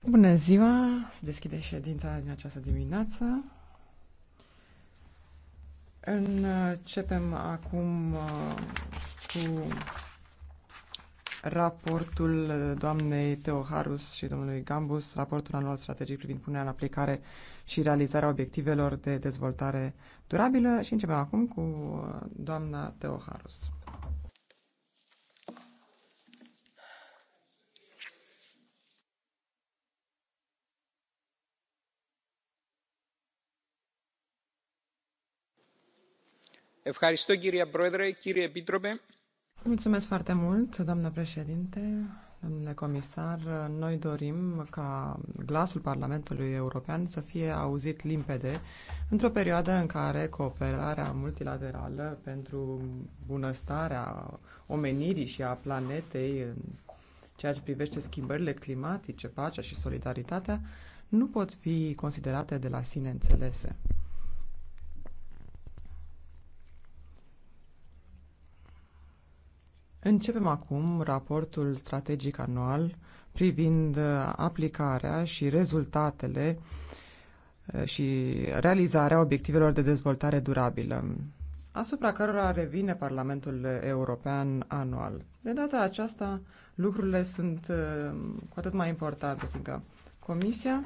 bună ziua se deschide ședința din această dimineață începem acum uh, cu raportul uh, doamnei Teoharus și domnului Gambus, raportul anual strategic privind punerea în aplicare și realizarea obiectivelor de dezvoltare durabilă și începem acum cu uh, doamna Teoharus. Ευχαριστώ κυρία Πρόεδρε, κύριε Επίτροπε. Mulțumesc foarte mult, doamnă președinte, domnule comisar. Noi dorim ca glasul Parlamentului European să fie auzit limpede într-o perioadă în care cooperarea multilaterală pentru bunăstarea omenirii și a planetei în ceea ce privește schimbările climatice, pacea și solidaritatea nu pot fi considerate de la sine înțelese. Începem acum raportul strategic anual privind uh, aplicarea și rezultatele uh, și realizarea obiectivelor de dezvoltare durabilă, asupra cărora revine Parlamentul European anual. De data aceasta, lucrurile sunt uh, cu atât mai importante, fiindcă Comisia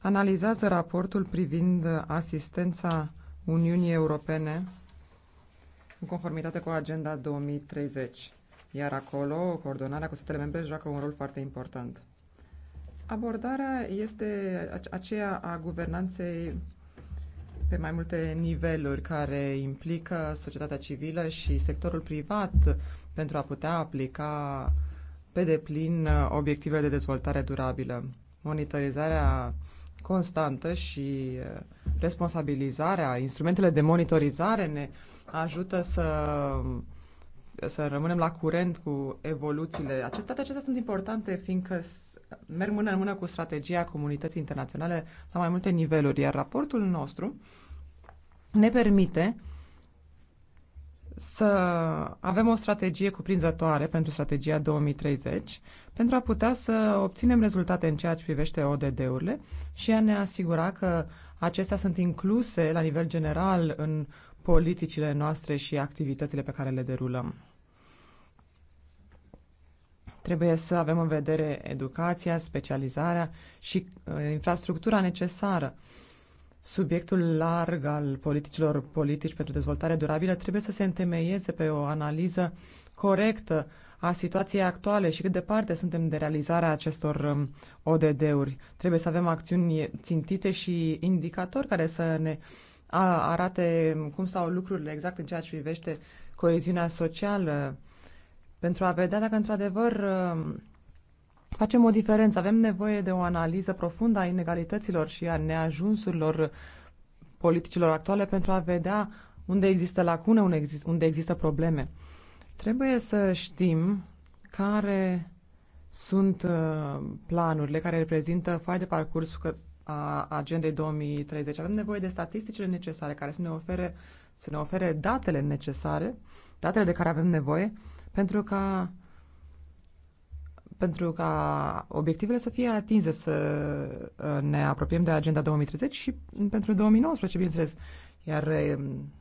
analizează raportul privind asistența Uniunii Europene în conformitate cu Agenda 2030, iar acolo coordonarea cu statele membre joacă un rol foarte important. Abordarea este aceea a guvernanței pe mai multe niveluri care implică societatea civilă și sectorul privat pentru a putea aplica pe deplin obiectivele de dezvoltare durabilă. Monitorizarea constantă și responsabilizarea, instrumentele de monitorizare ne ajută să să rămânem la curent cu evoluțiile. Acestea, toate acestea sunt importante, fiindcă merg mână în mână cu strategia comunității internaționale la mai multe niveluri, iar raportul nostru ne permite să avem o strategie cuprinzătoare pentru strategia 2030 pentru a putea să obținem rezultate în ceea ce privește ODD-urile și a ne asigura că Acestea sunt incluse la nivel general în politicile noastre și activitățile pe care le derulăm. Trebuie să avem în vedere educația, specializarea și uh, infrastructura necesară. Subiectul larg al politicilor politici pentru dezvoltare durabilă trebuie să se întemeieze pe o analiză corectă a situației actuale și cât departe suntem de realizarea acestor um, ODD-uri. Trebuie să avem acțiuni țintite și indicatori care să ne arate cum stau lucrurile exact în ceea ce privește coeziunea socială, pentru a vedea dacă într-adevăr um, facem o diferență. Avem nevoie de o analiză profundă a inegalităților și a neajunsurilor politicilor actuale pentru a vedea unde există lacune, unde există probleme. Trebuie să știm care sunt uh, planurile care reprezintă fai de parcurs a agendei 2030. Avem nevoie de statisticile necesare care să ne ofere, să ne ofere datele necesare, datele de care avem nevoie, pentru ca pentru ca obiectivele să fie atinse, să uh, ne apropiem de agenda 2030 și pentru 2019, bineînțeles. Iar um,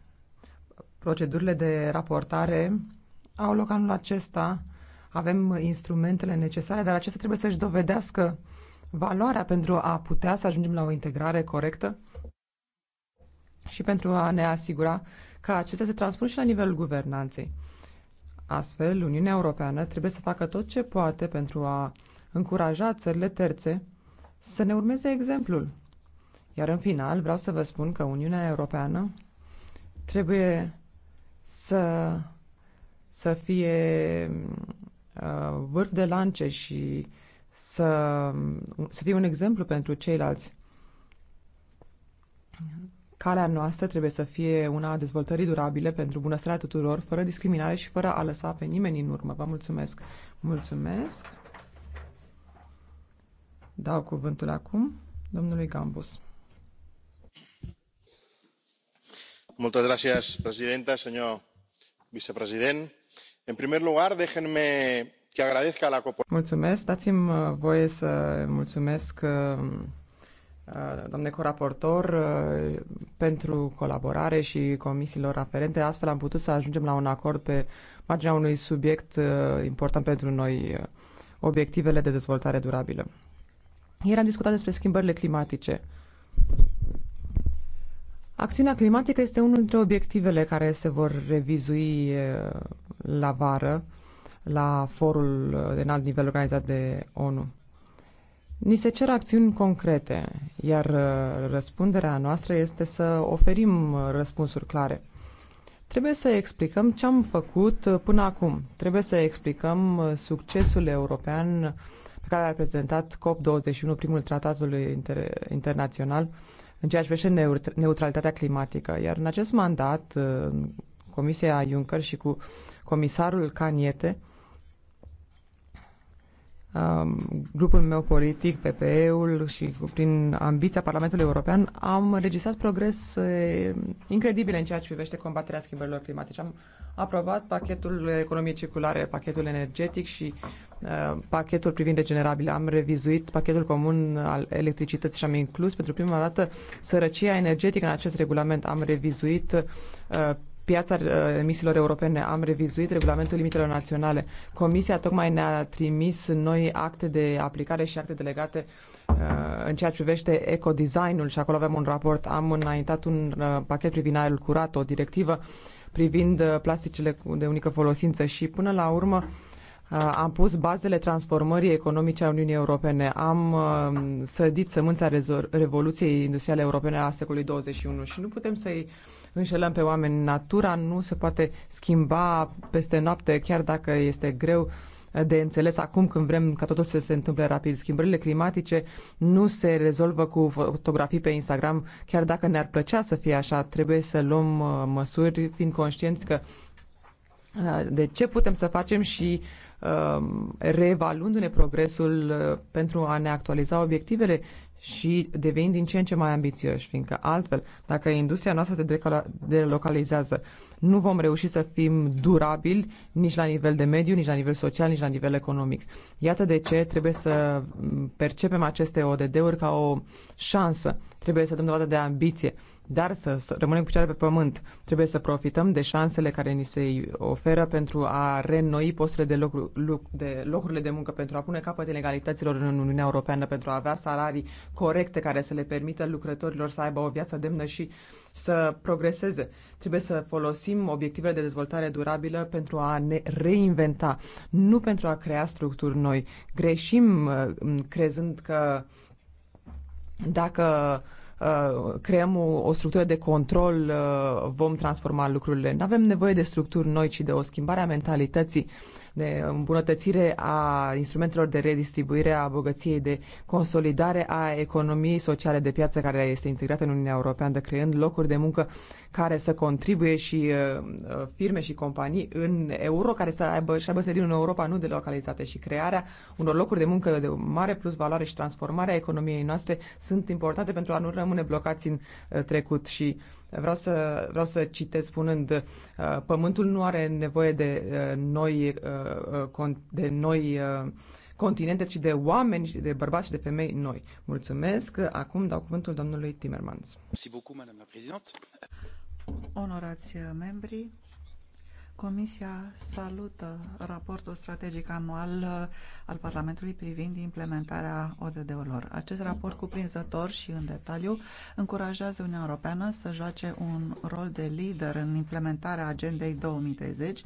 procedurile de raportare au loc anul acesta. Avem instrumentele necesare, dar acestea trebuie să-și dovedească valoarea pentru a putea să ajungem la o integrare corectă și pentru a ne asigura că acestea se transpun și la nivelul guvernanței. Astfel, Uniunea Europeană trebuie să facă tot ce poate pentru a încuraja țările terțe să ne urmeze exemplul. Iar în final, vreau să vă spun că Uniunea Europeană trebuie să să fie uh, vârf de lance și să, să fie un exemplu pentru ceilalți. Calea noastră trebuie să fie una a dezvoltării durabile pentru bunăstarea tuturor, fără discriminare și fără a lăsa pe nimeni în urmă. Vă mulțumesc! Mulțumesc! Dau cuvântul acum domnului Gambus. Mulțumesc, presidenta, señor vicepresidente. În primul la Mulțumesc. Dați-mi uh, voie să mulțumesc uh, uh, domnule coraportor, pentru colaborare și comisiilor aferente. Astfel am putut să ajungem la un acord pe marginea unui subiect important pentru noi, obiectivele de dezvoltare durabilă. Ieri am discutat despre schimbările climatice Acțiunea climatică este unul dintre obiectivele care se vor revizui la vară la forul de înalt nivel organizat de ONU. Ni se cer acțiuni concrete, iar răspunderea noastră este să oferim răspunsuri clare. Trebuie să explicăm ce am făcut până acum. Trebuie să explicăm succesul european pe care l-a reprezentat COP21, primul tratatului inter- internațional în ceea ce privește neutralitatea climatică. Iar în acest mandat, Comisia Juncker și cu comisarul Caniete, Um, grupul meu politic, PPE-ul și prin ambiția Parlamentului European am înregistrat progres incredibile în ceea ce privește combaterea schimbărilor climatice. Am aprobat pachetul economiei circulare, pachetul energetic și uh, pachetul privind regenerabile. Am revizuit pachetul comun al electricității și am inclus pentru prima dată sărăcia energetică în acest regulament. Am revizuit uh, piața uh, emisiilor europene. Am revizuit regulamentul limitelor naționale. Comisia tocmai ne-a trimis noi acte de aplicare și acte delegate uh, în ceea ce privește ecodesignul și acolo avem un raport. Am înaintat un uh, pachet privind aerul curat, o directivă privind plasticele de unică folosință și până la urmă am pus bazele transformării economice a Uniunii Europene, am sădit sămânța Revoluției Industriale Europene a secolului 21 și nu putem să-i înșelăm pe oameni. Natura nu se poate schimba peste noapte, chiar dacă este greu de înțeles acum când vrem ca totul să se întâmple rapid. Schimbările climatice nu se rezolvă cu fotografii pe Instagram, chiar dacă ne-ar plăcea să fie așa. Trebuie să luăm uh, măsuri, fiind conștienți că uh, de ce putem să facem și uh, reevaluându-ne progresul pentru a ne actualiza obiectivele și devenind din ce în ce mai ambițioși, fiindcă altfel, dacă industria noastră se delocalizează, nu vom reuși să fim durabili nici la nivel de mediu, nici la nivel social, nici la nivel economic. Iată de ce trebuie să mm, percepem aceste ODD-uri ca o șansă. Trebuie să dăm dovadă de ambiție dar să, să rămânem cu picioare pe pământ. Trebuie să profităm de șansele care ni se oferă pentru a reînnoi posturile de, locru, de locurile de muncă, pentru a pune capăt inegalităților în Uniunea Europeană, pentru a avea salarii corecte care să le permită lucrătorilor să aibă o viață demnă și să progreseze. Trebuie să folosim obiectivele de dezvoltare durabilă pentru a ne reinventa, nu pentru a crea structuri noi. Greșim uh, crezând că dacă uh, Uh, creăm o, o structură de control, uh, vom transforma lucrurile. Nu avem nevoie de structuri noi, ci de o schimbare a mentalității, de îmbunătățire a instrumentelor de redistribuire a bogăției, de consolidare a economiei sociale de piață care este integrată în Uniunea Europeană, de creând locuri de muncă care să contribuie și uh, uh, firme și companii în euro, care să aibă, și aibă sediul în Europa, nu de localizate și crearea unor locuri de muncă de mare plus valoare și transformarea economiei noastre sunt importante pentru a nu rămâne blocați în uh, trecut și Vreau să, vreau să citesc spunând, uh, pământul nu are nevoie de uh, noi, uh, uh de noi uh, continente, ci de oameni, de bărbați și de femei noi. Mulțumesc. Acum dau cuvântul domnului Timmermans. Mulțumesc, Onorați membri, Comisia salută raportul strategic anual uh, al Parlamentului privind implementarea ODD-urilor. Acest raport cuprinzător și în detaliu încurajează Uniunea Europeană să joace un rol de lider în implementarea agendei 2030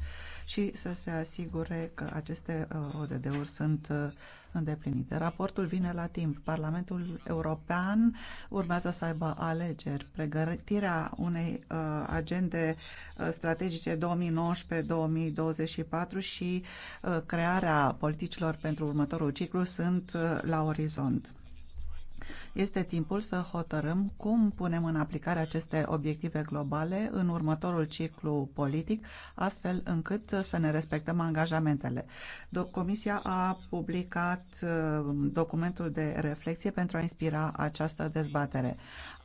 și să se asigure că aceste uh, ODD-uri sunt uh, îndeplinite. Raportul vine la timp. Parlamentul European urmează să aibă alegeri. Pregătirea unei uh, agende uh, strategice 2019-2024 și uh, crearea politicilor pentru următorul ciclu sunt uh, la orizont este timpul să hotărâm cum punem în aplicare aceste obiective globale în următorul ciclu politic, astfel încât să ne respectăm angajamentele. Comisia a publicat uh, documentul de reflexie pentru a inspira această dezbatere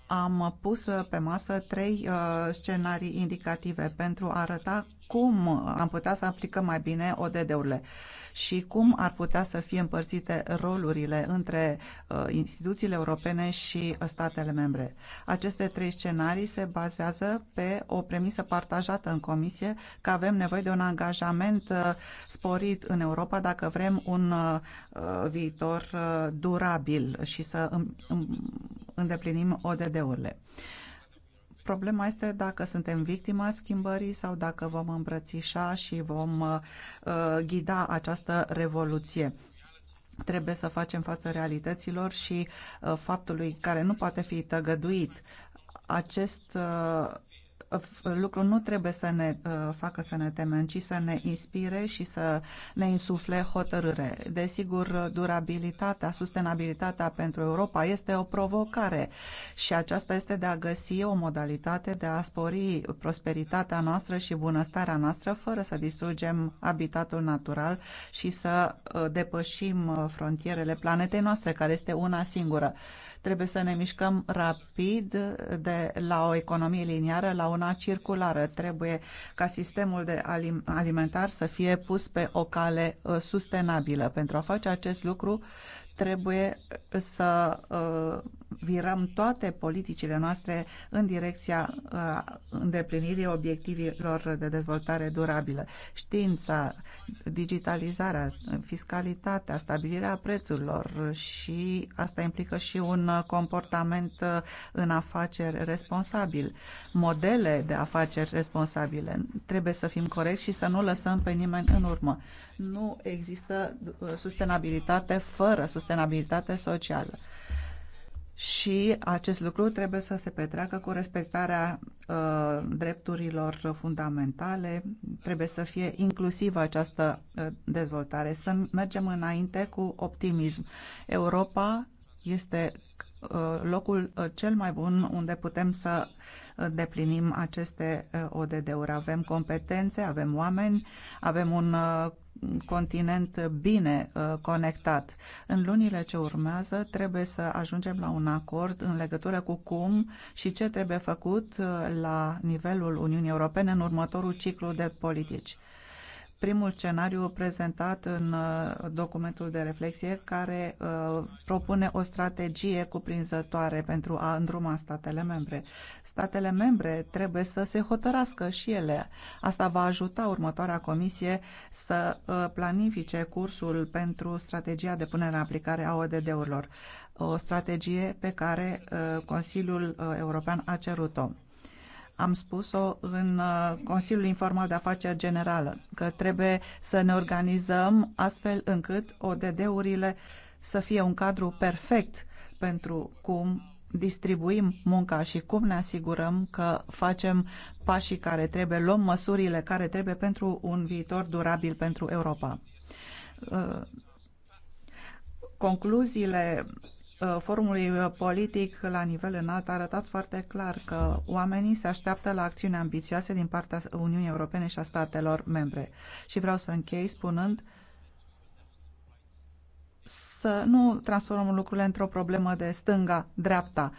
am pus pe masă trei uh, scenarii indicative pentru a arăta cum am putea să aplicăm mai bine ODD-urile și cum ar putea să fie împărțite rolurile între uh, instituțiile europene și statele membre. Aceste trei scenarii se bazează pe o premisă partajată în Comisie că avem nevoie de un angajament uh, sporit în Europa dacă vrem un viitor durabil și să îndeplinim ODD-urile. Problema este dacă suntem victima schimbării sau dacă vom îmbrățișa și vom uh, ghida această revoluție trebuie să facem față realităților și uh, faptului care nu poate fi tăgăduit. Acest uh, lucru nu trebuie să ne uh, facă să ne temem, ci să ne inspire și să ne insufle hotărâre. Desigur, durabilitatea, sustenabilitatea pentru Europa este o provocare și aceasta este de a găsi o modalitate de a spori prosperitatea noastră și bunăstarea noastră fără să distrugem habitatul natural și să uh, depășim uh, frontierele planetei noastre, care este una singură. Trebuie să ne mișcăm rapid de la o economie liniară la una circulară. Trebuie ca sistemul de alimentar să fie pus pe o cale uh, sustenabilă. Pentru a face acest lucru Trebuie uh, să uh, virăm toate politicile noastre în direcția uh, îndeplinirii obiectivelor de dezvoltare durabilă. Știința, digitalizarea, fiscalitatea, stabilirea prețurilor și asta implică și un comportament în afaceri responsabil, modele de afaceri responsabile. Trebuie să fim corecți și să nu lăsăm pe nimeni în urmă. Nu există sustenabilitate fără sustenabilitate sustenabilitate socială. Și acest lucru trebuie să se petreacă cu respectarea uh, drepturilor fundamentale, trebuie să fie inclusivă această uh, dezvoltare, să mergem înainte cu optimism. Europa este uh, locul uh, cel mai bun unde putem să uh, deplinim aceste ODD-uri. Avem competențe, avem oameni, avem un continent bine uh, conectat. În lunile ce urmează trebuie să ajungem la un acord în legătură cu cum și ce trebuie făcut uh, la nivelul Uniunii Europene în următorul ciclu de politici primul scenariu prezentat în uh, documentul de reflexie care uh, propune o strategie cuprinzătoare pentru a îndruma statele membre. Statele membre trebuie să se hotărască și ele. Asta va ajuta următoarea comisie să uh, planifice cursul pentru strategia de punere în aplicare a ODD-urilor, o strategie pe care Consiliul European a cerut-o am spus-o în uh, Consiliul Informal de Afaceri Generală, că trebuie să ne organizăm astfel încât ODD-urile să fie un cadru perfect pentru cum distribuim munca și cum ne asigurăm că facem pașii care trebuie, luăm măsurile care trebuie pentru un viitor durabil pentru Europa. Uh, concluziile Uh, forumului uh, politic la nivel înalt a arătat foarte clar că oamenii se așteaptă la acțiuni ambițioase din partea Uniunii Europene și a statelor membre. Și vreau să închei spunând să nu transformăm lucrurile într-o problemă de stânga-dreapta.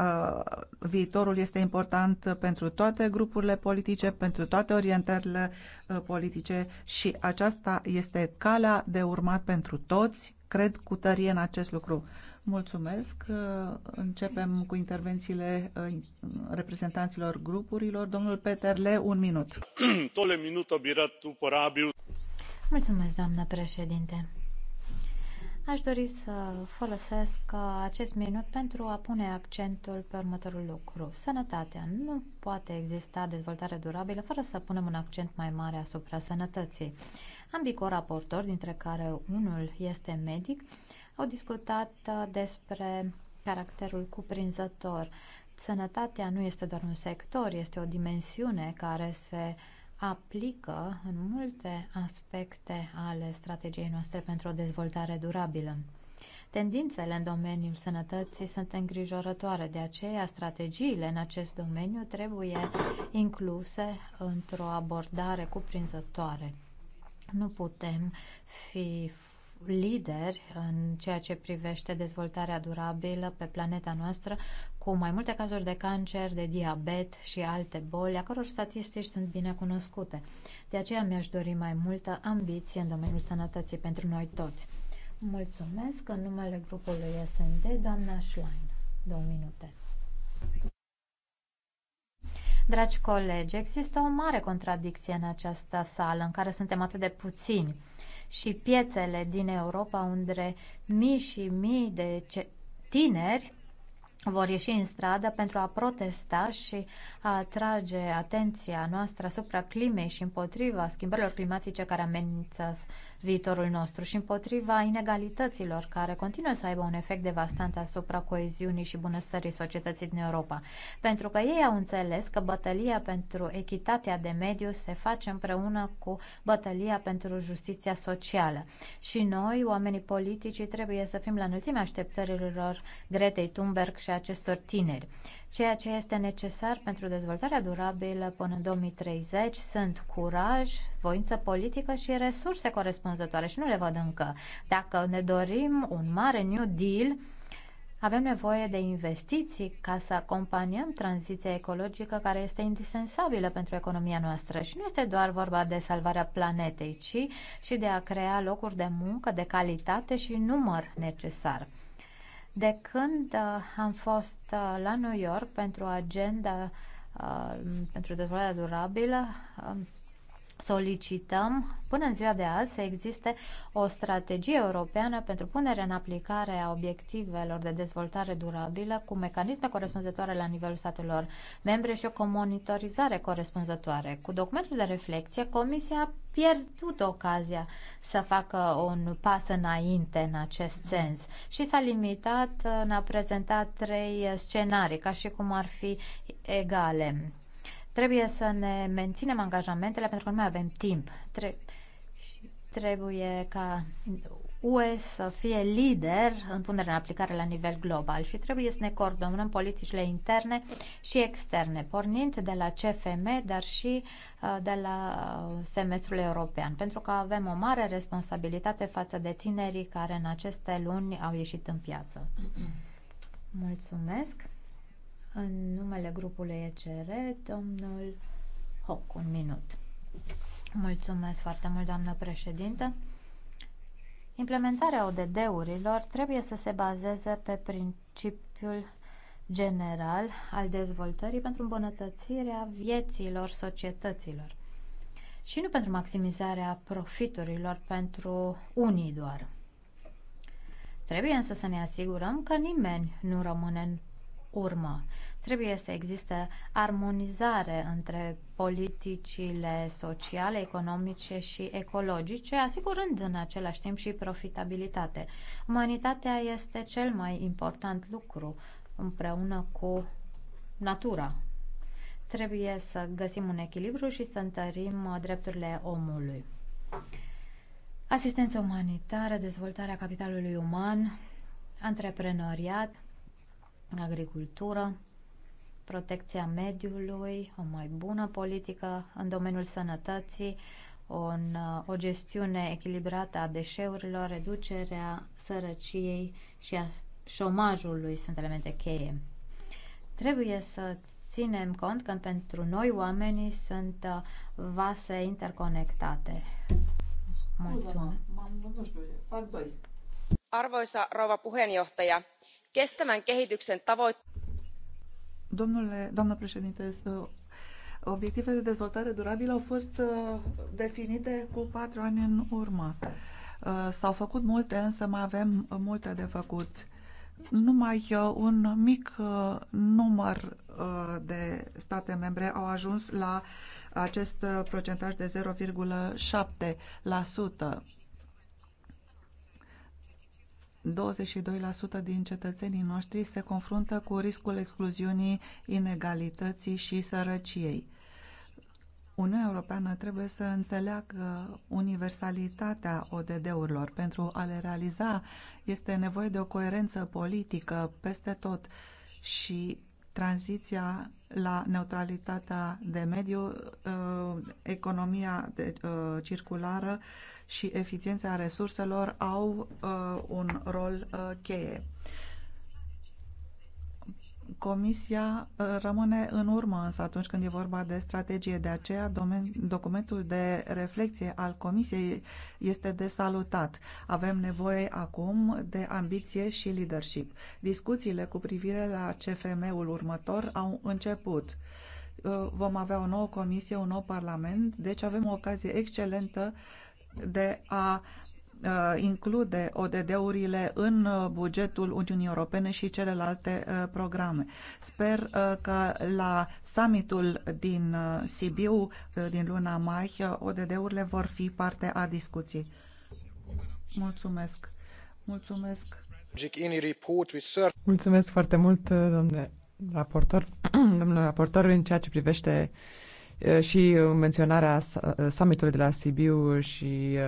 Uh, viitorul este important pentru toate grupurile politice, pentru toate orientările politice și aceasta este calea de urmat pentru toți Cred cu tărie în acest lucru. Mulțumesc. Începem cu intervențiile uh, reprezentanților grupurilor. Domnul Peterle, un minut. Tole minut tu parabiu. Mulțumesc, doamnă președinte. Aș dori să folosesc uh, acest minut pentru a pune accentul pe următorul lucru. Sănătatea. Nu poate exista dezvoltare durabilă fără să punem un accent mai mare asupra sănătății. Ambii coraportori, dintre care unul este medic, au discutat uh, despre caracterul cuprinzător. Sănătatea nu este doar un sector, este o dimensiune care se aplică în multe aspecte ale strategiei noastre pentru o dezvoltare durabilă. Tendințele în domeniul sănătății sunt îngrijorătoare, de aceea strategiile în acest domeniu trebuie incluse într-o abordare cuprinzătoare. Nu putem fi lideri în ceea ce privește dezvoltarea durabilă pe planeta noastră, cu mai multe cazuri de cancer, de diabet și alte boli, a căror statistici sunt bine cunoscute. De aceea mi-aș dori mai multă ambiție în domeniul sănătății pentru noi toți. Mulțumesc în numele grupului SND, doamna Schlein. Două minute. Dragi colegi, există o mare contradicție în această sală în care suntem atât de puțini și piețele din Europa unde mii și mii de tineri vor ieși în stradă pentru a protesta și a atrage atenția noastră asupra climei și împotriva schimbărilor climatice care amenință viitorul nostru și împotriva inegalităților care continuă să aibă un efect devastant asupra coeziunii și bunăstării societății din Europa. Pentru că ei au înțeles că bătălia pentru echitatea de mediu se face împreună cu bătălia pentru justiția socială. Și noi, oamenii politici, trebuie să fim la înălțimea așteptărilor Gretei Thunberg și acestor tineri. Ceea ce este necesar pentru dezvoltarea durabilă până în 2030 sunt curaj, voință politică și resurse corespunzătoare și nu le văd încă. Dacă ne dorim un mare New Deal, avem nevoie de investiții ca să acompaniem tranziția ecologică care este indispensabilă pentru economia noastră. Și nu este doar vorba de salvarea planetei, ci și de a crea locuri de muncă de calitate și număr necesar. De când uh, am fost uh, la New York pentru agenda uh, pentru dezvoltarea durabilă, um, solicităm până în ziua de azi să existe o strategie europeană pentru punerea în aplicare a obiectivelor de dezvoltare durabilă cu mecanisme corespunzătoare la nivelul statelor membre și o monitorizare corespunzătoare. Cu documentul de reflexie, Comisia a pierdut ocazia să facă un pas înainte în acest sens și s-a limitat în a prezenta trei scenarii, ca și cum ar fi egale Trebuie să ne menținem angajamentele pentru că nu mai avem timp. Tre- și trebuie ca UE să fie lider în punerea în aplicare la nivel global și trebuie să ne coordonăm politicile interne și externe, pornind de la CFM, dar și uh, de la semestrul european, pentru că avem o mare responsabilitate față de tinerii care în aceste luni au ieșit în piață. Mulțumesc! În numele grupului ECR, domnul Hoc, un minut. Mulțumesc foarte mult, doamnă președintă. Implementarea ODD-urilor trebuie să se bazeze pe principiul general al dezvoltării pentru îmbunătățirea vieților societăților și nu pentru maximizarea profiturilor pentru unii doar. Trebuie însă să ne asigurăm că nimeni nu rămâne în urmă. Trebuie să existe armonizare între politicile sociale, economice și ecologice, asigurând în același timp și profitabilitate. Umanitatea este cel mai important lucru împreună cu natura. Trebuie să găsim un echilibru și să întărim drepturile omului. Asistență umanitară, dezvoltarea capitalului uman, antreprenoriat, agricultură, protecția mediului, o mai bună politică în domeniul sănătății, un, o gestiune echilibrată a deșeurilor, reducerea sărăciei și a șomajului sunt elemente cheie. Trebuie să ținem cont că pentru noi oamenii sunt uh, vase interconectate. Mulțumesc. Arvoisa rouva puheenjohtaja, kestävän kehityksen Domnule, președinte, obiectivele de dezvoltare durabilă au fost uh, definite cu patru ani în urmă. Uh, s-au făcut multe, însă mai avem multe de făcut. Numai uh, un mic număr de state membre au ajuns la acest procentaj de 0,7%. 22% din cetățenii noștri se confruntă cu riscul excluziunii, inegalității și sărăciei. Uniunea Europeană trebuie să înțeleagă universalitatea ODD-urilor. Pentru a le realiza este nevoie de o coerență politică peste tot și tranziția la neutralitatea de mediu, uh, economia uh, circulară și eficiența resurselor au uh, un rol cheie. Comisia uh, rămâne în urmă însă atunci când e vorba de strategie. De aceea documentul de reflexie al Comisiei este de salutat. Avem nevoie acum de ambiție și leadership. Discuțiile cu privire la CFM-ul următor au început. Uh, vom avea o nouă comisie, un nou parlament, deci avem o ocazie excelentă de a Uh, include ODD-urile în uh, bugetul Uniunii Europene și celelalte uh, programe. Sper că la summitul din Sibiu din luna mai ODD-urile vor fi parte a discuției. Mulțumesc. Mulțumesc. Mulțumesc foarte mult, domnule raportor, domnule raportor, în ceea ce privește și menționarea summitului de la Sibiu și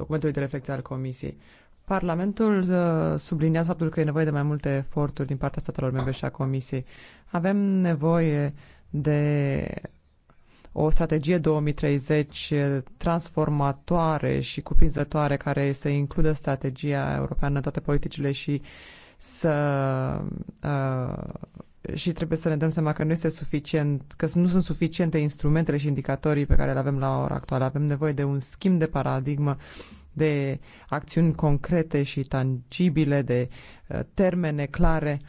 documentului de reflexie al Comisiei. Parlamentul uh, subliniază faptul că e nevoie de mai multe eforturi din partea statelor membre și a Comisiei. Avem nevoie de o strategie 2030 uh, transformatoare și cuprinzătoare care să includă strategia europeană în toate politicile și să uh, și trebuie să ne dăm seama că nu este suficient, că nu sunt suficiente instrumentele și indicatorii pe care le avem la ora actuală. Avem nevoie de un schimb de paradigmă, de acțiuni concrete și tangibile, de uh, termene clare.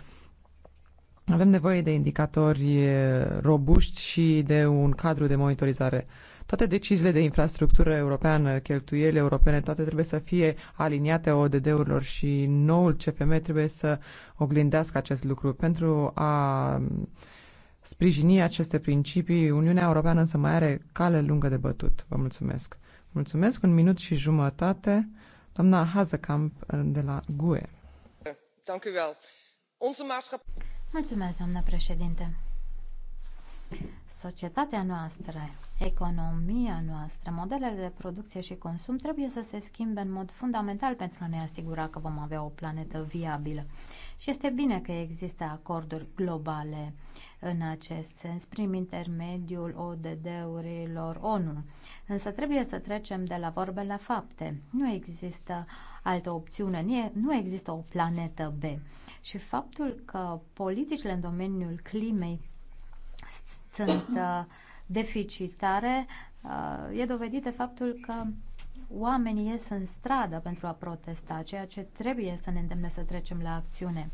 Avem nevoie de indicatori uh, robuști și de un cadru de monitorizare uh, toate deciziile de infrastructură europeană, cheltuielile europene, toate trebuie să fie aliniate ODD-urilor și noul CFM trebuie să oglindească acest lucru. Pentru a sprijini aceste principii, Uniunea Europeană însă mai are cale lungă de bătut. Vă mulțumesc. Mulțumesc. Un minut și jumătate. Doamna Hazekamp de la GUE. Mulțumesc, doamna președinte. Societatea noastră, economia noastră, modelele de producție și consum trebuie să se schimbe în mod fundamental pentru a ne asigura că vom avea o planetă viabilă. Și este bine că există acorduri globale în acest sens, prin intermediul ODD-urilor ONU. Însă trebuie să trecem de la vorbe la fapte. Nu există altă opțiune, nu există o planetă B. Și faptul că politicile în domeniul climei sunt uh, deficitare uh, e dovedit de faptul că oamenii ies în stradă pentru a protesta, ceea ce trebuie să ne îndemne să trecem la acțiune.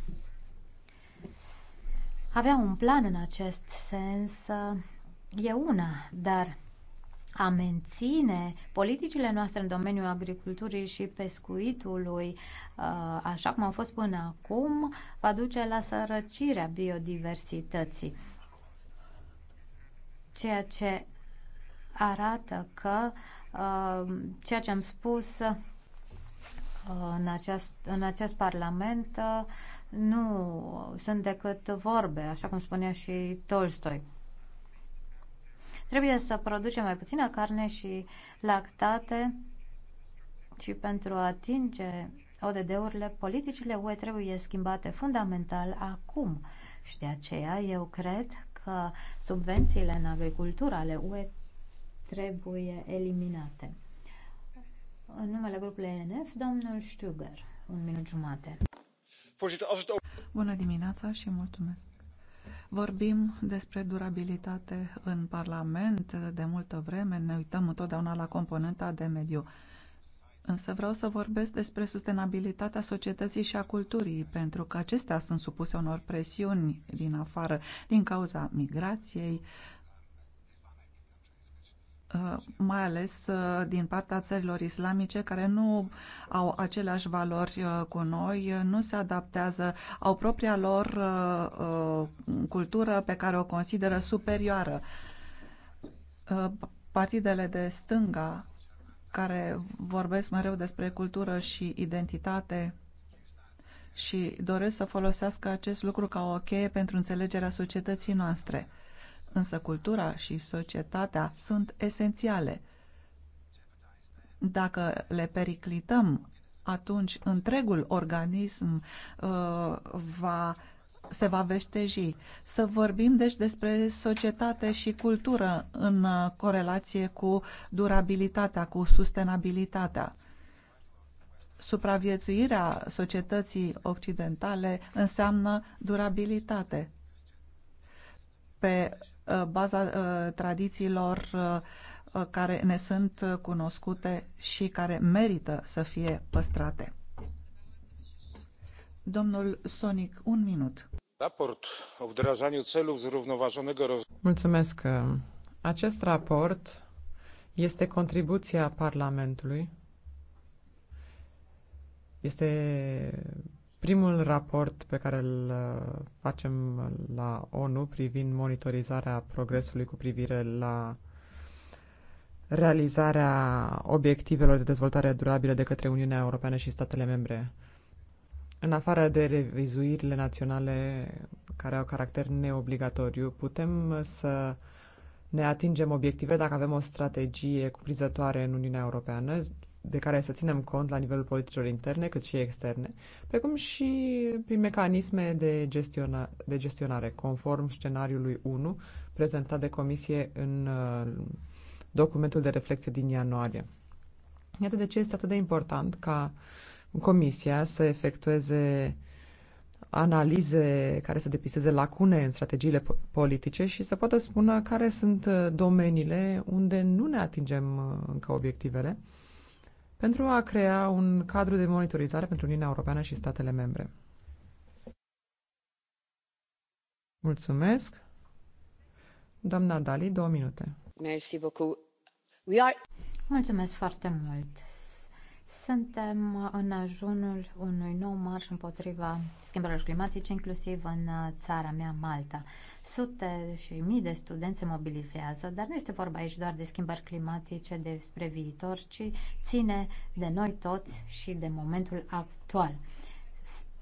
Avea un plan în acest sens uh, e una, dar a menține politicile noastre în domeniul agriculturii și pescuitului, așa cum au fost până acum, va duce la sărăcirea biodiversității ceea ce arată că uh, ceea ce am spus uh, în, aceast, în acest parlament uh, nu sunt decât vorbe, așa cum spunea și Tolstoi. Trebuie să producem mai puțină carne și lactate și pentru a atinge ODD-urile, politicile UE trebuie schimbate fundamental acum și de aceea eu cred că subvențiile în agricultură ale UE trebuie eliminate. În numele grupului ENF, domnul Stuger, un minut jumate. Bună dimineața și mulțumesc! Vorbim despre durabilitate în Parlament de multă vreme, ne uităm întotdeauna la componenta de mediu. Însă vreau să vorbesc despre sustenabilitatea societății și a culturii, pentru că acestea sunt supuse unor presiuni din afară, din cauza migrației, uh, mai ales uh, din partea țărilor islamice care nu au aceleași valori uh, cu noi, nu se adaptează, au propria lor cultură pe care o consideră superioară. Partidele de stânga care vorbesc mereu despre cultură și identitate și doresc să folosească acest lucru ca o cheie pentru înțelegerea societății noastre. Însă cultura și societatea sunt esențiale. Dacă le periclităm, atunci întregul organism uh, va se va veșteji. Să vorbim deci despre societate și cultură în uh, corelație cu durabilitatea, cu sustenabilitatea. Supraviețuirea societății occidentale înseamnă durabilitate. Pe uh, baza uh, tradițiilor care ne sunt cunoscute și care merită să fie păstrate. Domnul Sonic, un minut. Mulțumesc. Acest raport este contribuția Parlamentului. Este primul raport pe care îl uh, facem la ONU privind monitorizarea progresului cu privire la realizarea obiectivelor de dezvoltare durabilă de către Uniunea Europeană și statele membre. În afară de revizuirile naționale care au caracter neobligatoriu, putem să ne atingem obiective dacă avem o strategie cuprinzătoare în Uniunea Europeană, de care să ținem cont la nivelul politicilor interne cât și externe, precum și prin mecanisme de, gestiona- de gestionare, conform scenariului 1 prezentat de Comisie în uh, documentul de reflexie din ianuarie. Iată de ce este atât de important ca uh, Comisia să efectueze analize care să depisteze lacune în strategiile politice și să poată spună care sunt uh, domeniile unde nu ne atingem uh, încă obiectivele pentru a crea un cadru de monitorizare pentru Uniunea Europeană și statele membre. Mulțumesc. Doamna Dali, două minute. Mulțumesc foarte mult. Suntem în ajunul unui nou marș împotriva schimbărilor climatice, inclusiv în țara mea, Malta. Sute și mii de studenți se mobilizează, dar nu este vorba aici doar de schimbări climatice despre viitor, ci ține de noi toți și de momentul actual.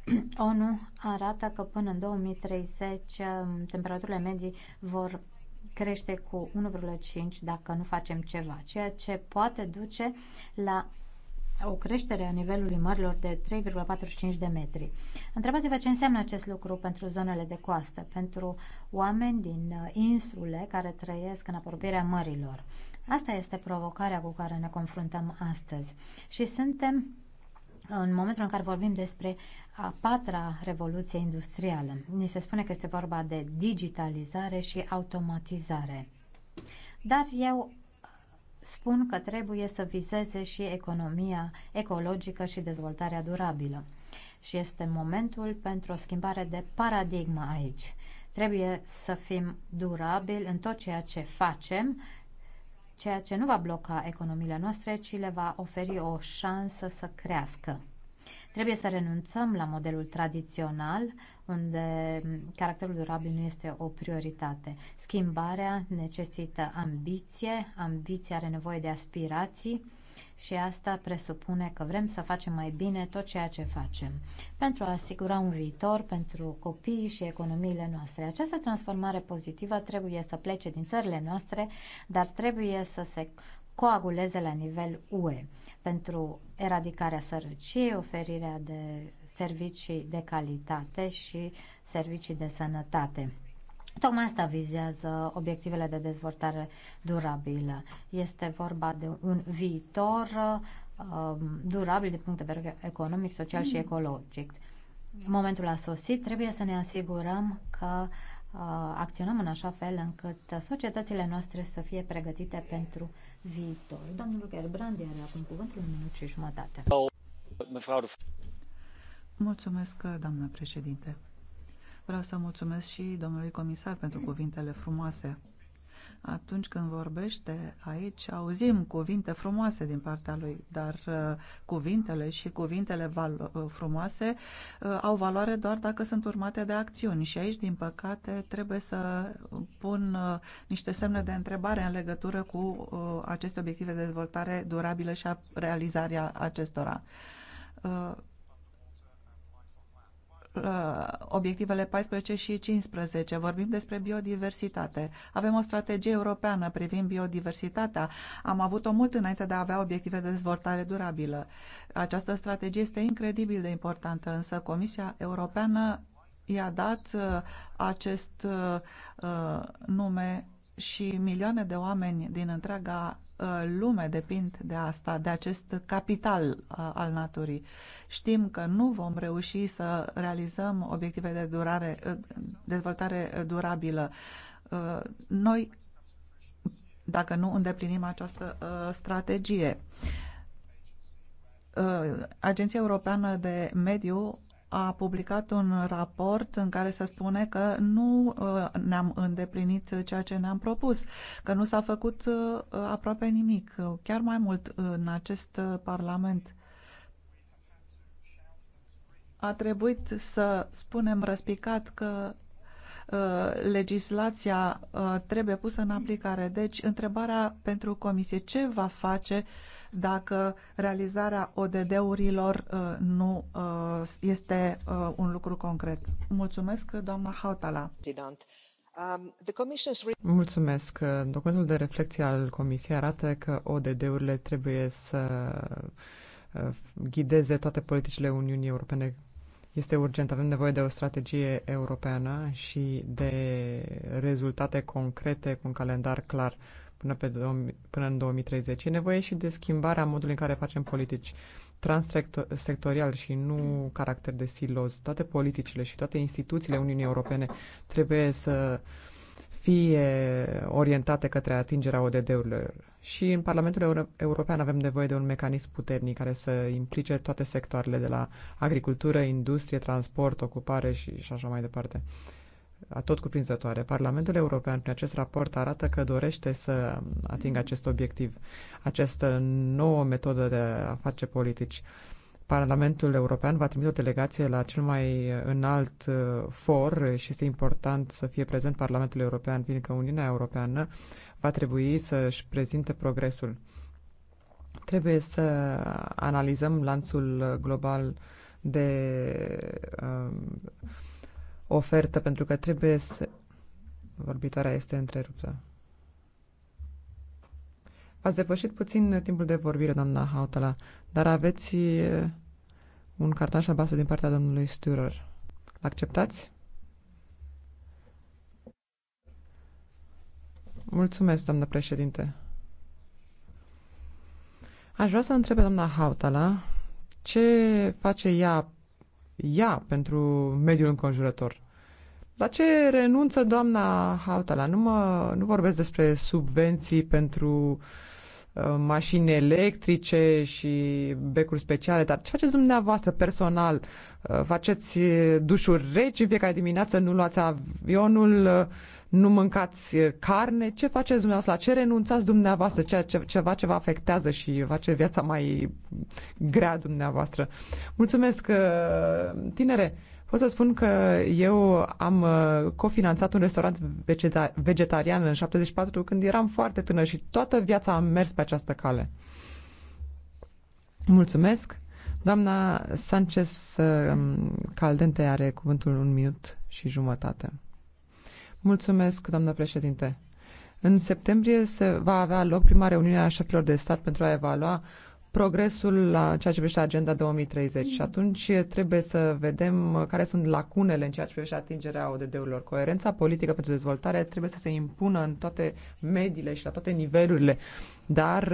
ONU arată că până în 2030 um, temperaturile medii vor crește cu 1,5 dacă nu facem ceva, ceea ce poate duce la o creștere a nivelului mărilor de 3,45 de metri. Întrebați-vă ce înseamnă acest lucru pentru zonele de coastă, pentru oameni din uh, insule care trăiesc în apropierea mărilor. Asta este provocarea cu care ne confruntăm astăzi și suntem în momentul în care vorbim despre a patra revoluție industrială. Ni se spune că este vorba de digitalizare și automatizare. Dar eu spun că trebuie să vizeze și economia ecologică și dezvoltarea durabilă. Și este momentul pentru o schimbare de paradigmă aici. Trebuie să fim durabili în tot ceea ce facem, ceea ce nu va bloca economiile noastre, ci le va oferi o șansă să crească. Trebuie să renunțăm la modelul tradițional, unde caracterul durabil nu este o prioritate. Schimbarea necesită ambiție, ambiția are nevoie de aspirații și asta presupune că vrem să facem mai bine tot ceea ce facem pentru a asigura un viitor pentru copiii și economiile noastre. Această transformare pozitivă trebuie să plece din țările noastre, dar trebuie să se coaguleze la nivel UE pentru eradicarea sărăciei, oferirea de servicii de calitate și servicii de sănătate. Tocmai asta vizează obiectivele de dezvoltare durabilă. Este vorba de un viitor um, durabil din punct de vedere economic, social și ecologic. Momentul a sosit, trebuie să ne asigurăm că Uh, acționăm în așa fel încât societățile noastre să fie pregătite pentru viitor. Domnul Gerbrandi are acum cuvântul în minut și jumătate. Mulțumesc, doamnă președinte. Vreau să mulțumesc și domnului comisar pentru cuvintele frumoase. Atunci când vorbește aici, auzim cuvinte frumoase din partea lui, dar uh, cuvintele și cuvintele uh, frumoase uh, au valoare doar dacă sunt urmate de acțiuni. Și aici, din păcate, trebuie să pun niște semne de întrebare în legătură cu aceste obiective de dezvoltare durabilă și a realizarea acestora Uh, obiectivele 14 și 15. Vorbim despre biodiversitate. Avem o strategie europeană privind biodiversitatea. Am avut-o mult înainte de a avea obiective de dezvoltare durabilă. Această strategie este incredibil de importantă, însă Comisia Europeană i-a dat uh, acest uh, nume și milioane de oameni din întreaga uh, lume depind de asta, de acest capital uh, al naturii. Știm că nu vom reuși să realizăm obiective de durare, uh, dezvoltare durabilă. Noi, dacă nu îndeplinim această strategie, Agenția Europeană de Mediu a publicat un raport în care se spune că nu uh, ne-am îndeplinit ceea ce ne-am propus, că nu s-a făcut uh, aproape nimic, chiar mai mult uh, în acest Parlament. A trebuit să spunem răspicat că legislația trebuie pusă în aplicare. Deci, întrebarea pentru Comisie, ce va face uh, dacă realizarea ODD-urilor uh, nu uh, este uh, un lucru concret. Mulțumesc, doamna Hautala. Um, Mulțumesc. Documentul de reflexie al Comisiei arată că ODD-urile trebuie să ghideze toate politicile Uniunii Europene. Este urgent, avem nevoie de o strategie europeană și de rezultate concrete cu un calendar clar până, pe 2000, până în 2030. E nevoie și de schimbarea modului în care facem politici transsectorial și nu caracter de silos. Toate politicile și toate instituțiile Uniunii Europene trebuie să fie orientate către atingerea ODD-urilor. Și în Parlamentul European avem nevoie de un mecanism puternic care să implice toate sectoarele de la agricultură, industrie, transport, ocupare și, și așa mai departe tot cuprinzătoare. Parlamentul European, prin acest raport, arată că dorește să atingă acest obiectiv, această nouă metodă de a face politici. Parlamentul European va trimite o delegație la cel mai înalt uh, for și este important să fie prezent Parlamentul European, fiindcă Uniunea Europeană va trebui să-și prezinte progresul. Trebuie să analizăm lanțul global de um, ofertă, pentru că trebuie să... Vorbitoarea este întreruptă. Ați depășit puțin timpul de vorbire, doamna Hautala, dar aveți eh, un carton albastru din partea domnului Sturer. L-acceptați? Mulțumesc, doamnă președinte. Aș vrea să întreb doamna Hautala ce face ea, ea pentru mediul înconjurător. La ce renunță doamna Hautala? Nu, mă, nu vorbesc despre subvenții pentru uh, mașini electrice și becuri speciale, dar ce faceți dumneavoastră personal? Uh, faceți uh, dușuri reci în fiecare dimineață, nu luați avionul, nu mâncați carne? Ce faceți dumneavoastră? La ce renunțați dumneavoastră? Ce, ce, ceva ce vă afectează și face viața mai grea dumneavoastră. Mulțumesc, tinere! Pot să spun că eu am uh, cofinanțat un restaurant vegeta- vegetarian în 74 când eram foarte tânăr și toată viața am mers pe această cale. Mulțumesc. Doamna Sanchez um, Caldente are cuvântul un minut și jumătate. Mulțumesc, doamnă președinte. În septembrie se va avea loc prima reuniune a șefilor de stat pentru a evalua progresul la ceea ce privește Agenda 2030 și mm. atunci trebuie să vedem uh, care sunt lacunele în ceea ce privește atingerea ODD-urilor. Coerența politică pentru dezvoltare trebuie să se impună în toate mediile și la toate nivelurile, dar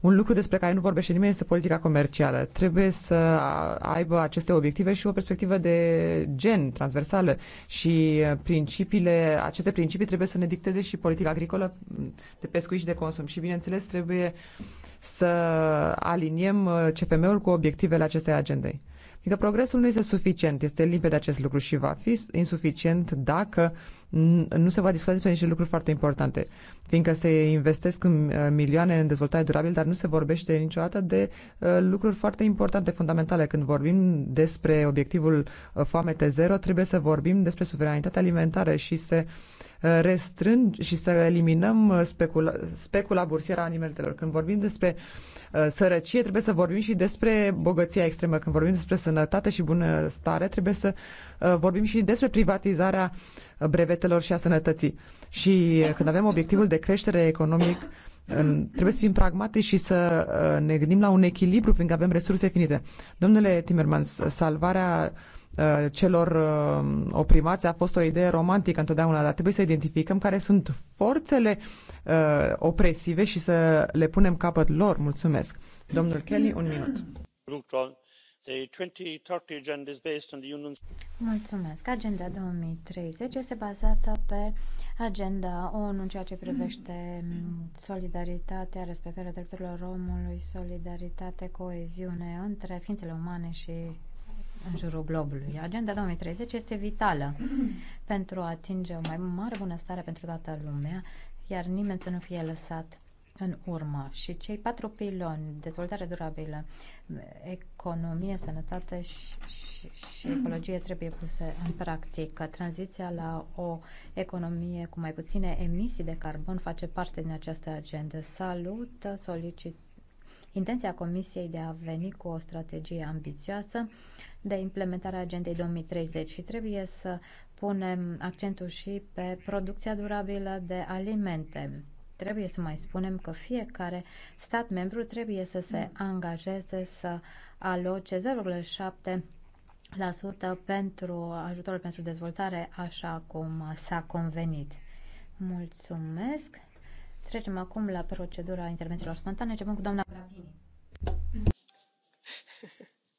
un lucru despre care nu vorbește nimeni este politica comercială. Trebuie să aibă aceste obiective și o perspectivă de gen transversală și principiile, aceste principii trebuie să ne dicteze și politica agricolă de pescuit și de consum. Și bineînțeles trebuie uh, să aliniem uh, CFM-ul cu obiectivele acestei agendei. Adică progresul nu este suficient, este limpede acest lucru și va fi insuficient dacă nu se va discuta despre niște lucruri foarte importante, fiindcă se investesc în uh, milioane în dezvoltare durabilă, dar nu se vorbește niciodată de uh, lucruri foarte importante, fundamentale. Când vorbim despre obiectivul foamete zero, trebuie să vorbim despre suveranitatea alimentară și se Uh, restrâng și să eliminăm uh, specula, specula bursieră a animalelor. Când vorbim despre uh, sărăcie, trebuie să vorbim și despre bogăția extremă. Când vorbim despre sănătate și bunăstare, trebuie să vorbim și despre privatizarea brevetelor și a sănătății. Și când avem obiectivul de creștere economic, trebuie să fim pragmatici și să ne gândim la un echilibru, pentru că avem resurse finite. Domnule Timmermans, salvarea Uh, celor uh, oprimați a fost o idee romantică întotdeauna, dar trebuie să identificăm care sunt forțele uh, opresive și să le punem capăt lor. Mulțumesc. Domnul Kelly, un minut. Mulțumesc. Agenda 2030 este bazată pe agenda ONU în ceea ce privește solidaritatea, respectarea drepturilor omului, solidaritate, coeziune între ființele umane și în jurul globului. Agenda 2030 este vitală pentru a atinge o mai mare bunăstare pentru toată lumea, iar nimeni să nu fie lăsat în urmă. Și cei patru piloni, dezvoltare durabilă, economie, sănătate și, și, și ecologie trebuie puse în practică. Tranziția la o economie cu mai puține emisii de carbon face parte din această agendă. Salut, solicit intenția Comisiei de a veni cu o strategie ambițioasă de implementare a agendei 2030 și trebuie să punem accentul și pe producția durabilă de alimente. Trebuie să mai spunem că fiecare stat membru trebuie să se angajeze să aloce 0,7% pentru ajutorul pentru dezvoltare, așa cum s-a convenit. Mulțumesc! Trecem acum la procedura intervențiilor spontane. Începem cu doamna Grapini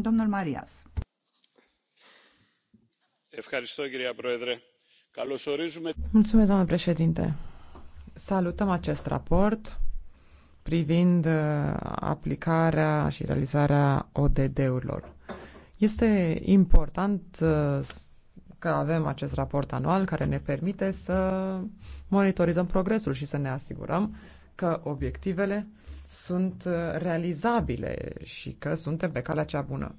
doamnă președintă salutăm acest raport privind uh, aplicarea și realizarea odd urilor. este important uh, că avem acest raport anual care ne permite să monitorizăm progresul și să ne asigurăm că obiectivele sunt uh, realizabile și că suntem pe calea cea bună.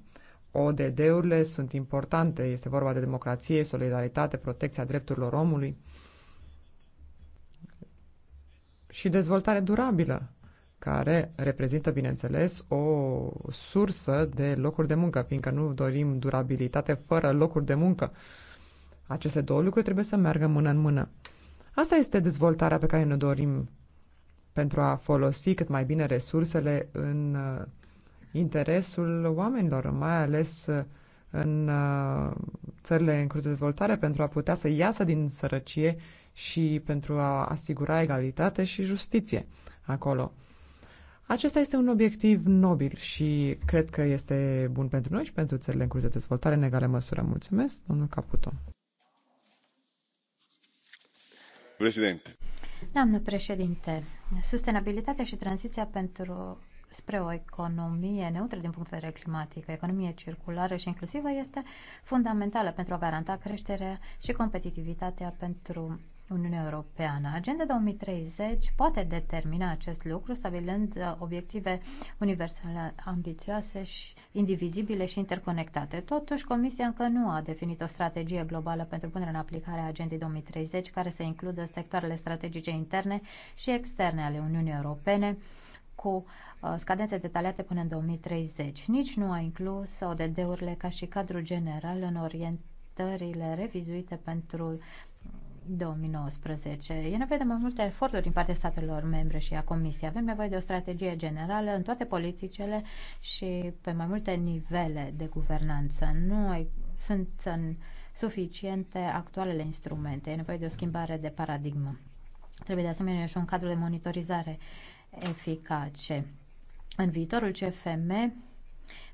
ODD-urile sunt importante, este vorba de democrație, solidaritate, protecția drepturilor omului și dezvoltare durabilă, care reprezintă, bineînțeles, o sursă de locuri de muncă, fiindcă nu dorim durabilitate fără locuri de muncă. Aceste două lucruri trebuie să meargă mână în mână. Asta este dezvoltarea pe care ne dorim pentru a folosi cât mai bine resursele în uh, interesul oamenilor, mai ales uh, în uh, țările în curs de dezvoltare, pentru a putea să iasă din sărăcie și pentru a asigura egalitate și justiție acolo. Acesta este un obiectiv nobil și cred că este bun pentru noi și pentru țările în curs de dezvoltare în egală măsură. Mulțumesc, domnul Caputo. Președinte. Doamnă președinte, sustenabilitatea și tranziția pentru spre o economie neutră din punct de vedere climatic, o economie circulară și inclusivă este fundamentală pentru a garanta creșterea și competitivitatea pentru Uniunea Europeană. Agenda 2030 poate determina acest lucru, stabilând uh, obiective universale ambițioase și indivizibile și interconectate. Totuși, Comisia încă nu a definit o strategie globală pentru punerea în aplicare a agendei 2030, care să includă sectoarele strategice interne și externe ale Uniunii Europene, cu uh, scadențe detaliate până în 2030. Nici nu a inclus ODD-urile ca și cadru general în orientările revizuite pentru 2019. E nevoie de mai multe eforturi din partea statelor membre și a Comisiei. Avem nevoie de o strategie generală în toate politicele și pe mai multe nivele de guvernanță. Nu sunt în suficiente actualele instrumente. E nevoie de o schimbare de paradigmă. Trebuie de asemenea și un cadru de monitorizare eficace. În viitorul CFM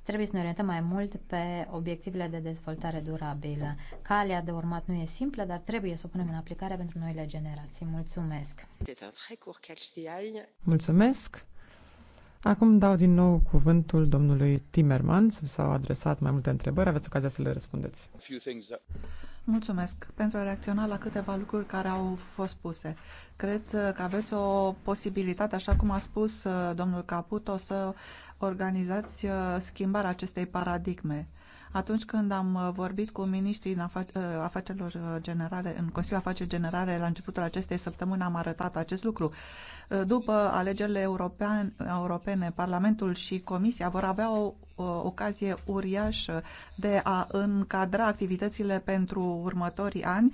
Trebuie să ne orientăm mai mult pe obiectivele de dezvoltare durabilă. Calea de urmat nu e simplă, dar trebuie să o punem în aplicare pentru noile generații. Mulțumesc! Mulțumesc! Acum dau din nou cuvântul domnului Timmermans. S-au adresat mai multe întrebări, aveți ocazia să le răspundeți. Mulțumesc pentru a reacționa la câteva lucruri care au fost puse. Cred că aveți o posibilitate, așa cum a spus uh, domnul Caputo, să organizați uh, schimbarea acestei paradigme. Atunci când am uh, vorbit cu ministrii în afac- uh, afacerilor uh, generale, în Consiliul Afaceri Generale, la începutul acestei săptămâni am arătat acest lucru. După alegerile europeane, europene, Parlamentul și Comisia vor avea o ocazie uriașă de a încadra activitățile pentru următorii ani,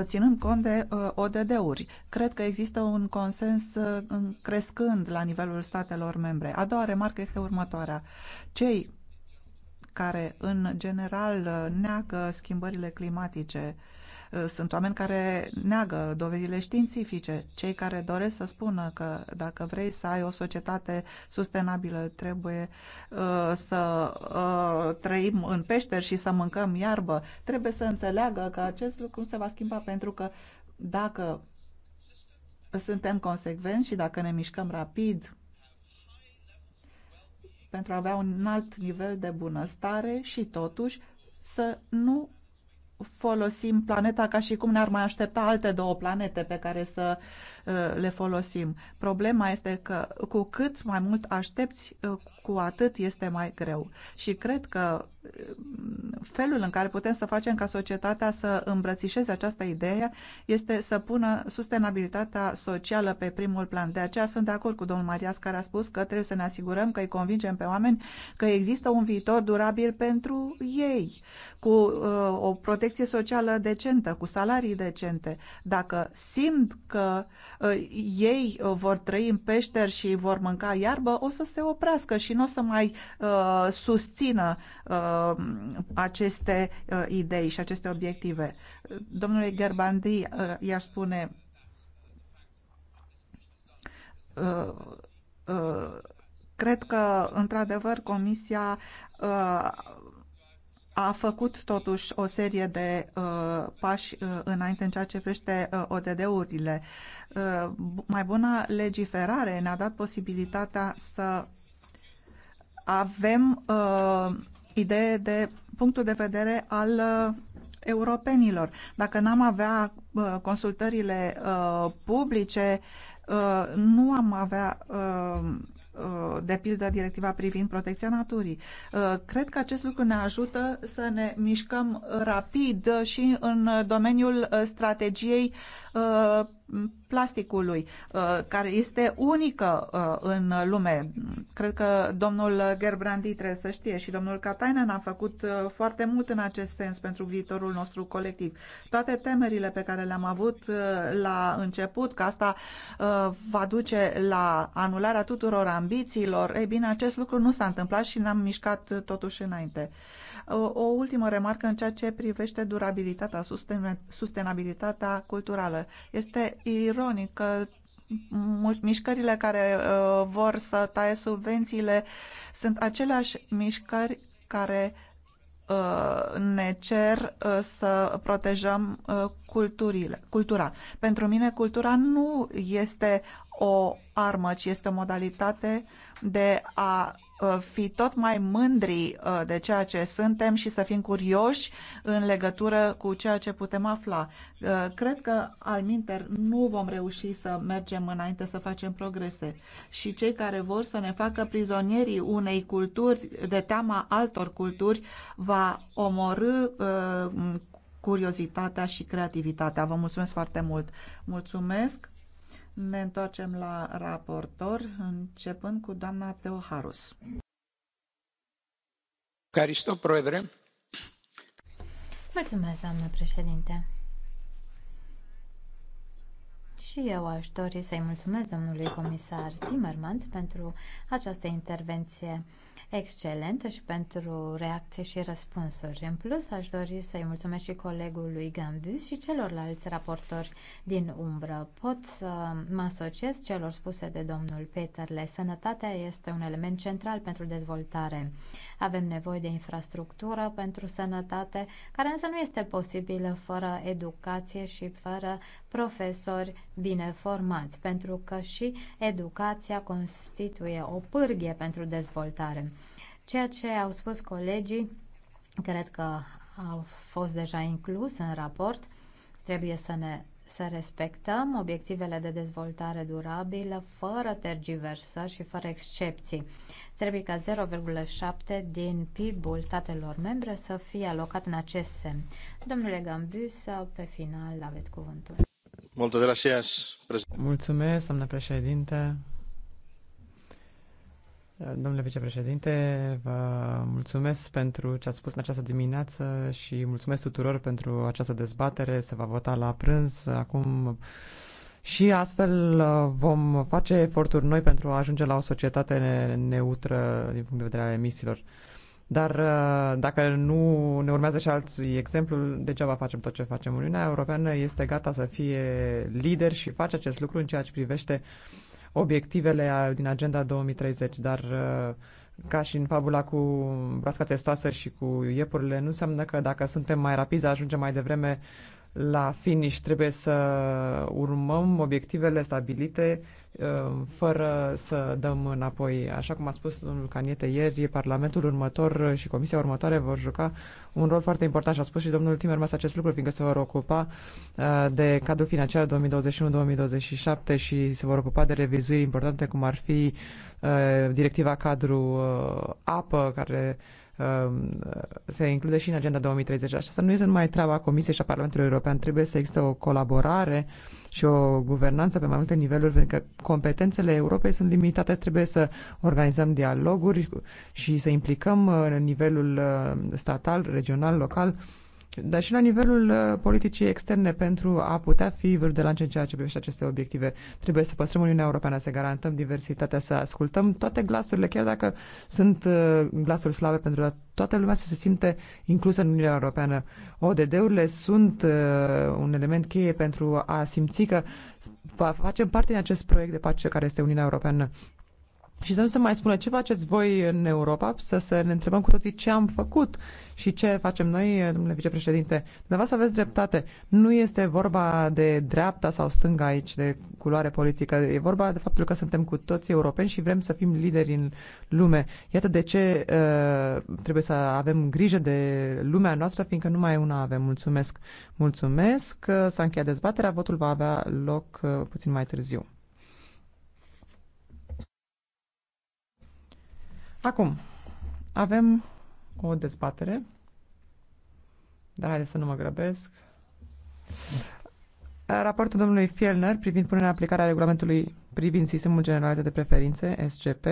ținând cont de ODD-uri. Cred că există un consens crescând la nivelul statelor membre. A doua remarcă este următoarea. Cei care în general neagă schimbările climatice. Uh, sunt oameni care neagă dovedile științifice, cei care doresc să spună că dacă vrei să ai o societate sustenabilă, trebuie uh, să uh, trăim în peșteri și să mâncăm iarbă, trebuie să înțeleagă că acest lucru nu se va schimba pentru că dacă suntem consecvenți și dacă ne mișcăm rapid, pentru a avea un alt nivel de bunăstare și totuși să nu folosim planeta ca și cum ne-ar mai aștepta alte două planete pe care să Uh, le folosim. Problema este că cu cât mai mult aștepți, uh, cu atât este mai greu. Și cred că uh, felul în care putem să facem ca societatea să îmbrățișeze această idee este să pună sustenabilitatea socială pe primul plan. De aceea sunt de acord cu domnul Marias care a spus că trebuie să ne asigurăm că îi convingem pe oameni că există un viitor durabil pentru ei, cu uh, o protecție socială decentă, cu salarii decente. Dacă simt că ei uh, vor trăi în peșteri și vor mânca iarbă, o să se oprească și nu o să mai uh, susțină uh, aceste idei și aceste obiective. Domnule Gerbandi, i-aș spune cred că, într-adevăr, Comisia a făcut totuși o serie de uh, pași uh, înainte în ceea ce privește uh, ODD-urile. Uh, mai bună legiferare ne-a dat posibilitatea să avem uh, idee de punctul de vedere al uh, europenilor. Dacă n-am avea uh, consultările uh, publice, uh, nu am avea uh, Uh, de pildă directiva privind protecția naturii. Uh, cred că acest lucru ne ajută să ne mișcăm rapid și în domeniul uh, strategiei Uh, plasticului, uh, care este unică uh, în lume. Cred că domnul Gerbrandi trebuie să știe și domnul Katainen a făcut foarte mult în acest sens pentru viitorul nostru colectiv. Toate temerile pe care le-am avut la început, că asta va duce la anularea tuturor ambițiilor, ei bine, acest lucru nu s-a întâmplat și ne-am mișcat totuși înainte. O ultimă remarcă în ceea ce privește durabilitatea, sustenabilitatea culturală. Este ironic că mișcările care uh, vor să taie subvențiile sunt aceleași mișcări care uh, ne cer uh, să protejăm culturile, cultura. Pentru mine cultura nu este o armă, ci este o modalitate de a Uh, fi tot mai mândri uh, de ceea ce suntem și să fim curioși în legătură cu ceea ce putem afla. Uh, cred că, al minter, nu vom reuși să mergem înainte să facem progrese. Și cei care vor să ne facă prizonierii unei culturi de teama altor culturi va omorâ curiozitatea și creativitatea. Vă mulțumesc foarte mult. Mulțumesc. Ne întoarcem la raportor, începând cu doamna Teoharus. Caristo, proedre. Mulțumesc, doamnă președinte. Și eu aș dori să-i mulțumesc domnului comisar Timmermans pentru această intervenție excelentă și pentru reacție și răspunsuri. În plus, aș dori să-i mulțumesc și colegului Gambus și celorlalți raportori din umbră. Pot să mă asociez celor spuse de domnul Peterle. Sănătatea este un element central pentru dezvoltare. Avem nevoie de infrastructură pentru sănătate, care însă nu este posibilă fără educație și fără profesori bine formați, pentru că și educația constituie o pârghie pentru dezvoltare. Ceea ce au spus colegii, cred că au fost deja inclus în raport, trebuie să ne să respectăm obiectivele de dezvoltare durabilă fără tergiversări și fără excepții. Trebuie ca 0,7 din PIB-ul statelor membre să fie alocat în acest semn. Domnule Gambus, pe final aveți cuvântul. Mulțumesc, doamnă președinte. Domnule vicepreședinte, vă mulțumesc pentru ce ați spus în această dimineață și mulțumesc tuturor pentru această dezbatere. Se va vota la prânz acum și astfel uh, vom face eforturi noi pentru a ajunge la o societate neutră din punct de vedere a emisiilor. Dar uh, dacă nu ne urmează și alții exemplu, degeaba facem tot ce facem. Uniunea Europeană este gata să fie lider și face acest lucru în ceea ce privește uh, obiectivele din Agenda 2030, dar uh, ca și în fabula cu broasca testoasă și cu iepurile, nu înseamnă că dacă suntem mai rapizi, ajungem mai devreme la finish. Trebuie să urmăm obiectivele stabilite Ehm, fără să dăm înapoi. Așa cum a spus domnul Caniete ieri, Parlamentul următor și Comisia următoare vor juca un rol foarte important și a spus și domnul Timmermans acest lucru, fiindcă se vor ocupa eh, de cadrul financiar 2021-2027 și se vor ocupa de revizuiri importante, cum ar fi eh, directiva cadru eh, apă, care Um, se include și în agenda 2030. Asta nu este numai treaba Comisiei și a Parlamentului European. Trebuie să existe o colaborare și o guvernanță pe mai multe niveluri, pentru că competențele Europei sunt limitate. Trebuie să organizăm dialoguri și să implicăm uh, nivelul uh, statal, regional, local dar și la nivelul uh, politicii externe pentru a putea fi vârf de lance în ceea ce privește aceste obiective. Trebuie să păstrăm Uniunea Europeană, să garantăm diversitatea, să ascultăm toate glasurile, chiar dacă sunt uh, glasuri slabe pentru a toată lumea să se simte inclusă în Uniunea Europeană. ODD-urile sunt uh, un element cheie pentru a simți că facem parte din acest proiect de pace care este Uniunea Europeană și să nu se mai spună ce faceți voi în Europa, să, să ne întrebăm cu toții ce am făcut și ce facem noi, domnule vicepreședinte. Dumneavoastră aveți dreptate. Nu este vorba de dreapta sau stânga aici, de culoare politică. E vorba de faptul că suntem cu toții europeni și vrem să fim lideri în lume. Iată de ce uh, trebuie să avem grijă de lumea noastră, fiindcă mai una avem. Mulțumesc! Mulțumesc! S-a încheiat dezbaterea. Votul va avea loc uh, puțin mai târziu. Acum, avem o dezbatere. Da, haideți să nu mă grăbesc. Raportul domnului Fielner privind punerea în aplicare a regulamentului privind sistemul generalizat de preferințe, SGP,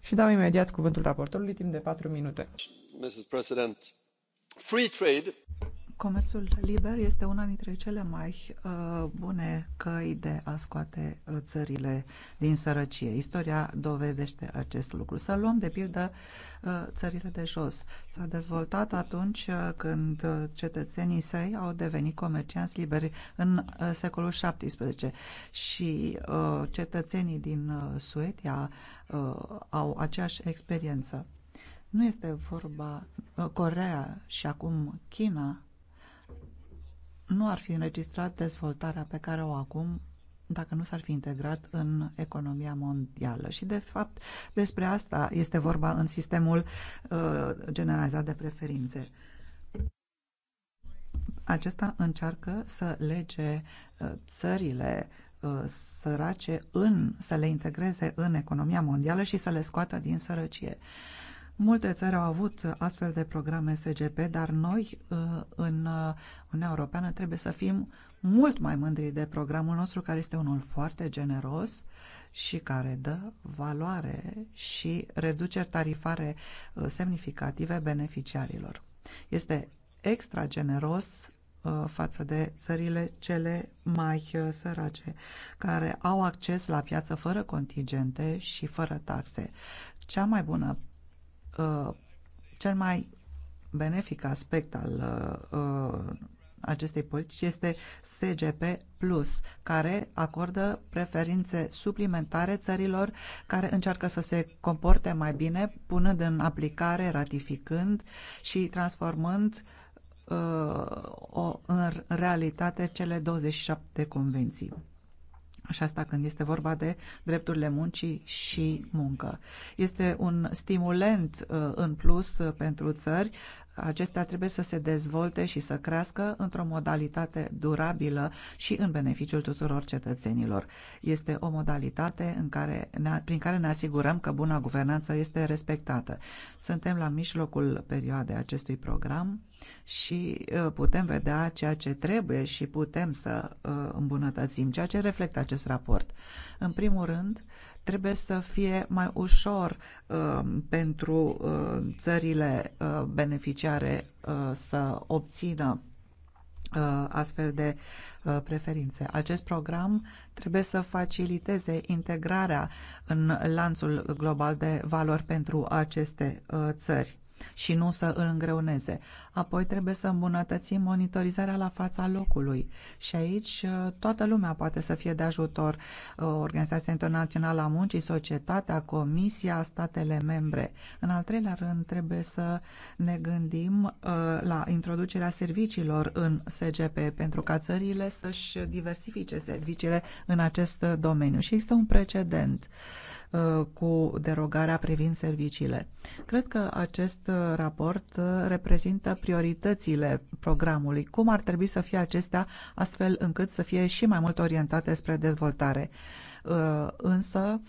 și dau imediat cuvântul raportorului timp de 4 minute. Mrs. President, free trade Comerțul liber este una dintre cele mai uh, bune căi de a scoate uh, țările din sărăcie. Istoria dovedește acest lucru. Să luăm de pildă uh, țările de jos. S-a dezvoltat atunci uh, când uh, cetățenii săi au devenit comercianți liberi în uh, secolul XVII și uh, cetățenii din uh, Suedia uh, au aceeași experiență. Nu este vorba uh, Corea și acum China nu ar fi înregistrat dezvoltarea pe care o acum dacă nu s-ar fi integrat în economia mondială. Și, de fapt, despre asta este vorba în sistemul uh, generalizat de preferințe. Acesta încearcă să lege uh, țările uh, sărace în, să le integreze în economia mondială și să le scoată din sărăcie. Uh, Multe țări au avut astfel de programe SGP, dar noi uh, în uh, Uniunea Europeană trebuie să fim mult mai mândri de programul nostru, care este unul foarte generos și care dă valoare și reduceri tarifare uh, semnificative beneficiarilor. Este extra generos față de țările cele mai sărace, care au acces la piață fără contingente și fără taxe. Cea mai bună Uh, cel mai benefic aspect al uh, acestei politici este SGP+, care acordă preferințe suplimentare țărilor care încearcă să se comporte mai bine, punând în aplicare, ratificând și transformând uh, o, în realitate cele 27 convenții și asta când este vorba de drepturile muncii și muncă. Este un stimulent uh, în plus uh, pentru țări acestea trebuie să se dezvolte și să crească într-o modalitate durabilă și în beneficiul tuturor cetățenilor. Este o modalitate în care ne, prin care ne asigurăm că buna guvernanță este respectată. Suntem la mijlocul perioadei acestui program și ă, putem vedea ceea ce trebuie și putem să ă, îmbunătățim, ceea ce reflectă acest raport. În primul rând, trebuie să fie mai ușor uh, pentru uh, țările uh, beneficiare uh, să obțină uh, astfel de uh, preferințe. Acest program trebuie să faciliteze integrarea în lanțul global de valori pentru aceste țări și nu să îl îngreuneze. Apoi trebuie să îmbunătățim monitorizarea la fața locului și aici uh, toată lumea poate să fie de ajutor. Uh, Organizația Internațională a Muncii, societatea, comisia, statele membre. În al treilea rând trebuie să ne gândim uh, la introducerea serviciilor în SGP pentru ca țările să-și diversifice serviciile în acest domeniu. Și există un precedent Uh, cu derogarea privind serviciile. Cred că acest uh, raport uh, reprezintă prioritățile programului. Cum ar trebui să fie acestea astfel încât să fie și mai mult orientate spre dezvoltare. Însă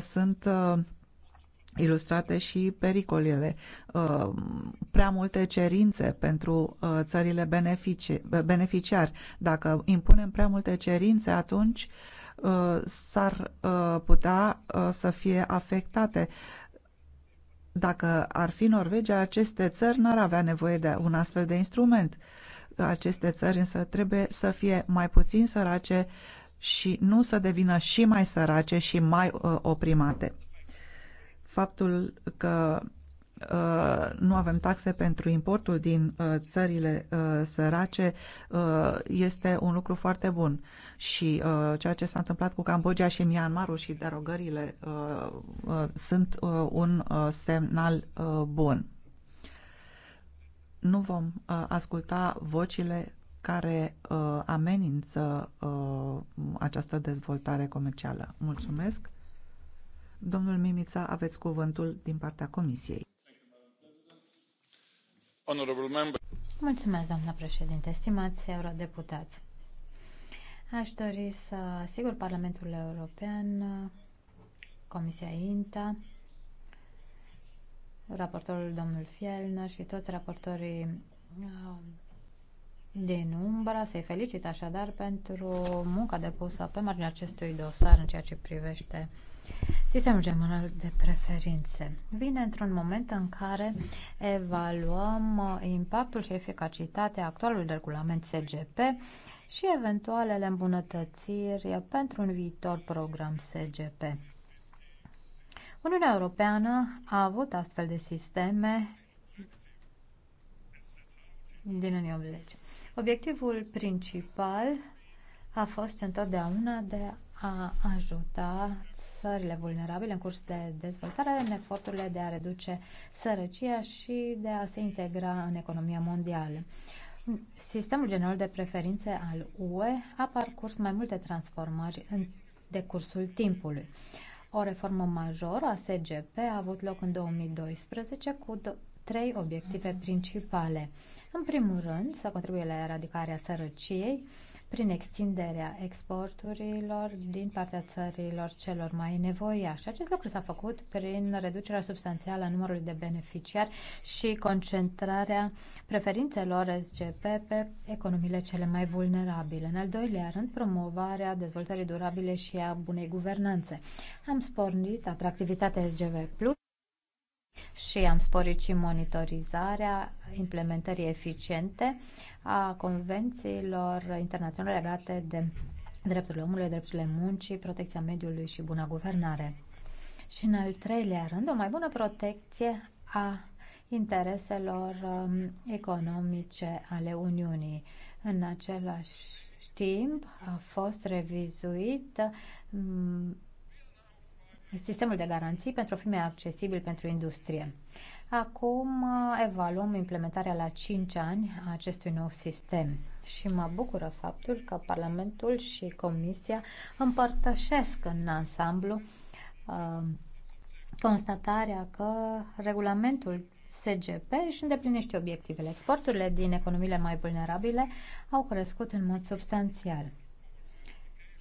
sunt ilustrate și pericolele, prea multe cerințe pentru țările beneficiari. Dacă impunem prea multe cerințe, atunci Uh, s-ar uh, putea uh, să fie afectate. Dacă ar fi Norvegia, aceste țări n-ar avea nevoie de un astfel de instrument. Aceste țări însă trebuie să fie mai puțin sărace și nu să devină și mai sărace și mai oprimate. Faptul că Uh, nu avem taxe pentru importul din uh, țările uh, sărace este un lucru foarte bun. Și ceea ce s-a întâmplat cu Cambodgia și Myanmarul și derogările sunt un semnal bun. Nu vom asculta vocile care amenință această dezvoltare comercială. Mulțumesc! Domnul Mimița, aveți cuvântul din partea Comisiei. Mulțumesc, doamnă președinte, stimați eurodeputați. Aș dori să asigur Parlamentul European, Comisia INTA, raportorul domnul Fielner și toți raportorii um, din umbra să-i felicit așadar pentru munca depusă pe marginea acestui dosar în ceea ce privește Sistemul general de preferințe vine într-un moment în care evaluăm uh, impactul și eficacitatea actualului regulament SGP și eventualele îmbunătățiri pentru un viitor program SGP. Uniunea Europeană a avut astfel de sisteme din anii 80. Obiectivul principal a fost întotdeauna de a ajuta țările vulnerabile în curs de dezvoltare în eforturile de a reduce sărăcia și de a se integra în economia mondială. Sistemul general de preferințe al UE a parcurs mai multe transformări în decursul timpului. O reformă majoră a SGP a avut loc în 2012 cu trei obiective principale. În primul rând, să contribuie la eradicarea sărăciei, prin extinderea exporturilor din partea țărilor celor mai nevoiași. Acest lucru s-a făcut prin reducerea substanțială a numărului de beneficiari și concentrarea preferințelor SGP pe economiile cele mai vulnerabile. În al doilea rând, promovarea dezvoltării durabile și a bunei guvernanțe. Am spornit atractivitatea SGP Plus și am sporit și monitorizarea implementării eficiente a convențiilor internaționale legate de drepturile omului, drepturile muncii, protecția mediului și bună guvernare. Și în al treilea rând, o mai bună protecție a intereselor um, economice ale Uniunii. În același timp a fost revizuit um, sistemul de garanții pentru a fi mai accesibil pentru industrie. Acum uh, evaluăm implementarea la 5 ani a acestui nou sistem și mă bucură faptul că Parlamentul și Comisia împărtășesc în ansamblu uh, constatarea că regulamentul SGP își îndeplinește obiectivele. Exporturile din economiile mai vulnerabile au crescut în mod substanțial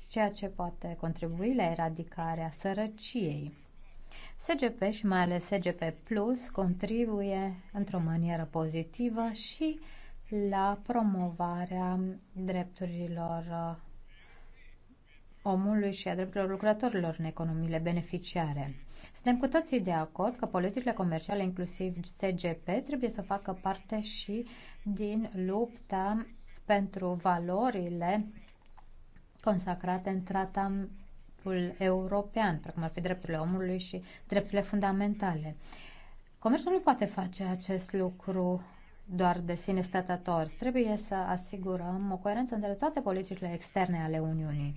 ceea ce poate contribui la eradicarea sărăciei. SGP și mai ales SGP Plus contribuie într-o manieră pozitivă și la promovarea drepturilor uh, omului și a drepturilor lucrătorilor în economiile beneficiare. Suntem cu toții de acord că politicile comerciale, inclusiv SGP, trebuie să facă parte și din lupta pentru valorile consacrate în tratatul european, precum ar fi drepturile omului și drepturile fundamentale. Comerțul nu poate face acest lucru doar de sine statător. Trebuie să asigurăm o coerență între toate politicile externe ale Uniunii.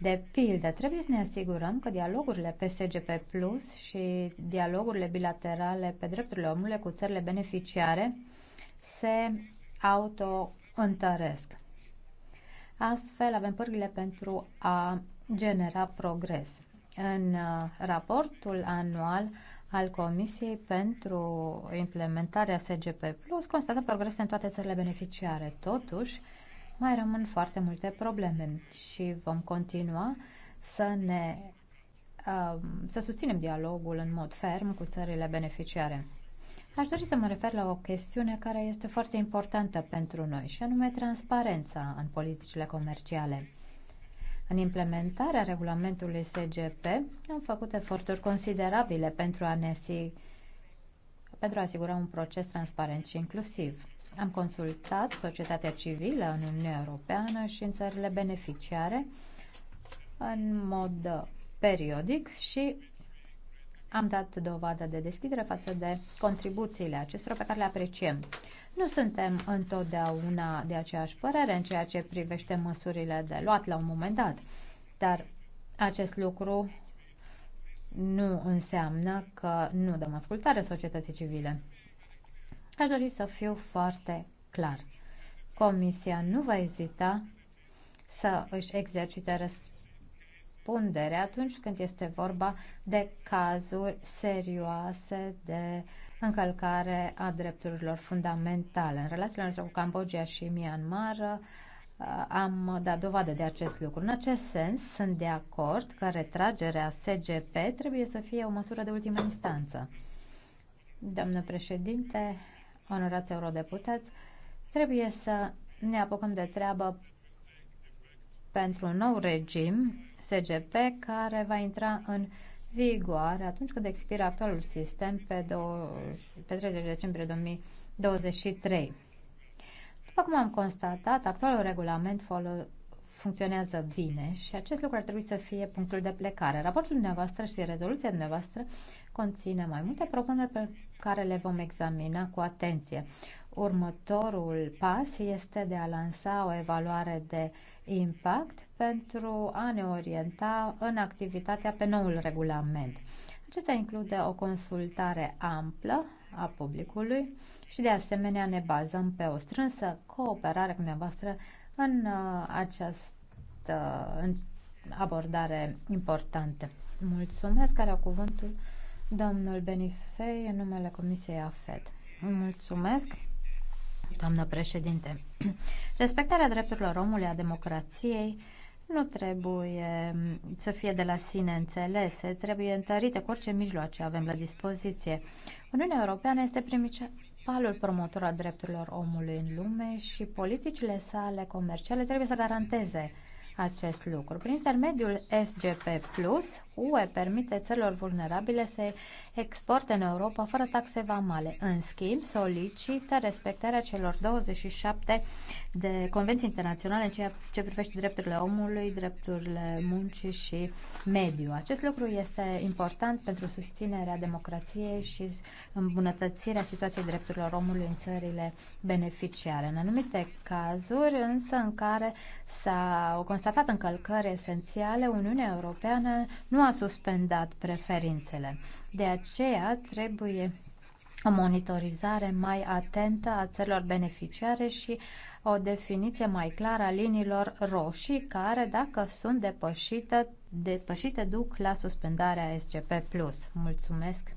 De pildă, trebuie să ne asigurăm că dialogurile PSGP Plus și dialogurile bilaterale pe drepturile omului cu țările beneficiare se auto-întăresc. Astfel, avem pârghile pentru a genera progres. În uh, raportul anual al Comisiei pentru implementarea SGP+, constatăm progrese în toate țările beneficiare. Totuși, mai rămân foarte multe probleme și vom continua să ne uh, să susținem dialogul în mod ferm cu țările beneficiare. Aș dori să mă refer la o chestiune care este foarte importantă pentru noi, și anume transparența în politicile comerciale. În implementarea regulamentului SGP am făcut eforturi considerabile pentru a ne pentru a asigura un proces transparent și inclusiv. Am consultat societatea civilă în Uniunea Europeană și în țările beneficiare în mod uh, periodic și am dat dovadă de deschidere față de contribuțiile acestora pe care le apreciem. Nu suntem întotdeauna de aceeași părere în ceea ce privește măsurile de luat la un moment dat, dar acest lucru nu înseamnă că nu dăm ascultare societății civile. Aș dori să fiu foarte clar. Comisia nu va ezita să își exercite răspundere atunci când este vorba de cazuri serioase de încălcare a drepturilor fundamentale. În relațiile noastre cu Cambodgia și Myanmar uh, am dat dovadă de acest lucru. În acest sens, sunt de acord că retragerea SGP trebuie să fie o măsură de ultimă instanță. Doamnă președinte, onorați eurodeputați, trebuie să ne apucăm de treabă pentru un nou regim SGP care va intra în vigoare atunci când expiră actualul sistem pe, 20, pe 30 decembrie 2023. După cum am constatat, actualul regulament folo- funcționează bine și acest lucru ar trebui să fie punctul de plecare. Raportul dumneavoastră și rezoluția dumneavoastră conține mai multe propuneri pe care le vom examina cu atenție. Următorul pas este de a lansa o evaluare de impact pentru a ne orienta în activitatea pe noul regulament. Acesta include o consultare amplă a publicului și de asemenea ne bazăm pe o strânsă cooperare cu dumneavoastră în uh, această abordare importantă. Mulțumesc, care au cuvântul domnul Benifei în numele Comisiei AFED. Mulțumesc! Doamnă președinte, respectarea drepturilor omului, a democrației, nu trebuie să fie de la sine înțelese, trebuie întărite cu orice mijloace avem la dispoziție. Uniunea Europeană este principalul promotor al drepturilor omului în lume și politicile sale comerciale trebuie să garanteze acest lucru. Prin intermediul SGP+, UE permite țărilor vulnerabile să exporte în Europa fără taxe vamale. În schimb, solicită respectarea celor 27 de convenții internaționale în ceea ce privește drepturile omului, drepturile muncii și mediu. Acest lucru este important pentru susținerea democrației și îmbunătățirea situației drepturilor omului în țările beneficiare. În anumite cazuri, însă, în care s a constatat constatat încălcări esențiale, Uniunea Europeană nu a suspendat preferințele. De aceea trebuie o monitorizare mai atentă a țărilor beneficiare și o definiție mai clară a liniilor roșii care, dacă sunt depășite, depășite duc la suspendarea SGP+. Mulțumesc!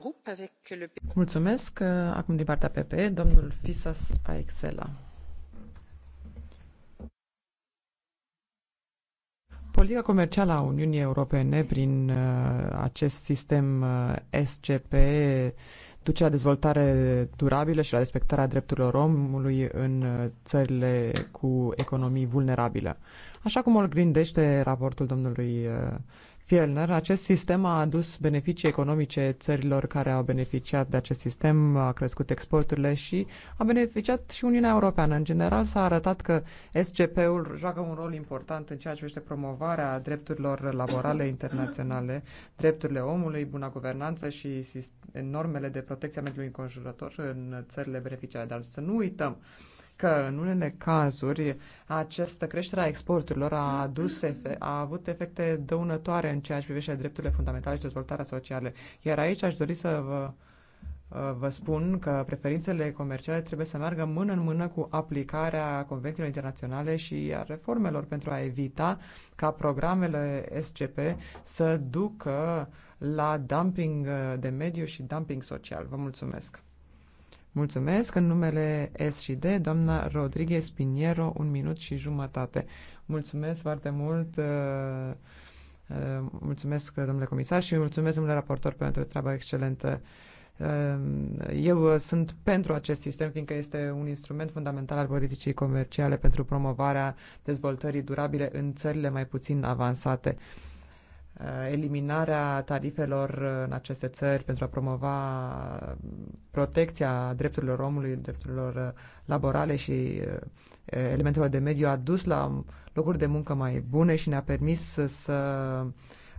Mulțumesc! Uh, acum din partea PPE, domnul Fisas Aixela. Politica comercială a Uniunii Europene prin uh, acest sistem uh, SCP duce la dezvoltare durabilă și la respectarea drepturilor omului în uh, țările cu economii vulnerabile. Așa cum îl grindește raportul domnului Fielner, acest sistem a adus beneficii economice țărilor care au beneficiat de acest sistem, a crescut exporturile și a beneficiat și Uniunea Europeană. În general s-a arătat că SGP-ul joacă un rol important în ceea ce privește promovarea drepturilor laborale internaționale, drepturile omului, buna guvernanță și normele de protecție a mediului înconjurător în țările beneficiare. Dar să nu uităm că în unele cazuri această creștere a exporturilor a, adus a avut efecte dăunătoare în ceea ce privește drepturile fundamentale și dezvoltarea socială. Iar aici aș dori să vă uh, vă spun că preferințele comerciale trebuie să meargă mână în mână cu aplicarea convențiilor internaționale și a reformelor pentru a evita ca programele SCP să ducă la dumping uh, de mediu și dumping social. Vă mulțumesc! Mulțumesc. În numele S și D, doamna Rodriguez Piniero, un minut și jumătate. Mulțumesc foarte mult. Uh, uh, mulțumesc, domnule comisar, și mulțumesc, domnule raportor, pentru treaba excelentă. Uh, eu sunt pentru acest sistem, fiindcă este un instrument fundamental al politicii comerciale pentru promovarea dezvoltării durabile în țările mai puțin avansate. Uh, eliminarea tarifelor în aceste țări pentru a promova protecția drepturilor omului, drepturilor uh, laborale și uh, elementelor de mediu a dus la locuri de muncă mai bune și ne-a permis să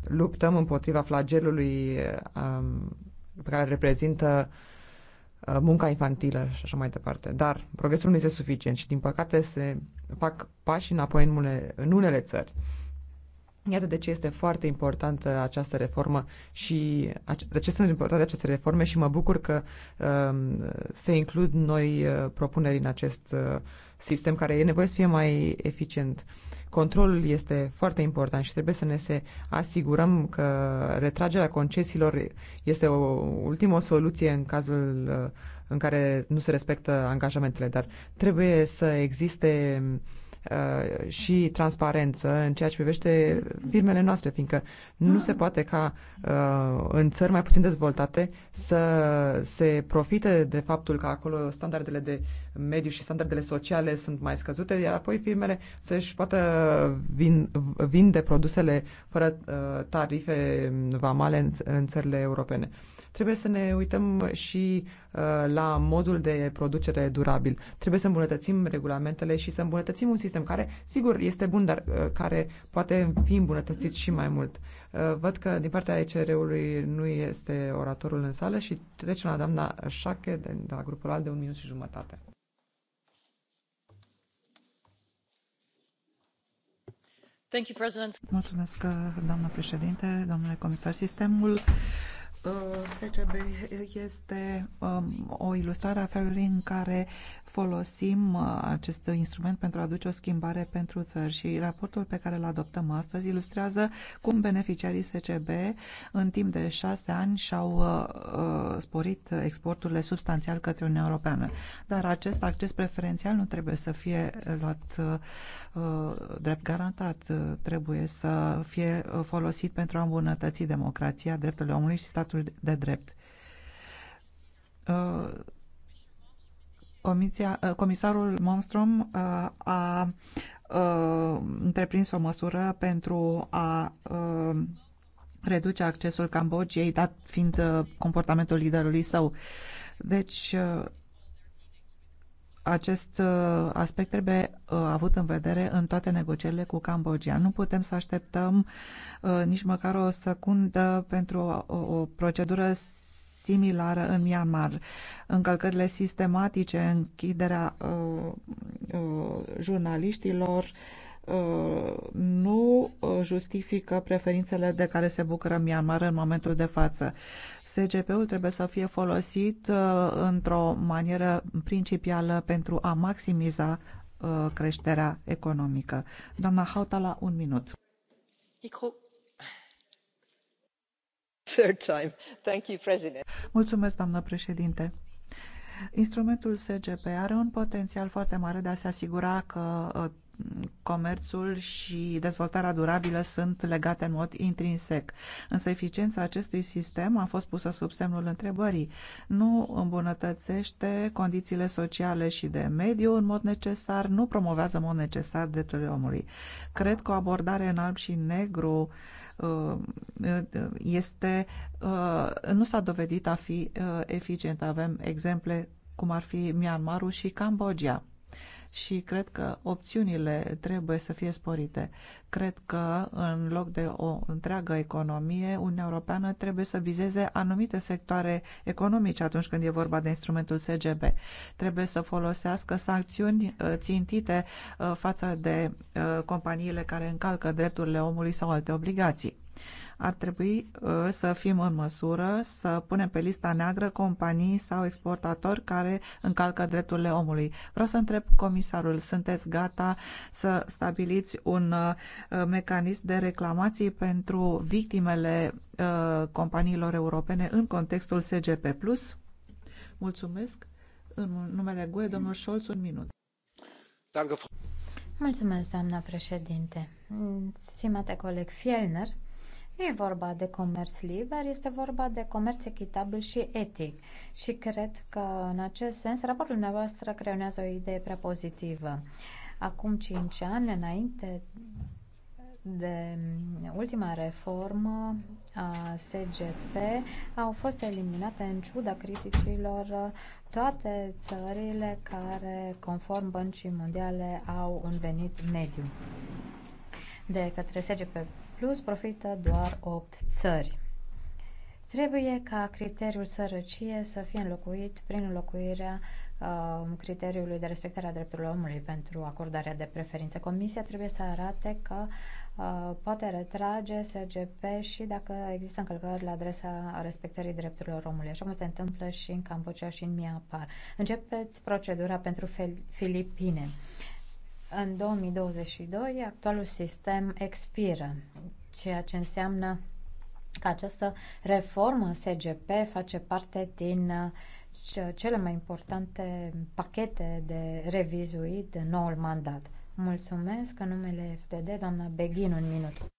luptăm împotriva flagelului um, pe care reprezintă munca infantilă și așa mai departe. Dar progresul nu este suficient și, din păcate, se fac pași înapoi în unele, în unele țări. Iată de ce este foarte importantă această reformă și de ce sunt importante aceste reforme și mă bucur că um, se includ noi uh, propuneri în acest uh, sistem care e nevoie să fie mai eficient. Controlul este foarte important și trebuie să ne se asigurăm că retragerea concesiilor este o ultimă soluție în cazul uh, în care nu se respectă angajamentele, dar trebuie să existe uh, Uh, și transparență în ceea ce privește firmele noastre, fiindcă nu se poate ca uh, în țări mai puțin dezvoltate să se profite de faptul că acolo standardele de mediu și standardele sociale sunt mai scăzute, iar apoi firmele să-și poată vin, vinde produsele fără uh, tarife vamale în, în țările europene. Trebuie să ne uităm și uh, la modul de producere durabil. Trebuie să îmbunătățim regulamentele și să îmbunătățim un sistem care, sigur, este bun, dar uh, care poate fi îmbunătățit și mai mult. Uh, văd că din partea ECR-ului nu este oratorul în sală și trecem la doamna Șache de la grupul al de un minut și jumătate. Mulțumesc, doamnă președinte, domnule comisar. Sistemul FCB este um, o ilustrare a felului în care folosim uh, acest instrument pentru a aduce o schimbare pentru țări și raportul pe care îl adoptăm astăzi ilustrează cum beneficiarii SCB în timp de șase ani și-au uh, uh, sporit exporturile substanțial către Uniunea Europeană. Dar acest acces preferențial nu trebuie să fie luat drept garantat, trebuie să fie folosit pentru a îmbunătăți democrația, drepturile omului și statul de drept Comisia, uh, comisarul Malmström uh, a uh, întreprins o măsură pentru a reduce accesul Cambodgiei, dat fiind comportamentul liderului său. Deci, acest aspect trebuie avut în vedere în toate negocierile cu Cambodgia. Nu putem să așteptăm nici măcar o secundă pentru o procedură similară în Myanmar. Încălcările sistematice, închiderea uh, uh, jurnaliștilor uh, nu uh, justifică preferințele de care se bucură Myanmar în momentul de față. SGP-ul trebuie să fie folosit uh, într-o manieră principială pentru a maximiza creșterea economică. Doamna Hautala, un minut. Micro. Mulțumesc, doamnă președinte. Instrumentul SGP are un potențial foarte mare de a se asigura că uh, comerțul și dezvoltarea durabilă sunt legate în mod intrinsec. Însă eficiența acestui sistem a fost pusă sub semnul întrebării. Nu îmbunătățește condițiile sociale și de mediu în mod necesar, nu promovează în mod necesar drepturile omului. Cred că o abordare în alb și negru uh, uh, este, uh, nu s-a dovedit a fi eficientă. Avem exemple cum ar fi Myanmarul și Cambodgia și cred că opțiunile trebuie să fie sporite. Cred că în loc de o întreagă economie, Uniunea Europeană trebuie să vizeze anumite sectoare economice atunci când e vorba de instrumentul SGB. Trebuie să folosească sancțiuni uh, țintite uh, față de uh, companiile care încalcă drepturile omului sau alte obligații. Ar trebui uh, să fim în măsură să punem pe lista neagră companii sau exportatori care încalcă drepturile omului. Vreau să întreb comisarul, sunteți gata să stabiliți un uh, mecanism de reclamații pentru victimele uh, companiilor europene în contextul SGP+. Mulțumesc. În numele GUE, domnul Scholz, un minut. Mulțumesc, doamna președinte. Stimate coleg Fielner, nu e vorba de comerț liber, este vorba de comerț echitabil și etic. Și cred că, în acest sens, raportul dumneavoastră creionează o idee prea pozitivă. Acum cinci ani, înainte de ultima reformă a SGP au fost eliminate în ciuda criticilor toate țările care, conform Băncii Mondiale, au un venit mediu. De către SGP plus profită doar opt țări. Trebuie ca criteriul sărăcie să fie înlocuit prin înlocuirea uh, criteriului de respectare a drepturilor omului pentru acordarea de preferințe. Comisia trebuie să arate că uh, poate retrage SGP și dacă există încălcări la adresa respectării drepturilor omului, așa cum se întâmplă și în Cambodgia și în Myanmar. Începeți procedura pentru Filipine în 2022 actualul sistem expiră, ceea ce înseamnă că această reformă SGP face parte din uh, cele mai importante pachete de revizuit de noul mandat. Mulțumesc în numele FDD, doamna Beghin, un minut.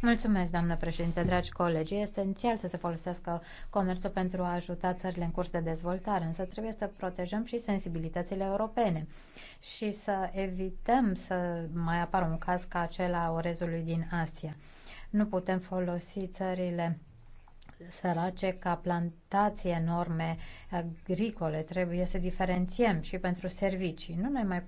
Mulțumesc, doamnă președinte, dragi colegi. Este esențial să se folosească comerțul pentru a ajuta țările în curs de dezvoltare, însă trebuie să protejăm și sensibilitățile europene și să evităm să mai apară un caz ca acela orezului din Asia. Nu putem folosi țările sărace ca plantație enorme agricole. Trebuie să diferențiem și pentru servicii. Nu ne mai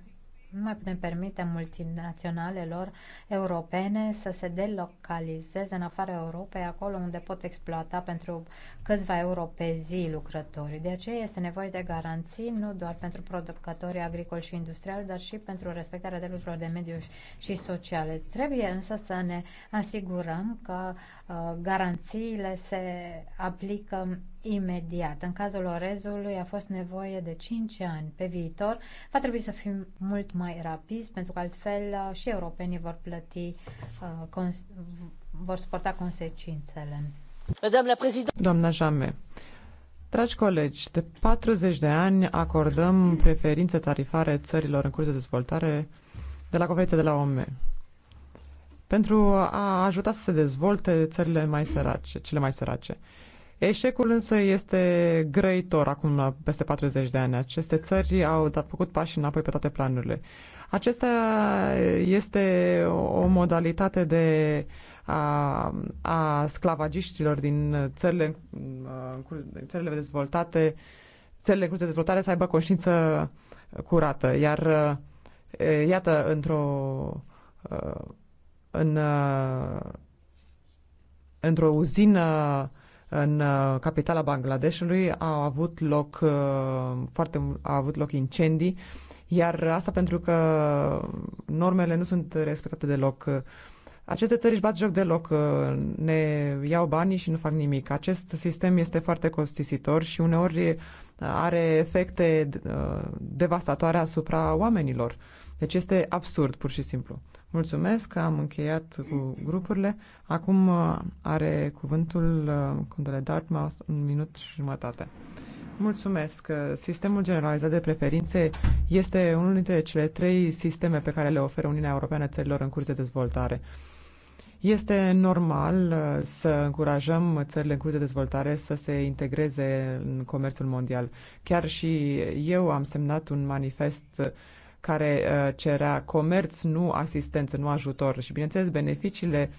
nu mai putem permite multinaționalelor europene să se delocalizeze în afara Europei, acolo unde pot exploata pentru câțiva euro pe zi lucrătorii. De aceea este nevoie de garanții nu doar pentru producătorii agricoli și industriali, dar și pentru respectarea drepturilor de mediu și sociale. Trebuie însă să ne asigurăm că uh, garanțiile se aplică imediat. În cazul orezului a fost nevoie de 5 ani. Pe viitor va trebui să fim mult mai rapizi, pentru că altfel uh, și europenii vor plăti, uh, vor suporta consecințele. Doamna Jame, dragi colegi, de 40 de ani acordăm preferințe tarifare țărilor în curs de dezvoltare de la conferința de la OME pentru a ajuta să se dezvolte țările mai sărace, cele mai sărace. Eșecul însă este grăitor acum peste 40 de ani. Aceste țări au făcut pași înapoi pe toate planurile. Acesta este o modalitate de a, a sclavagiștilor din țările, din țările dezvoltate, țările în curs de dezvoltare să aibă conștiință curată. Iar, iată, într-o în, într-o uzină în capitala Bangladeshului au avut loc foarte au avut loc incendii, iar asta pentru că normele nu sunt respectate deloc. Aceste țări își bat joc deloc, uh, ne iau banii și nu fac nimic. Acest sistem este foarte costisitor și uneori uh, are efecte uh, devastatoare asupra oamenilor. Deci este absurd, pur și simplu. Mulțumesc că am încheiat cu grupurile. Acum are cuvântul Condele Dartmouth un minut și jumătate. Mulțumesc. Sistemul generalizat de preferințe este unul dintre cele trei sisteme pe care le oferă Uniunea Europeană țărilor în curs de dezvoltare. Este normal uh, să încurajăm țările în curs de dezvoltare să se integreze în comerțul mondial. Chiar și eu am semnat un manifest uh, care uh, cerea comerț, nu asistență, nu ajutor. Și, bineînțeles, beneficiile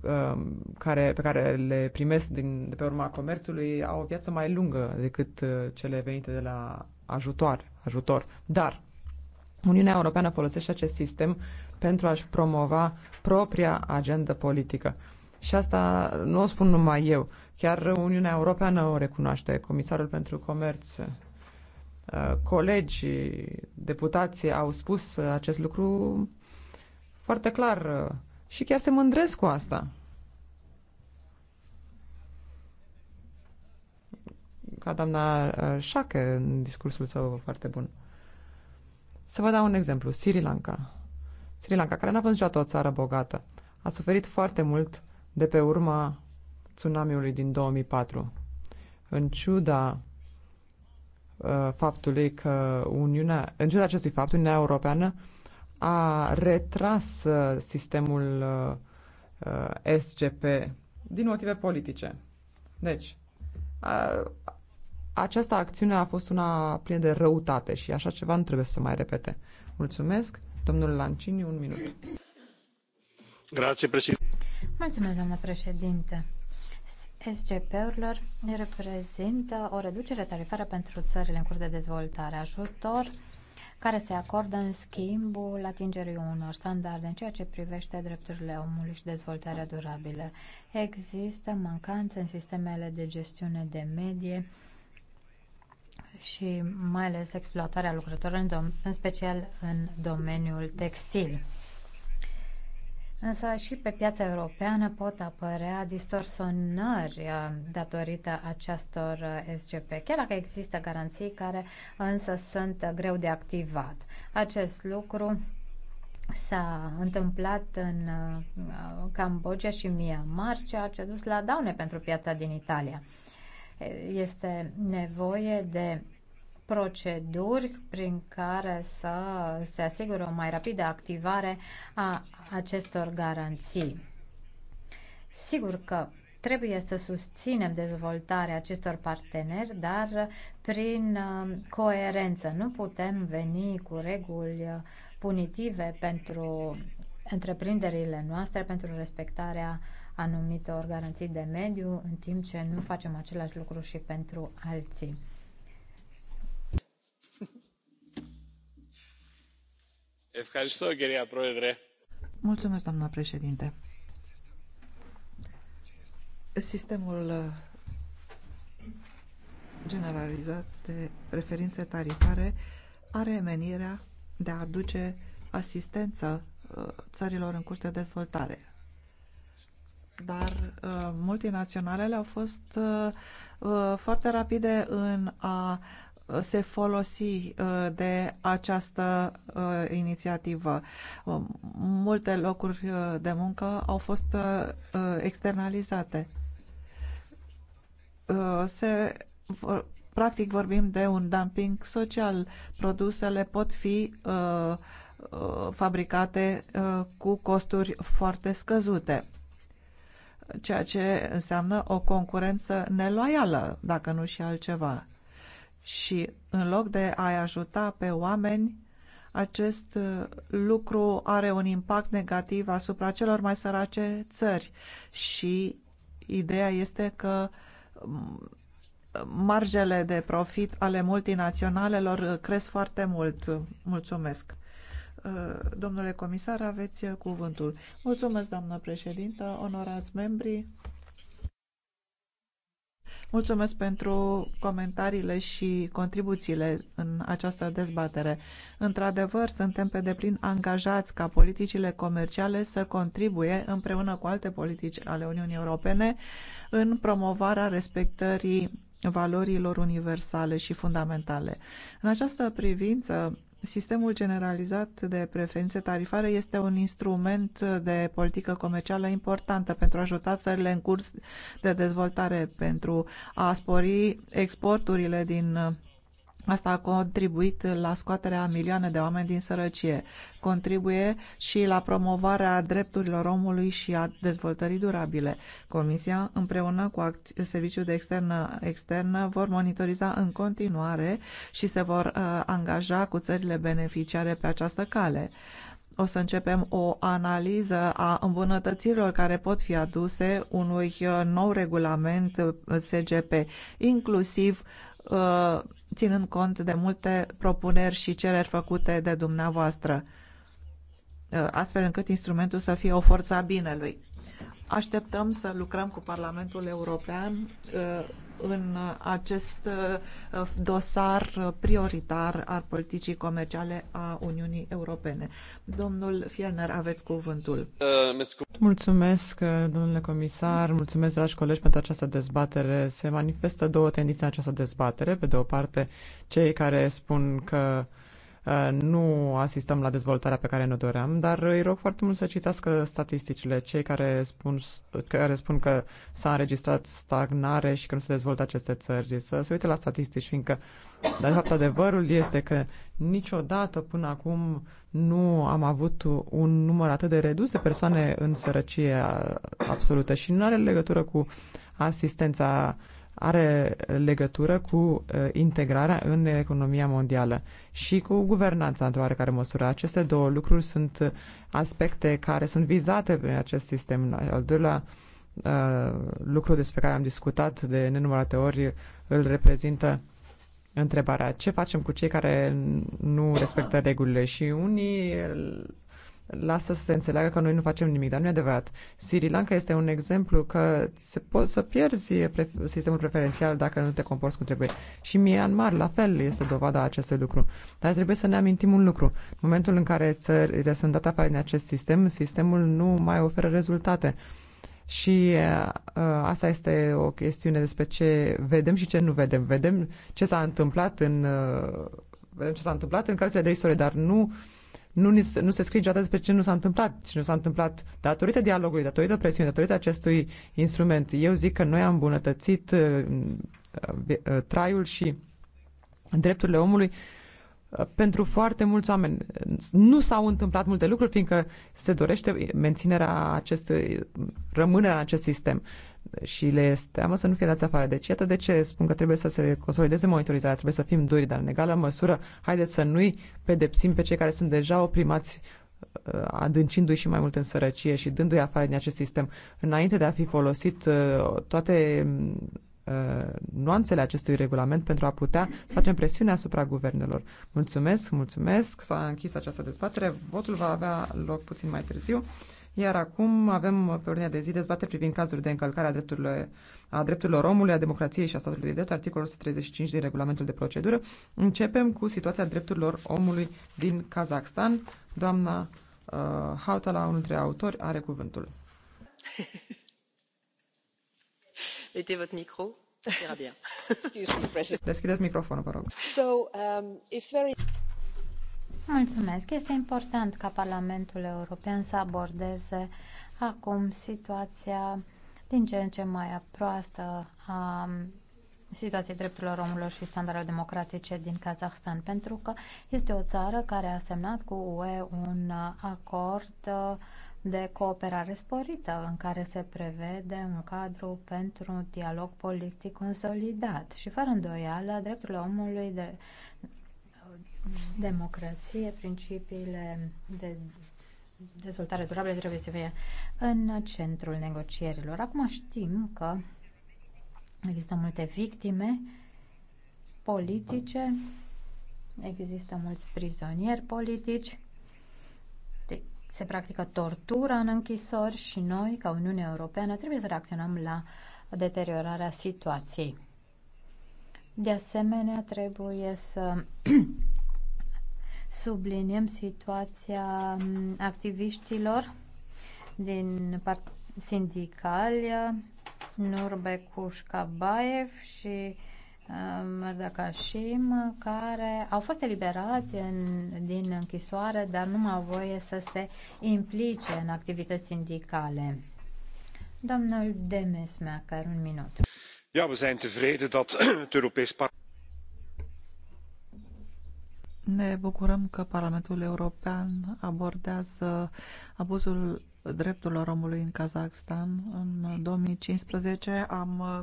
um, care, pe care le primesc din, de pe urma comerțului au o viață mai lungă decât cele venite de la ajutor. ajutor. Dar Uniunea Europeană folosește acest sistem pentru a-și promova propria agendă politică. Și asta nu o spun numai eu. Chiar Uniunea Europeană o recunoaște, Comisarul pentru Comerț. Uh, colegi, deputații au spus acest lucru foarte clar uh, și chiar se mândresc cu asta. Ca doamna uh, Șache în discursul său foarte bun. Să vă dau un exemplu. Sri Lanka. Sri Lanka, care n-a fost niciodată o țară bogată, a suferit foarte mult de pe urma tsunamiului din 2004. În ciuda uh, faptului că Uniunea, în ciuda acestui fapt, Uniunea Europeană a retras uh, sistemul uh, uh SGP din motive politice. Deci, uh, această acțiune a fost una plină de răutate și așa ceva nu trebuie să se mai repete. Mulțumesc! Domnul un minut. Mulțumesc, doamnă președinte. SGP-urilor reprezintă o reducere tarifară pentru țările în curs de dezvoltare, ajutor care se acordă în schimbul atingerii unor standarde în ceea ce privește drepturile omului și dezvoltarea durabilă. Există mancanțe în sistemele de gestiune de medie și mai ales exploatarea lucrătorilor, în, în special în domeniul textil. Însă și pe piața europeană pot apărea distorsionări uh, datorită acestor uh, SGP, chiar dacă există garanții care însă sunt greu de activat. Acest lucru s-a întâmplat în uh, Cambodgia și Myanmar, ceea ce a dus la daune pentru piața din Italia. Este nevoie de proceduri prin care să se asigure o mai rapidă activare a acestor garanții. Sigur că trebuie să susținem dezvoltarea acestor parteneri, dar prin uh, coerență. Nu putem veni cu reguli uh, punitive pentru întreprinderile noastre, pentru respectarea uh, anumitor garanții de mediu, în timp ce nu facem același lucru și pentru alții. Mulțumesc, doamna președinte. Sistemul uh, generalizat de preferințe tarifare are menirea de a aduce asistență uh, țărilor în curs de dezvoltare, dar uh, multinaționalele au fost uh, uh, foarte rapide în a se folosi uh, de această uh, inițiativă. Multe locuri de muncă au fost externalizate. Se, practic vorbim de un dumping social. Produsele pot fi fabricate cu costuri foarte scăzute ceea ce înseamnă o concurență neloială, dacă nu și altceva. Și în loc de a-i ajuta pe oameni, acest uh, lucru are un impact negativ asupra celor mai sărace țări și ideea este că marjele de profit ale multinaționalelor uh, cresc foarte mult. Mulțumesc! Eh, domnule comisar, aveți eh, cuvântul. Mulțumesc, doamnă președintă, onorați membri. Mulțumesc pentru comentariile și contribuțiile în această dezbatere. Într-adevăr, suntem pe deplin angajați ca politicile comerciale să contribuie împreună cu alte politici ale Uniunii Europene în promovarea respectării valorilor universale și fundamentale. În această privință, Sistemul generalizat de preferințe tarifare este un instrument de politică comercială importantă pentru a ajuta țările în curs de dezvoltare, pentru a spori exporturile din Asta a contribuit la scoaterea milioane de oameni din sărăcie. Contribuie și la promovarea drepturilor omului și a dezvoltării durabile. Comisia, împreună cu Serviciul de Externă, Externă, vor monitoriza în continuare și se vor uh, angaja cu țările beneficiare pe această cale o să începem o analiză a îmbunătățirilor care pot fi aduse unui uh, nou regulament uh, SGP, inclusiv uh, ținând cont de multe propuneri și cereri făcute de dumneavoastră, uh, astfel încât instrumentul să fie o forță a binelui. Așteptăm să lucrăm cu Parlamentul European uh, în acest uh, dosar prioritar al politicii comerciale a Uniunii Europene. Domnul Fierner, aveți cuvântul. Mulțumesc, domnule comisar, mulțumesc, dragi colegi, pentru această dezbatere. Se manifestă două tendințe în această dezbatere. Pe de o parte, cei care spun că Uh, nu asistăm la dezvoltarea pe care ne doream, dar îi rog foarte mult să citească statisticile. Cei care spun, care spun că s-a înregistrat stagnare și că nu se dezvoltă aceste țări, să se uite la statistici, fiindcă, de fapt, adevărul este că niciodată până acum nu am avut un număr atât de redus de persoane în sărăcie absolută și nu are legătură cu asistența are legătură cu integrarea în economia mondială și cu guvernanța într-o oarecare măsură. Aceste două lucruri sunt aspecte care sunt vizate prin acest sistem. Al doilea lucru despre care am discutat de nenumărate ori îl reprezintă întrebarea ce facem cu cei care nu respectă regulile și unii lasă să se înțeleagă că noi nu facem nimic, dar nu e adevărat. Sri Lanka este un exemplu că se poți să pierzi sistemul preferențial dacă nu te comporți cum trebuie. Și Myanmar, la fel, este dovada acestui lucru. Dar trebuie să ne amintim un lucru. În momentul în care țările sunt date afară din acest sistem, sistemul nu mai oferă rezultate. Și uh, asta este o chestiune despre ce vedem și ce nu vedem. Vedem ce s-a întâmplat în uh, vedem ce s-a întâmplat în cărțile de istorie, dar nu uh, nu, ni, nu se scrie niciodată despre ce nu s-a întâmplat și nu s-a întâmplat datorită dialogului, datorită presiunii, datorită acestui instrument. Eu zic că noi am îmbunătățit uh, uh, uh traiul și drepturile omului uh, pentru foarte mulți oameni. Nu s-au întâmplat multe lucruri, fiindcă se dorește menținerea acestui, rămânerea în acest sistem și le este teamă să nu fie dați afară. Deci iată de ce spun că trebuie să se consolideze monitorizarea, trebuie să fim duri, dar în egală măsură, haideți să nu-i pedepsim pe cei care sunt deja oprimați uh, adâncindu-i și mai mult în sărăcie și dându-i afară din acest sistem. Înainte de a fi folosit uh, toate uh, nuanțele acestui regulament pentru a putea să facem presiune asupra guvernelor. Mulțumesc, mulțumesc, s-a închis această dezbatere, votul va avea loc puțin mai târziu. Iar acum avem pe ordinea de zi dezbateri privind cazuri de încălcare a drepturilor, a drepturilor omului, a democrației și a statului de drept, articolul 135 din regulamentul de procedură. Începem cu situația drepturilor omului din Kazakhstan. Doamna uh, Hautala, unul dintre autori, are cuvântul. Mettez votre micro. Deschideți microfonul, vă rog. So, um, it's very... Mulțumesc. Este important ca Parlamentul European să abordeze acum situația din ce în ce mai proastă a situației drepturilor omului și standardelor democratice din Kazahstan, pentru că este o țară care a semnat cu UE un acord de cooperare sporită în care se prevede un cadru pentru un dialog politic consolidat și fără îndoială drepturile omului de democrație, principiile de dezvoltare durabilă trebuie să fie în centrul negocierilor. Acum știm că există multe victime politice, există mulți prizonieri politici, se practică tortura în închisori și noi, ca Uniunea Europeană, trebuie să reacționăm la deteriorarea situației. De asemenea, trebuie să subliniem situația activiștilor din sindicali Nurbe Kushkabaev și uh, Mărdăcașim, care au fost eliberați în, din închisoare, dar nu au voie să se implice în activități sindicale. Domnul Demesmacher, un minut. Ja, we zijn tevreden dat het Europees Parlement ne bucurăm că Parlamentul European abordează abuzul drepturilor omului în Kazakhstan. În 2015 am uh,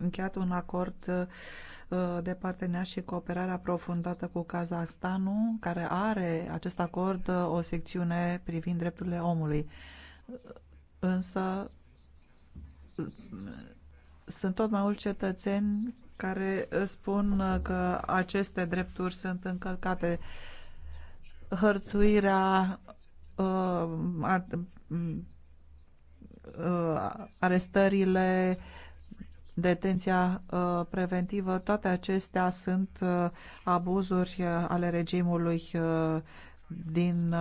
încheiat un acord uh, de parteneriat și cooperare aprofundată cu Kazakhstanul, care are acest acord uh, o secțiune privind drepturile omului. Însă sunt tot mai mulți cetățeni care uh, spun uh, că aceste drepturi sunt încălcate. Hărțuirea, uh, arestările, detenția preventivă, toate acestea sunt abuzuri ale regimului din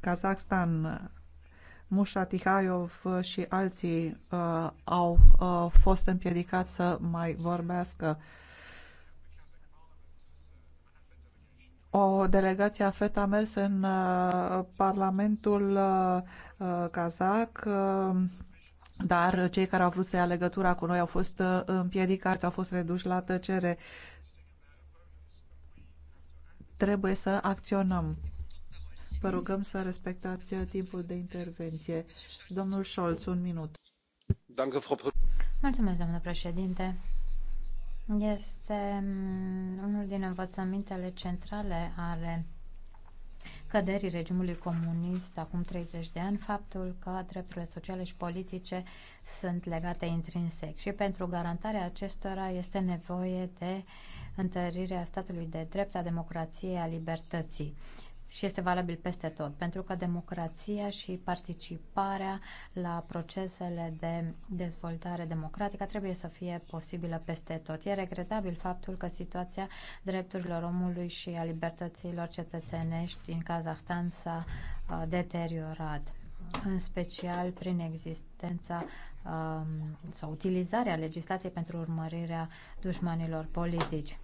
Kazakhstan Mușa Tihaiov și alții uh, au uh, fost împiedicați să mai vorbească. O delegație a FET a mers în uh, Parlamentul uh, Kazak. Uh, uh, dar cei care au vrut să ia legătura cu noi au fost uh, împiedicați, au fost reduși la tăcere. Trebuie să acționăm. Vă rugăm să respectați timpul de intervenție. Domnul Scholz, un minut. Mulțumesc, doamnă președinte. Este mm, unul din învățămintele centrale ale căderii regimului comunist acum 30 de ani faptul că drepturile sociale și politice sunt legate intrinsec și pentru garantarea acestora este nevoie de întărirea statului de drept, a democrației, a libertății și este valabil peste tot, pentru că democrația și participarea la procesele de dezvoltare democratică trebuie să fie posibilă peste tot. E regretabil faptul că situația drepturilor omului și a libertăților cetățenești din Kazahstan s-a uh, deteriorat în special prin existența um, sau utilizarea legislației pentru urmărirea dușmanilor politici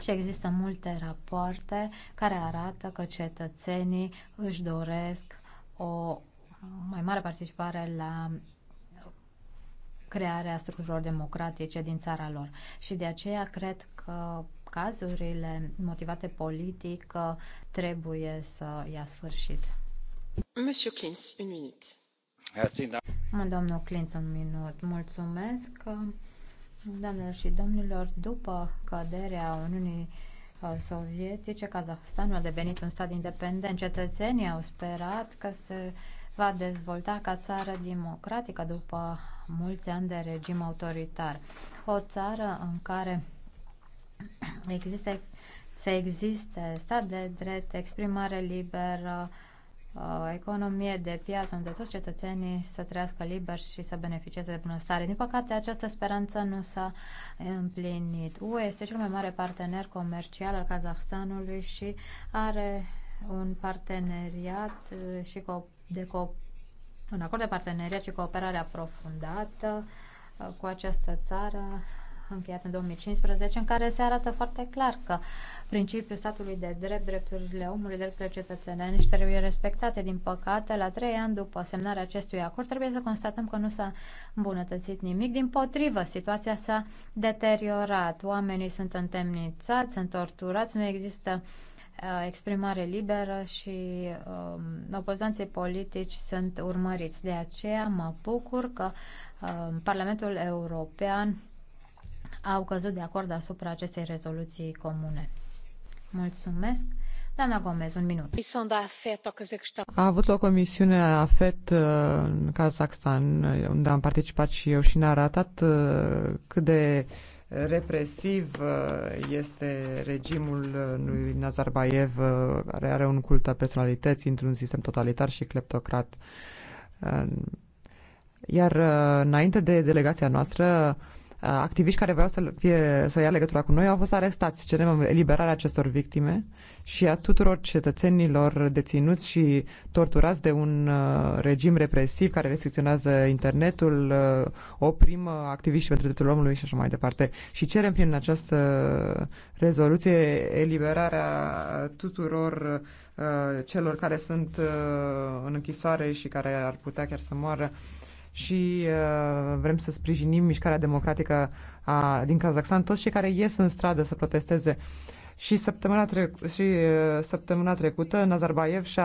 și există multe rapoarte care arată că cetățenii își doresc o mai mare participare la crearea structurilor democratice din țara lor. Și de aceea cred că cazurile motivate politic trebuie să ia sfârșit. Monsieur Klintz, un minut. Domnul Klintz, un minut. Mulțumesc. Doamnelor și domnilor, după căderea Uniunii uh, Sovietice, Kazahstanul a devenit un stat independent. Cetățenii au sperat că se va dezvolta ca țară democratică după mulți ani de regim autoritar. O țară în care există, se existe stat de drept, exprimare liberă, uh, economie de piață unde toți cetățenii să trăiască liber și să beneficieze de bunăstare. Din păcate, această speranță nu s-a împlinit. UE este cel mai mare partener comercial al Kazahstanului și are un parteneriat uh, și co de co- un acord de parteneriat și cooperare aprofundată uh, cu această țară încheiat în 2015, în care se arată foarte clar că principiul statului de drept, drepturile omului, drepturile cetățenești trebuie respectate. Din păcate, la trei ani după semnarea acestui acord, trebuie să constatăm că nu s-a îmbunătățit nimic. Din potrivă, situația s-a deteriorat. Oamenii sunt întemnițați, sunt torturați, nu există uh, exprimare liberă și um, opozanții politici sunt urmăriți. De aceea mă bucur că um, Parlamentul European au căzut de acord asupra acestei rezoluții comune. Mulțumesc. Doamna Gomez, un minut. A avut loc o misiune a FET uh, în Kazakhstan, uh, unde am participat și eu și ne-a arătat uh, cât de represiv este regimul lui Nazarbayev, care are un cult al personalității într-un sistem totalitar și cleptocrat. Iar înainte de delegația noastră, Uh, activiști care vreau să, fie, să ia legătura cu noi au fost arestați. Cerem eliberarea acestor victime și a tuturor cetățenilor deținuți și torturați de un uh, regim represiv care restricționează internetul, uh, oprim activiștii pentru dreptul omului și așa mai departe. Și cerem prin această rezoluție eliberarea tuturor celor care sunt în închisoare și care ar putea chiar să moară și uh, vrem să sprijinim mișcarea democratică a, din Kazakhstan, toți cei care ies în stradă să protesteze. Și săptămâna, trec- și, uh, săptămâna trecută Nazarbayev și-a,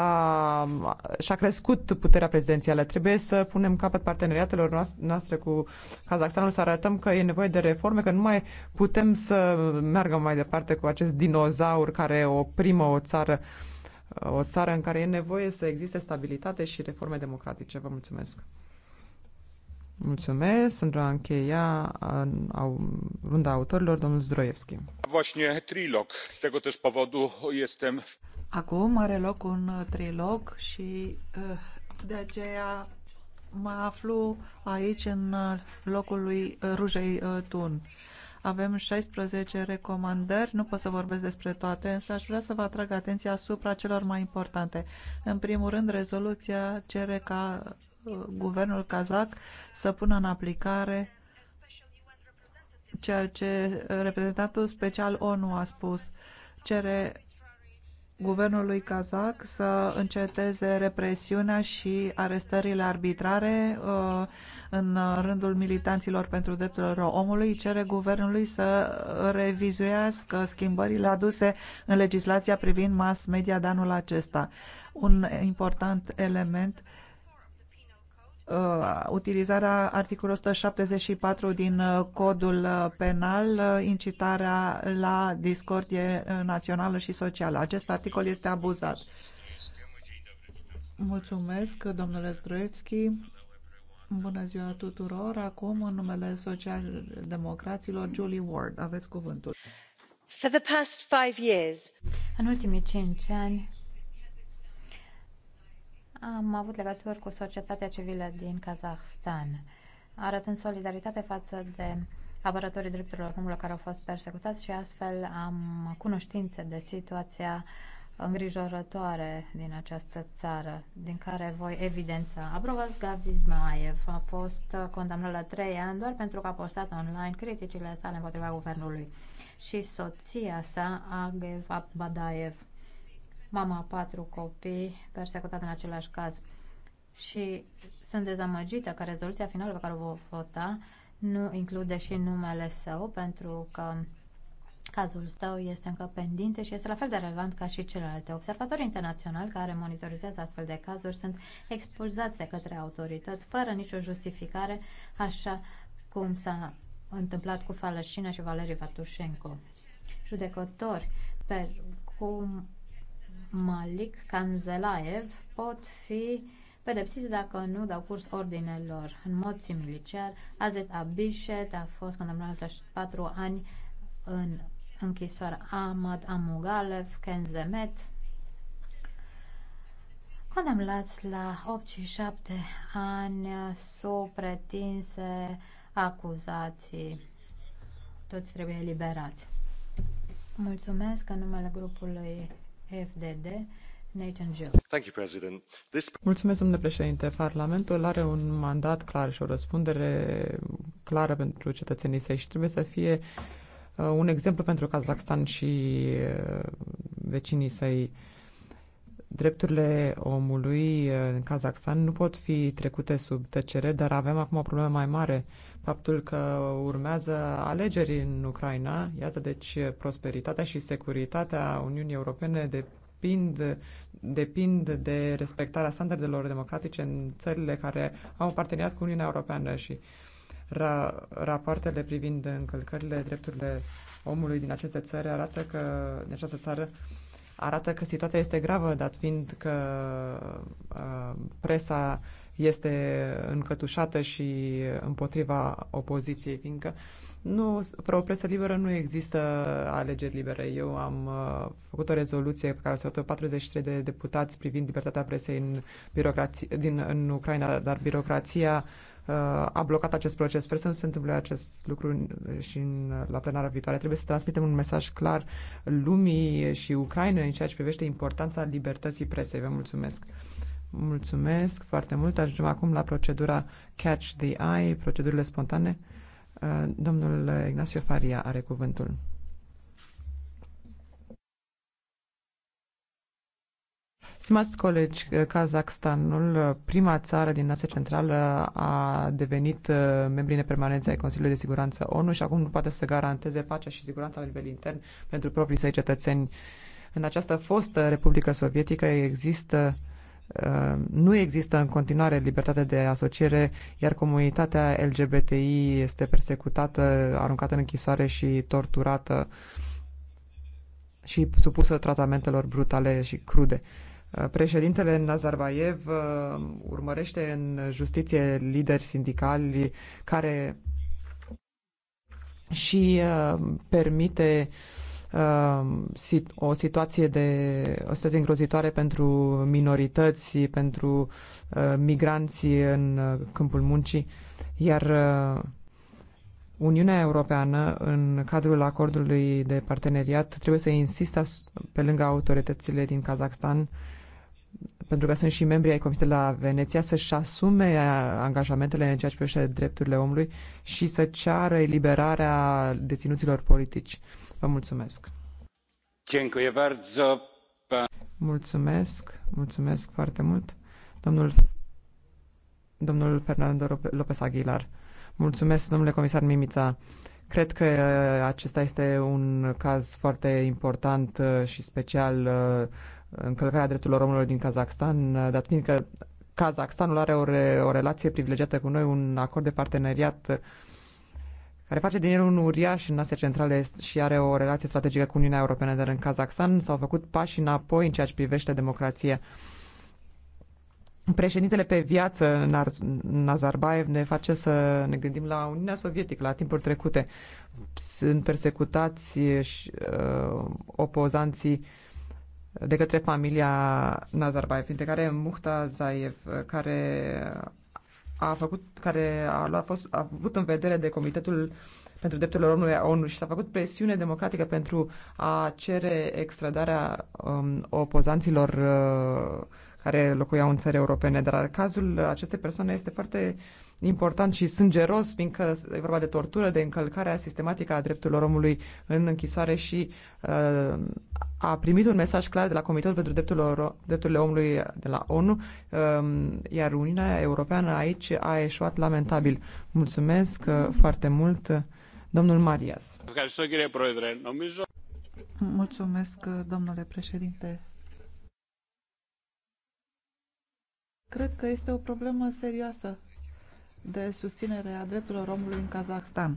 și-a crescut puterea prezidențială. Trebuie să punem capăt parteneriatelor noastre cu Kazakhstanul, să arătăm că e nevoie de reforme, că nu mai putem să meargă mai departe cu acest dinozaur care oprimă o țară o țară în care e nevoie să existe stabilitate și reforme democratice. Vă mulțumesc! Mulțumesc. Pentru a încheia runda autorilor, domnul Zdroievski. Właśnie trilog. Z tego też powodu jestem... Acum are loc un uh, trilog și uh, de aceea mă aflu aici în uh, locul lui Rujei Tun. Avem 16 recomandări, nu pot să vorbesc despre toate, însă aș vrea să vă atrag atenția asupra celor mai importante. În primul rând, rezoluția cere ca guvernul kazac să pună în aplicare ceea ce reprezentantul special ONU a spus. Cere guvernului kazac să înceteze represiunea și arestările arbitrare uh, în rândul militanților pentru drepturile omului, cere guvernului să revizuiască schimbările aduse în legislația privind mass media de anul acesta. Un important element Uh, utilizarea articolului 174 din uh, codul uh, penal, incitarea la discordie națională și socială. Acest articol este abuzat. Mulțumesc, domnule Zdroevski. Bună ziua tuturor. Acum, în numele socialdemocraților, Julie Ward, aveți cuvântul. For the past five years. În ultimii cinci ani, am avut legături cu societatea civilă din Kazahstan, arătând solidaritate față de apărătorii drepturilor omului care au fost persecutați și astfel am cunoștințe de situația îngrijorătoare din această țară, din care voi evidența. Aprovați Gavi a fost condamnat la trei ani doar pentru că a postat online criticile sale împotriva guvernului și soția sa, Agev Abadaev mama a patru copii persecutat în același caz. Și sunt dezamăgită că rezoluția finală pe care o vom vota nu include și numele său, pentru că cazul său este încă pendinte și este la fel de relevant ca și celelalte. Observatori internaționali care monitorizează astfel de cazuri sunt expulzați de către autorități fără nicio justificare, așa cum s-a întâmplat cu Falășina și Valerii Vatușenko. Judecători per, cum Malik Kanzelaev pot fi pedepsiți dacă nu dau curs ordinelor. În mod similitar, Azet Abishet a fost condamnat la 4 ani în închisoare Ahmad Amugalev, Kenzemet, condamnați la 8 și 7 ani sub pretinse acuzații. Toți trebuie eliberați. Mulțumesc în numele grupului FDD. Mulțumesc, domnule președinte. Parlamentul are un mandat clar și o răspundere clară pentru cetățenii săi și trebuie să fie uh, un exemplu pentru Kazakhstan și uh, vecinii săi. Drepturile omului uh, în Kazakhstan nu pot fi trecute sub tăcere, dar avem acum o problemă mai mare faptul că urmează alegeri în Ucraina. Iată, deci, prosperitatea și securitatea Uniunii Europene depind, depind de respectarea standardelor democratice în țările care au parteneriat cu Uniunea Europeană și ra- rapoartele privind încălcările drepturile omului din aceste țări arată că, din această țară, arată că situația este gravă, dat fiind că uh, presa uh, este încătușată și împotriva opoziției, fiindcă nu, fără o presă liberă nu există alegeri libere. Eu am uh, făcut o rezoluție pe care s-au 43 de deputați privind libertatea presei în, din, în Ucraina, dar birocrația uh, a blocat acest proces. Sper să nu se întâmple acest lucru și în, la plenara viitoare. Trebuie să transmitem un mesaj clar lumii și Ucrainei în ceea ce privește importanța libertății presei. Vă mulțumesc! Mulțumesc foarte mult. Ajungem acum la procedura Catch the Eye, procedurile spontane. Uh, domnul Ignacio Faria are cuvântul. Stimați colegi, uh, Kazakhstanul, uh, prima țară din Asia Centrală, a devenit membri nepermanenți ai Consiliului de Siguranță ONU și acum nu poate să garanteze pacea și siguranța la nivel intern pentru proprii săi cetățeni. În această fostă Republică Sovietică există uh, Uh, nu există în continuare libertate de asociere, iar comunitatea LGBTI este persecutată, aruncată în închisoare și torturată și supusă tratamentelor brutale și crude. Uh, președintele Nazarbayev uh, urmărește în justiție lideri sindicali care și permite uh, Um, o situație de o situație îngrozitoare pentru minorități, pentru uh, migranți în uh, câmpul muncii, iar uh, Uniunea Europeană, în cadrul acordului de parteneriat, trebuie să insiste pe lângă autoritățile din Kazakhstan, pentru că sunt și membri ai Comisiei la Veneția, să-și asume angajamentele în ceea ce privește drepturile omului și să ceară eliberarea deținuților politici. Vă mulțumesc! Mulțumesc, mulțumesc foarte mult. Domnul, domnul Fernando López Aguilar. Mulțumesc, domnule comisar Mimița. Cred că uh, acesta este un caz foarte important uh, și special uh, încălcarea drepturilor omului din Kazakhstan, dat fiindcă Kazakhstanul are o, re, o relație privilegiată cu noi, un acord de parteneriat uh, care face din el un uriaș în Asia Centrală și are o relație strategică cu Uniunea Europeană, dar în Kazakhstan s-au făcut pași înapoi în ceea ce privește democrația. Președintele pe viață, Nazarbayev, ne face să ne gândim la Uniunea Sovietică, la timpuri trecute. Sunt persecutați și uh, opozanții de către familia Nazarbayev, printre care Muhtazaev, care a făcut, care a, luat, a fost, a avut în vedere de Comitetul pentru Drepturile Omului a ONU și s-a făcut presiune democratică pentru a cere extradarea um, opozanților uh, care locuiau în țări europene. Dar cazul acestei persoane este foarte important și sângeros, fiindcă e vorba de tortură, de încălcarea sistematică a drepturilor omului în închisoare și uh, a primit un mesaj clar de la Comitetul pentru Drepturile, Omului de la ONU, uh, iar Uniunea Europeană aici a eșuat lamentabil. Mulțumesc uh, foarte mult, uh, domnul Marias. Mulțumesc, uh, domnule președinte. Cred că este o problemă serioasă de susținere a drepturilor omului în Kazakhstan.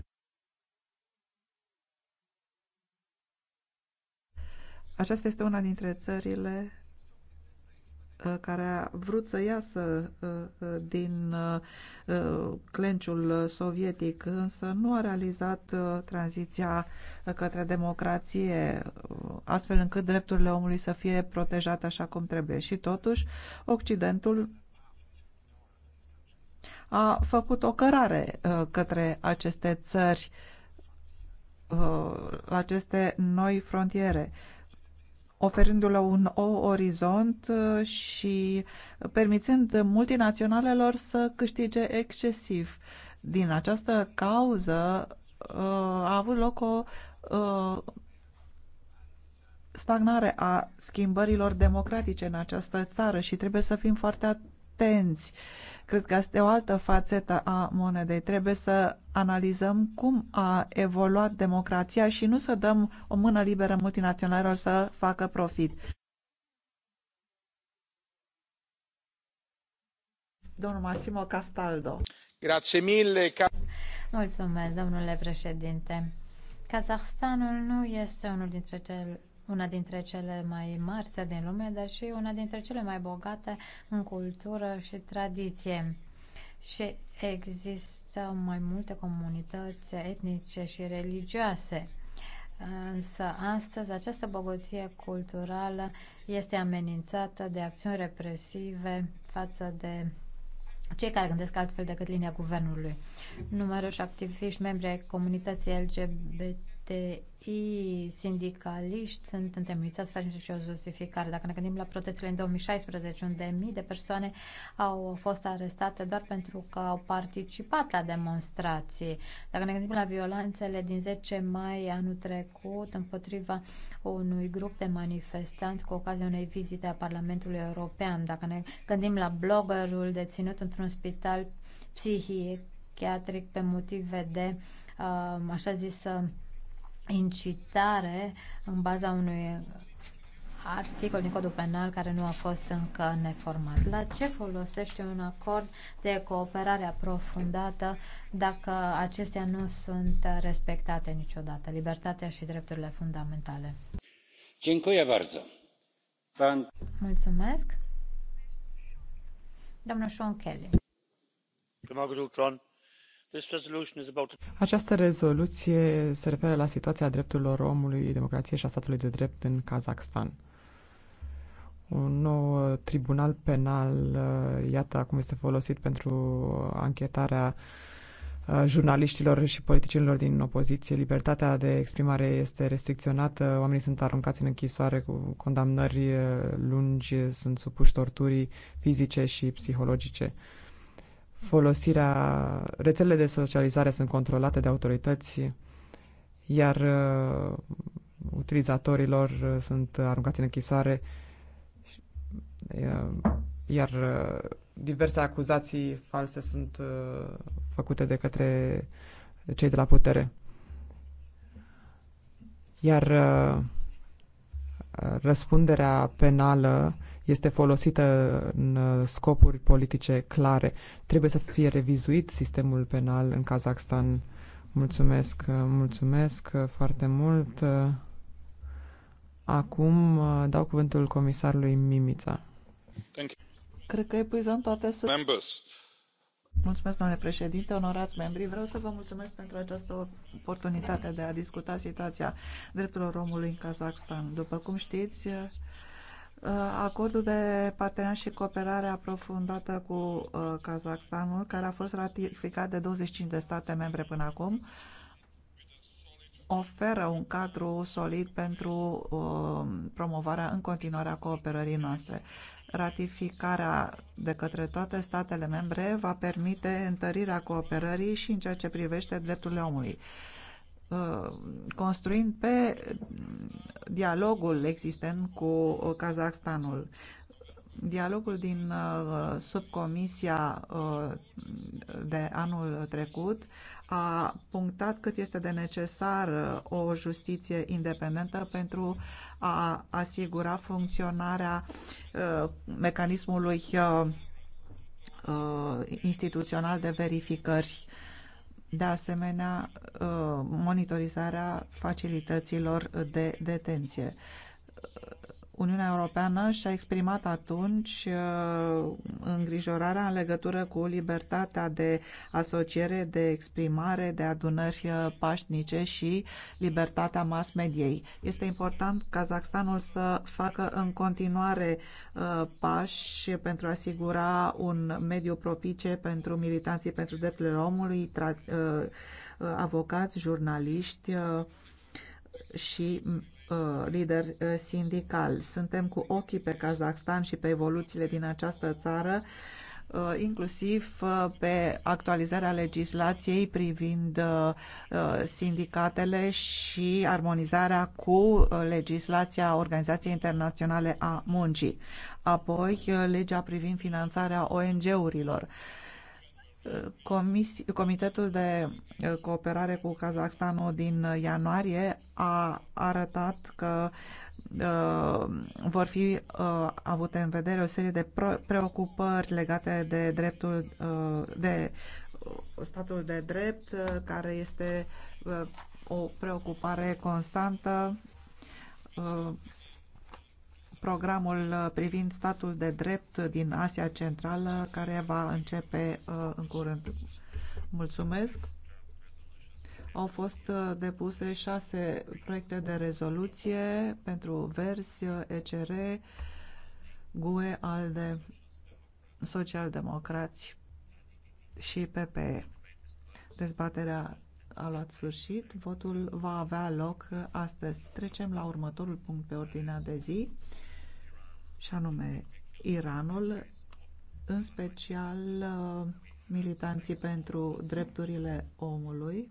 Aceasta este una dintre țările uh, care a vrut să iasă uh, uh, din clenciul sovietic, însă nu a realizat tranziția către democrație, astfel încât drepturile omului să fie protejate așa cum trebuie. Și totuși, Occidentul a făcut o cărare uh, către aceste țări, uh, la aceste noi frontiere oferindu-le un o orizont uh, și permițând multinaționalelor să câștige excesiv. Din această cauză a avut loc o stagnare a schimbărilor democratice în această țară și trebuie să fim foarte atenți. Cred că asta e o altă fațetă a monedei. Trebuie să analizăm cum a evoluat democrația și nu să dăm o mână liberă multinaționalelor să facă profit. Domnul Massimo Castaldo. Grazie mille. Mulțumesc, domnule președinte. Kazahstanul nu este unul dintre cele una dintre cele mai mari țări din lume, dar și una dintre cele mai bogate în cultură și tradiție. Și există mai multe comunități etnice și religioase. Însă astăzi această bogăție culturală este amenințată de acțiuni represive față de cei care gândesc altfel decât linia guvernului. Numeroși activiști, membri ai comunității LGBT și sindicaliști sunt întemnițați, facem și o justificare. Dacă ne gândim la protestele în 2016, unde mii de persoane au fost arestate doar pentru că au participat la demonstrații. Dacă ne gândim la violențele din 10 mai anul trecut împotriva unui grup de manifestanți cu ocazia unei vizite a Parlamentului European, dacă ne gândim la bloggerul deținut într-un spital psihic, psihiatric pe motive de uh, așa zis, incitare în baza unui articol din codul penal care nu a fost încă neformat. La ce folosește un acord de cooperare aprofundată dacă acestea nu sunt respectate niciodată? Libertatea și drepturile fundamentale. Dziękuję bardzo. Pan... Mulțumesc. Domnul Sean Kelly. Această rezoluție se referă la situația drepturilor omului, democrației și a statului de drept în Kazakhstan. Un nou uh, tribunal penal, uh, iată acum este folosit pentru anchetarea uh, jurnaliștilor și politicienilor din opoziție. Libertatea de exprimare este restricționată, oamenii sunt aruncați în închisoare cu condamnări lungi, sunt supuși torturii fizice și psihologice folosirea, rețelele de socializare sunt controlate de autorități, iar uh, utilizatorilor uh, sunt aruncați în închisoare, uh, iar uh, diverse acuzații false sunt uh, făcute de către cei de la putere. Iar uh, răspunderea penală este folosită în uh, scopuri politice clare. Trebuie să fie revizuit sistemul penal în Kazakhstan. Mulțumesc, uh, mulțumesc uh, foarte mult. Acum dau cuvântul comisarului Mimița. Cred că epuizăm toate să... Mulțumesc, domnule președinte, onorați membri. Vreau să vă mulțumesc pentru această oportunitate de a discuta situația drepturilor omului în Kazakhstan. După cum știți, Uh, acordul de parteneriat și cooperare aprofundată cu uh, Kazakhstanul, care a fost ratificat de 25 de state membre până acum, oferă un cadru solid pentru uh, promovarea în continuare a cooperării noastre. Ratificarea de către toate statele membre va permite întărirea cooperării și în ceea ce privește drepturile omului. Uh, Uh, construind pe dialogul existent cu Kazakhstanul. Dialogul din uh, subcomisia uh, de anul trecut a punctat cât este de necesar o justiție independentă pentru a asigura funcționarea mecanismului instituțional de verificări de asemenea uh, monitorizarea facilităților de detenție. Uniunea Europeană și-a exprimat atunci uh, îngrijorarea în legătură cu libertatea de asociere, de exprimare, de adunări uh, pașnice și libertatea mass mediei. Este important Kazakhstanul să facă în continuare uh, pași pentru a asigura un mediu propice pentru militanții pentru drepturile omului, avocați, jurnaliști și Uh, lideri uh, sindicali. Suntem cu ochii pe Kazakhstan și pe evoluțiile din această țară, uh, inclusiv pe actualizarea legislației privind sindicatele și armonizarea cu legislația Organizației Internaționale a Muncii. Apoi, legea privind finanțarea ONG-urilor Comitetul de uh, cooperare cu Kazakhstanul din uh, ianuarie a arătat că uh, vor fi uh, avute în vedere o serie de preocupări legate de dreptul uh, de uh, statul de drept, care este o preocupare constantă programul uh, privind statul de drept din Asia Centrală, care va începe uh, în curând. Mulțumesc! Au fost uh, depuse șase proiecte de rezoluție pentru Vers, ECR, GUE, ALDE, Socialdemocrați și PPE. Dezbaterea a luat sfârșit. Votul va avea loc astăzi. Trecem la următorul punct pe ordinea de zi și anume Iranul, în special uh, militanții pentru drepturile omului.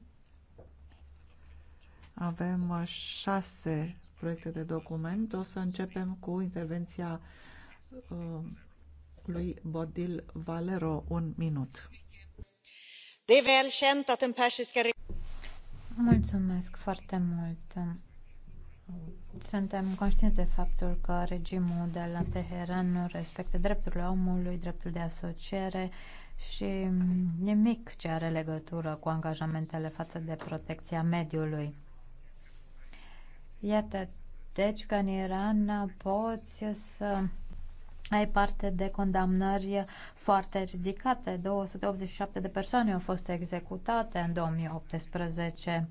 Avem uh, șase proiecte de document. O să începem cu intervenția uh, lui Bodil Valero, un minut. Mulțumesc foarte mult. Suntem conștienți de faptul că regimul de la Teheran nu respectă drepturile omului, dreptul de asociere și nimic ce are legătură cu angajamentele față de protecția mediului. Iată, deci că în Iran poți să ai parte de condamnări foarte ridicate. 287 de persoane au fost executate în 2018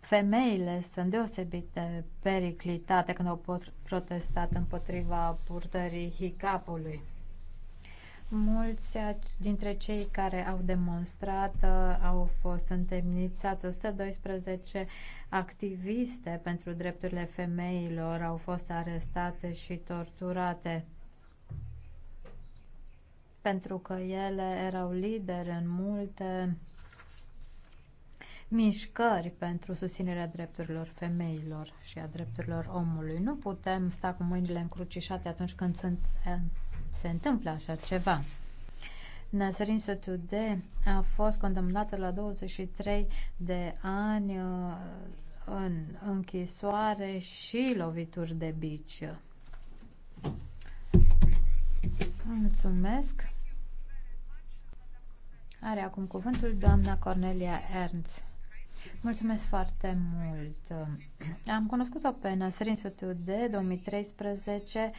Femeile sunt deosebit de periclitate când au protestat împotriva purtării hijabului. Mulți dintre cei care au demonstrat uh, au fost întemnițați. 112 activiste pentru drepturile femeilor au fost arestate și torturate pentru că ele erau lideri în multe mișcări pentru susținerea drepturilor femeilor și a drepturilor omului. Nu putem sta cu mâinile încrucișate atunci când sunt, eh, se întâmplă așa ceva. Nasrin Sotude a fost condamnată la 23 de ani eh, în închisoare și lovituri de bici. Mulțumesc. Are acum cuvântul doamna Cornelia Ernst. Mulțumesc foarte mult. Am cunoscut-o pe Nasrin Sotude 2013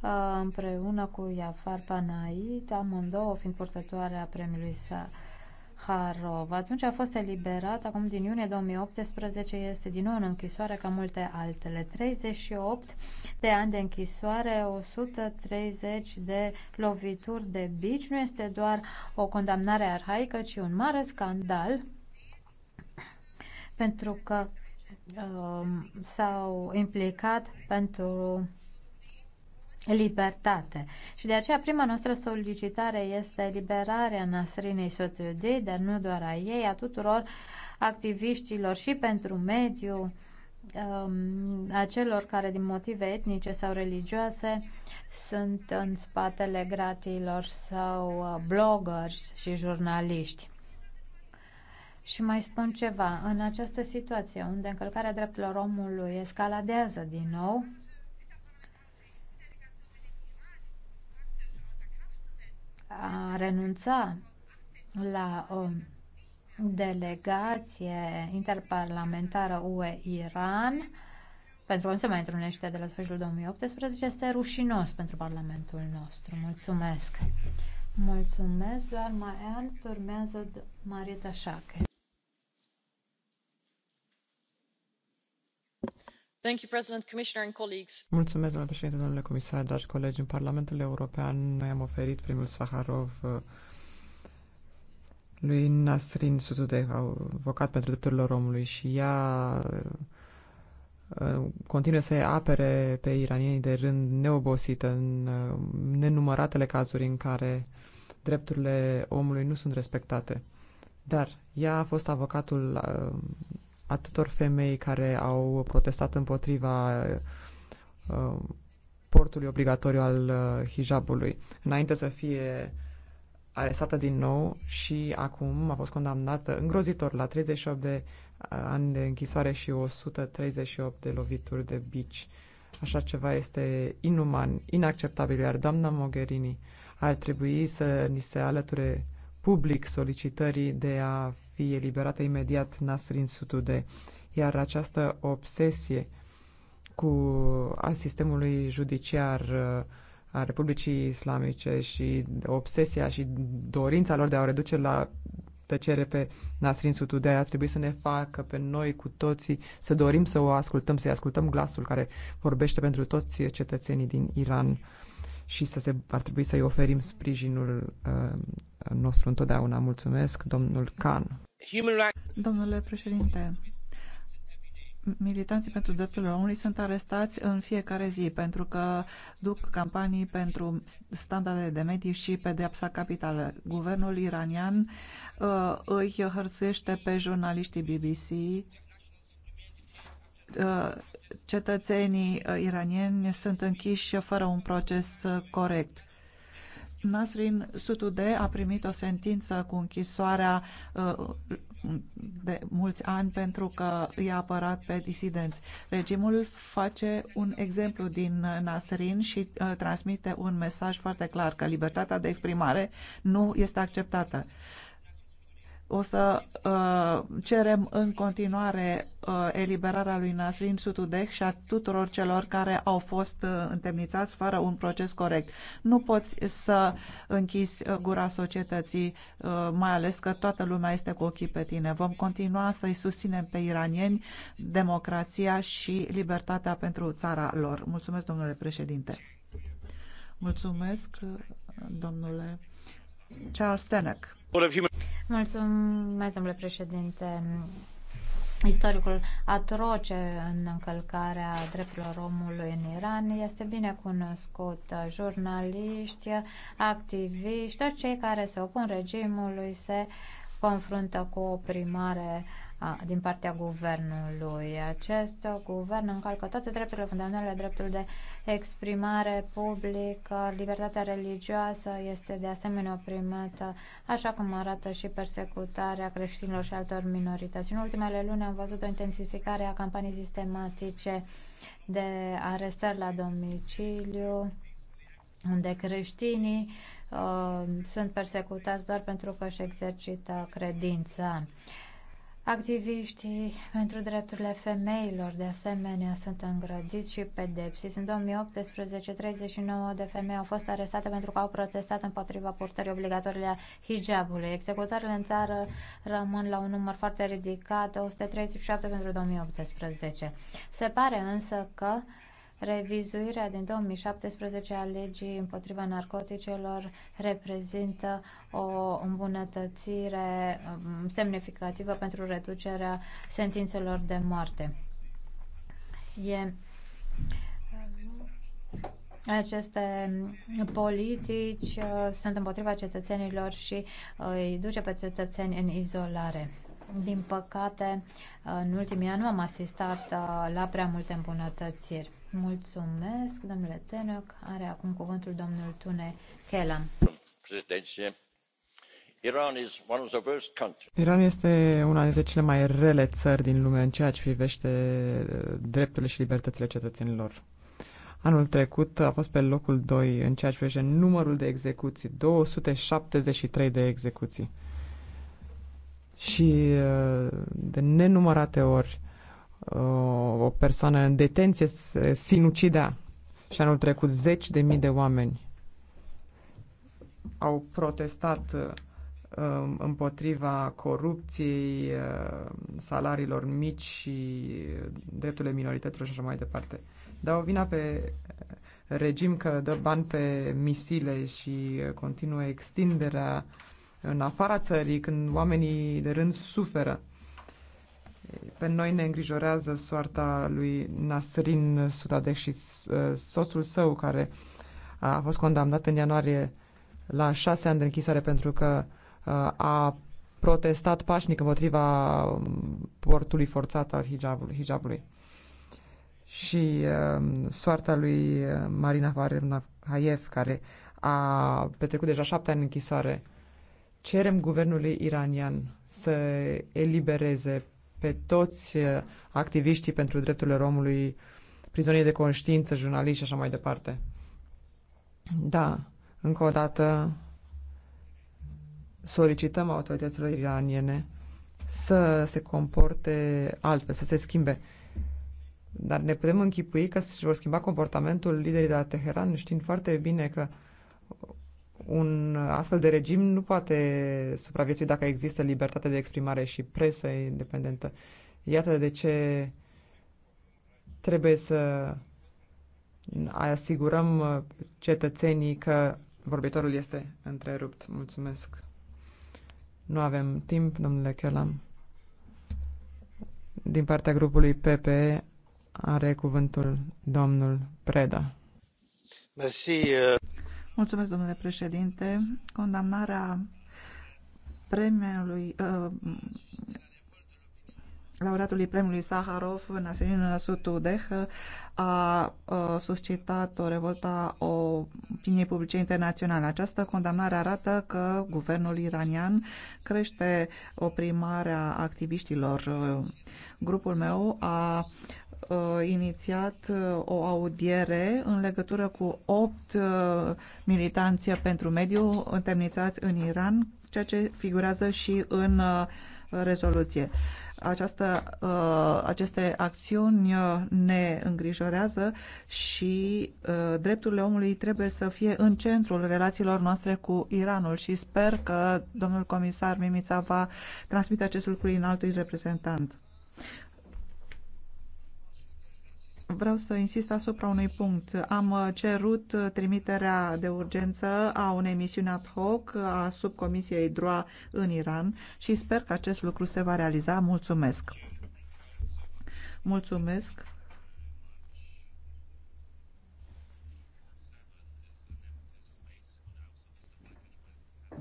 uh, împreună cu Iafar Panait, amândouă fiind purtătoare a premiului sa. Harov. Atunci a fost eliberat, acum din iunie 2018 este din nou în închisoare ca multe altele. 38 de ani de închisoare, 130 de lovituri de bici. Nu este doar o condamnare arhaică, ci un mare scandal pentru că um, s-au implicat pentru libertate. Și de aceea prima noastră solicitare este liberarea Nasrinei Sotiudei, dar nu doar a ei, a tuturor activiștilor și pentru mediu, um, a celor care din motive etnice sau religioase sunt în spatele gratiilor sau uh, blogări și jurnaliști. Și mai spun ceva, în această situație unde încălcarea drepturilor omului escaladează din nou, a renunța la o delegație interparlamentară UE-Iran pentru că nu se mai întrunește de la sfârșitul 2018 este rușinos pentru Parlamentul nostru. Mulțumesc! Mulțumesc, doar mai ernst urmează Marieta Șache. Mulțumesc, domnule președinte, domnule comisar, dragi colegi. În Parlamentul European noi am oferit primul Saharov uh, lui Nasrin Sutudeh, avocat pentru drepturile omului, și ea uh, uh, continuă să apere pe iranienii de rând neobosită în nenumăratele cazuri în care drepturile omului nu sunt respectate. Dar ea a fost avocatul atâtor femei care au protestat împotriva uh, portului obligatoriu al uh, hijabului, înainte să fie arestată din nou și acum a fost condamnată îngrozitor la 38 de uh, ani de închisoare și 138 de lovituri de bici. Așa ceva este inuman, inacceptabil, iar doamna Mogherini ar trebui să ni se alăture public solicitării de a fi eliberată imediat Nasrin sutude, iar această obsesie cu a sistemului judiciar uh, a Republicii Islamice și obsesia și dorința lor de a o reduce la tăcere pe Nasrin Sutudea ar trebui să ne facă pe noi cu toții să dorim să o ascultăm, să-i ascultăm glasul care vorbește pentru toți cetățenii din Iran și să se, ar trebui să-i oferim sprijinul uh, nostru întotdeauna. Mulțumesc, domnul Khan. Domnule președinte, militanții pentru drepturile omului sunt arestați în fiecare zi pentru că duc campanii pentru standarde de medii și pedeapsa capitală. Guvernul iranian uh, îi hărțuiește pe jurnaliștii BBC, uh, cetățenii uh, iranieni sunt închiși fără un proces uh, corect Nasrin Sutude a primit o sentință cu închisoarea uh, de mulți ani pentru că i-a apărat pe disidenți. Regimul face un exemplu din Nasrin și uh, transmite un mesaj foarte clar că libertatea de exprimare nu este acceptată. O să uh, cerem în continuare uh, eliberarea lui Nasrin Sutudeh și a tuturor celor care au fost uh, întemnițați fără un proces corect. Nu poți să închizi uh, gura societății, uh, mai ales că toată lumea este cu ochii pe tine. Vom continua să-i susținem pe iranieni democrația și libertatea pentru țara lor. Mulțumesc, domnule președinte. Mulțumesc, domnule Charles Tenek. Mulțumesc, domnule președinte. Istoricul atroce în încălcarea drepturilor omului în Iran este bine cunoscut. Jurnaliști, activiști, toți cei care se opun regimului se uh, confruntă cu o primare din partea guvernului. Acest guvern încalcă toate drepturile fundamentale, dreptul de exprimare publică, libertatea religioasă este de asemenea oprimată, așa cum arată și persecutarea creștinilor și altor minorități. În ultimele luni am văzut o intensificare a campanii sistematice de arestări la domiciliu, unde creștinii Uh, sunt persecutați doar pentru că își exercită credința. Activiștii pentru drepturile femeilor, de asemenea, sunt îngrădiți și pedepsiți. În 2018, 39 de femei au fost arestate pentru că au protestat împotriva purtării obligatorii a hijabului. Executările în țară rămân la un număr foarte ridicat, 137 pentru 2018. Se pare însă că uh, Revizuirea din 2017 a legii împotriva narcoticelor reprezintă o îmbunătățire um, semnificativă pentru reducerea sentințelor de moarte. E um, aceste politici uh, sunt împotriva cetățenilor și uh, îi duce pe cetățeni în izolare. Din păcate, în ultimii ani nu am asistat uh, la prea multe îmbunătățiri. Mulțumesc, domnule Tenoc. Are acum cuvântul domnul Tune Kelam. Președinte, Iran este una dintre cele mai rele țări din lume în ceea ce privește uh, drepturile și libertățile cetățenilor. Anul trecut a fost pe locul 2 în ceea ce privește numărul de execuții, 273 de execuții. Și uh, de nenumărate ori Uh, o persoană în detenție se sinucidea și anul trecut zeci de mii de oameni au protestat uh, uh, împotriva corupției, salariilor mici și drepturile minorităților și așa mai departe. o vina pe regim că dă bani pe misile și continuă extinderea în afara țării când oamenii de rând suferă. Pe noi ne îngrijorează soarta lui Nasrin Sudadeh și uh, soțul său, care a fost condamnat în ianuarie la șase ani de închisoare pentru că uh, a protestat pașnic împotriva um, portului forțat al hijabului. hijabului. Și um, soarta lui uh, Marina Varevna Haiev, care a petrecut deja șapte ani închisoare, cerem guvernului iranian să elibereze pe toți uh, activiștii pentru drepturile omului, prizonierii de conștiință, jurnaliști și așa mai departe. Da, încă o dată solicităm autorităților iraniene să se comporte altfel, să se schimbe. Dar ne putem închipui că se vor schimba comportamentul liderii de la Teheran, știind foarte bine că un astfel de regim nu poate supraviețui dacă există libertate de exprimare și presă independentă. Iată de ce trebuie să asigurăm cetățenii că vorbitorul este întrerupt. Mulțumesc. Nu avem timp, domnule Chelam. Din partea grupului PPE are cuvântul domnul Preda. Mersi. Uh, Mulțumesc, domnule președinte. Condamnarea premiului, uh, laureatului premiului Saharov, Nasrin Sotudeh, a uh, suscitat o o opiniei publice internaționale. Această condamnare arată că guvernul iranian crește oprimarea activiștilor. Grupul meu a uh, inițiat uh, o audiere în legătură cu opt uh, militanți pentru mediu întemnițați în Iran, ceea ce figurează și în uh, rezoluție. Această, uh, aceste acțiuni uh, ne îngrijorează și uh, drepturile omului trebuie să fie în centrul relațiilor noastre cu Iranul și sper că domnul comisar Mimița va transmite acest lucru în altui reprezentant. Vreau să insist asupra unui punct. Am uh, cerut uh, trimiterea de urgență a unei misiuni ad hoc uh, a subcomisiei DROA în Iran și sper că acest lucru se va realiza. Mulțumesc! Mulțumesc!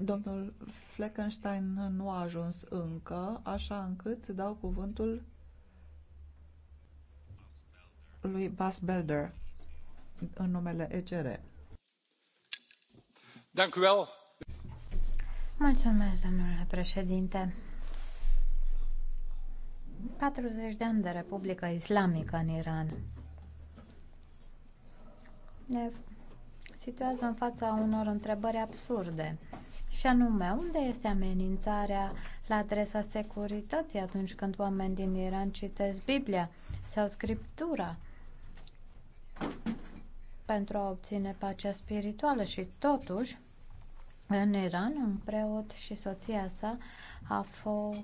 Domnul Fleckenstein nu a ajuns încă, așa încât dau cuvântul lui Bas Belder în numele ECR. Mulțumesc, domnule președinte. 40 de ani de Republică Islamică în Iran ne situează în fața unor întrebări absurde. Și anume, unde este amenințarea la adresa securității atunci când oameni din Iran citesc Biblia sau Scriptura? pentru a obține pacea spirituală și totuși în Iran, un preot și soția sa a fost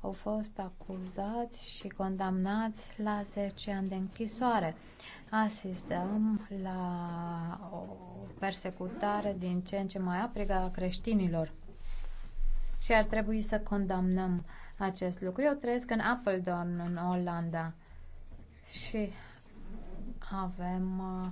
au fost acuzați și condamnați la 10 ani de închisoare. Asistăm la o persecutare din ce în ce mai aprigă a creștinilor. Și ar trebui să condamnăm acest lucru. Eu trăiesc în doamnă, în Olanda. Și avem uh,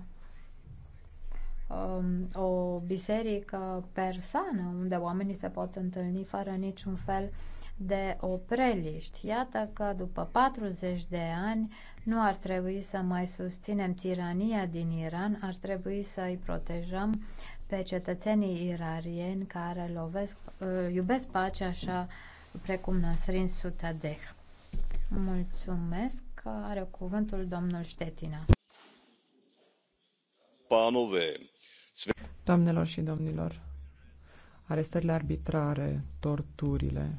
um, o biserică persană unde oamenii se pot întâlni fără niciun fel de opreliști. Iată că după 40 de ani nu ar trebui să mai susținem tirania din Iran, ar trebui să îi protejăm pe cetățenii irarieni care lovesc, uh, iubesc pacea așa precum Nasrin Sutadeh. Mulțumesc. Are cuvântul domnul Ștetina. Doamnelor și domnilor, arestările arbitrare, torturile,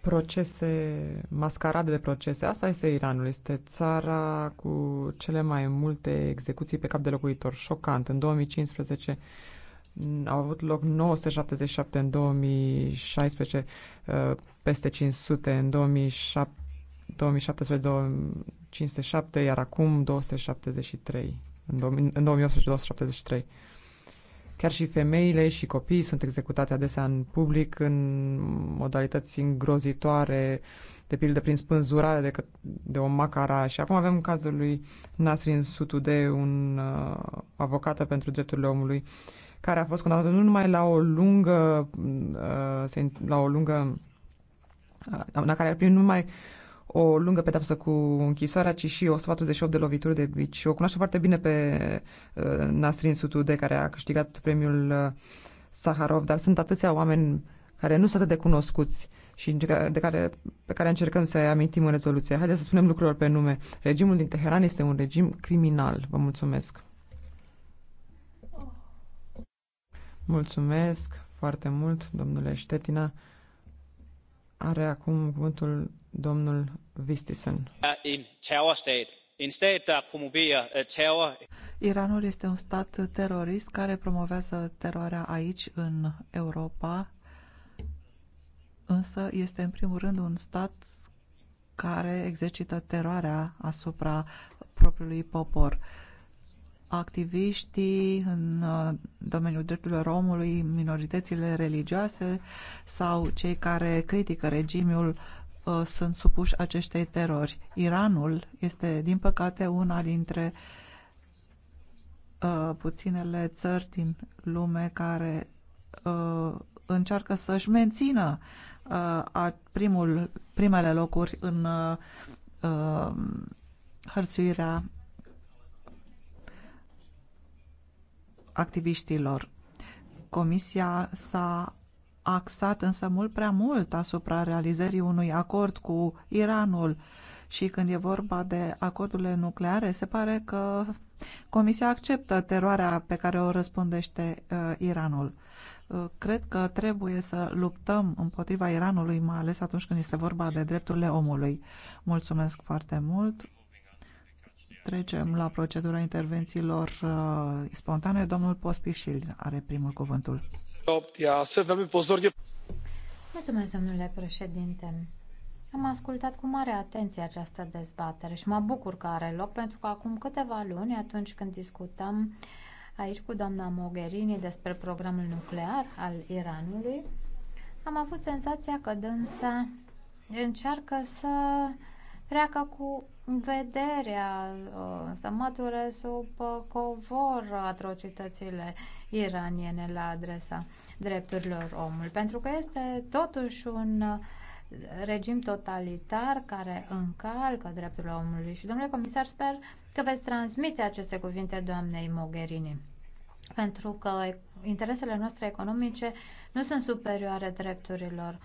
procese, mascarade de procese. Asta este Iranul. Este țara cu cele mai multe execuții pe cap de locuitor. Șocant. În 2015 au avut loc 977, în 2016 uh, peste 500, în 2017 2017-507, iar acum 273, în, în 2873. Chiar și femeile și copiii sunt executați adesea în public în modalități îngrozitoare, de pildă prin spânzurare de, de o macara. Și acum avem cazul lui Nasrin Sutude, un uh, avocată pentru drepturile omului, care a fost condamnată nu numai la o lungă, uh, la o lungă uh, la care ar primi numai o lungă pedapsă cu închisoarea, ci și 148 de lovituri de bici. O cunoaște foarte bine pe uh, Nasrin Sutude, care a câștigat premiul uh, Saharov, dar sunt atâția oameni care nu sunt atât de cunoscuți și de care, pe care încercăm să amintim în rezoluție. Haideți să spunem lucrurilor pe nume. Regimul din Teheran este un regim criminal. Vă mulțumesc. Mulțumesc foarte mult, domnule Ștetina. Are acum cuvântul domnul Vistisen. Er øh, Iranul este un stat terorist care promovează teroarea aici, în Europa, însă este în primul rând un stat care exercită teroarea asupra propriului popor. Uh, activiștii în uh, domeniul drepturilor omului, minoritățile religioase sau cei care critică regimul uh, sunt supuși acestei terori. Iranul este, din păcate, una dintre uh, puținele țări din lume care încearcă să-și mențină primul, primele locuri în hărțuirea activiștilor. Comisia s-a axat însă mult prea mult asupra realizării unui acord cu Iranul și când e vorba de acordurile nucleare, se pare că Comisia acceptă teroarea pe care o răspundește uh, Iranul. Uh, cred că trebuie să luptăm împotriva Iranului, mai ales atunci când este vorba de drepturile omului. Mulțumesc foarte mult. Trecem la procedura intervențiilor uh, spontane. Domnul Pospișil are primul cuvântul. Mulțumesc, domnule președinte. Am ascultat cu mare atenție această dezbatere și mă bucur că are loc pentru că acum câteva luni, atunci când discutam aici cu doamna Mogherini despre programul nuclear al Iranului, am avut senzația că dânsa încearcă să treacă cu vederea, uh, să măture sub uh, covor atrocitățile iraniene la adresa drepturilor omului, pentru că este totuși un uh, regim totalitar care încalcă drepturile omului. Și, domnule comisar, sper că veți transmite aceste cuvinte doamnei Mogherini pentru că interesele noastre economice nu sunt superioare drepturilor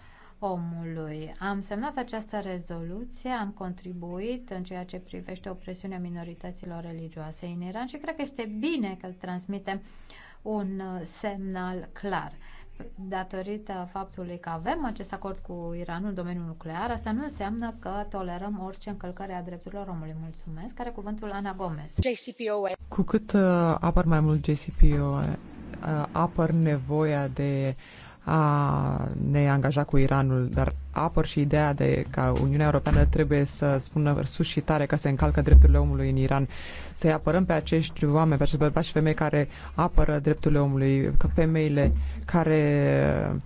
omului. Am semnat această rezoluție, am contribuit în ceea ce privește opresiunea minorităților religioase în Iran și cred că este bine că transmitem un uh, semnal clar. Datorită faptului că avem acest acord cu Iranul în domeniul nuclear, asta nu înseamnă că tolerăm orice încălcare a drepturilor omului. Mulțumesc. Care cuvântul Ana Gomez? JCPOA. Cu cât uh, apar mai mult JCPOA, uh, apar nevoia de uh, a ne angaja cu Iranul, dar apăr și ideea de ca Uniunea Europeană trebuie să spună sus și tare că se încalcă drepturile omului în Iran, să-i apărăm pe acești oameni, pe acești bărbați și femei care apără drepturile omului, că femeile care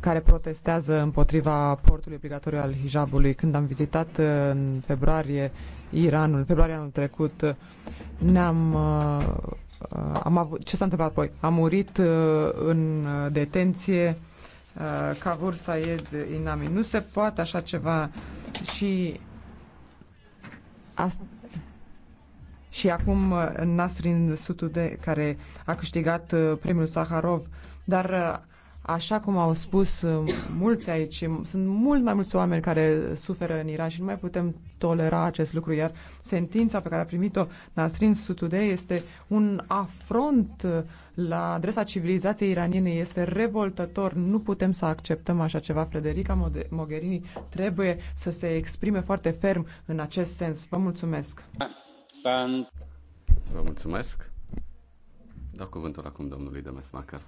care protestează împotriva portului obligatoriu al hijabului. Când am vizitat în februarie Iranul, februarie anul trecut, ne-am Uh, am avut, ce s-a întâmplat apoi? A murit uh, în uh, detenție uh, Saied Inami. Nu se poate așa ceva și asta și acum Nasrin Sutude, care a câștigat premiul Saharov. Dar Așa cum au spus uh, mulți aici, sunt mult mai mulți oameni care suferă în Iran și nu mai putem tolera acest lucru, iar sentința pe care a primit-o Nasrin Sutudei este un afront uh, la adresa civilizației iraniene, este revoltător, nu putem să acceptăm așa ceva. Frederica Mogherini trebuie să se exprime foarte ferm în acest sens. Vă mulțumesc! Vă mulțumesc! Dau cuvântul acum domnului Demesmacher.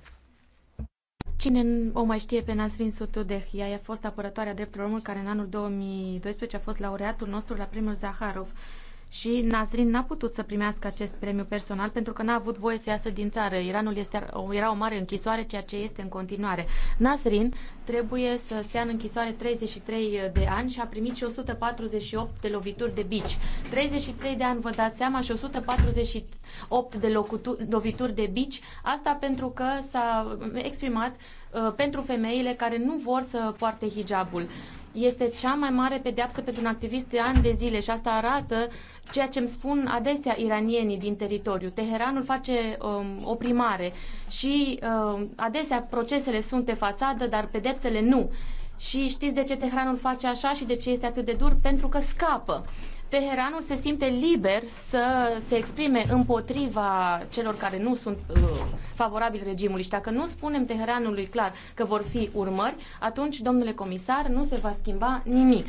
Cine o mai știe pe Nasrin Sotudeh? Ea a fost apărătoarea drepturilor omului care în anul 2012 a fost laureatul nostru la primul Zaharov și Nazrin n-a putut să primească acest premiu personal pentru că n-a avut voie să iasă din țară. Iranul este, era o mare închisoare, ceea ce este în continuare. Nazrin trebuie să stea în închisoare 33 de ani și a primit și 148 de lovituri de bici. 33 de ani, vă dați seama, și 148 de lovituri de bici. Asta pentru că s-a exprimat uh, pentru femeile care nu vor să poarte hijabul este cea mai mare pedeapsă pentru un activist de ani de zile și asta arată ceea ce îmi spun adesea iranienii din teritoriu. Teheranul face um, o primare și um, adesea procesele sunt pe fațadă, dar pedepsele nu. Și știți de ce Teheranul face așa și de ce este atât de dur? Pentru că scapă. Teheranul se simte liber să se exprime împotriva celor care nu sunt uh, favorabili regimului și dacă nu spunem Teheranului clar că vor fi urmări, atunci, domnule comisar, nu se va schimba nimic.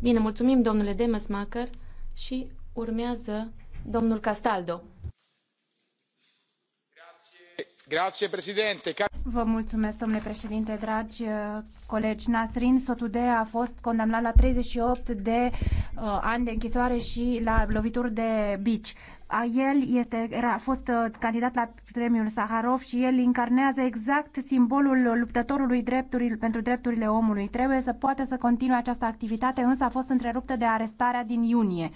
Bine, mulțumim, domnule Demesmacher, și urmează domnul Castaldo. Vă mulțumesc, domnule președinte, dragi uh, colegi. Nasrin Sotudeh a fost condamnat la 38 de uh, ani de închisoare și la lovituri de bici. A el este, a fost uh, candidat la premiul Saharov și el incarnează exact simbolul luptătorului drepturilor, pentru drepturile omului. Trebuie să poată să continue această activitate, însă a fost întreruptă de arestarea din iunie.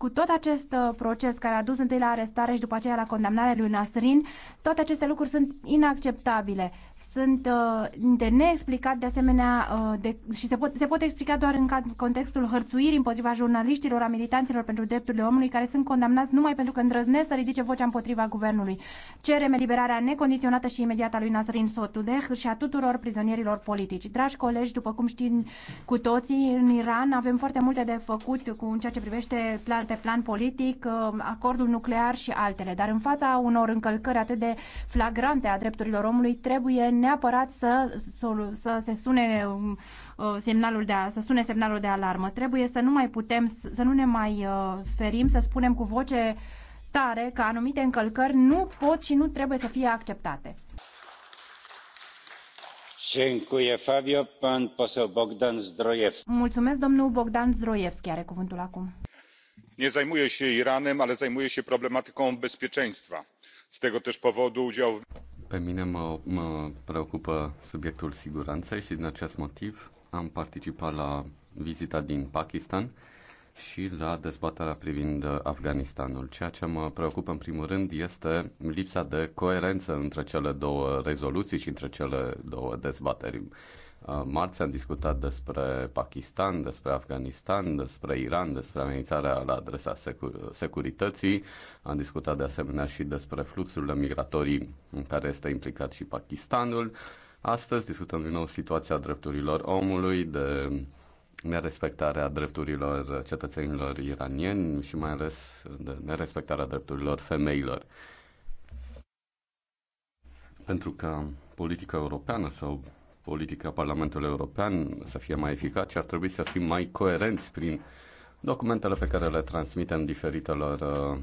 Cu tot acest uh, proces care a dus întâi la arestare și după aceea la condamnarea lui Nasrin, toate aceste lucruri sunt inacceptabile sunt uh, de neexplicat de asemenea uh, de, și se pot, se pot explica doar în contextul hărțuirii împotriva jurnaliștilor, a militanților pentru drepturile omului care sunt condamnați numai pentru că îndrăznesc să ridice vocea împotriva guvernului. Cerem eliberarea necondiționată și imediată a lui Nasrin Sotudeh și a tuturor prizonierilor politici. Dragi colegi, după cum știm cu toții, în Iran avem foarte multe de făcut cu ceea ce privește plan, pe plan politic, uh, acordul nuclear și altele, dar în fața unor încălcări atât de flagrante a drepturilor omului trebuie neapărat să, să, să se sune um, uh, semnalul de, să sune semnalul de alarmă. Trebuie să nu mai putem, să nu ne mai uh, ferim, să spunem cu voce tare că anumite încălcări nu pot și nu trebuie să fie acceptate. Mulțumesc, domnul Bogdan Zdrojewski are cuvântul acum. Nie zajmuję się Iranem, ale zajmuję się problematyką bezpieczeństwa. Z tego też powodu udział w pe mine mă, mă preocupă subiectul siguranței și din acest motiv am participat la vizita din Pakistan și la dezbaterea privind uh, Afganistanul. Ceea ce mă preocupă în primul rând este lipsa de coerență între cele două rezoluții și între cele două dezbateri. Uh, marți am discutat despre Pakistan, despre Afganistan, despre Iran, despre amenințarea la adresa secur- securității. Am discutat de asemenea și despre fluxurile migratorii în care este implicat și Pakistanul. Astăzi discutăm din nou situația drepturilor omului, de nerespectarea drepturilor cetățenilor iranieni și mai ales de nerespectarea drepturilor femeilor. Pentru că politica europeană sau politica Parlamentului European să fie mai eficace, ar trebui să fim mai coerenți prin documentele pe care le transmitem diferitelor uh,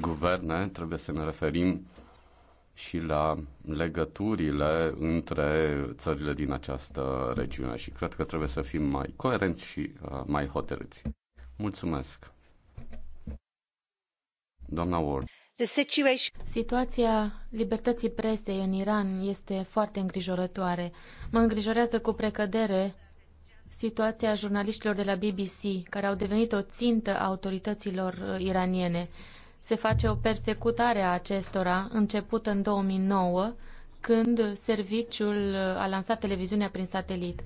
guverne. Trebuie să ne referim și la legăturile între țările din această regiune și cred că trebuie să fim mai coerenți și uh, mai hotărâți. Mulțumesc! Doamna Ward. Situația libertății presei în Iran este foarte îngrijorătoare. Mă îngrijorează cu precădere situația jurnaliștilor de la BBC, care au devenit o țintă a autorităților uh, iraniene. Se face o persecutare a acestora, începută în 2009, când serviciul uh, a lansat televiziunea prin satelit.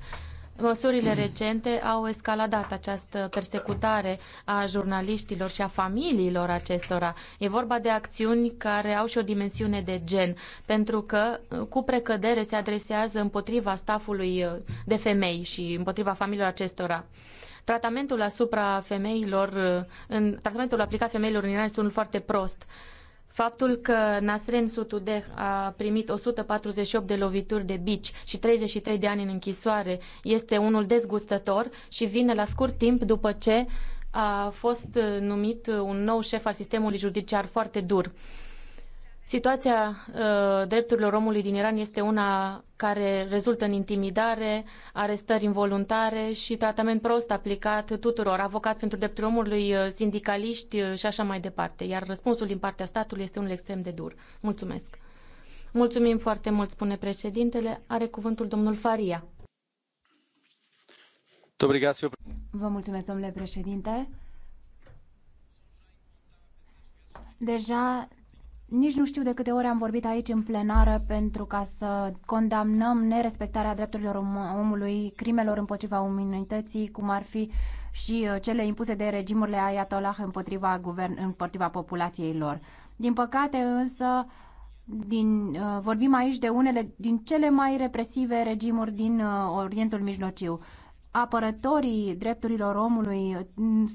Măsurile recente au escaladat această persecutare a jurnaliștilor și a familiilor acestora. E vorba de acțiuni care au și o dimensiune de gen, pentru că cu precădere se adresează împotriva stafului uh, de femei și împotriva familiilor acestora tratamentul asupra femeilor, uh, în, tratamentul aplicat femeilor în Iran sunt foarte prost. Faptul că Nasrin Sutudeh a primit 148 de lovituri de bici și 33 de ani în închisoare este unul dezgustător și vine la scurt timp după ce a fost numit un nou șef al sistemului judiciar foarte dur. Situația uh, drepturilor omului din Iran este una care rezultă în intimidare, arestări involuntare și tratament prost aplicat tuturor, Avocat pentru drepturile omului, uh, sindicaliști uh, și așa mai departe. Iar răspunsul din partea statului este unul extrem de dur. Mulțumesc. Mulțumim foarte mult, spune președintele. Are cuvântul domnul Faria. Vă mulțumesc, domnule președinte. Deja nici nu știu de câte ori am vorbit aici în plenară pentru ca să condamnăm nerespectarea drepturilor omului, crimelor împotriva umanității, cum ar fi și uh, cele impuse de regimurile Ayatollah împotriva, guvern, împotriva populației lor. Din păcate însă, din, uh, vorbim aici de unele din cele mai represive regimuri din uh, Orientul Mijlociu apărătorii drepturilor omului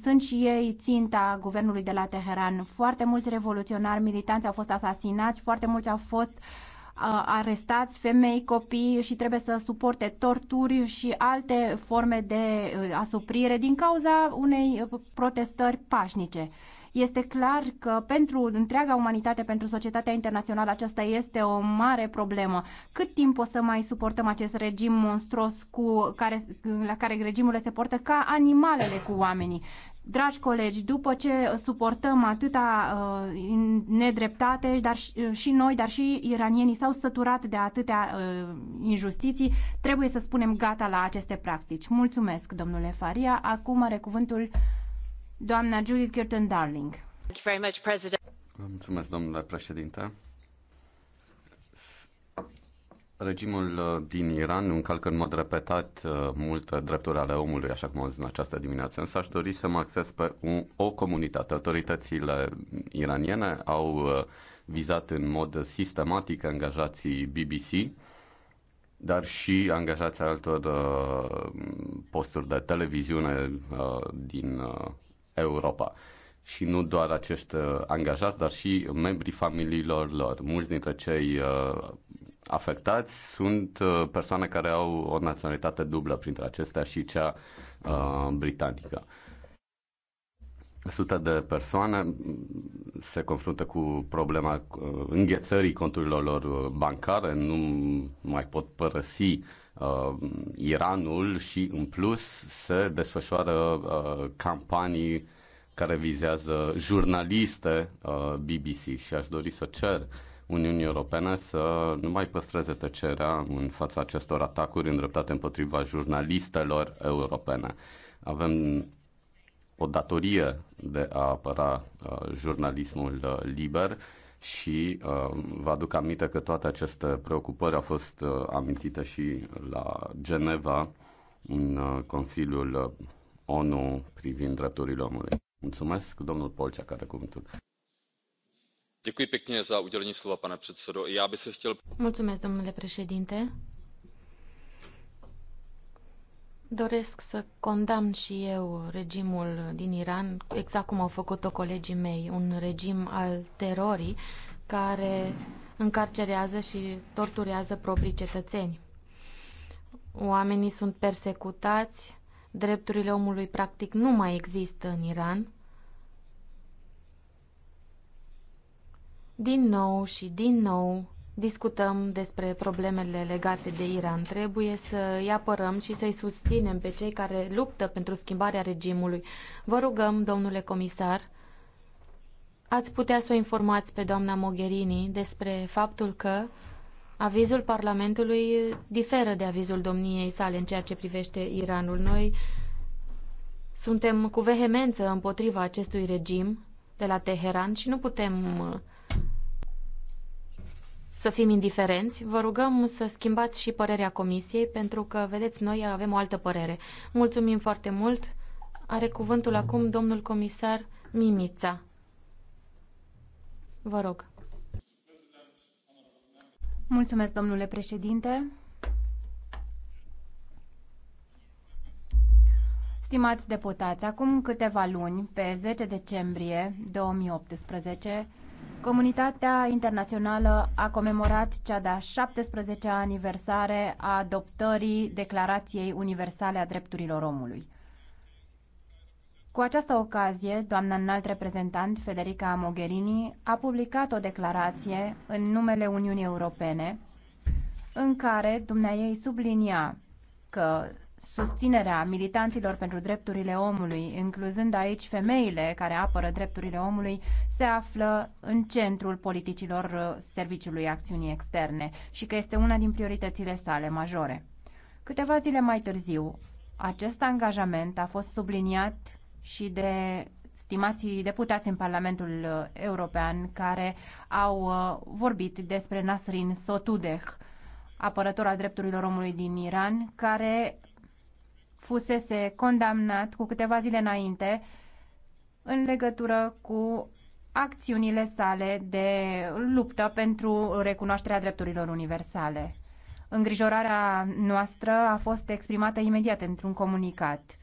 sunt și ei ținta guvernului de la Teheran. Foarte mulți revoluționari militanți au fost asasinați, foarte mulți au fost uh, arestați, femei, copii și trebuie să suporte torturi și alte forme de uh, asuprire din cauza unei uh, protestări pașnice. Este clar că pentru întreaga umanitate, pentru societatea internațională, aceasta este o mare problemă. Cât timp o să mai suportăm acest regim monstruos cu care, la care regimurile se portă ca animalele cu oamenii? Dragi colegi, după ce suportăm atâta uh, nedreptate, dar și, uh, și noi, dar și iranienii s-au săturat de atâtea uh, injustiții, trebuie să spunem gata la aceste practici. Mulțumesc, domnule Faria. Acum are cuvântul Doamna Judith Kirton Darling. mulțumesc, domnule președinte. Regimul uh, din Iran încalcă în mod repetat uh, multe drepturi ale omului, așa cum am zis în această dimineață, însă aș dori să mă acces pe un, o comunitate. Autoritățile iraniene au uh, vizat în mod sistematic angajații BBC, dar și angajații altor posturi de televiziune din Europa. Și nu doar acești uh, angajați, dar și membrii familiilor lor. Mulți dintre cei uh, afectați sunt uh, persoane care au o naționalitate dublă, printre acestea și cea uh, britanică. Sute de persoane se confruntă cu problema înghețării conturilor lor bancare, nu mai pot părăsi uh, Iranul și în plus se desfășoară uh, campanii care vizează jurnaliste uh, BBC și aș dori să cer Uniunii Europene să nu mai păstreze tăcerea în fața acestor atacuri îndreptate împotriva jurnalistelor europene. Avem o datorie de a apăra uh, jurnalismul uh, liber și uh, vă aduc aminte că toate aceste preocupări au fost uh, amintite și la Geneva în uh, Consiliul uh, ONU privind drepturile omului. Mulțumesc, domnul Polcea, care cuvântul. Děkuji pěkně za udělení slova, pane předsedo. Já bych se chtěl... Mulțumesc, domnule președinte. Doresc să condamn și eu regimul din Iran, exact cum au făcut-o colegii mei, un regim al terorii care încarcerează și torturează proprii cetățeni. Oamenii sunt persecutați, drepturile omului practic nu mai există în Iran. Din nou și din nou discutăm despre problemele legate de Iran. Trebuie să îi apărăm și să-i susținem pe cei care luptă pentru schimbarea regimului. Vă rugăm, domnule comisar, ați putea să o informați pe doamna Mogherini despre faptul că avizul Parlamentului diferă de avizul domniei sale în ceea ce privește Iranul. Noi suntem cu vehemență împotriva acestui regim de la Teheran și nu putem uh, să fim indiferenți. Vă rugăm să schimbați și părerea comisiei, pentru că, vedeți, noi avem o altă părere. Mulțumim foarte mult. Are cuvântul acum domnul comisar Mimița. Vă rog. Mulțumesc, domnule președinte. Stimați deputați, acum câteva luni, pe 10 decembrie 2018, Comunitatea internațională a comemorat cea de-a 17-a aniversare a adoptării Declarației Universale a Drepturilor Omului. Cu această ocazie, doamna înalt reprezentant Federica Mogherini a publicat o declarație în numele Uniunii Europene în care ei sublinia că susținerea militanților pentru drepturile omului, incluzând aici femeile care apără drepturile omului, se află în centrul politicilor uh, Serviciului Acțiunii Externe și că este una din prioritățile sale majore. Câteva zile mai târziu, acest angajament a fost subliniat și de stimații deputați în Parlamentul uh, European care au uh, vorbit despre Nasrin Sotudeh, apărător al drepturilor omului din Iran, care fusese condamnat cu câteva zile înainte în legătură cu acțiunile sale de luptă pentru recunoașterea drepturilor universale. Îngrijorarea noastră a fost exprimată imediat într-un comunicat.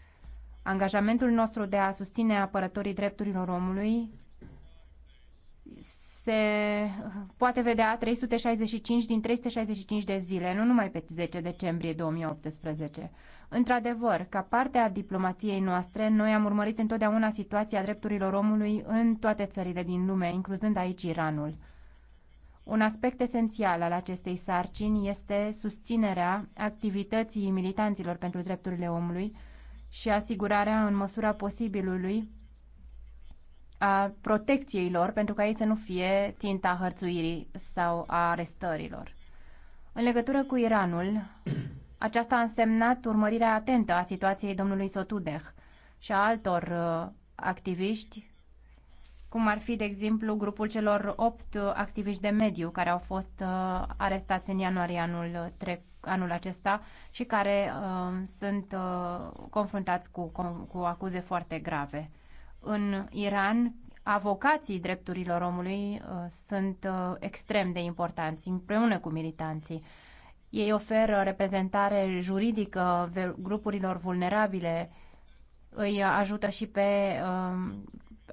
Angajamentul nostru de a susține apărătorii drepturilor omului se poate vedea 365 din 365 de zile, nu numai pe 10 decembrie 2018. Într-adevăr, ca parte a diplomației noastre, noi am urmărit întotdeauna situația drepturilor omului în toate țările din lume, incluzând aici Iranul. Un aspect esențial al acestei sarcini este susținerea activității militanților pentru drepturile omului și asigurarea, în măsura posibilului, a protecției lor pentru ca ei să nu fie ținta hărțuirii sau a arestărilor. În legătură cu Iranul, aceasta a însemnat urmărirea atentă a situației domnului Sotudeh și a altor uh, activiști, cum ar fi, de exemplu, grupul celor opt uh, activiști de mediu care au fost uh, arestați în ianuarie anul, trec, anul acesta și care uh, sunt uh, confruntați cu, cu, acuze foarte grave. În Iran, avocații drepturilor omului uh, sunt uh, extrem de importanți, împreună cu militanții. Uh, ei oferă reprezentare juridică grupurilor vulnerabile, îi ajută și pe um,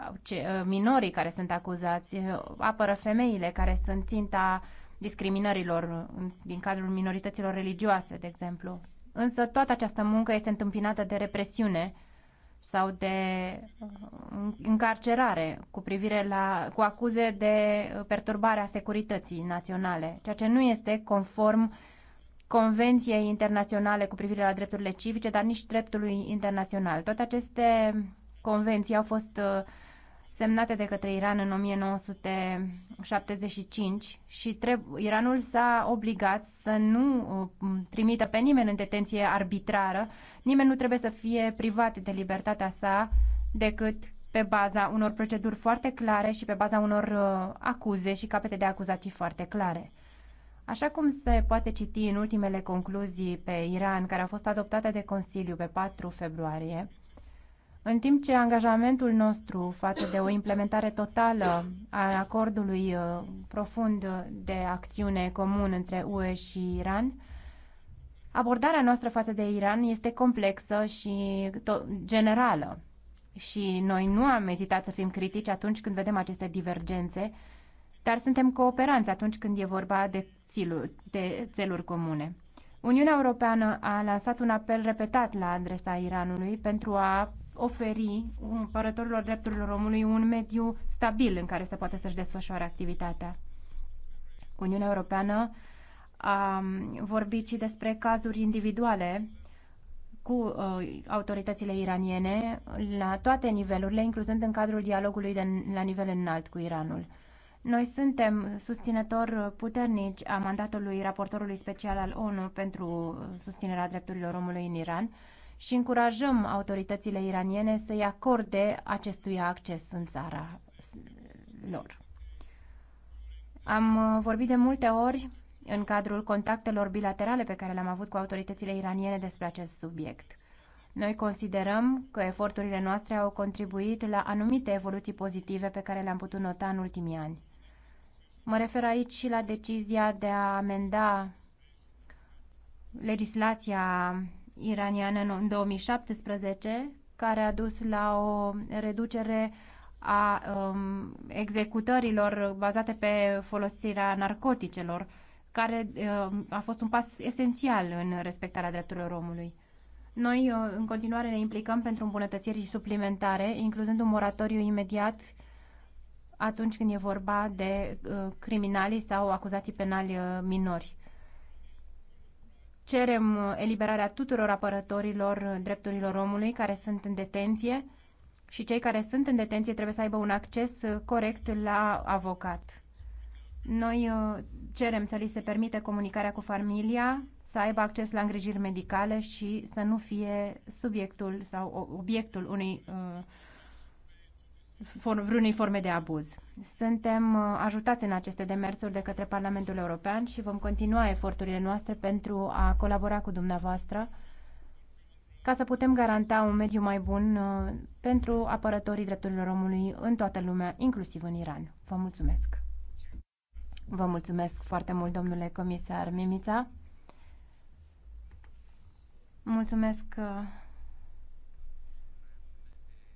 uh, minorii care sunt acuzați, apără femeile care sunt ținta discriminărilor din cadrul minorităților religioase, de exemplu. Însă toată această muncă este întâmpinată de represiune sau de um, încarcerare cu privire la cu acuze de perturbare a securității naționale, ceea ce nu este conform Convenției Internaționale cu privire la drepturile civice, dar nici dreptului internațional. Toate aceste convenții au fost uh, semnate de către Iran în 1975 și Iranul s-a obligat să nu uh, trimită pe nimeni în detenție arbitrară, nimeni nu trebuie să fie privat de libertatea sa decât pe baza unor proceduri foarte clare și pe baza unor uh, acuze și capete de acuzații foarte clare. Așa cum se poate citi în ultimele concluzii pe Iran, care au fost adoptate de Consiliu pe 4 februarie, în timp ce angajamentul nostru față de o implementare totală a acordului uh, profund de acțiune comun între UE și Iran, abordarea noastră față de Iran este complexă și generală. Și noi nu am ezitat să fim critici atunci când vedem aceste divergențe, dar suntem cooperanți atunci când e vorba de țeluri comune. Uniunea Europeană a lansat un apel repetat la adresa Iranului pentru a oferi împărătorilor drepturilor omului un mediu stabil în care să poată să-și desfășoare activitatea. Uniunea Europeană a vorbit și despre cazuri individuale cu uh, autoritățile iraniene la toate nivelurile, incluzând în cadrul dialogului de, la nivel înalt cu Iranul. Noi suntem susținători puternici a mandatului raportorului special al ONU pentru susținerea drepturilor omului în Iran și încurajăm autoritățile iraniene să-i acorde acestuia acces în țara lor. Am vorbit de multe ori în cadrul contactelor bilaterale pe care le-am avut cu autoritățile iraniene despre acest subiect. Noi considerăm că eforturile noastre au contribuit la anumite evoluții pozitive pe care le-am putut nota în ultimii ani. Mă refer aici și la decizia de a amenda legislația iraniană în 2017, care a dus la o reducere a um, executărilor bazate pe folosirea narcoticelor, care uh, a fost un pas esențial în respectarea drepturilor omului. Noi, uh, în continuare, ne implicăm pentru îmbunătățiri suplimentare, incluzând un moratoriu imediat atunci când e vorba de uh, criminalii sau acuzații penali uh, minori. Cerem uh, eliberarea tuturor apărătorilor uh, drepturilor omului care sunt în detenție și cei care sunt în detenție trebuie să aibă un acces corect la avocat. Noi cerem să li se permite comunicarea cu familia, să aibă acces la îngrijiri medicale și să nu fie subiectul sau obiectul unui uh, vreunei forme de abuz. Suntem uh, ajutați în aceste demersuri de către Parlamentul European și vom continua eforturile noastre pentru a colabora cu dumneavoastră ca să putem garanta un mediu mai bun uh, pentru apărătorii drepturilor omului în toată lumea, inclusiv în Iran. Vă mulțumesc! Vă mulțumesc foarte mult, domnule comisar Mimița. Mulțumesc uh,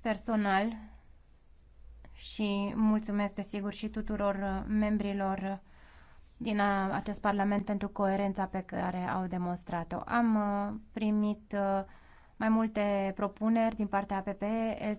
personal și mulțumesc desigur și tuturor uh, membrilor uh, din uh, acest Parlament pentru coerența pe care au demonstrat-o. Am primit mai multe propuneri din partea APP,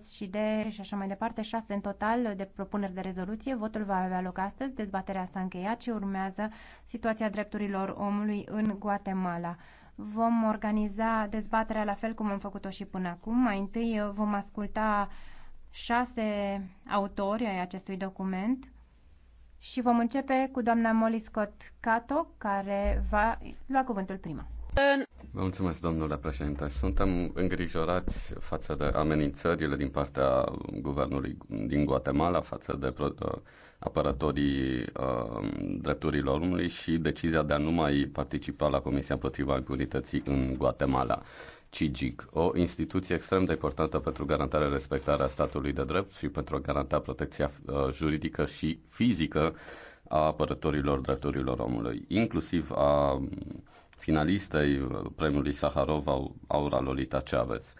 S și D și așa mai departe, șase în total de propuneri de rezoluție. Votul va avea loc astăzi, dezbaterea s-a încheiat și urmează situația drepturilor omului în Guatemala. Vom organiza dezbaterea la fel cum am făcut-o și până acum. Mai întâi vom asculta uh, șase autori ai acestui document și vom începe cu doamna Molly Scott Cato, care va lua cuvântul prima. Vă mulțumesc, domnule președinte. Suntem îngrijorați față de amenințările din partea guvernului din Guatemala, față de uh, apărătorii uh, drepturilor omului și decizia de a nu mai participa la Comisia împotriva impunității în Guatemala. CIGIC, o instituție extrem de importantă pentru garantarea respectarea statului de drept și pentru a garanta protecția uh, juridică și fizică a apărătorilor drepturilor omului, inclusiv a um, finalistei uh, premiului Saharov, Aura Lolita Chavez.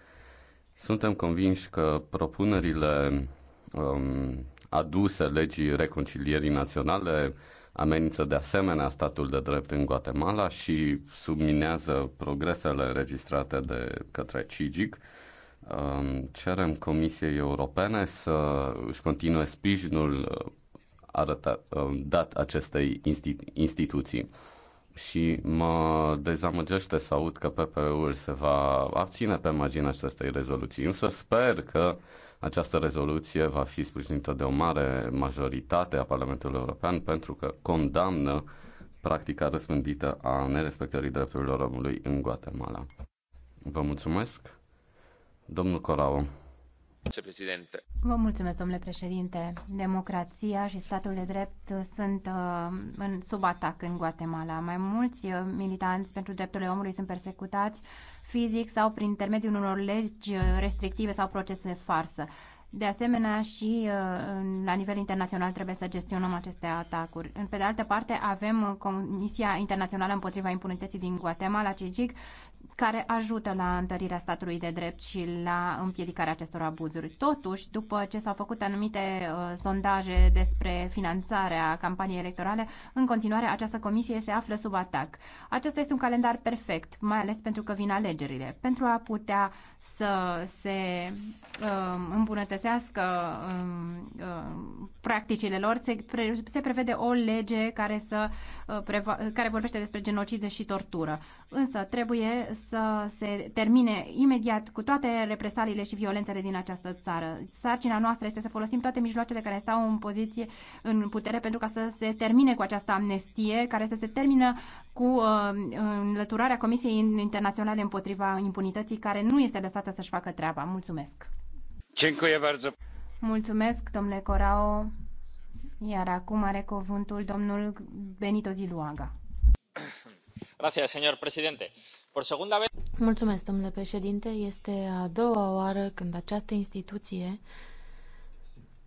Suntem convinși că propunerile um, aduse legii reconcilierii naționale amenință de asemenea statul de drept în Guatemala și subminează progresele înregistrate de către CIGIC. Um, cerem Comisiei Europene să își continue sprijinul uh, arăta, um, dat acestei institu- instituții și mă dezamăgește să aud că PPE-ul se va abține pe marginea acestei rezoluții. Însă sper că această rezoluție va fi sprijinită de o mare majoritate a Parlamentului European pentru că condamnă practica răspândită a nerespectării drepturilor omului în Guatemala. Vă mulțumesc. Domnul Corao. Vă mulțumesc, domnule președinte. Democrația și statul de drept sunt uh, în sub atac în Guatemala. Mai mulți uh, militanți pentru drepturile omului sunt persecutați fizic sau prin intermediul unor legi uh, restrictive sau procese farsă. De asemenea, și la nivel internațional trebuie să gestionăm aceste atacuri. Pe de altă parte, avem Comisia Internațională împotriva impunității din Guatemala, CIGIC, care ajută la întărirea statului de drept și la împiedicarea acestor abuzuri. Totuși, după ce s-au făcut anumite uh, sondaje despre finanțarea campaniei electorale, în continuare această comisie se află sub atac. Acesta este un calendar perfect, mai ales pentru că vin alegerile. Pentru a putea să se um, îmbunătățească um, um, practicile lor, se, pre, se prevede o lege care, să, uh, care vorbește despre genocid și tortură. Însă trebuie să se termine imediat cu toate represaliile și violențele din această țară. Sarcina noastră este să folosim toate mijloacele care stau în poziție, în putere, pentru ca să se termine cu această amnestie, care să se termină cu uh, înlăturarea Comisiei Internaționale împotriva impunității, care nu este lăsată să-și facă treaba. Mulțumesc! Mulțumesc, domnule Corao. Iar acum are cuvântul domnul Benito Ziluaga. Gracias, señor presidente. Por segunda vez... Mulțumesc, domnule președinte. Este a doua oară când această instituție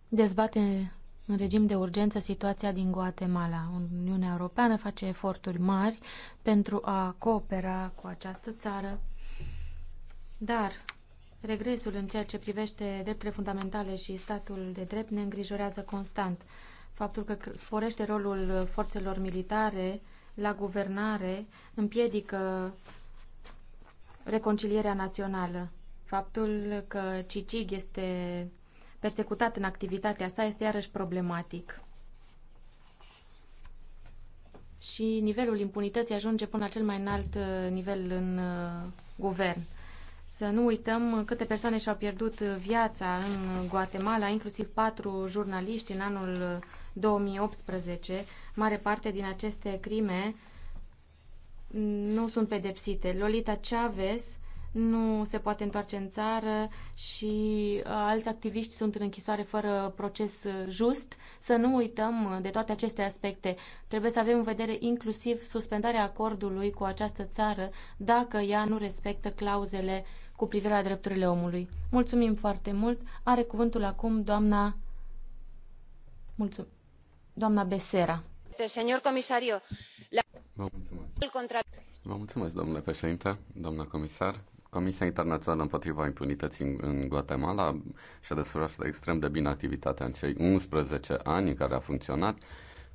dezbate în regim de urgență situația din Guatemala. Uniunea Europeană face eforturi mari pentru a coopera cu această țară, dar regresul în ceea ce privește drepturile fundamentale și statul de drept ne îngrijorează constant. Faptul că sporește rolul forțelor militare la guvernare împiedică reconcilierea națională. Faptul că Cicig este persecutat în activitatea sa este iarăși problematic. Și nivelul impunității ajunge până la cel mai înalt uh, nivel în uh, guvern. Să nu uităm câte persoane și-au pierdut viața în Guatemala, inclusiv patru jurnaliști în anul 2018. Uh, Mare parte din aceste crime nu sunt pedepsite. Lolita Chavez nu se poate întoarce în țară și uh, alți activiști sunt în închisoare fără proces uh, just. Să nu uităm uh, de toate aceste aspecte. Trebuie să avem în vedere inclusiv suspendarea acordului cu această țară dacă ea nu respectă clauzele cu privire la drepturile omului. Mulțumim foarte mult. Are cuvântul acum doamna Mulțumim. doamna Besera. Señor comisario, la... Vă mulțumesc. Vă mulțumesc, domnule președinte, doamna comisar. Comisia Internațională împotriva impunității în Guatemala și-a desfășurat extrem de bine activitatea în cei 11 ani în care a funcționat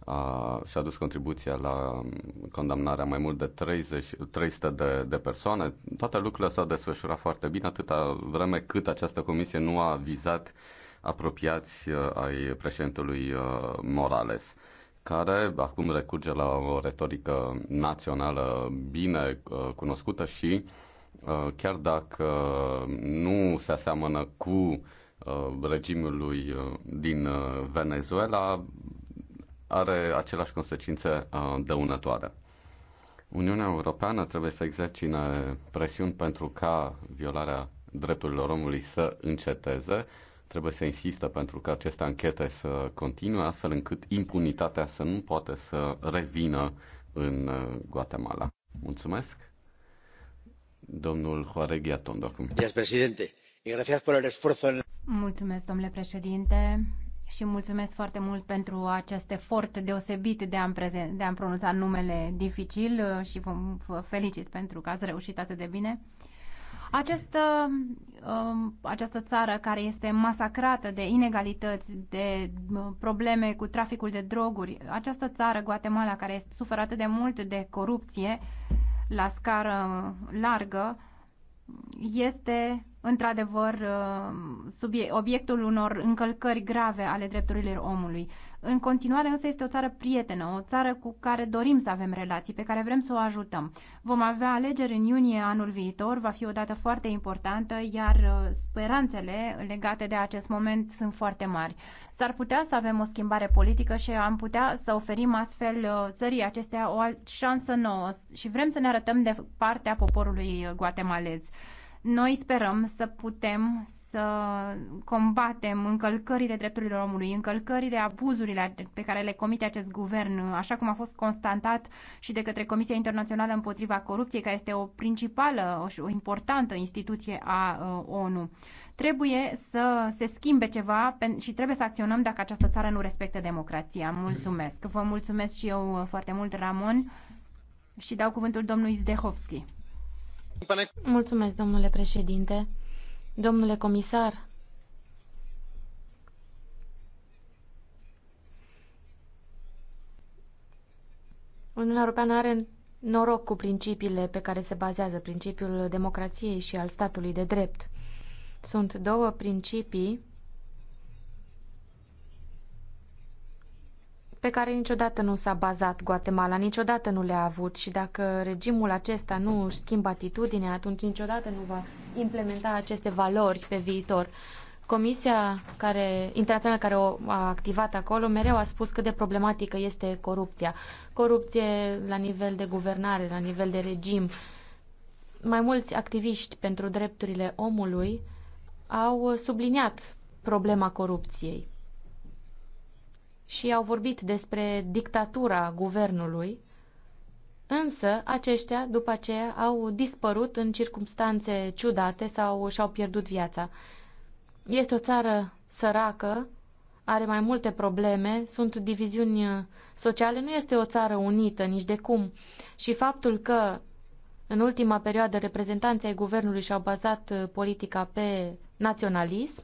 a, și-a dus contribuția la um, condamnarea mai mult de 30, 300 de, de persoane. Toate lucrurile s-au desfășurat foarte bine atâta vreme cât această comisie nu a vizat apropiați uh, ai președintelui uh, Morales care acum recurge la o retorică națională bine uh, cunoscută și uh, Uh, chiar dacă nu se aseamănă cu uh, regimul lui uh, din Venezuela, are aceleași consecințe dăunătoare. Uniunea Europeană trebuie să exercine presiuni pentru ca violarea drepturilor omului să înceteze, trebuie să insistă pentru ca aceste anchete să continue, astfel încât impunitatea să nu poată să revină în Guatemala. Mulțumesc! Mulțumesc, domnule președinte, și mulțumesc foarte mult pentru acest efort deosebit de a-mi, de a pronunța numele dificil uh, și vă felicit pentru că ați reușit atât de bine. Această, um, această țară care este masacrată de inegalități, de uh, probleme cu traficul de droguri, această țară, Guatemala, care suferă atât de mult de corupție, la scară largă este într-adevăr obiectul unor încălcări grave ale drepturilor omului. În continuare însă este o țară prietenă, o țară cu care dorim să avem relații, pe care vrem să o ajutăm. Vom avea alegeri în iunie anul viitor, va fi o dată foarte importantă, iar uh, speranțele legate de acest moment sunt foarte mari. S-ar putea să avem o schimbare politică și am putea să oferim astfel uh, țării acestea o șansă nouă și vrem să ne arătăm de partea poporului guatemalez. Noi sperăm să putem să combatem încălcările drepturilor omului, încălcările, abuzurile pe care le comite acest guvern, așa cum a fost constatat și de către Comisia Internațională împotriva corupției, care este o principală și o importantă instituție a uh, ONU. Trebuie să se schimbe ceva și trebuie să acționăm dacă această țară nu respectă democrația. Mulțumesc. Vă mulțumesc și eu uh, foarte mult, Ramon, și dau cuvântul domnului Zdehovski. Mulțumesc, domnule președinte. Domnule comisar, Uniunea Europeană are noroc cu principiile pe care se bazează principiul democrației și al statului de drept. Sunt două principii pe care niciodată nu s-a bazat Guatemala, niciodată nu le-a avut și dacă regimul acesta nu își schimbă atitudinea, atunci niciodată nu va implementa aceste valori pe viitor. Comisia care, internațională care o a activat acolo mereu a spus cât de problematică este corupția. Corupție la nivel de guvernare, la nivel de regim. Mai mulți activiști pentru drepturile omului au subliniat problema corupției și au vorbit despre dictatura guvernului, însă aceștia după aceea au dispărut în circumstanțe ciudate sau și-au pierdut viața. Este o țară săracă, are mai multe probleme, sunt diviziuni sociale, nu este o țară unită nici de cum. Și faptul că în ultima perioadă reprezentanții ai guvernului și-au bazat uh, politica pe naționalism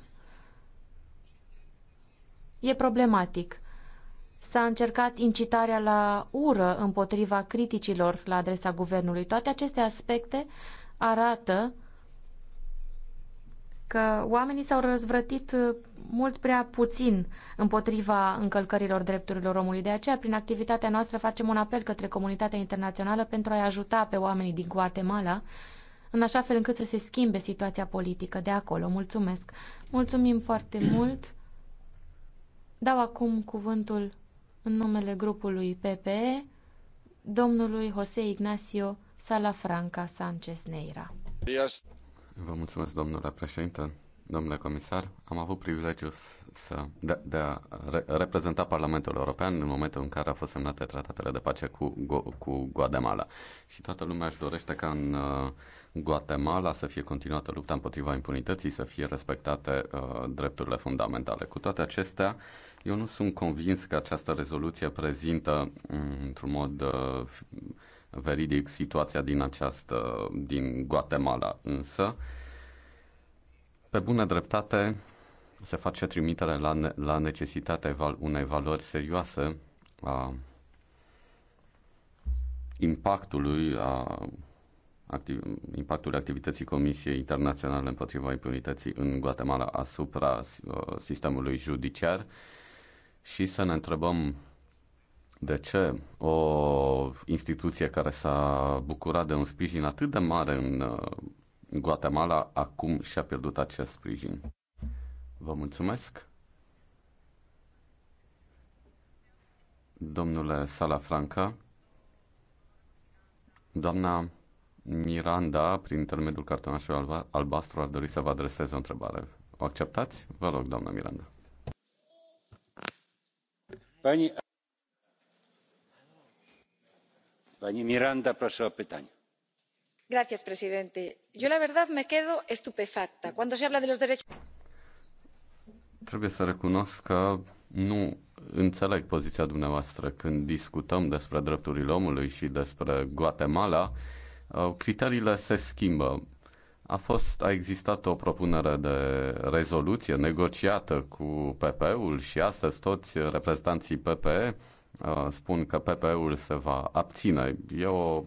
e problematic s-a încercat incitarea la ură împotriva criticilor la adresa guvernului. Toate aceste aspecte arată că oamenii s-au răzvrătit uh, mult prea puțin împotriva încălcărilor drepturilor omului. De aceea, prin activitatea noastră, facem un apel către comunitatea internațională pentru a-i ajuta pe oamenii din Guatemala în așa fel încât să se schimbe situația politică de acolo. Mulțumesc! Mulțumim foarte mult! Dau acum cuvântul în numele grupului PPE, domnului José Ignacio Salafranca Sanchez Neira. Vă mulțumesc, domnule președinte. Domnule comisar, am avut privilegiul să, de, de a re, reprezenta Parlamentul European în momentul în care a fost semnate tratatele de pace cu, cu Guatemala. Și toată lumea își dorește ca în uh, Guatemala să fie continuată lupta împotriva impunității, să fie respectate uh, drepturile fundamentale. Cu toate acestea, eu nu sunt convins că această rezoluție prezintă mm, într-un mod uh, veridic situația din această, din Guatemala, însă pe bună dreptate se face trimitere la, la necesitatea unei valori serioase a impactului a activ- impactul activității Comisiei Internaționale împotriva impunității în Guatemala asupra uh, sistemului judiciar și să ne întrebăm de ce o instituție care s-a bucurat de un sprijin atât de mare în uh, Guatemala acum și-a pierdut acest sprijin. Vă mulțumesc! Domnule Salafranca, doamna Miranda, prin intermediul cartonașului albastru, ar dori să vă adreseze o întrebare. O acceptați? Vă rog, doamna Miranda. Pani, Pani Miranda, proszę o pytanie. Gracias, presidente. Yo la verdad me quedo estupefacta cuando se habla de los derechos. Trebuie să recunosc că nu înțeleg poziția dumneavoastră când discutăm despre drepturile omului și despre Guatemala Uh, criteriile se schimbă. A fost, a existat o propunere de rezoluție negociată cu PPE-ul și astăzi toți reprezentanții PPE uh, spun că PPE-ul se va abține. E o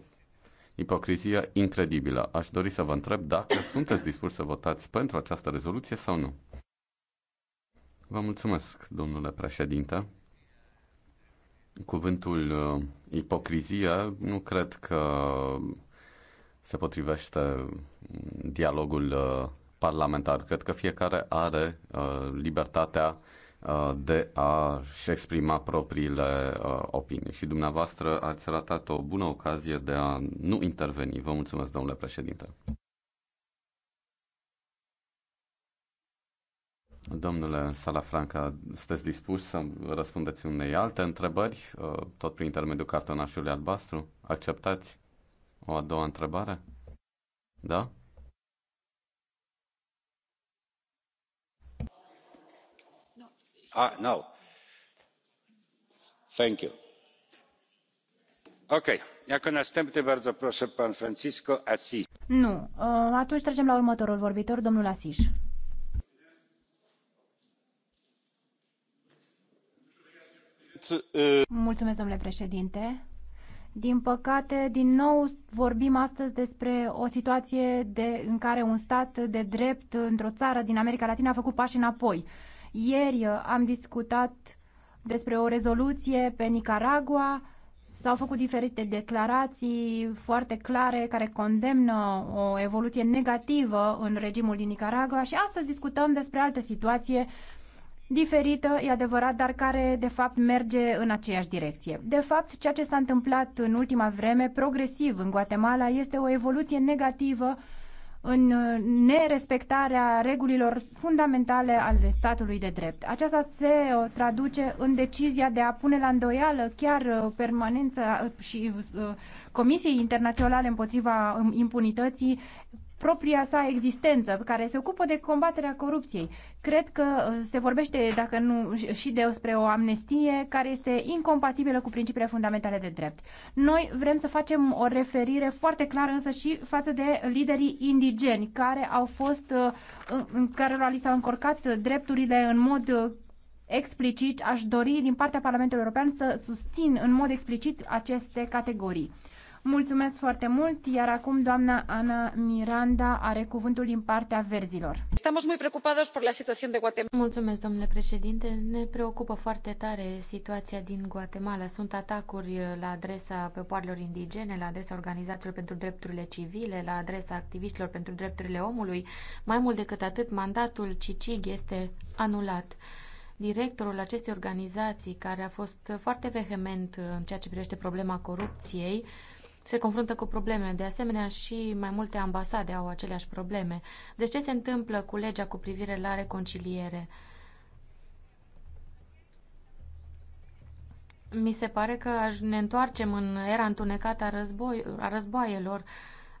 ipocrizie incredibilă. Aș dori să vă întreb dacă sunteți dispuși să votați pentru această rezoluție sau nu. Vă mulțumesc, domnule președinte. Cuvântul uh, ipocrizie nu cred că se potrivește dialogul uh, parlamentar. Cred că fiecare are uh, libertatea uh, de a-și exprima propriile opinii. Și dumneavoastră ați ratat o bună ocazie de a nu interveni. Vă mulțumesc, domnule președinte. Domnule Salafranca, sunteți dispus să răspundeți unei alte întrebări, tot prin intermediul cartonașului albastru? Acceptați? O a doua întrebare? Da? Ah, no. Thank you. Ok. Iacă ne aștepte, bărdo proșe, pan Francisco Asis. Nu. Uh, atunci trecem la următorul vorbitor, domnul Asis. Uh. Mulțumesc, domnule președinte. Din păcate, din nou vorbim astăzi despre o situație de, în care un stat de drept într-o țară din America Latina a făcut pași înapoi. Ieri am discutat despre o rezoluție pe Nicaragua, S-au făcut diferite declarații foarte clare care condemnă o evoluție negativă în regimul din Nicaragua și astăzi discutăm despre alte situație diferită, e adevărat, dar care de fapt merge în aceeași direcție. De fapt, ceea ce s-a întâmplat în ultima vreme, progresiv în Guatemala, este o evoluție negativă în uh, nerespectarea regulilor fundamentale ale statului de drept. Aceasta se uh, traduce în decizia de a pune la îndoială chiar uh, permanența și Comisiei Internaționale împotriva um, impunității propria sa existență, care se ocupă de combaterea corupției. Cred că uh, se vorbește, dacă nu, și despre o amnestie care este incompatibilă cu principiile fundamentale de drept. Noi vrem să facem o referire foarte clară însă și față de liderii indigeni care au fost, uh, în care li s-au încorcat drepturile în mod uh, explicit. Aș dori din partea Parlamentului European să susțin în mod explicit aceste categorii. Mulțumesc foarte mult, iar acum doamna Ana Miranda are cuvântul din partea verzilor. Estamos muy preocupados por la situación de Guatemala. Mulțumesc, domnule președinte. Ne preocupă foarte tare situația din Guatemala. Sunt atacuri la adresa popoarelor indigene, la adresa organizațiilor pentru drepturile civile, la adresa activiștilor pentru drepturile omului. Mai mult decât atât, mandatul CICIG este anulat directorul acestei organizații, care a fost foarte vehement în ceea ce privește problema corupției, se confruntă cu probleme. De asemenea, și mai multe ambasade au aceleași probleme. De deci, ce se întâmplă cu legea cu privire la reconciliere? Mi se pare că ne întoarcem în era întunecată a, război, a războaielor.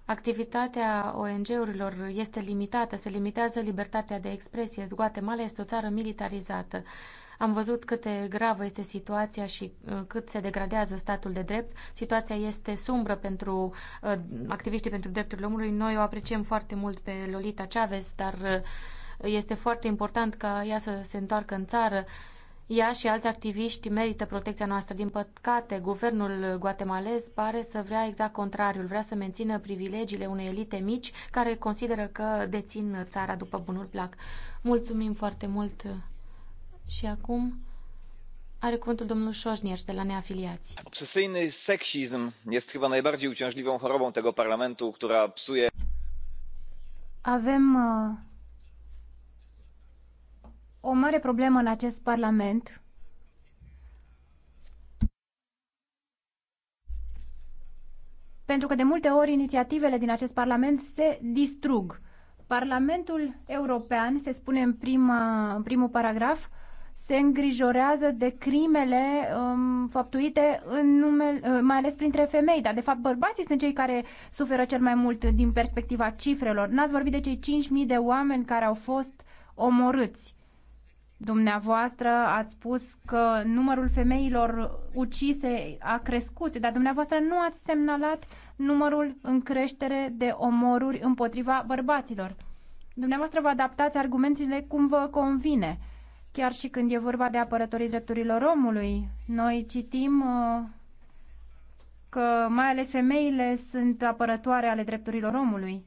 Activitatea ONG-urilor este limitată, se limitează libertatea de expresie. Guatemala este o țară militarizată. Am văzut cât de gravă este situația și uh, cât se degradează statul de drept. Situația este sumbră pentru uh, activiștii pentru drepturile omului. Noi o apreciem foarte mult pe Lolita Chavez, dar uh, este foarte important ca ea să se întoarcă în țară. Ea și alți activiști merită protecția noastră. Din păcate, guvernul guatemalez pare să vrea exact contrariul. Vrea să mențină privilegiile unei elite mici care consideră că dețin țara după bunul plac. Mulțumim foarte mult și acum are cuvântul domnul Șoșnierz de la Neafiliați. Obsesyjny seksizm jest chyba najbardziej uciążliwą chorobą tego parlamentu, która psuje... Avem uh, o mare problemă în acest parlament pentru că de multe ori inițiativele din acest Parlament se distrug. Parlamentul European, se spune în, prima, în primul paragraf, se îngrijorează de crimele um, făptuite în numele, uh, mai ales printre femei, dar de fapt bărbații sunt cei care suferă cel mai mult din perspectiva cifrelor. N-ați vorbit de cei 5.000 de oameni care au fost omorâți. Dumneavoastră ați spus că numărul femeilor ucise a crescut, dar dumneavoastră nu ați semnalat numărul în creștere de omoruri împotriva bărbaților. Dumneavoastră vă adaptați argumentele cum vă convine chiar și când e vorba de apărătorii drepturilor omului. Noi citim uh, că mai ales femeile sunt apărătoare ale drepturilor omului.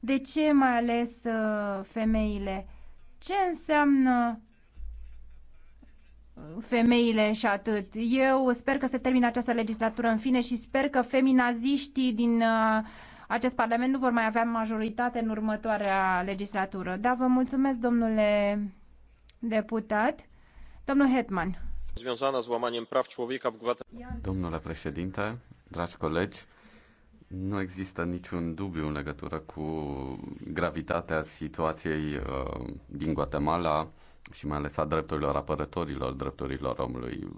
De ce mai ales uh, femeile? Ce înseamnă uh, femeile și atât. Eu sper că se termină această legislatură în fine și sper că feminaziștii din acest parlament nu vor mai avea majoritate în următoarea legislatură. Da, vă mulțumesc, domnule deputat, domnul Hetman. Domnule președinte, dragi colegi, nu există niciun dubiu în legătură cu gravitatea situației uh, din Guatemala și mai ales a drepturilor apărătorilor drepturilor omului.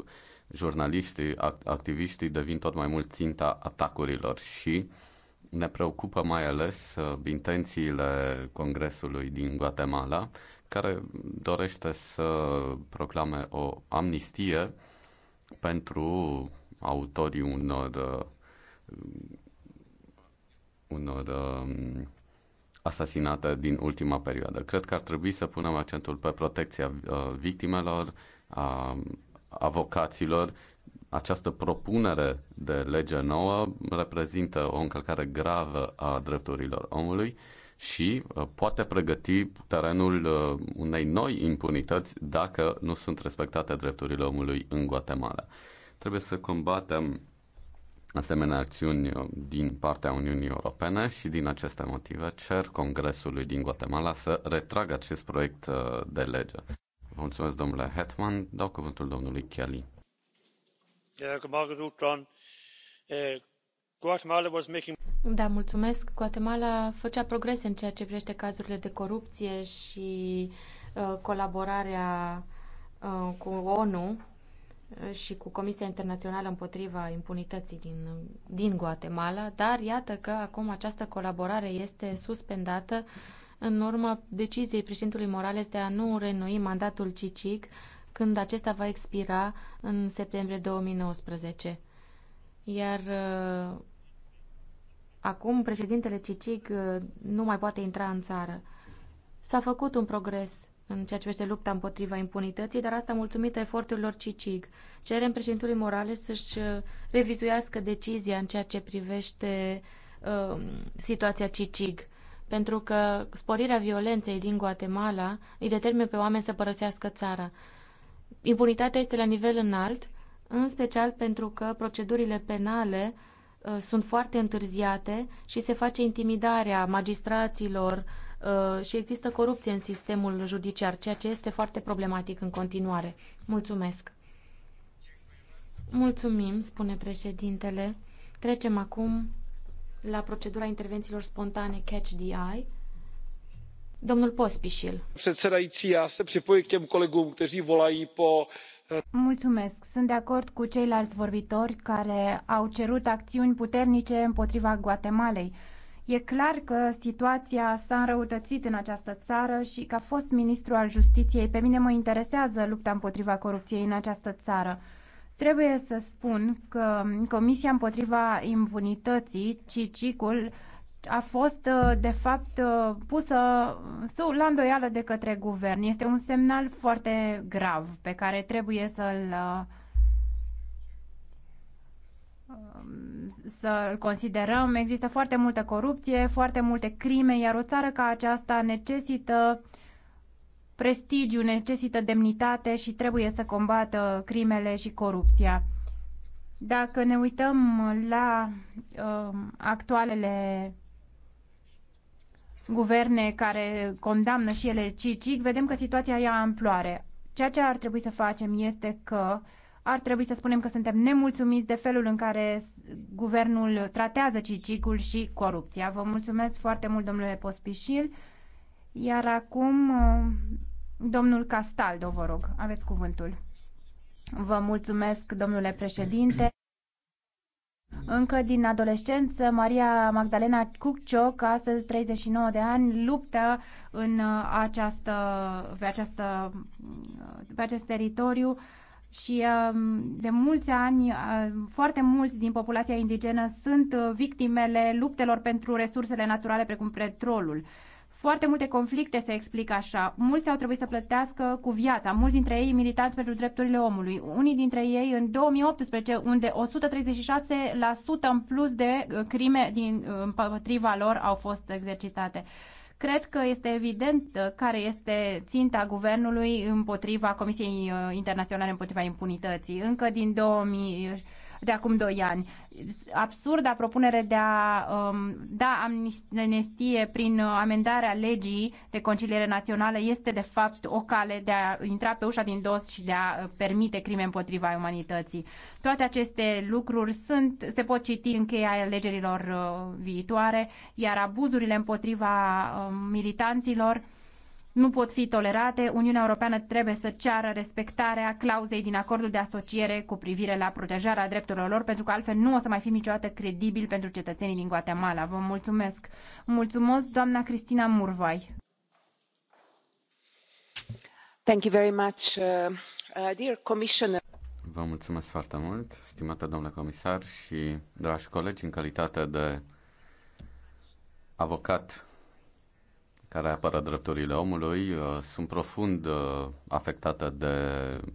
Jurnaliștii, activiștii devin tot mai mult ținta atacurilor și ne preocupă mai ales uh, intențiile Congresului din Guatemala care dorește să proclame o amnistie pentru autorii unor uh, unor um, asasinate din ultima perioadă. Cred că ar trebui să punem accentul pe protecția uh, victimelor, a avocaților. Această propunere de lege nouă reprezintă o încălcare gravă a drepturilor omului și uh, poate pregăti terenul uh, unei noi impunități dacă nu sunt respectate drepturile omului în Guatemala. Trebuie să combatem asemenea acțiuni uh, din partea Uniunii Europene și din aceste motive cer Congresului din Guatemala să retragă acest proiect de lege. Vă mulțumesc, domnule Hetman. Dau cuvântul domnului Kelly. Da, mulțumesc. Guatemala făcea progrese în ceea ce privește cazurile de corupție și uh, colaborarea uh, cu ONU uh, și cu Comisia Internațională împotriva impunității din, din Guatemala, dar iată că acum această colaborare este suspendată în urma deciziei președintului Morales de a nu renui mandatul CICIC, când acesta va expira în septembrie 2019. Iar uh, Acum președintele Cicic uh, nu mai poate intra în țară. S-a făcut un progres în ceea ce privește lupta împotriva impunității, dar asta mulțumită eforturilor CICIG. Cerem președintului Morales să-și uh, revizuiască decizia în ceea ce privește uh, situația CICIG, pentru că sporirea violenței din Guatemala îi determină pe oameni să părăsească țara. Impunitatea este la nivel înalt, în special pentru că procedurile penale uh, Uh, sunt foarte întârziate și se face intimidarea magistraților uh, și există corupție în sistemul judiciar, ceea ce este foarte problematic în continuare. Mulțumesc! Mulțumim, spune președintele. Trecem acum la procedura intervențiilor spontane Catch the Eye. Domnul Pospișil. Předsedající, já se připojuji k těm kolegům, kteří volají po Mulțumesc. Sunt de acord cu ceilalți vorbitori care au cerut acțiuni puternice împotriva Guatemalei. E clar că situația s-a înrăutățit în această țară și ca fost ministru al justiției, pe mine mă interesează lupta împotriva corupției în această țară. Trebuie să spun că Comisia împotriva impunității, CICIC-ul, a fost, uh, de fapt, uh, pusă la îndoială de către guvern. Este un semnal foarte grav pe care trebuie să-l uh, um, să-l considerăm. Există foarte multă corupție, foarte multe crime, iar o țară ca aceasta necesită prestigiu, necesită demnitate și trebuie să combată crimele și corupția. Dacă ne uităm la uh, actualele guverne care condamnă și ele CICIC, vedem că situația ia amploare. Ceea ce ar trebui să facem este că ar trebui să spunem că suntem nemulțumiți de felul în care guvernul tratează CICIC-ul și corupția. Vă mulțumesc foarte mult, domnule Pospișil. Iar acum, domnul Castaldo, vă rog, aveți cuvântul. Vă mulțumesc, domnule președinte. Încă din adolescență, Maria Magdalena Cucioc, astăzi 39 de ani, luptă în uh, această, pe, această, pe acest teritoriu și um, de mulți ani, uh, foarte mulți din populația indigenă sunt uh, victimele luptelor pentru resursele naturale, precum petrolul. Foarte multe conflicte se explică așa. Mulți au trebuit să plătească cu viața, mulți dintre ei militanți pentru drepturile omului. Unii dintre ei în 2018, unde 136% în plus de uh, crime din, uh, împotriva lor au fost exercitate. Cred că este evident uh, care este ținta guvernului împotriva Comisiei Internaționale împotriva impunității. Încă din 2000 de acum 2 ani. Absurda propunere de a um, da amnistie prin uh, amendarea legii de conciliere națională este de fapt o cale de a intra pe ușa din dos și de a uh, permite crime împotriva umanității. Toate aceste lucruri sunt, se pot citi în cheia alegerilor uh, viitoare, iar abuzurile împotriva militanților nu pot fi tolerate. Uniunea Europeană trebuie să ceară respectarea clauzei din acordul de asociere cu privire la protejarea drepturilor lor, pentru că altfel nu o să mai fim niciodată credibil pentru cetățenii din Guatemala. Vă mulțumesc. Mulțumesc, doamna Cristina Murvai. Thank you very much, uh, uh, dear Commissioner. Vă mulțumesc foarte mult, stimată doamnă comisar și dragi colegi, în calitate de avocat care apără drepturile omului uh, sunt profund uh, afectate de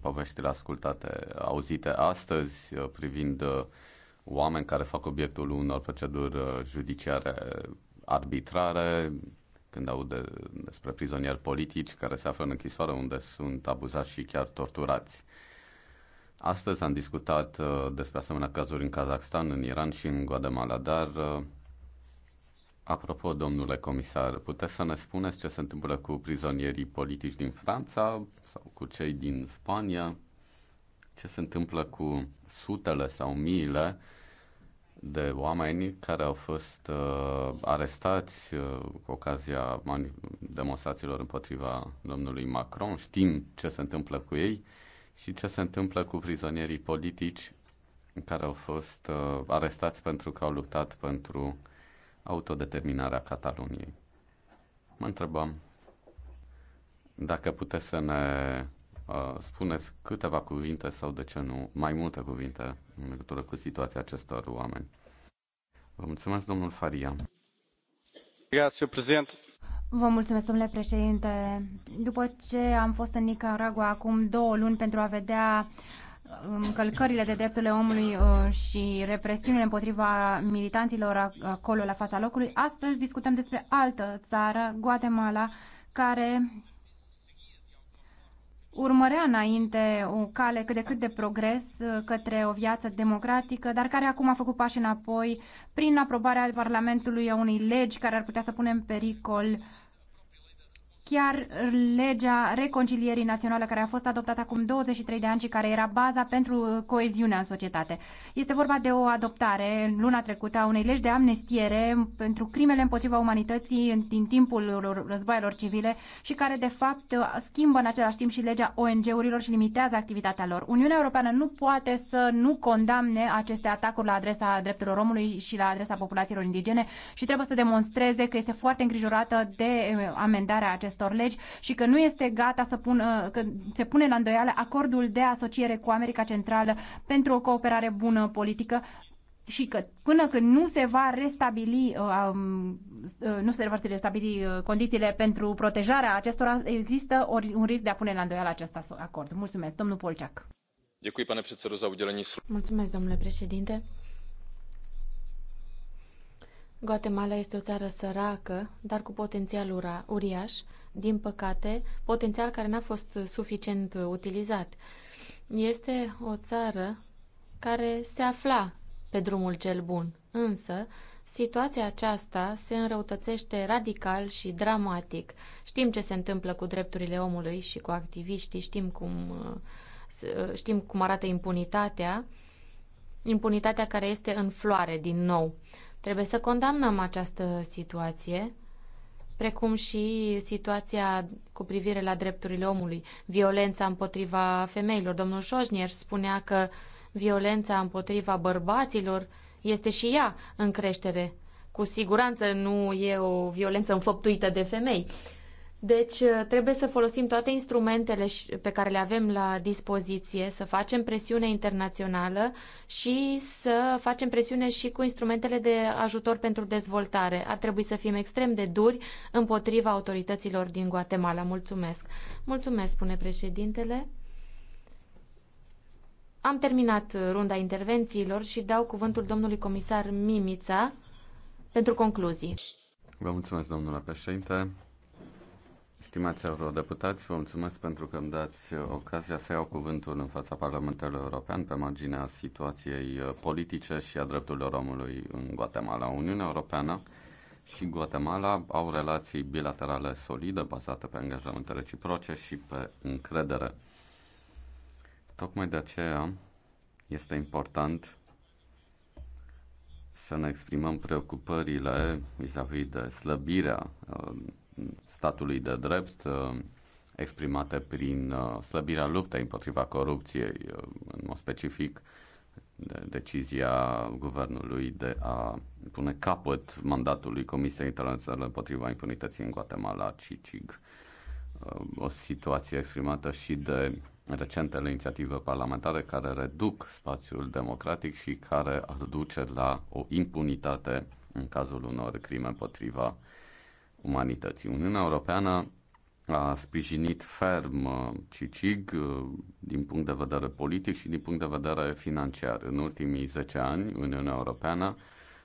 poveștile ascultate, auzite astăzi uh, privind oameni care fac obiectul unor proceduri judiciare arbitrare, când aud de, despre prizonieri politici care se află în închisoare unde sunt abuzați și chiar torturați. Astăzi am discutat despre asemenea cazuri în Kazakhstan, în Iran și în Guatemala, dar Apropo, domnule comisar, puteți să ne spuneți ce se întâmplă cu prizonierii politici din Franța sau cu cei din Spania? Ce se întâmplă cu sutele sau miile de oameni care au fost uh, arestați uh, cu ocazia demonstrațiilor împotriva domnului Macron? Știm ce se întâmplă cu ei și ce se întâmplă cu prizonierii politici care au fost uh, arestați pentru că au luptat pentru autodeterminarea Cataloniei. Mă întrebam dacă puteți să ne uh, spuneți câteva cuvinte sau de ce nu mai multe cuvinte în legătură cu situația acestor oameni. Vă mulțumesc, domnul Faria. Grazie, prezent. Vă mulțumesc, domnule președinte. După ce am fost în Nicaragua acum două luni pentru a vedea uh, încălcările de drepturile omului uh, și represiunile împotriva militanților acolo la fața locului. Astăzi discutăm despre altă țară, Guatemala, care urmărea înainte o cale cât de cât de progres uh, către o viață democratică, dar care acum a făcut pași înapoi prin aprobarea Parlamentului a unei legi care ar putea să pune în pericol uh, chiar legea reconcilierii naționale care a fost adoptată acum 23 de ani și care era baza pentru uh, coeziunea în societate. Este vorba de o adoptare luna trecută a unei legi de amnestiere pentru crimele împotriva umanității din timpul războaielor civile și care de fapt uh, schimbă în același timp și legea ONG-urilor și limitează activitatea lor. Uniunea Europeană nu poate să nu condamne aceste atacuri la adresa drepturilor omului și la adresa populațiilor indigene și trebuie să demonstreze că este foarte îngrijorată de uh, amendarea acestor acestor legi și că nu este gata să pună, că se pune la îndoială acordul de asociere cu America Centrală pentru o cooperare bună politică și că până când nu se va restabili, uh, um, uh, nu se vor restabili uh, condițiile pentru protejarea acestora, există un risc de a pune la îndoială acest acord. Mulțumesc, domnul Polceac. Mulțumesc, domnule președinte. Guatemala este o țară săracă, dar cu potențial ura, uriaș din păcate, potențial care n-a fost suficient utilizat. Este o țară care se afla pe drumul cel bun, însă situația aceasta se înrăutățește radical și dramatic. Știm ce se întâmplă cu drepturile omului și cu activiștii, știm cum, uh, știm cum arată impunitatea, impunitatea care este în floare din nou. Trebuie să condamnăm această situație precum și situația cu privire la drepturile omului, violența împotriva femeilor. Domnul Șoșnier spunea că violența împotriva bărbaților este și ea în creștere. Cu siguranță nu e o violență înfăptuită de femei. Uh, deci uh, trebuie să folosim toate instrumentele pe care le avem la dispoziție, să facem presiune internațională și să facem presiune și cu instrumentele de ajutor pentru dezvoltare. Ar trebui să fim extrem de duri împotriva autorităților din Guatemala. Mulțumesc. Mulțumesc, spune președintele. Am terminat runda intervențiilor și dau cuvântul domnului comisar Mimița pentru concluzii. Vă mulțumesc, domnule președinte. Stimați eurodeputați, vă mulțumesc pentru că îmi dați ocazia să iau cuvântul în fața Parlamentului European pe marginea situației politice și a drepturilor omului în Guatemala. Uniunea Europeană și Guatemala au relații bilaterale solide, bazate pe angajamente reciproce și pe încredere. Tocmai de aceea este important să ne exprimăm preocupările vis-a-vis -vis de slăbirea uh, statului de drept uh, exprimate prin uh, slăbirea luptei împotriva corupției, uh, în mod specific de decizia guvernului de a pune capăt mandatului Comisiei Internaționale împotriva impunității în Guatemala, CICIG. O situație exprimată și de recentele inițiative parlamentare care reduc spațiul democratic și care ar duce la o impunitate în cazul unor crime împotriva umanității. Uniunea Europeană a sprijinit ferm CICIG uh, uh, din punct de vedere politic și din punct de vedere financiar. În ultimii 10 ani, Uniunea Europeană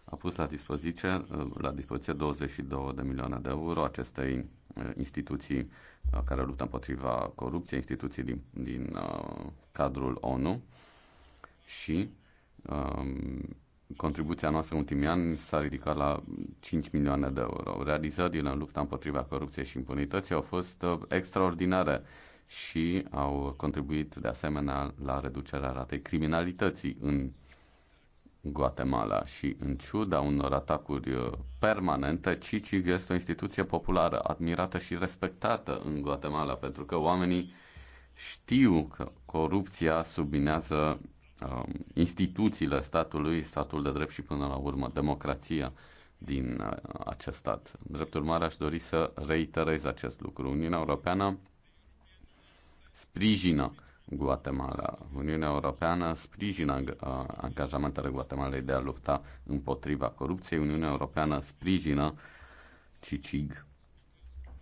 a pus la dispoziție, uh, la dispoziție 22 de milioane de euro acestei instituții care luptă împotriva corupției, instituții din, din cadrul ONU și um, contribuția noastră în ultimii ani s-a ridicat la 5 milioane de euro. Realizările în lupta împotriva corupției și impunității au fost uh, extraordinare și au contribuit de asemenea la reducerea ratei criminalității în Guatemala și în ciuda unor atacuri uh, permanente, CICIG este o instituție populară, admirată și respectată în Guatemala pentru că oamenii știu că corupția subminează Um, instituțiile statului, statul de drept și până la urmă democrația din uh, acest stat. Drept urmare, aș dori să reiterez acest lucru. Uniunea Europeană sprijină Guatemala. Uniunea Europeană sprijină uh, angajamentele Guatemalei de a lupta împotriva corupției. Uniunea Europeană sprijină CICIG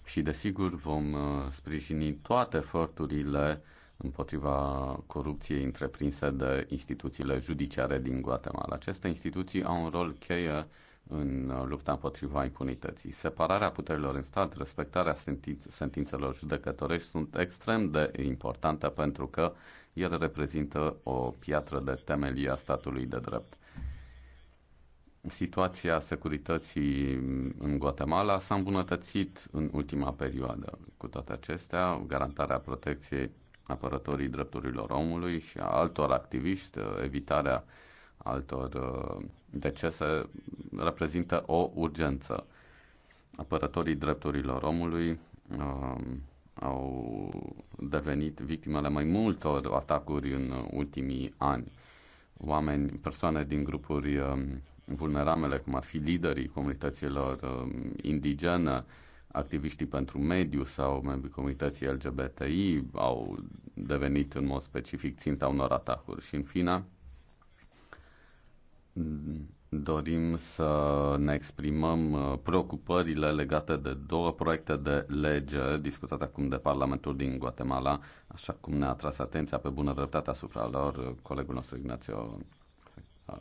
și, desigur, vom uh, sprijini toate eforturile uh, împotriva corupției întreprinse de instituțiile judiciare din Guatemala. Aceste instituții au un rol cheie în lupta împotriva impunității. Separarea puterilor în stat, respectarea sentințelor judecătorești sunt extrem de importante pentru că ele reprezintă o piatră de temelie a statului de drept. Situația securității în Guatemala s-a îmbunătățit în ultima perioadă. Cu toate acestea, garantarea protecției apărătorii drepturilor omului și a altor activiști, evitarea altor uh, decese reprezintă o urgență. Apărătorii drepturilor omului um, au devenit victimele mai multor atacuri în ultimii ani. Oameni, persoane din grupuri um, vulnerabile, cum ar fi liderii comunităților um, indigene, activiștii pentru mediu sau membrii comunității LGBTI au devenit în mod specific ținta unor atacuri. Și în fine, dorim să ne exprimăm uh, preocupările legate de două proiecte de lege discutate acum de Parlamentul din Guatemala, așa cum ne-a tras atenția pe bună dreptate asupra lor uh, colegul nostru Ignacio uh,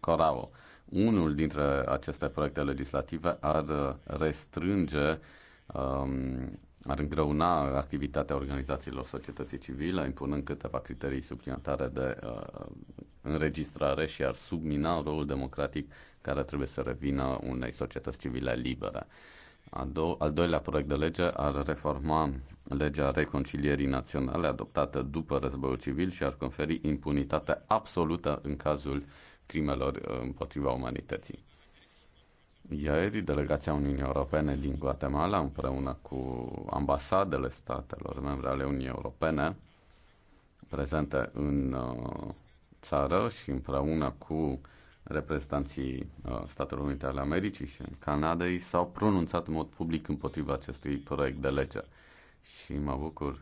Corao. Unul dintre aceste proiecte legislative ar uh, restrânge, um, ar îngreuna activitatea organizațiilor societății civile, impunând câteva criterii suplimentare de uh, înregistrare și ar submina rolul democratic care trebuie să revină unei societăți civile libere. do- al doilea proiect de lege ar reforma legea reconcilierii naționale adoptată după războiul civil și ar conferi impunitate absolută în cazul crimelor împotriva umanității. Ieri, delegația Uniunii Europene din Guatemala, împreună cu ambasadele statelor membre ale Uniunii Europene, prezente în uh, țară și împreună cu reprezentanții uh, Statelor Unite ale Americii și Canadei, s-au pronunțat în mod public împotriva acestui proiect de lege. Și mă bucur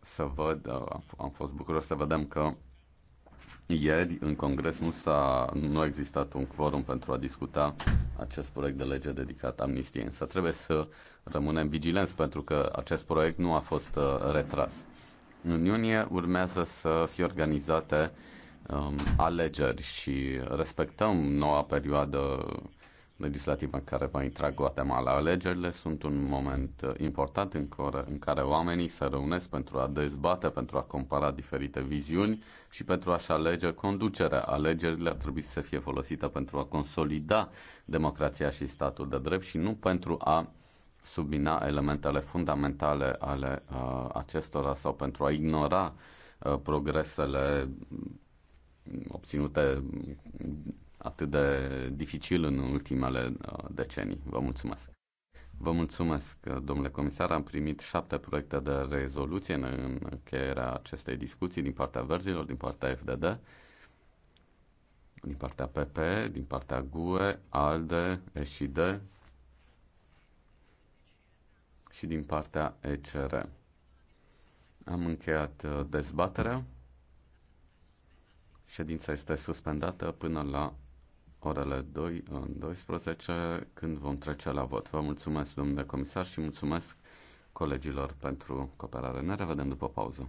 să văd, uh, am fost bucuros să vedem că ieri în Congres nu, s-a, nu a existat un quorum pentru a discuta acest proiect de lege dedicat amnistiei, însă trebuie să rămânem vigilenți pentru că acest proiect nu a fost uh, retras. În iunie urmează să fie organizate um, alegeri și respectăm noua perioadă legislativă care va intra Guatemala. Alegerile sunt un moment uh, important în care, în care oamenii se reunesc pentru a dezbate, pentru a compara diferite viziuni și pentru a-și alege conducerea. Alegerile ar trebui să fie folosite pentru a consolida democrația și statul de drept și nu pentru a submina elementele fundamentale ale uh, acestora sau pentru a ignora uh, progresele obținute atât de dificil în ultimele uh, decenii. Vă mulțumesc! Vă mulțumesc, uh, domnule comisar. Am primit șapte proiecte de rezoluție în încheierea acestei discuții din partea verzilor, din partea FDD, din partea PP, din partea GUE, ALDE, ESHID și din partea ECR. Am încheiat uh, dezbaterea. Ședința este suspendată până la orele 2 în 12 când vom trece la vot. Vă mulțumesc, domnule comisar, și mulțumesc colegilor pentru cooperare. Ne revedem după pauză.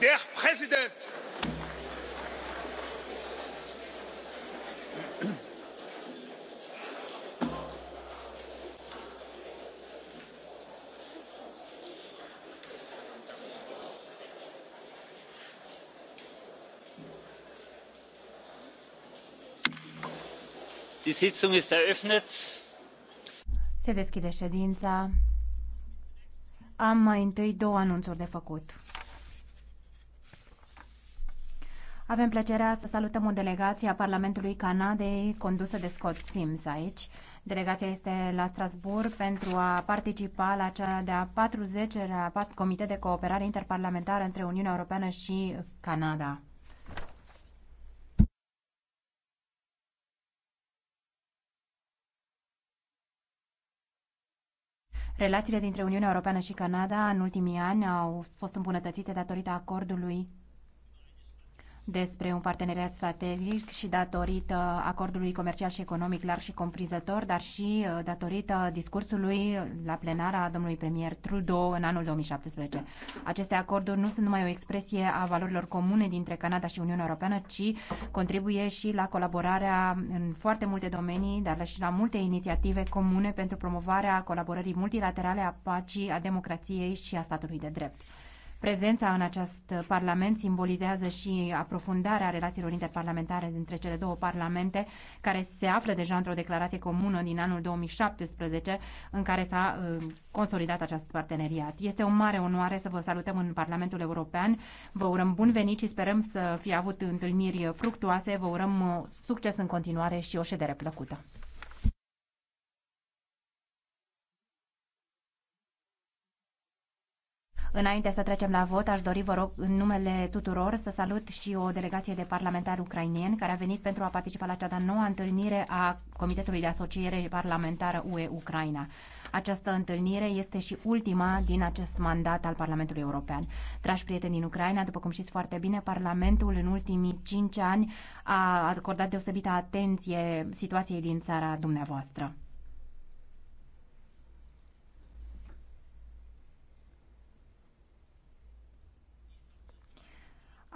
der präsident! die sitzung ist eröffnet. se deschide ședința. am mai întâi două anunțuri de făcut. Avem plăcerea să salutăm o delegație a Parlamentului Canadei condusă de Scott Sims aici. Delegația este la Strasbourg pentru a participa la cea de-a 40-lea Comite de Cooperare Interparlamentară între Uniunea Europeană și Canada. Relațiile dintre Uniunea Europeană și Canada în ultimii ani au fost îmbunătățite datorită acordului despre un parteneriat strategic și datorită acordului comercial și economic larg și comprinzător, dar și uh, datorită discursului la plenara a domnului premier Trudeau în anul 2017. Aceste acorduri nu sunt numai o expresie a valorilor comune dintre Canada și Uniunea Europeană, ci contribuie și la colaborarea în foarte multe domenii, dar și la multe inițiative comune pentru promovarea colaborării multilaterale a pacii, a democrației și a statului de drept. Prezența în acest parlament simbolizează și aprofundarea relațiilor interparlamentare dintre cele două parlamente, care se află deja într-o declarație comună din anul 2017, în care s-a uh, consolidat acest parteneriat. Este o mare onoare să vă salutăm în Parlamentul European. Vă urăm bun venit și sperăm să fi avut întâlniri fructuoase. Vă urăm uh, succes în continuare și o ședere plăcută. Înainte să trecem la vot, aș dori, vă rog, în numele tuturor, să salut și o delegație de parlamentari ucrainieni care a venit pentru a participa la cea de-a noua întâlnire a Comitetului de Asociere Parlamentară UE-Ucraina. Această întâlnire este și ultima din acest mandat al Parlamentului European. Dragi prieteni din Ucraina, după cum știți foarte bine, Parlamentul în ultimii cinci ani a acordat deosebită atenție situației din țara dumneavoastră.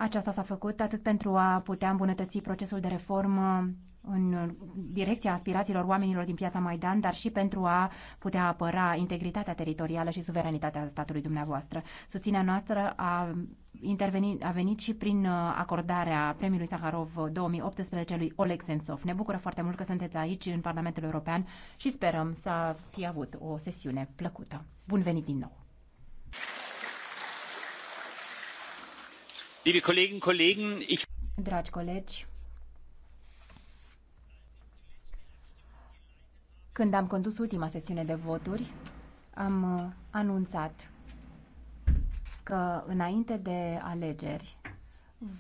Aceasta s-a făcut atât pentru a putea îmbunătăți procesul de reformă în direcția aspirațiilor oamenilor din piața Maidan, dar și pentru a putea apăra integritatea teritorială și suveranitatea statului dumneavoastră. Susținerea noastră a, intervenit, a venit și prin uh, acordarea premiului Saharov 2018 uh, lui Oleg Sensov. Ne bucură foarte mult că sunteți aici în Parlamentul European și sperăm să fi avut o sesiune plăcută. Bun venit din nou! Dragi colegi, când am condus ultima sesiune de voturi, am uh, anunțat că înainte de alegeri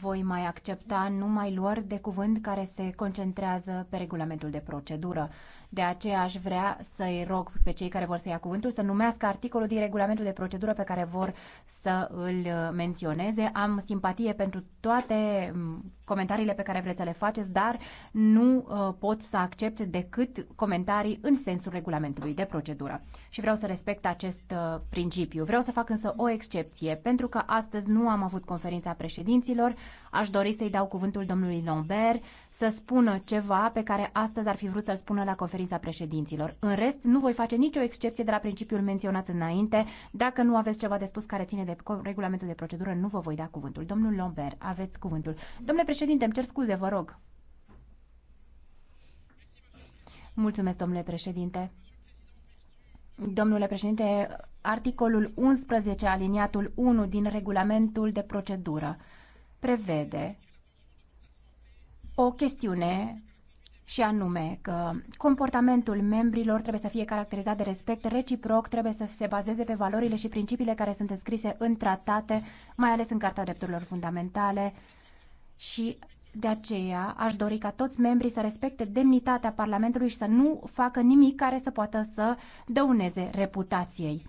voi mai accepta numai luări de cuvânt care se concentrează pe regulamentul de procedură. De aceea aș vrea să-i rog pe cei care vor să ia cuvântul să numească articolul din regulamentul de procedură pe care vor să îl menționeze. Am simpatie pentru toate mm, comentariile pe care vreți să le faceți, dar nu uh, pot să accept decât comentarii în sensul regulamentului de procedură. Și vreau să respect acest uh, principiu. Vreau să fac însă o excepție, pentru că astăzi nu am avut conferința președinților. Aș dori să-i dau cuvântul domnului Lambert să spună ceva pe care astăzi ar fi vrut să-l spună la conferința președinților. În rest, nu voi face nicio excepție de la principiul menționat înainte. Dacă nu aveți ceva de spus care ține de regulamentul de procedură, nu vă voi da cuvântul. Domnul Lomber, aveți cuvântul. Domnule președinte, îmi cer scuze, vă rog. Mulțumesc, domnule președinte. Domnule președinte, articolul 11, aliniatul 1 din regulamentul de procedură prevede o chestiune și anume că comportamentul membrilor trebuie să fie caracterizat de respect reciproc, trebuie să se bazeze pe valorile și principiile care sunt înscrise în tratate, mai ales în Carta Drepturilor Fundamentale și de aceea aș dori ca toți membrii să respecte demnitatea Parlamentului și să nu facă nimic care să poată să dăuneze reputației.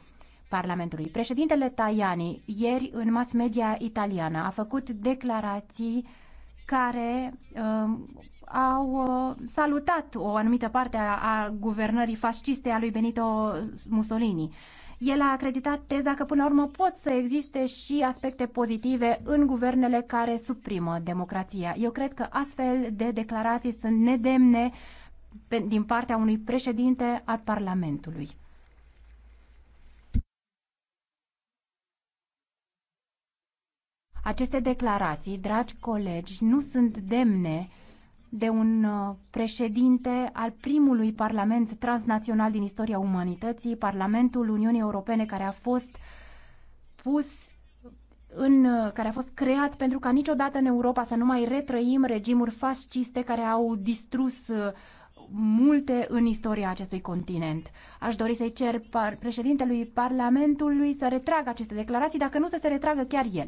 Parlamentului. Președintele Tajani, ieri în mass media italiană, a făcut declarații uh, care um, uh, au salutat o anumită parte a, a guvernării fasciste a lui Benito Mussolini. El a acreditat teza că, până la urmă, pot să existe și aspecte pozitive în guvernele care suprimă democrația. Eu cred că astfel de declarații sunt nedemne din partea unui președinte al Parlamentului. Aceste declarații, dragi colegi, nu sunt demne de un uh, președinte al primului parlament transnațional din istoria umanității, Parlamentul Uniunii Europene, care a fost pus în, uh, care a fost creat pentru ca niciodată în Europa să nu mai retrăim regimuri fasciste care au distrus uh, multe în istoria acestui continent. Aș dori să-i cer par, președintelui Parlamentului să retragă aceste declarații, dacă nu să se retragă chiar el.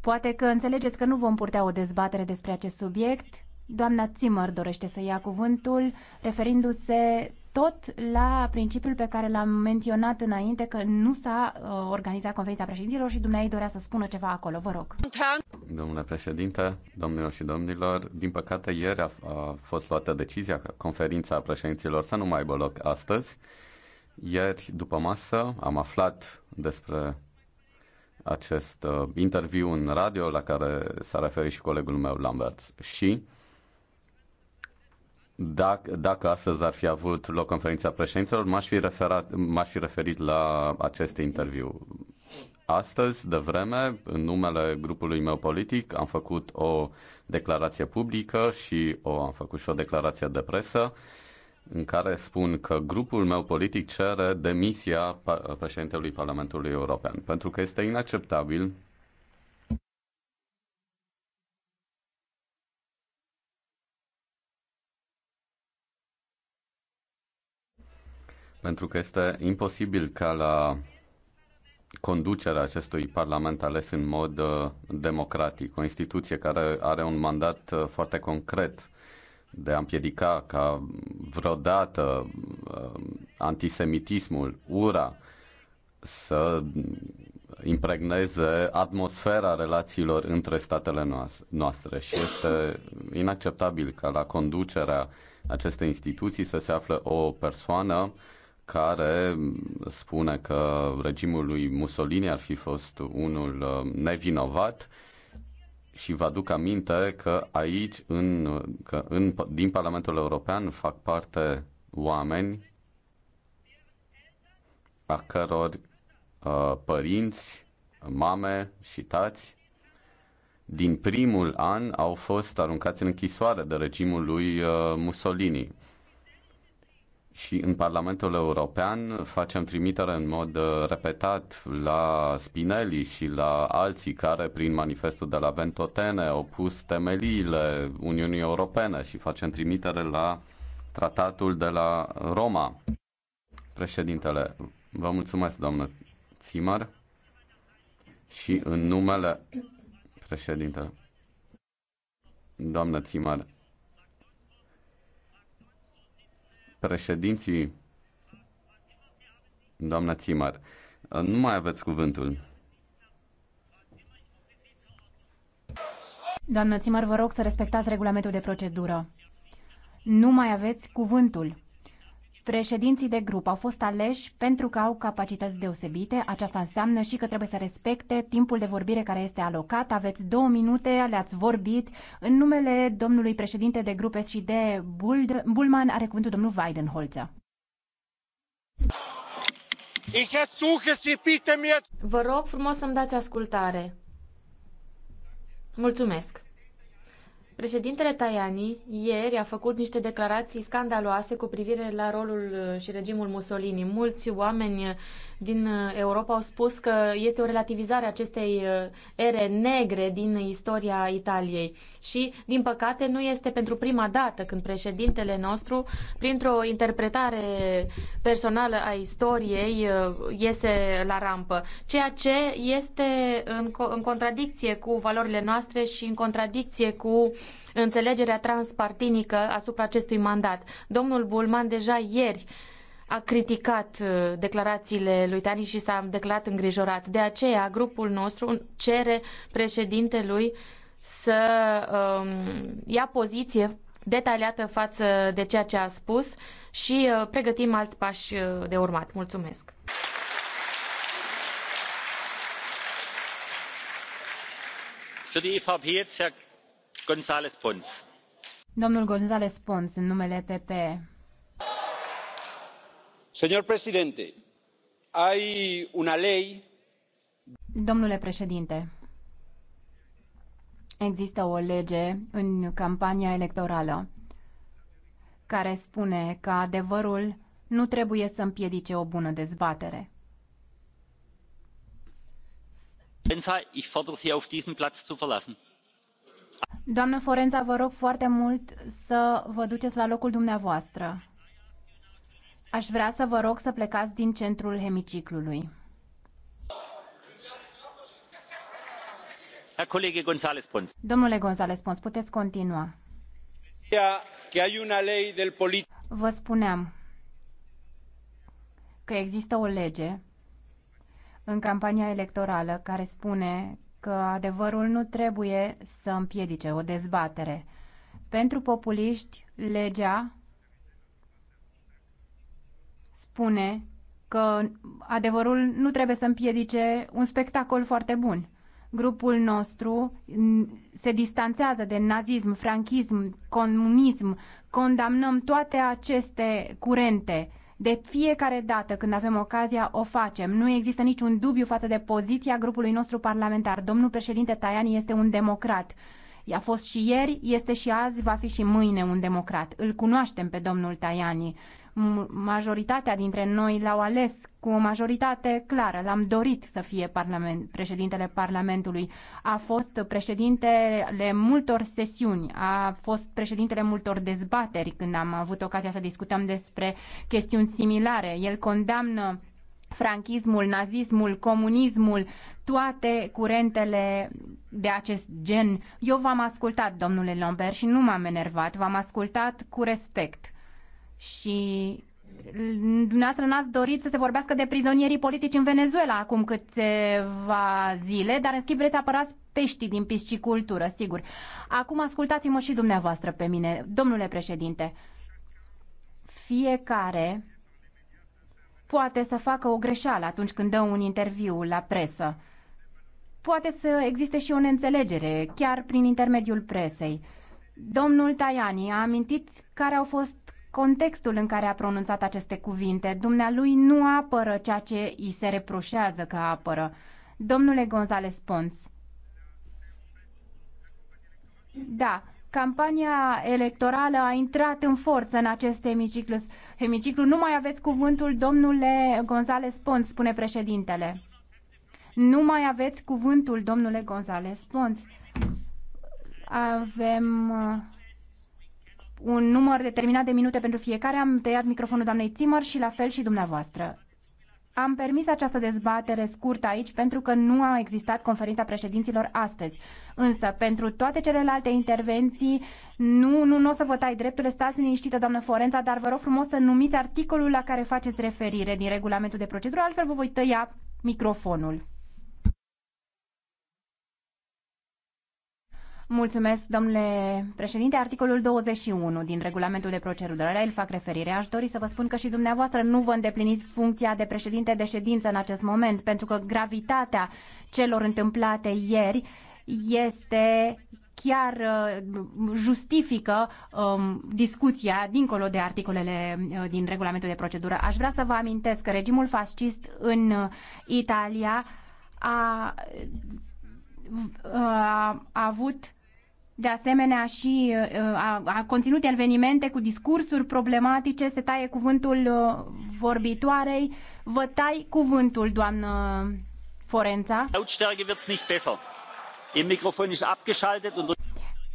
Poate că înțelegeți că nu vom purta o dezbatere despre acest subiect. Doamna Zimmer dorește să ia cuvântul, referindu-se tot la principiul pe care l-am menționat înainte, că nu s-a uh, organizat conferința președinților și dumneavoastră dorea să spună ceva acolo. Vă rog. Domnule președinte, domnilor și domnilor, din păcate ieri a, a fost luată decizia că conferința președinților să nu mai aibă loc astăzi. Ieri, după masă, am aflat despre acest uh, interviu în radio la care s-a referit și colegul meu Lamberts și dacă, dacă astăzi ar fi avut loc conferința președinților, m-aș fi, referat, m-aș fi referit la acest interviu. Astăzi, de vreme, în numele grupului meu politic, am făcut o declarație publică și o, am făcut și o declarație de presă uh, în care spun că grupul meu politic cere demisia președintelui Parlamentului European, pentru că este inacceptabil pentru că este imposibil ca la conducerea acestui parlament ales în mod uh, democratic, o instituție care are un mandat uh, foarte concret de a împiedica ca vreodată um, antisemitismul, ura, să impregneze atmosfera relațiilor între statele noastre și este inacceptabil ca la conducerea acestei instituții să se află o persoană care spune că regimul lui Mussolini ar fi fost unul um, nevinovat și vă aduc aminte că aici, în, că în, din Parlamentul European, fac parte oameni a căror uh, părinți, mame și tați, din primul an au fost aruncați în închisoare de regimul lui uh, Mussolini și în Parlamentul European facem trimitere în mod uh, repetat la Spinelli și la alții care prin manifestul de la Ventotene au pus temeliile Uniunii Europene și facem trimitere la tratatul de la Roma. Președintele, vă mulțumesc, doamnă Țimar, și în numele președintele. Doamnă Țimar, președinții, doamna Țimar, nu mai aveți cuvântul. Doamna Țimar, vă rog să respectați regulamentul de procedură. Nu mai aveți cuvântul. Președinții de grup au fost aleși pentru că au capacități deosebite. Aceasta înseamnă și că trebuie să respecte timpul de vorbire care este alocat. Aveți două minute, le-ați vorbit. În numele domnului președinte de grup SD, Buld, Bulman, are cuvântul domnul Weidenholzer. Vă rog frumos să-mi dați ascultare. Mulțumesc. Președintele Tajani ieri a făcut niște declarații scandaloase cu privire la rolul uh, și regimul Mussolini. Mulți oameni uh, din uh, Europa au spus că este o relativizare a acestei ere negre din istoria Italiei. Și, din păcate, nu este pentru prima dată când președintele nostru, printr-o interpretare personală a istoriei, iese la rampă. Ceea ce este în, co- în contradicție cu valorile noastre și în contradicție cu înțelegerea transpartinică asupra acestui mandat. Domnul Bulman deja ieri a criticat uh, declarațiile lui Tani și s-a declarat îngrijorat. De aceea, grupul nostru cere președintelui să um, ia poziție detaliată față de ceea ce a spus și uh, pregătim alți pași uh, de urmat. Mulțumesc! Für die EVP jetzt Herr González Pons. Domnul Pons, numele Señor presidente, hay una ley. Domnule președinte, există o lege în campania electorală care spune că adevărul nu trebuie să împiedice o bună dezbatere. Ich fordere Sie auf diesen Platz zu verlassen. Doamnă Forența, vă rog foarte mult să vă duceți la locul dumneavoastră. Aș vrea să vă rog să plecați din centrul hemiciclului. González -Pons. Domnule González Pons, puteți continua. Vă spuneam că există o lege în campania electorală care spune că adevărul nu trebuie să împiedice o dezbatere. Pentru populiști, legea spune că adevărul nu trebuie să împiedice un spectacol foarte bun. Grupul nostru se distanțează de nazism, franchism, comunism, condamnăm toate aceste curente de fiecare dată când avem ocazia, o facem. Nu există niciun dubiu față de poziția grupului nostru parlamentar. Domnul președinte Tajani este un democrat. A fost și ieri, este și azi, va fi și mâine un democrat. Îl cunoaștem pe domnul Tajani majoritatea dintre noi l-au ales cu o majoritate clară. L-am dorit să fie parlament, președintele Parlamentului. A fost președintele multor sesiuni, a fost președintele multor dezbateri când am avut ocazia să discutăm despre chestiuni similare. El condamnă franchismul, nazismul, comunismul, toate curentele de acest gen. Eu v-am ascultat, domnule Lombert, și nu m-am enervat, v-am ascultat cu respect și dumneavoastră n-ați dorit să se vorbească de prizonierii politici în Venezuela acum câteva zile, dar în schimb vreți apărați peștii din piscicultură, sigur. Acum ascultați-mă și dumneavoastră pe mine, domnule președinte. Fiecare poate să facă o greșeală atunci când dă un interviu la presă. Poate să existe și o neînțelegere, chiar prin intermediul presei. Domnul Tajani a amintit care au fost contextul în care a pronunțat aceste cuvinte. Dumnealui nu apără ceea ce îi se reproșează că apără. Domnule Gonzales Pons, da, campania electorală a intrat în forță în acest hemiciclu. hemiciclu. Nu mai aveți cuvântul, domnule Gonzales Pons, spune președintele. Nu mai aveți cuvântul, domnule Gonzales Pons. Avem uh, un număr determinat de minute pentru fiecare. Am tăiat microfonul doamnei Zimmer și la fel și dumneavoastră. Am permis această dezbatere scurtă aici pentru că nu a existat conferința președinților astăzi. Însă, pentru toate celelalte intervenții, nu, nu, nu o să vă tai drepturile, stați liniștită, doamnă Forența, dar vă rog frumos să numiți articolul la care faceți referire din regulamentul de procedură, altfel vă voi tăia microfonul. Mulțumesc, domnule președinte. Articolul 21 din regulamentul de procedură, la el fac referire. Aș dori să vă spun că și dumneavoastră nu vă îndepliniți funcția de președinte de ședință în acest moment, pentru că gravitatea celor întâmplate ieri este chiar uh, justifică um, discuția dincolo de articolele uh, din regulamentul de procedură. Aș vrea să vă amintesc că regimul fascist în uh, Italia a a, a avut de asemenea și uh, a, a conținut evenimente cu discursuri problematice, se taie cuvântul uh, vorbitoarei. Vă tai cuvântul, doamnă Forența.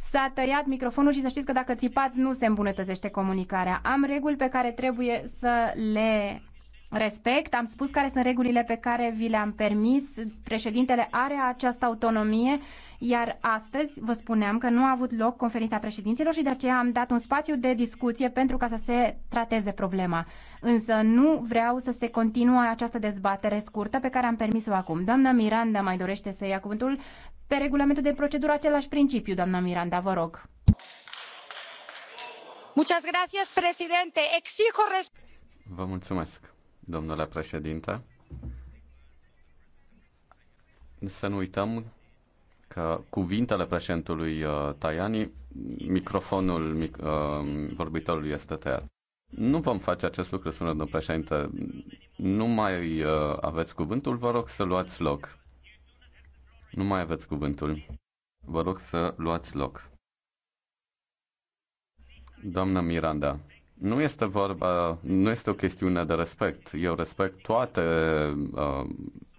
S-a tăiat microfonul și să știți că dacă țipați nu se îmbunătățește comunicarea. Am reguli pe care trebuie să le respect, am spus care sunt regulile pe care vi le-am permis. Președintele are această autonomie, iar astăzi vă spuneam că nu a avut loc conferința președinților și de aceea am dat un spațiu de discuție pentru ca să se trateze problema. Însă nu vreau să se continue această dezbatere scurtă pe care am permis-o acum. Doamna Miranda mai dorește să ia cuvântul pe regulamentul de procedură același principiu, doamna Miranda, vă rog. Muchas gracias, presidente. Exijo Vă mulțumesc domnule președinte. Să nu uităm că cuvintele președintelui uh, Tajani, microfonul mic, uh, vorbitorului este tăiat. Nu vom face acest lucru, spune domnul președinte. Nu mai uh, aveți cuvântul, vă rog să luați loc. Nu mai aveți cuvântul. Vă rog să luați loc. Doamna Miranda, nu este vorba, nu este o chestiune de respect. Eu respect toate uh,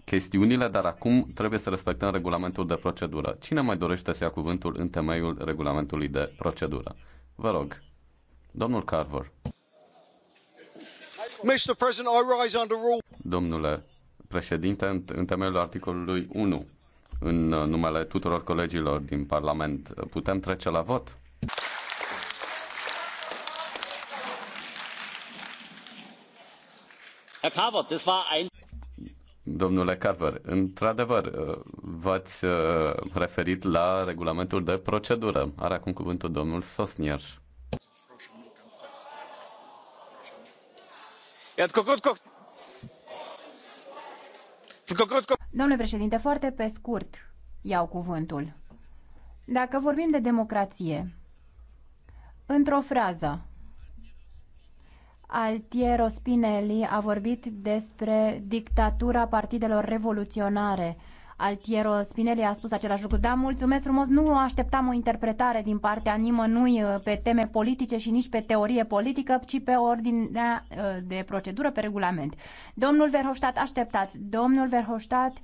chestiunile, dar acum trebuie să respectăm regulamentul de procedură. Cine mai dorește să ia cuvântul în temeiul regulamentului de procedură? Vă rog, domnul Carver. Mr. President, I rise under rule. Domnule președinte, în, în temeiul articolului 1, în numele tuturor colegilor din Parlament, putem trece la vot? Domnule Carver, într-adevăr, uh, v-ați uh, referit la regulamentul de procedură. Are acum cuvântul domnul Sosnier. Domnule președinte, foarte pe scurt iau cuvântul. Dacă vorbim de democrație, într-o frază, Altiero Spinelli a vorbit despre dictatura partidelor revoluționare. Altiero Spinelli a spus același lucru. Da, mulțumesc frumos, nu așteptam o interpretare din partea nimănui uh, pe teme politice și nici pe teorie politică, ci pe ordinea uh, de procedură, pe regulament. Domnul Verhofstadt, așteptați. Domnul Verhofstadt,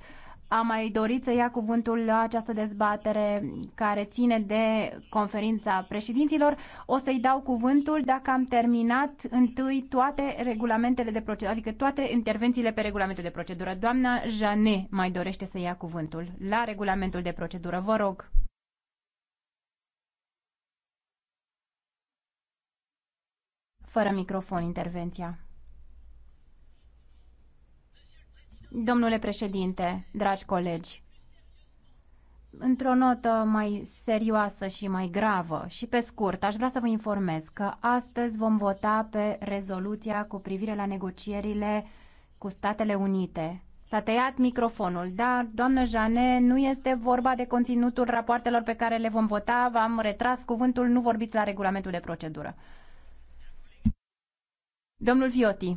a mai dorit să ia cuvântul la această dezbatere care ține de conferința președinților. O să-i dau cuvântul dacă am terminat întâi toate regulamentele de procedură, adică toate intervențiile pe regulamentul de procedură. Doamna Jane mai dorește să ia cuvântul la regulamentul de procedură. Vă rog. Fără microfon intervenția. Domnule președinte, dragi colegi, într-o notă mai serioasă și mai gravă și pe scurt, aș vrea să vă informez că astăzi vom vota pe rezoluția cu privire la negocierile cu Statele Unite. S-a tăiat microfonul, dar, doamnă Jane, nu este vorba de conținutul rapoartelor pe care le vom vota, v-am retras cuvântul, nu vorbiți la regulamentul de procedură. Domnul Vioti.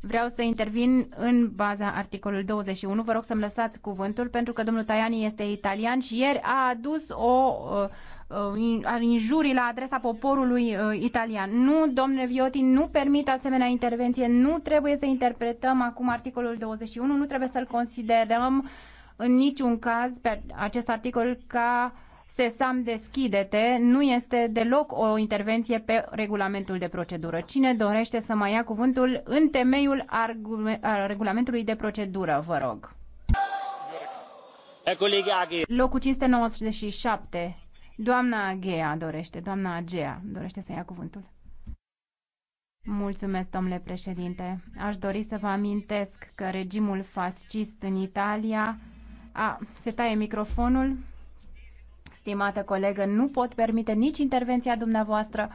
Vreau să intervin în baza articolului 21. Vă rog să-mi lăsați cuvântul pentru că domnul Tajani este italian și ieri a adus o uh, uh, injurii la adresa poporului uh, italian. Nu, domnule Vioti, nu permit asemenea intervenție. Nu trebuie să interpretăm acum articolul 21. Nu trebuie să-l considerăm în niciun caz pe acest articol ca uh, Sesam deschide-te nu este deloc o intervenție pe regulamentul de procedură. Cine dorește să mai ia cuvântul în temeiul regulamentului de procedură, vă rog. Locul 597. Doamna Agea dorește, doamna Agea dorește să ia cuvântul. Mulțumesc, domnule președinte. Aș dori să vă amintesc că regimul fascist în Italia... A, se taie microfonul stimată colegă, nu pot permite nici intervenția dumneavoastră.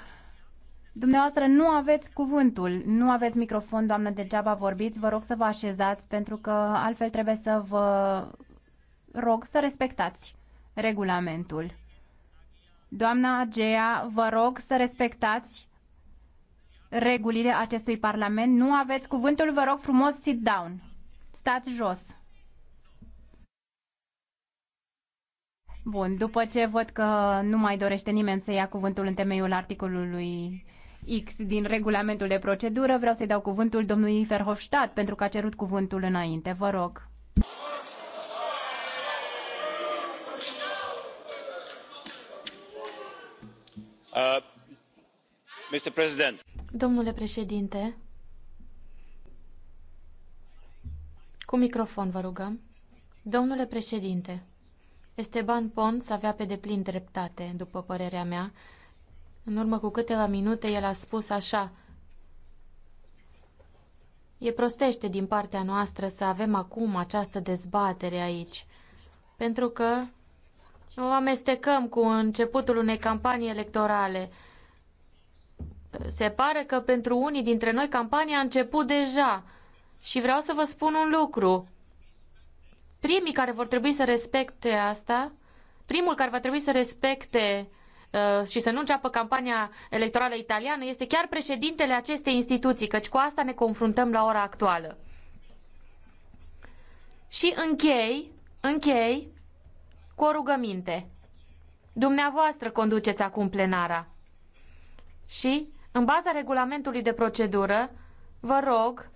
Dumneavoastră nu aveți cuvântul, nu aveți microfon, doamnă, degeaba vorbiți. Vă rog să vă așezați pentru că altfel trebuie să vă rog să respectați regulamentul. Doamna Agea, vă rog să respectați regulile acestui parlament. Nu aveți cuvântul, vă rog frumos, sit down. Stați jos. Bun, după ce văd că nu mai dorește nimeni să ia cuvântul în temeiul articolului X din regulamentul de procedură, vreau să-i dau cuvântul domnului Ferhofstadt pentru că a cerut cuvântul înainte. Vă rog. Uh, Mr. President. Domnule președinte, cu microfon vă rugăm. Domnule președinte, Esteban Pons avea pe deplin dreptate, după părerea mea. În urmă cu câteva minute, el a spus așa. E prostește din partea noastră să avem acum această dezbatere aici, pentru că o amestecăm cu începutul unei campanii electorale. Se pare că pentru unii dintre noi campania a început deja. Și vreau să vă spun un lucru primii care vor trebui să respecte asta, primul care va trebui să respecte uh, și să nu înceapă campania electorală italiană este chiar președintele acestei instituții, căci cu asta ne confruntăm la ora actuală. Și închei, închei cu o rugăminte. Dumneavoastră conduceți acum plenara. Și, în baza regulamentului de procedură, vă rog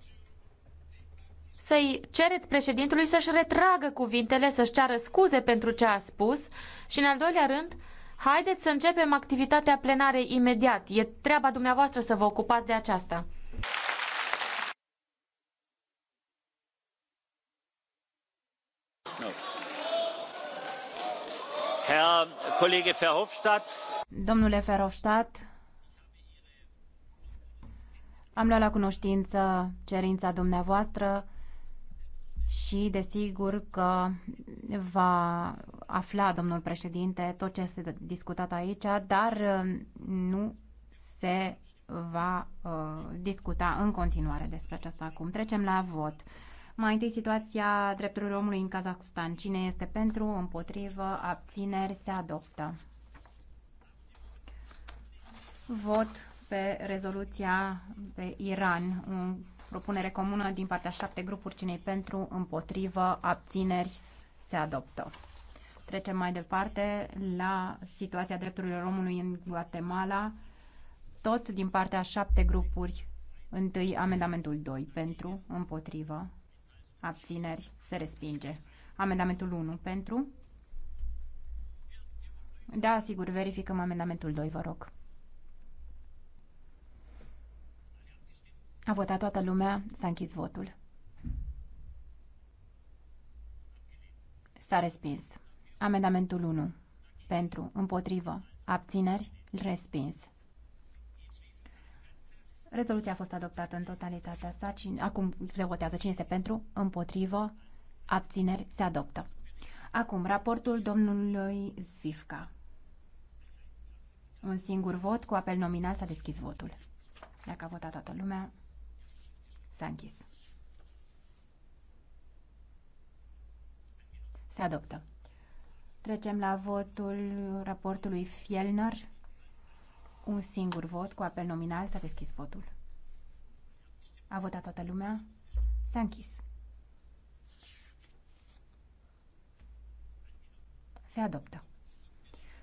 să-i cereți președintelui să-și retragă cuvintele, să-și ceară scuze pentru ce a spus și, în al doilea rând, haideți să începem activitatea plenare imediat. E treaba dumneavoastră să vă ocupați de aceasta. Herr Kollege Verhofstadt. Domnule Verhofstadt, am luat la cunoștință cerința dumneavoastră și desigur că va afla domnul președinte tot ce este discutat aici, dar uh, nu se va uh, discuta în continuare despre aceasta acum. Trecem la vot. Mai întâi situația drepturilor omului în Kazakhstan. Cine este pentru, împotrivă, abțineri, se adoptă. Vot pe rezoluția pe Iran. Un Propunere comună din partea șapte grupuri cinei pentru, împotrivă, abțineri, se adoptă. Trecem mai departe la situația drepturilor omului în Guatemala. Tot din partea șapte grupuri. Întâi amendamentul 2 pentru, împotrivă, abțineri, se respinge. Amendamentul 1 pentru. Da, sigur, verificăm amendamentul 2, vă rog. A votat toată lumea, s-a închis votul. S-a respins. Amendamentul 1. Pentru, împotrivă, abțineri, respins. Rezoluția a fost adoptată în totalitatea sa. Cine, acum se votează cine este pentru, împotrivă, abțineri, se adoptă. Acum, raportul domnului Zvifka. Un singur vot cu apel nominal s-a deschis votul. Dacă a votat toată lumea, S-a închis. Se adoptă. Trecem la votul raportului Fielner. Un singur vot cu apel nominal. S-a deschis votul. A votat toată lumea. S-a închis. Se adoptă.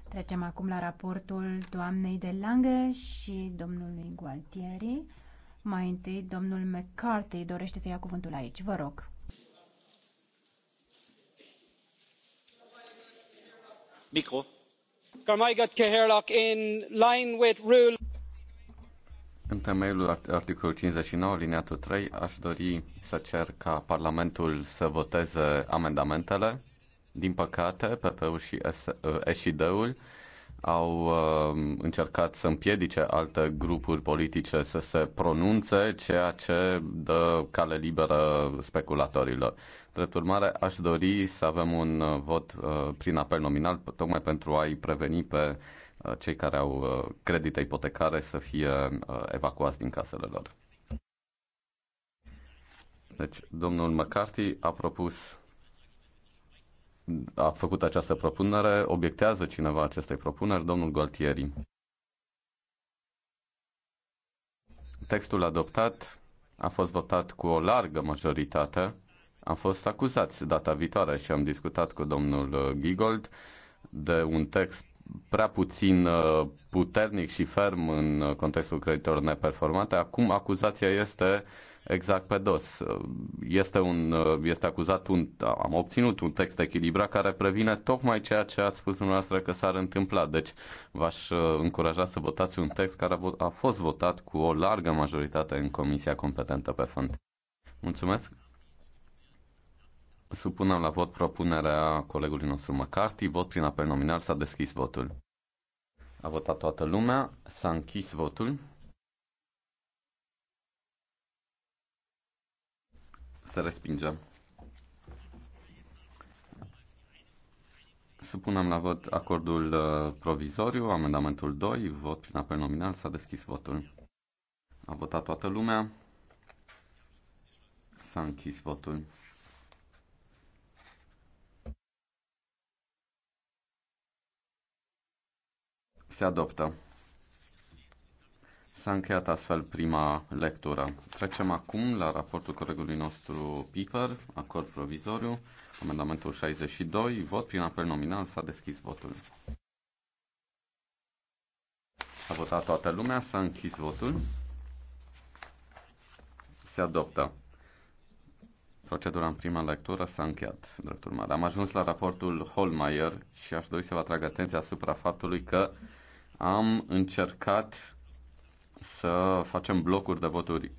Trecem acum la raportul doamnei de Lange și domnului Gualtieri mai întâi, domnul McCarthy dorește să ia cuvântul aici. Vă rog. Micro. În temeiul articolului 59, liniatul 3, aș dori să cer ca Parlamentul să voteze amendamentele. Din păcate, PP-ul și SID-ul uh, au um, încercat să împiedice alte grupuri politice să se pronunțe, ceea ce dă cale liberă speculatorilor. Drept urmare, aș dori să avem un uh, vot uh, prin apel nominal, tocmai pentru a-i preveni pe uh, cei care au credite ipotecare să fie evacuați din casele lor. Deci, domnul McCarthy a propus a făcut această propunere. Obiectează cineva acestei propuneri? Domnul Gualtieri. Textul adoptat a fost votat cu o largă majoritate. Am fost acuzați data viitoare și am discutat cu domnul Gigold de un text prea puțin uh, puternic și ferm în contextul creditorilor neperformante. Acum acuzația este uh, exact pe dos. Este, un, este acuzat un, am obținut un text echilibrat care previne tocmai ceea ce ați spus dumneavoastră că s-ar întâmpla. Deci v-aș uh, încuraja să votați un text care a, fost votat cu o largă majoritate în comisia competentă pe fond. Mulțumesc. Supunem la vot propunerea colegului nostru McCarthy. Vot prin apel nominal s-a deschis votul. A votat toată lumea, s-a închis votul. Se respinge. Supunem la vot acordul uh, provizoriu, amendamentul 2, vot prin apel nominal, s-a deschis votul. A votat toată lumea. S-a închis votul. Se adoptă. S-a încheiat astfel prima lectură. Trecem acum la raportul colegului nostru Piper, acord provizoriu, amendamentul 62, vot prin apel nominal, s-a deschis votul. A votat toată lumea, s-a închis votul. Se adoptă. Procedura în prima lectură s-a încheiat, drept urmare. Am ajuns la raportul Holmeier și aș dori să vă atrag atenția asupra faptului că am încercat să facem blocuri de voturi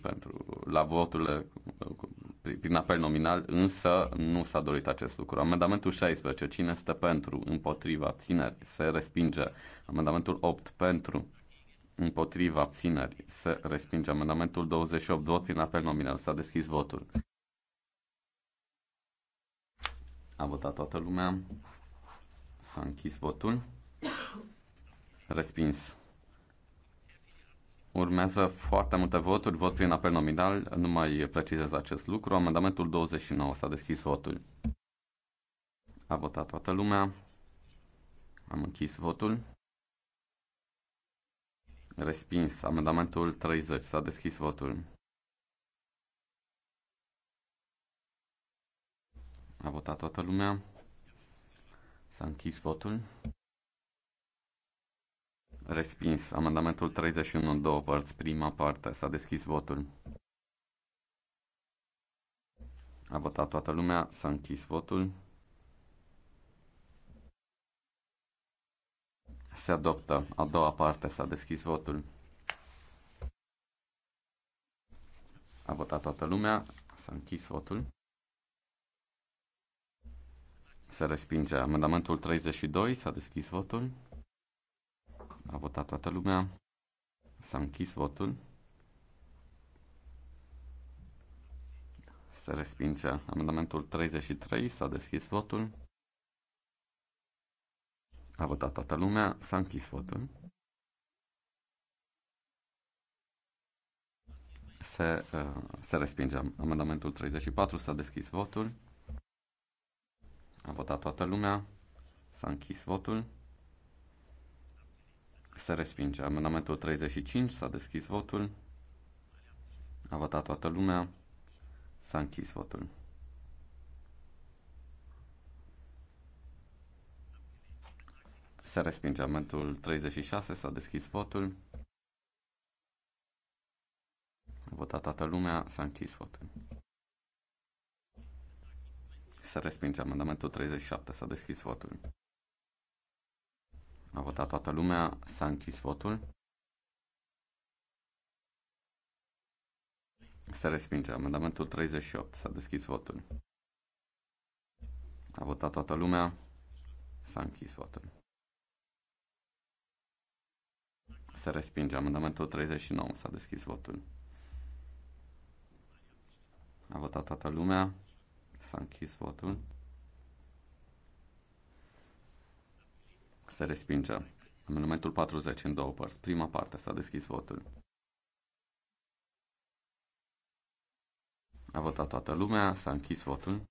pentru, la voturile prin apel nominal, însă nu s-a dorit acest lucru. Amendamentul 16, cine este pentru, împotriva, abțineri, se respinge. Amendamentul 8, pentru, împotriva, abțineri, se respinge. Amendamentul 28, vot prin apel nominal, s-a deschis votul. A votat toată lumea, s-a închis votul, respins. Urmează foarte multe voturi, vot prin apel nominal, nu mai precizez acest lucru. Amendamentul 29 s-a deschis votul. A votat toată lumea. Am închis votul. Respins. Amendamentul 30 s-a deschis votul. A votat toată lumea. S-a închis votul. Respins. Amendamentul 31 în două părți. Prima parte. S-a deschis votul. A votat toată lumea. S-a închis votul. Se adoptă. A doua parte. S-a deschis votul. A votat toată lumea. S-a închis votul. Se respinge. Amendamentul 32. S-a deschis votul. A votat toată lumea. S-a închis votul. Se respinge amendamentul 33. S-a deschis votul. A votat toată lumea. S-a închis votul. Se, uh, se respinge amendamentul 34. S-a deschis votul. A votat toată lumea. S-a închis votul. Se respinge. Amendamentul 35. S-a deschis votul. A votat toată lumea. S-a închis votul. Se respinge. Amendamentul 36. S-a deschis votul. A votat toată lumea. S-a închis votul. Se respinge. Amendamentul 37. S-a deschis votul. A votat toată lumea, s-a închis votul. Se respinge. Amendamentul 38. S-a deschis votul. A votat toată lumea. S-a închis votul. Se respinge. Amendamentul 39. S-a deschis votul. A votat toată lumea. S-a închis votul. Se respinge. Amendamentul 40 în două părți. Prima parte s-a deschis votul. A votat toată lumea, s-a închis votul.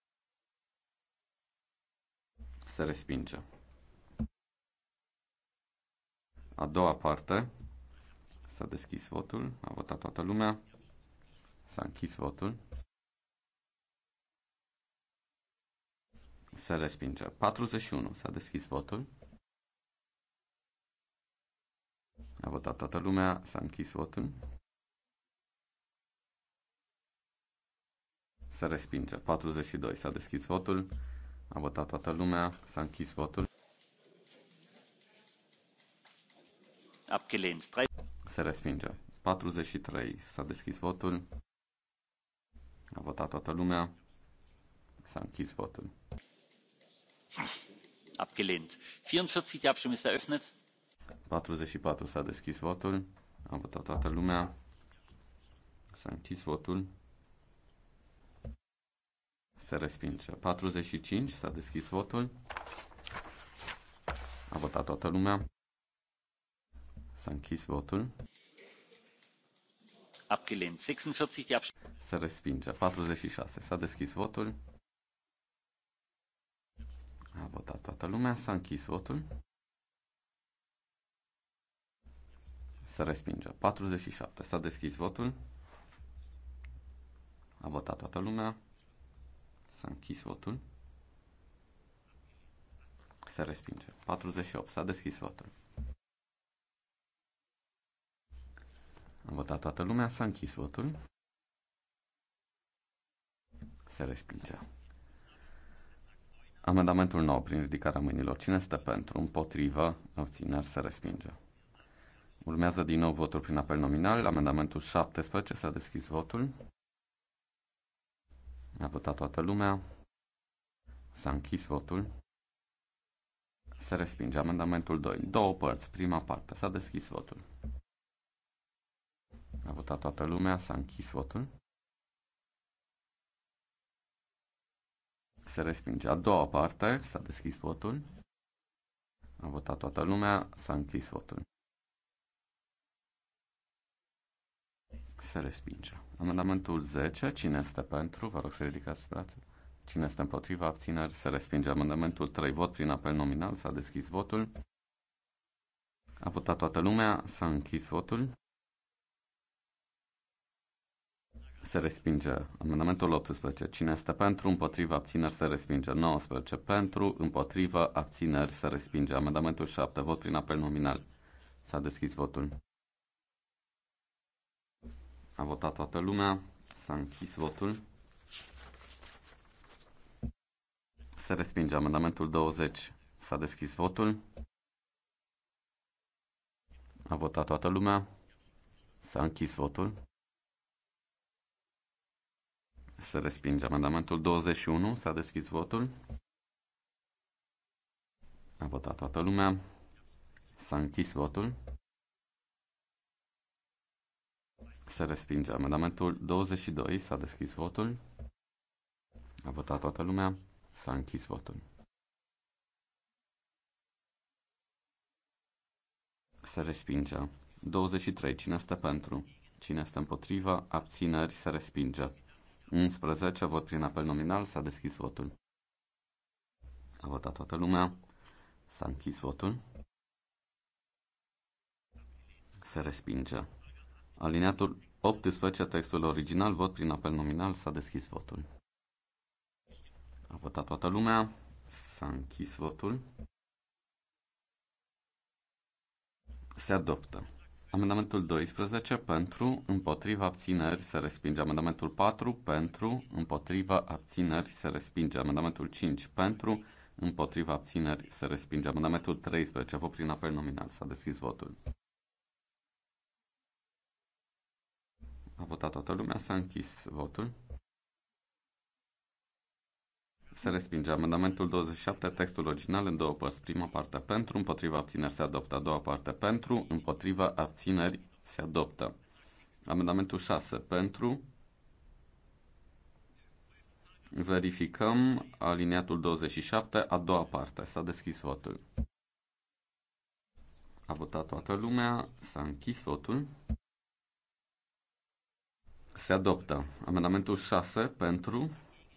Se respinge. A doua parte s-a deschis votul, a votat toată lumea, s-a închis votul. Se respinge. 41 s-a deschis votul. A votat toată lumea, s-a închis votul. Se respinge. 42. S-a deschis votul. A votat toată lumea. S-a închis votul. Abgelehnt. Se respinge. 43. S-a deschis votul. A votat toată lumea. S-a închis votul. Abgelehnt. 44. Die Abstimmung ist eröffnet. 44 s-a deschis votul. A votat toată lumea. S-a închis votul. Se respinge. 45 s-a deschis votul. A votat toată lumea. S-a închis votul. Abgelehnt. 46 Se respinge. 46 s-a deschis votul. A votat toată lumea. S-a închis votul. Se respinge. 47. S-a deschis votul. A votat toată lumea. S-a închis votul. Se respinge. 48. S-a deschis votul. A votat toată lumea. S-a închis votul. Se respinge. Amendamentul nou prin ridicarea mâinilor. Cine este pentru? Împotrivă? Obțineri? Se respinge. Urmează din nou votul prin apel nominal. Amendamentul 17 s-a deschis votul. A votat toată lumea. S-a închis votul. Se respinge amendamentul 2. Două părți. Prima parte. S-a deschis votul. A votat toată lumea. S-a închis votul. Se respinge a doua parte. S-a deschis votul. A votat toată lumea. S-a închis votul. Se respinge. Amendamentul 10. Cine este pentru? Vă rog să ridicați brațul. Cine este împotriva? Abțineri. Se respinge. Amendamentul 3. Vot prin apel nominal. S-a deschis votul. A votat toată lumea. S-a închis votul. Se respinge. Amendamentul 18. Cine este pentru? Împotriva abțineri se respinge. 19. Pentru, împotriva abțineri se respinge. Amendamentul 7. Vot prin apel nominal. S-a deschis votul. A votat toată lumea. S-a închis votul. Se respinge amendamentul 20. S-a deschis votul. A votat toată lumea. S-a închis votul. Se respinge amendamentul 21. S-a deschis votul. A votat toată lumea. S-a închis votul. Se respinge. Amendamentul 22. S-a deschis votul. A votat toată lumea. S-a închis votul. Se respinge. 23. Cine este pentru? Cine este împotriva? Abțineri. Se respinge. 11. Vot prin apel nominal. S-a deschis votul. A votat toată lumea. S-a închis votul. Se respinge. Alineatul 18, textul original, vot prin apel nominal, s-a deschis votul. A votat toată lumea, s-a închis votul. Se adoptă. Amendamentul 12 pentru, împotriva abțineri se respinge. Amendamentul 4 pentru, împotriva abțineri se respinge. Amendamentul 5 pentru, împotriva abțineri se respinge. Amendamentul 13, vot prin apel nominal, s-a deschis votul. A votat toată lumea, s-a închis votul. Se respinge amendamentul 27, textul original în două părți. Prima parte pentru, împotriva abțineri se adoptă. A doua parte pentru, împotriva abțineri se adoptă. Amendamentul 6 pentru. Verificăm aliniatul 27, a doua parte. S-a deschis votul. A votat toată lumea, s-a închis votul. Se adoptă. Amendamentul 6 pentru,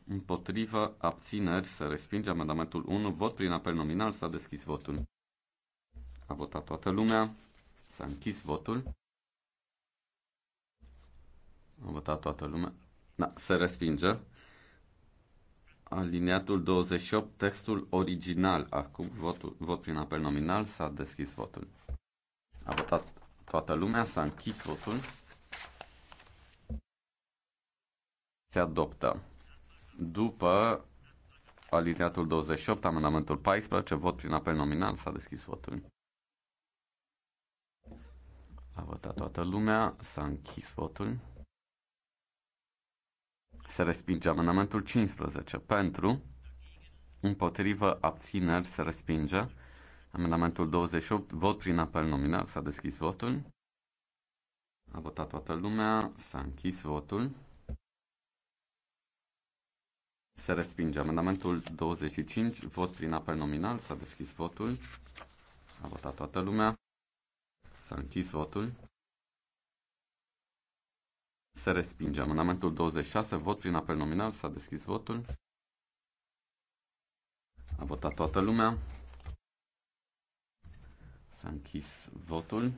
împotrivă, abțineri, se respinge. Amendamentul 1, vot prin apel nominal, s-a deschis votul. A votat toată lumea, s-a închis votul. A votat toată lumea. Da, se respinge. Aliniatul 28, textul original. Acum votul, vot prin apel nominal, s-a deschis votul. A votat toată lumea, s-a închis votul. Se adoptă. După alineatul 28, amendamentul 14, vot prin apel nominal, s-a deschis votul. A votat toată lumea, s-a închis votul. Se respinge amendamentul 15 pentru, împotrivă, abțineri, se respinge. Amendamentul 28, vot prin apel nominal, s-a deschis votul. A votat toată lumea, s-a închis votul. Se respinge. Amendamentul 25, vot prin apel nominal. S-a deschis votul. A votat toată lumea. S-a închis votul. Se respinge. Amendamentul 26, vot prin apel nominal. S-a deschis votul. A votat toată lumea. S-a închis votul.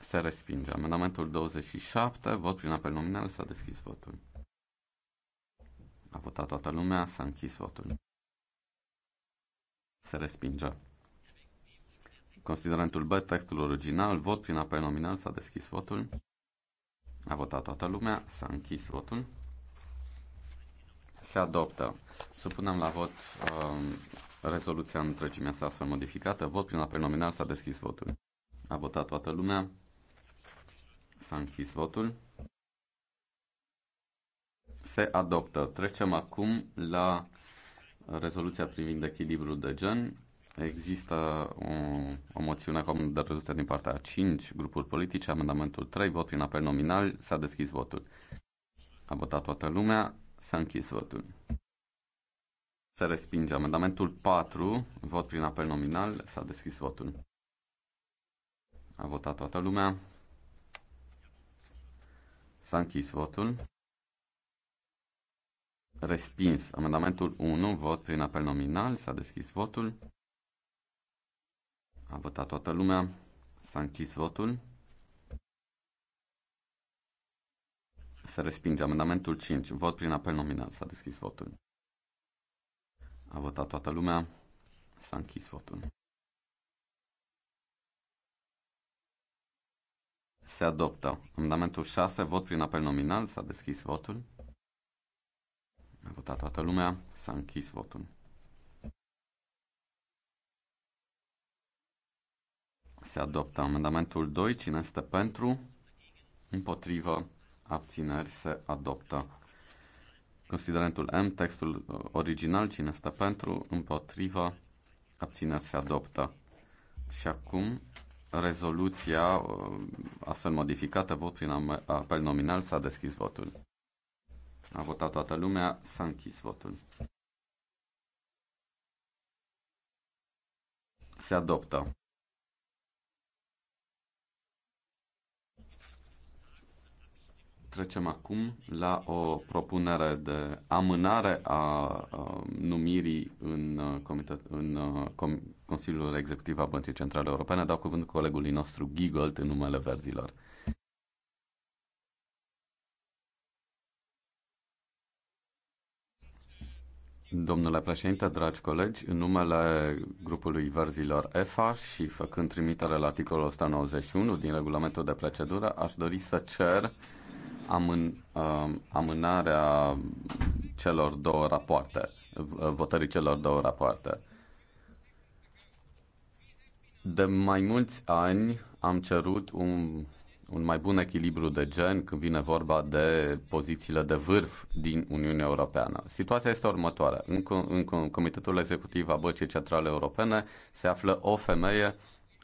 Se respinge. Amendamentul 27, vot prin apel nominal. S-a deschis votul. A votat toată lumea, s-a închis votul. Se respinge. Considerentul B, textul original, vot prin apel nominal, s-a deschis votul. A votat toată lumea, s-a închis votul. Se adoptă. Supunem la vot um, rezoluția întregimea sa astfel modificată. Vot prin apel nominal, s-a deschis votul. A votat toată lumea, s-a închis votul se adoptă. Trecem acum la rezoluția privind echilibrul de gen. Există o, o moțiune comună de rezoluție din partea a 5 grupuri politice, amendamentul 3, vot prin apel nominal, s-a deschis votul. A votat toată lumea, s-a închis votul. Se respinge amendamentul 4, vot prin apel nominal, s-a deschis votul. A votat toată lumea. S-a închis votul. Respins. Amendamentul 1, vot prin apel nominal. S-a deschis votul. A votat toată lumea. S-a închis votul. Se respinge. Amendamentul 5, vot prin apel nominal. S-a deschis votul. A votat toată lumea. S-a închis votul. Se adoptă. Amendamentul 6, vot prin apel nominal. S-a deschis votul. A votat toată lumea, s-a închis votul. Se adoptă amendamentul 2. Cine este pentru? Împotrivă. Abțineri se adoptă. Considerentul M, textul uh, original, cine este pentru? Împotrivă. Abțineri se adoptă. Și acum rezoluția uh, astfel modificată, vot prin apel nominal, s-a deschis votul. A votat toată lumea, s-a închis votul. Se adoptă. Trecem acum la o propunere de amânare a numirii în, uh, comitet, în uh, Consiliul Executiv al Băncii Centrale Europene. Dau cuvântul colegului nostru Giggold în numele verzilor. Domnule președinte, dragi colegi, în numele grupului verzilor EFA și făcând trimitere la articolul 191 din regulamentul de procedură, aș dori să cer amân, uh, amânarea celor două rapoarte, votării celor două rapoarte. De mai mulți ani am cerut un un mai bun echilibru de gen când vine vorba de pozițiile de vârf din Uniunea Europeană. Situația este următoarea. În, în Comitetul Executiv a Băcii Centrale Europene se află o femeie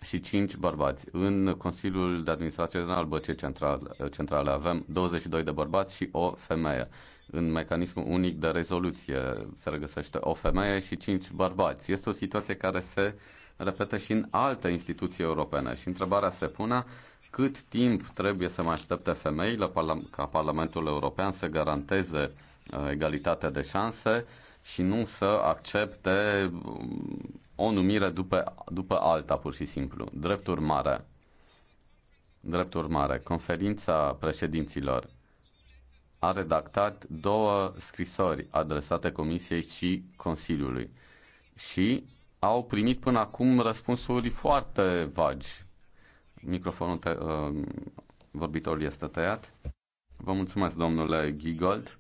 și cinci bărbați. În Consiliul de Administrație General al Băcii Centrale, Centrale avem 22 de bărbați și o femeie. În mecanismul unic de rezoluție se regăsește o femeie și cinci bărbați. Este o situație care se repetă și în alte instituții europene și întrebarea se pune cât timp trebuie să mai aștepte femeile ca Parlamentul European să garanteze uh, egalitatea de șanse și nu să accepte um, o numire după, după alta, pur și simplu. Drept urmare, drept urmare, conferința președinților a redactat două scrisori adresate Comisiei și Consiliului și au primit până acum răspunsuri foarte vagi Microfonul te- uh, vorbitorului este tăiat. Vă mulțumesc, domnule Gigold.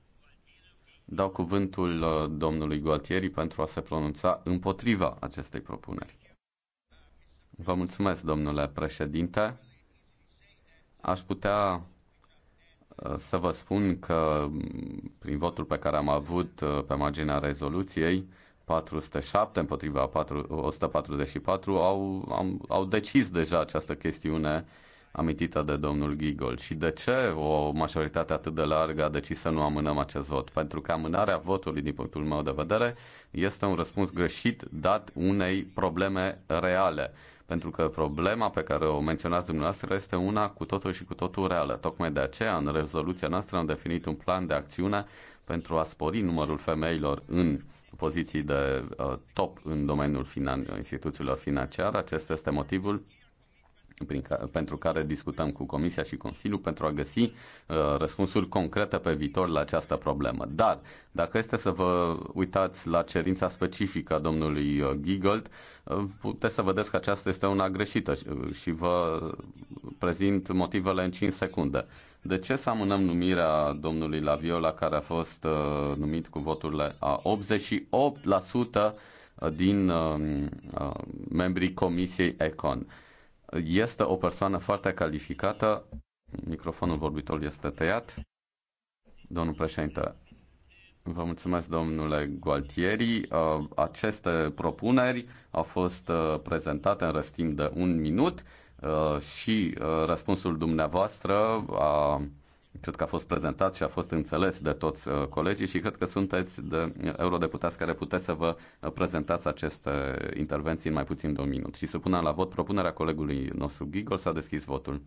Dau cuvântul uh, domnului Gualtieri pentru a se pronunța împotriva acestei propuneri. Vă mulțumesc, domnule președinte. Aș putea uh, să vă spun că prin votul pe care am avut uh, pe marginea rezoluției, 407 împotriva 144 au, am, au decis deja această chestiune amintită de domnul Gigol. Și de ce o majoritate atât de largă a decis să nu amânăm acest vot? Pentru că amânarea votului, din punctul meu de vedere, este un răspuns greșit dat unei probleme reale. Pentru că problema pe care o menționați dumneavoastră este una cu totul și cu totul reală. Tocmai de aceea, în rezoluția noastră, am definit un plan de acțiune pentru a spori numărul femeilor în poziții de uh, top în domeniul finan- instituțiilor financiare. Acesta este motivul prin ca, pentru care discutăm cu Comisia și Consiliul pentru a găsi uh, răspunsuri concrete pe viitor la această problemă. Dar, dacă este să vă uitați la cerința specifică a domnului uh, Giggold, uh, puteți să vedeți că aceasta este una greșită și, uh, și vă prezint motivele în 5 secunde. Uh, de ce să amânăm numirea domnului Laviola, care a fost uh, numit cu voturile a 88% uh, din uh, uh, membrii Comisiei Econ? Este o persoană foarte calificată. Microfonul vorbitorului este tăiat. Domnul președinte, Vă mulțumesc, domnule Gualtieri. Uh, aceste propuneri au fost uh, prezentate în răstim de un minut. Uh, și uh, răspunsul dumneavoastră a cred că a fost prezentat și a fost înțeles de toți uh, colegii și cred că sunteți de eurodeputați care puteți să vă prezentați aceste intervenții în mai puțin de un minut. Și supunem la vot propunerea colegului nostru Gigol s-a deschis votul.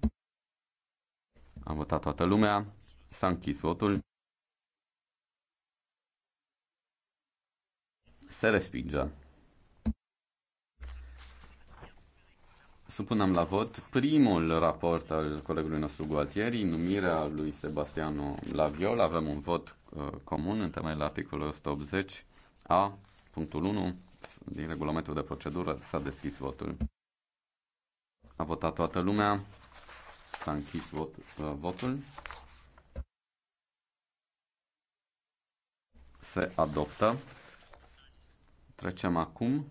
Am votat toată lumea, s-a închis votul. Se respinge. Supunem la vot primul raport al colegului nostru Gualtieri, numirea lui Sebastiano Laviol. Avem un vot uh, comun în la articolul 180 a punctul 1 din regulamentul de procedură. S-a deschis votul. A votat toată lumea. S-a închis vot, uh, votul. Se adoptă. Trecem acum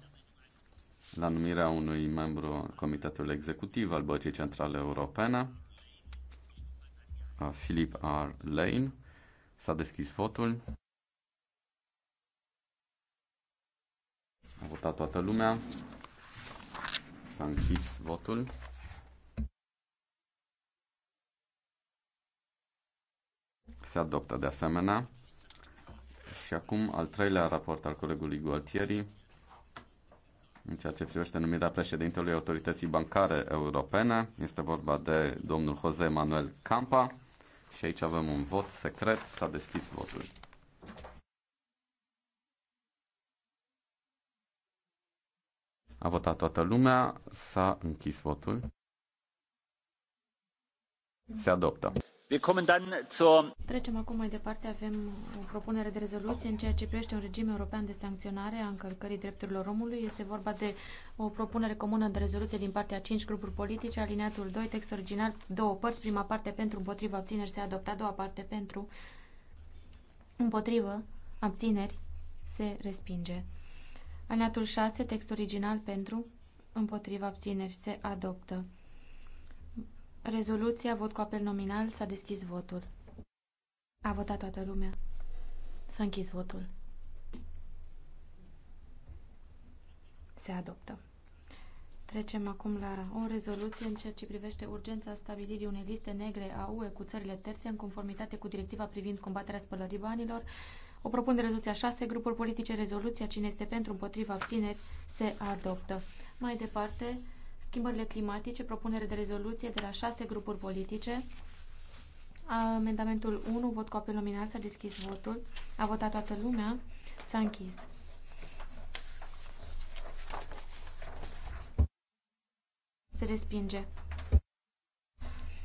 la numirea unui membru Comitetului Executiv al Băncii Centrale Europene, Philip R. Lane. S-a deschis votul. A votat toată lumea. S-a închis votul. Se adoptă de asemenea. Și acum al treilea raport al colegului Gualtieri, în ceea ce privește numirea președintelui Autorității Bancare Europene. Este vorba de domnul Jose Manuel Campa și aici avem un vot secret. S-a deschis votul. A votat toată lumea, s-a închis votul. Se adoptă. Trecem acum mai departe. Avem o propunere de rezoluție în ceea ce privește un regim european de sancționare a încălcării drepturilor omului. Este vorba de o propunere comună de rezoluție din partea cinci grupuri politice, alineatul 2, text original, două părți, prima parte pentru, împotriva, abțineri, se adopta, a doua parte pentru, împotrivă, abțineri, se respinge. Alineatul 6, text original pentru, împotriva, abțineri, se adoptă. Rezoluția, vot cu apel nominal, s-a deschis votul. A votat toată lumea. S-a închis votul. Se adoptă. Trecem acum la o rezoluție în ceea ce privește urgența stabilirii unei liste negre a UE cu țările terțe în conformitate cu directiva privind combaterea spălării banilor. O propun de rezoluția 6, grupuri politice, rezoluția cine este pentru, împotriva, abțineri, se adoptă. Mai departe, schimbările climatice, propunere de rezoluție de la șase grupuri politice. Amendamentul 1, vot cu apel nominal, s-a deschis votul. A votat toată lumea, s-a închis. Se respinge.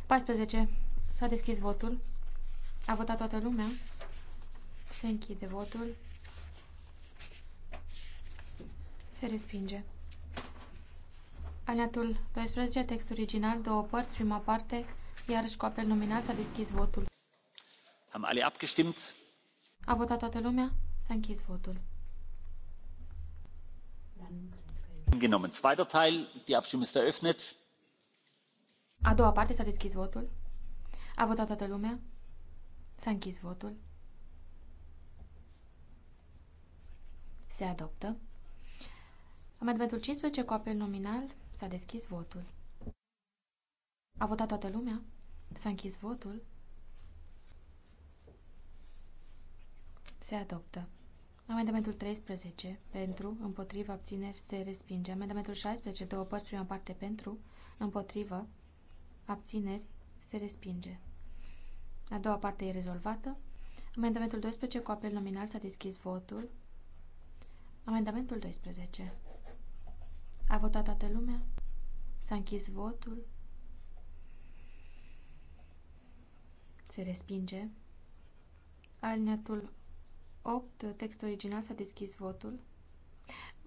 14. S-a deschis votul. A votat toată lumea. Se închide votul. Se respinge. Aliatul 12, text original, două părți, prima parte, iarăși cu apel nominal s-a deschis votul. Am alle abgestimmt? A votat toată lumea? S-a închis votul. Genommen. Zweiter Teil, die Abstimmung ist eröffnet. A doua parte s-a deschis votul. A votat toată lumea? S-a închis votul. Se adoptă. Amendamentul 15 cu apel nominal S-a deschis votul. A votat toată lumea? S-a închis votul? Se adoptă. Amendamentul 13 pentru, împotriva, abțineri, se respinge. Amendamentul 16, două părți, prima parte pentru, împotrivă, abțineri, se respinge. A doua parte e rezolvată. Amendamentul 12 cu apel nominal s-a deschis votul. Amendamentul 12. A votat toată lumea? S-a închis votul? Se respinge. Alineatul 8, text original, s-a deschis votul.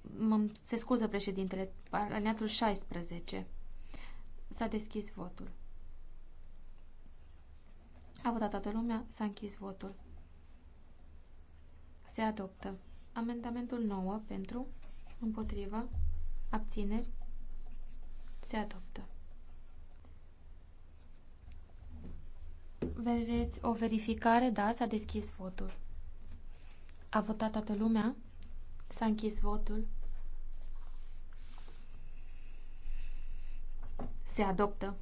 M se scuză președintele, alineatul 16. S-a deschis votul. A votat toată lumea, s-a închis votul. Se adoptă. Amendamentul 9 pentru, împotrivă, abțineri se adoptă. Vedeți o verificare? Da, s-a deschis votul. A votat toată lumea? S-a închis votul. Se adoptă.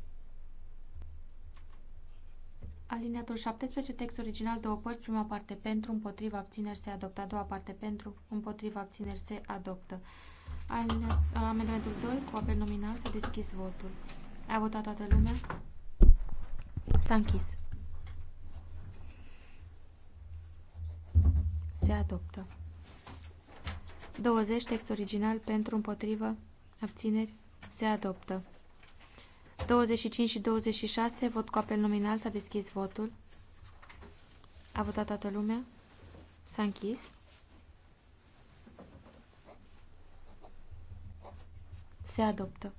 Alineatul 17, text original, două părți, prima parte pentru, împotriva, abțineri, se adoptă, a doua parte pentru, împotriva, abțineri, se adoptă. Uh, amendamentul 2 cu apel nominal s-a deschis votul. A votat toată lumea? S-a închis. Se adoptă. 20 text original pentru împotrivă abțineri se adoptă. 25 și 26 vot cu apel nominal s-a deschis votul. A votat toată lumea? S-a închis. se adoptă.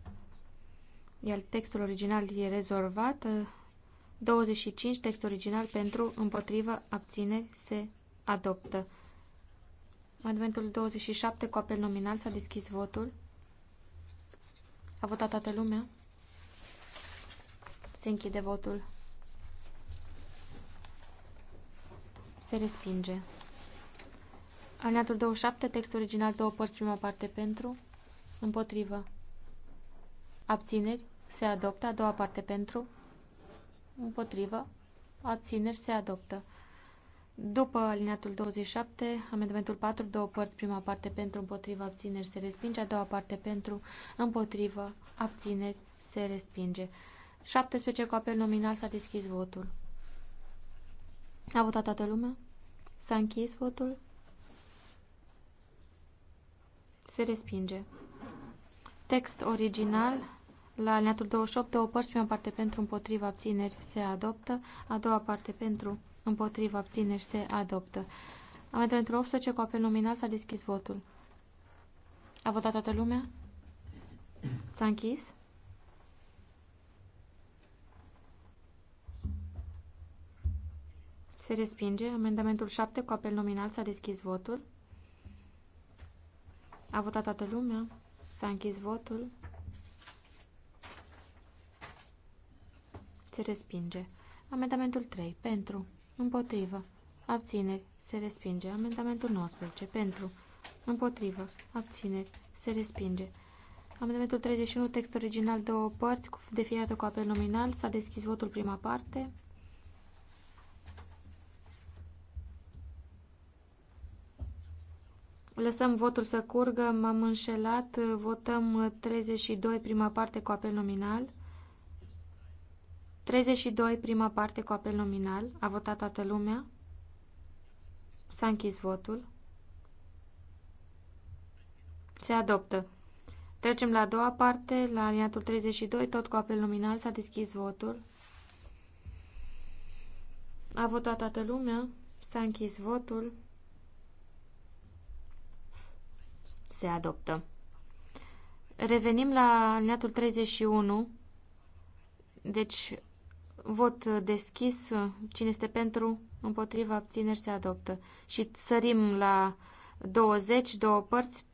Iar textul original e rezolvat. 25, text original pentru, împotrivă, abține se adoptă. Amendamentul 27 cu apel nominal s-a deschis votul. A votat toată lumea. Se închide votul. Se respinge. Alineatul 27, text original, două părți, prima parte pentru, împotrivă, abțineri, se adoptă. A doua parte pentru, împotrivă, abțineri, se adoptă. După alineatul 27, amendamentul 4, două părți, prima parte pentru, împotrivă, abțineri, se respinge, a doua parte pentru, împotrivă, abțineri, se respinge. 17 cu apel nominal s-a deschis votul. A votat toată lumea? S-a închis votul? Se respinge. Text original la alineatul 28, două părți, prima parte pentru, împotriva, abțineri, se adoptă. A doua parte pentru, împotriva, abțineri, se adoptă. Amendamentul 18 cu apel nominal s-a deschis votul. A votat toată lumea? S-a închis? Se respinge. Amendamentul 7 cu apel nominal s-a deschis votul. A votat toată lumea? S-a închis votul? se respinge. Amendamentul 3. Pentru. Împotrivă. Abțineri. Se respinge. Amendamentul 19. Pentru. Împotrivă. Abțineri. Se respinge. Amendamentul 31. Text original. Două părți. De fiată cu apel nominal. S-a deschis votul prima parte. Lăsăm votul să curgă. M-am înșelat. Votăm 32 prima parte cu apel nominal. 32, prima parte cu apel nominal. A votat toată lumea. S-a închis votul. Se adoptă. Trecem la a doua parte, la aliniatul 32, tot cu apel nominal. S-a deschis votul. A votat toată lumea. S-a închis votul. Se adoptă. Revenim la aliniatul 31. Deci, Vot deschis. Cine este pentru? Împotriva abțineri se adoptă. Și sărim la 20, două părți.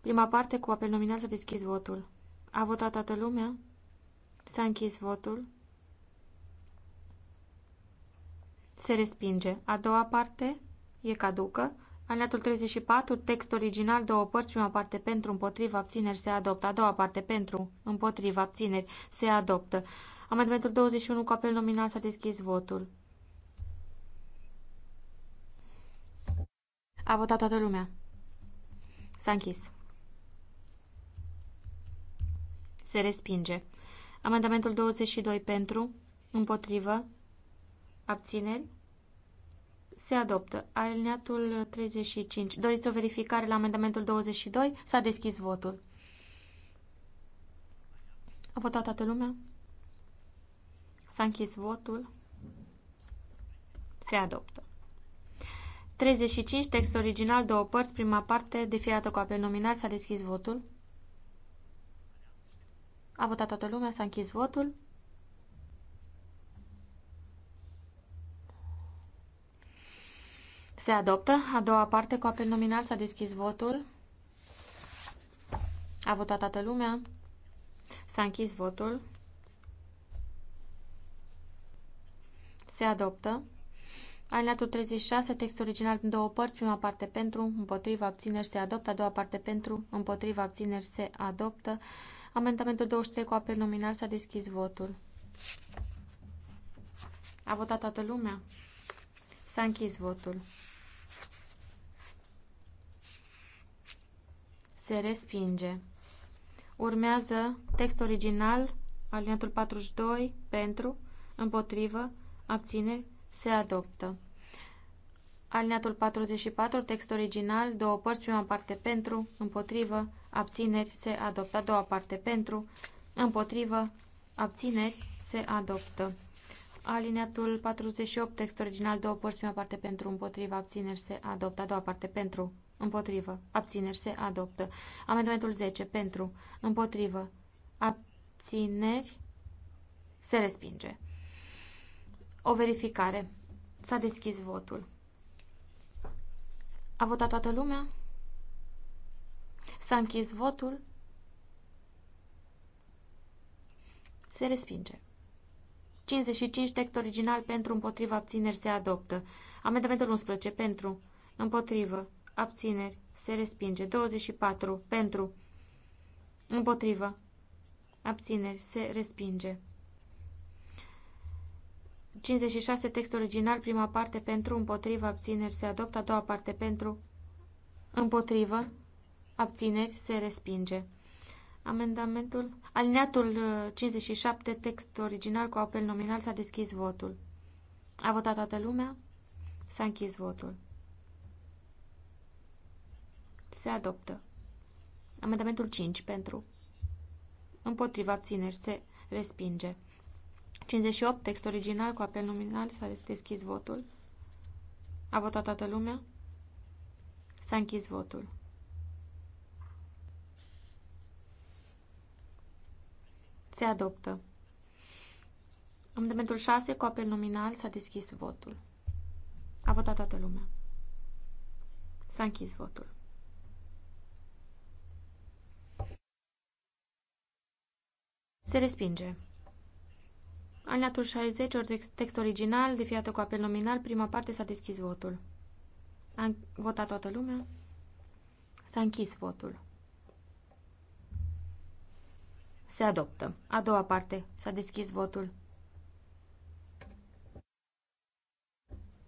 Prima parte cu apel nominal s-a deschis votul. A votat toată lumea? S-a închis votul. Se respinge. A doua parte e caducă. Aliatul 34, text original, două părți, prima parte pentru, împotriva, abțineri, se adoptă. A doua parte pentru, împotriva, abțineri, se adoptă. Amendamentul 21 cu apel nominal s-a deschis votul. A votat toată lumea. S-a închis. Se respinge. Amendamentul 22 pentru, împotrivă, abțineri, se adoptă. Alineatul 35. Doriți o verificare la amendamentul 22? S-a deschis votul. A votat toată lumea? S-a închis votul. Se adoptă. 35. Text original, două părți, prima parte, de fiecare cu apel nominal, s-a deschis votul. A votat toată lumea, s-a închis votul. Se adoptă. A doua parte, cu apel nominal, s-a deschis votul. A votat toată lumea. S-a închis votul. Se adoptă. Alineatul 36, text original în două părți, prima parte pentru, împotriva abțineri se adoptă, a doua parte pentru, împotriva abțineri se adoptă. Amendamentul 23 cu apel nominal s-a deschis votul. A votat toată lumea? S-a închis votul. Se respinge. Urmează text original, alineatul 42, pentru, împotrivă, abțineri, se adoptă. Alineatul 44, text original, două părți, prima parte pentru, împotrivă, abțineri, se adoptă. A doua parte pentru, împotrivă, abțineri, se adoptă. Alineatul 48, text original, două părți, prima parte pentru, împotrivă, abțineri, se adoptă. A doua parte pentru, împotrivă, abțineri, se adoptă. Amendamentul 10, pentru, împotrivă, abțineri, se respinge. O verificare. S-a deschis votul. A votat toată lumea? S-a închis votul? Se respinge. 55 text original pentru împotriva abțineri se adoptă. Amendamentul 11 pentru împotrivă abțineri se respinge. 24 pentru împotrivă abțineri se respinge. 56. Text original, prima parte pentru, împotriva abțineri se adoptă, a doua parte pentru, împotrivă, abțineri se respinge. Amendamentul, aliniatul 57, uh, text original cu apel nominal, s-a deschis votul. A votat toată lumea? S-a închis votul. Se adoptă. Amendamentul 5 pentru. Împotriva abțineri se respinge. 58. Text original cu apel nominal. S-a deschis votul. A votat toată lumea? S-a închis votul. Se adoptă. Amendamentul 6 cu apel nominal s-a deschis votul. A votat toată lumea. S-a închis votul. Se respinge. Alineatul 60, ori text original, defiată cu apel nominal, prima parte s-a deschis votul. A votat toată lumea? S-a închis votul. Se adoptă. A doua parte s-a deschis votul.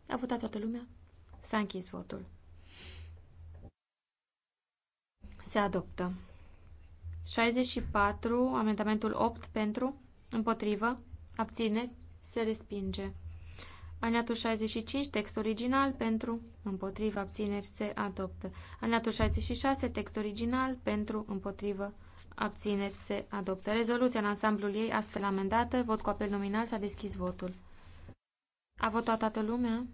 A votat toată lumea? S-a închis votul. Se adoptă. 64, amendamentul 8 pentru, împotrivă, Abține se respinge. Aniatul 65, text original pentru, împotrivă, abțineri, se adoptă. Aniatul 66, text original pentru, împotrivă, abțineri, se adoptă. Rezoluția în ansamblul ei, astfel amendată, vot cu apel nominal, s-a deschis votul. A votat toată lumea?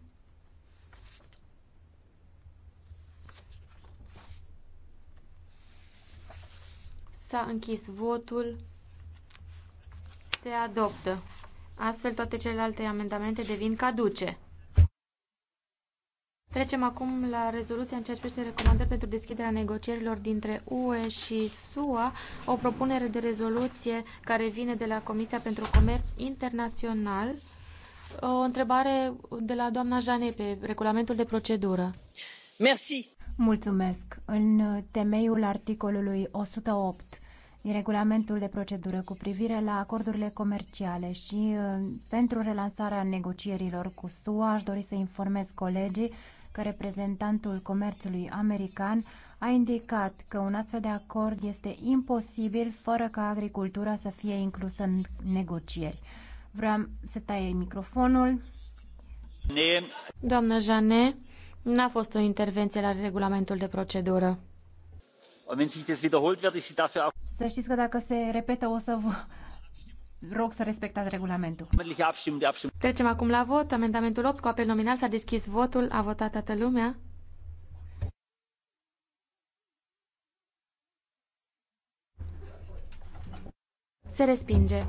S-a închis votul se adoptă. Astfel, toate celelalte amendamente devin caduce. Trecem acum la rezoluția în ceea ce privește recomandări pentru deschiderea negocierilor dintre UE și SUA, o propunere de rezoluție care vine de la Comisia pentru Comerț Internațional. O întrebare de la doamna Jane pe regulamentul de procedură. Merci. Mulțumesc. În temeiul articolului 108 regulamentul de procedură cu privire la acordurile comerciale și uh, pentru relansarea negocierilor cu SUA aș dori să informez colegii că reprezentantul comerțului american a indicat că un astfel de acord este imposibil fără ca agricultura să fie inclusă în negocieri. Vreau să taie microfonul. Doamnă Jane, n-a fost o intervenție la regulamentul de procedură. Să știți că dacă se repetă o să vă rog să respectați regulamentul. Trecem acum la vot. Amendamentul 8 cu apel nominal s-a deschis votul. A votat toată lumea. Se respinge.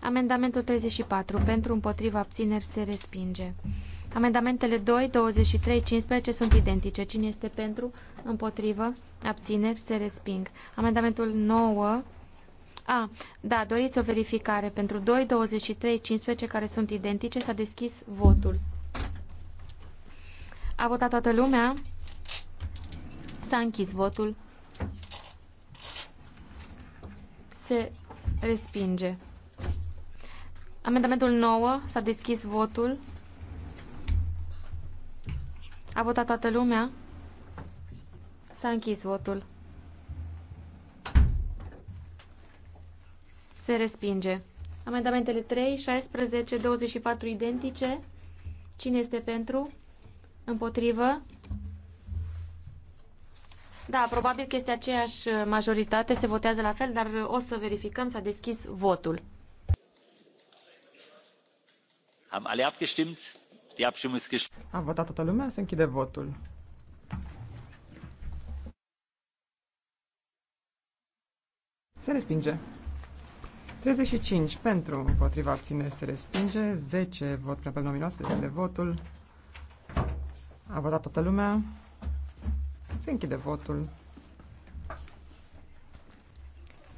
Amendamentul 34. Pentru împotriva abțineri se respinge. Amendamentele 2, 23, 15 sunt identice. Cine este pentru, împotrivă, abțineri, se resping. Amendamentul 9, a, da, doriți o verificare. Pentru 2, 23, 15 care sunt identice s-a deschis votul. A votat toată lumea. S-a închis votul. Se Respinge. Amendamentul 9. S-a deschis votul. A votat toată lumea. S-a închis votul. Se respinge. Amendamentele 3, 16, 24 identice. Cine este pentru? Împotrivă? Da, probabil că este aceeași uh, majoritate, se votează la fel, dar uh, o să verificăm, s-a deschis votul. Am alea abgestimt? de Abstimmung Am votat toată lumea, se închide votul. Se respinge. 35 pentru, împotriva abține, se respinge, 10 vot prin apel nominal, se votul. A votat toată lumea. Se închide votul.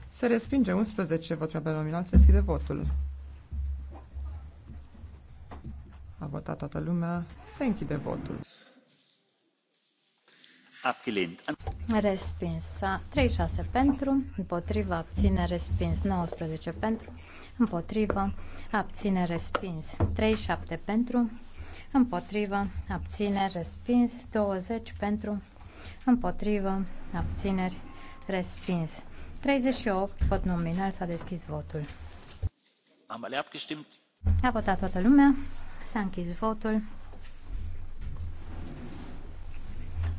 Se respinge 11 voturi pe nominal, se deschide votul. A votat toată lumea, se închide votul. Abgelehnt. Respins. 36 pentru, împotriva, abține, respins. 19 pentru, împotriva, abține, respins. 37 pentru, împotriva, abține, respins. 20 pentru, împotrivă, abțineri, respins. 38, vot nominal, s-a deschis votul. Am alle abgestimmt. A votat toată lumea, s-a închis votul.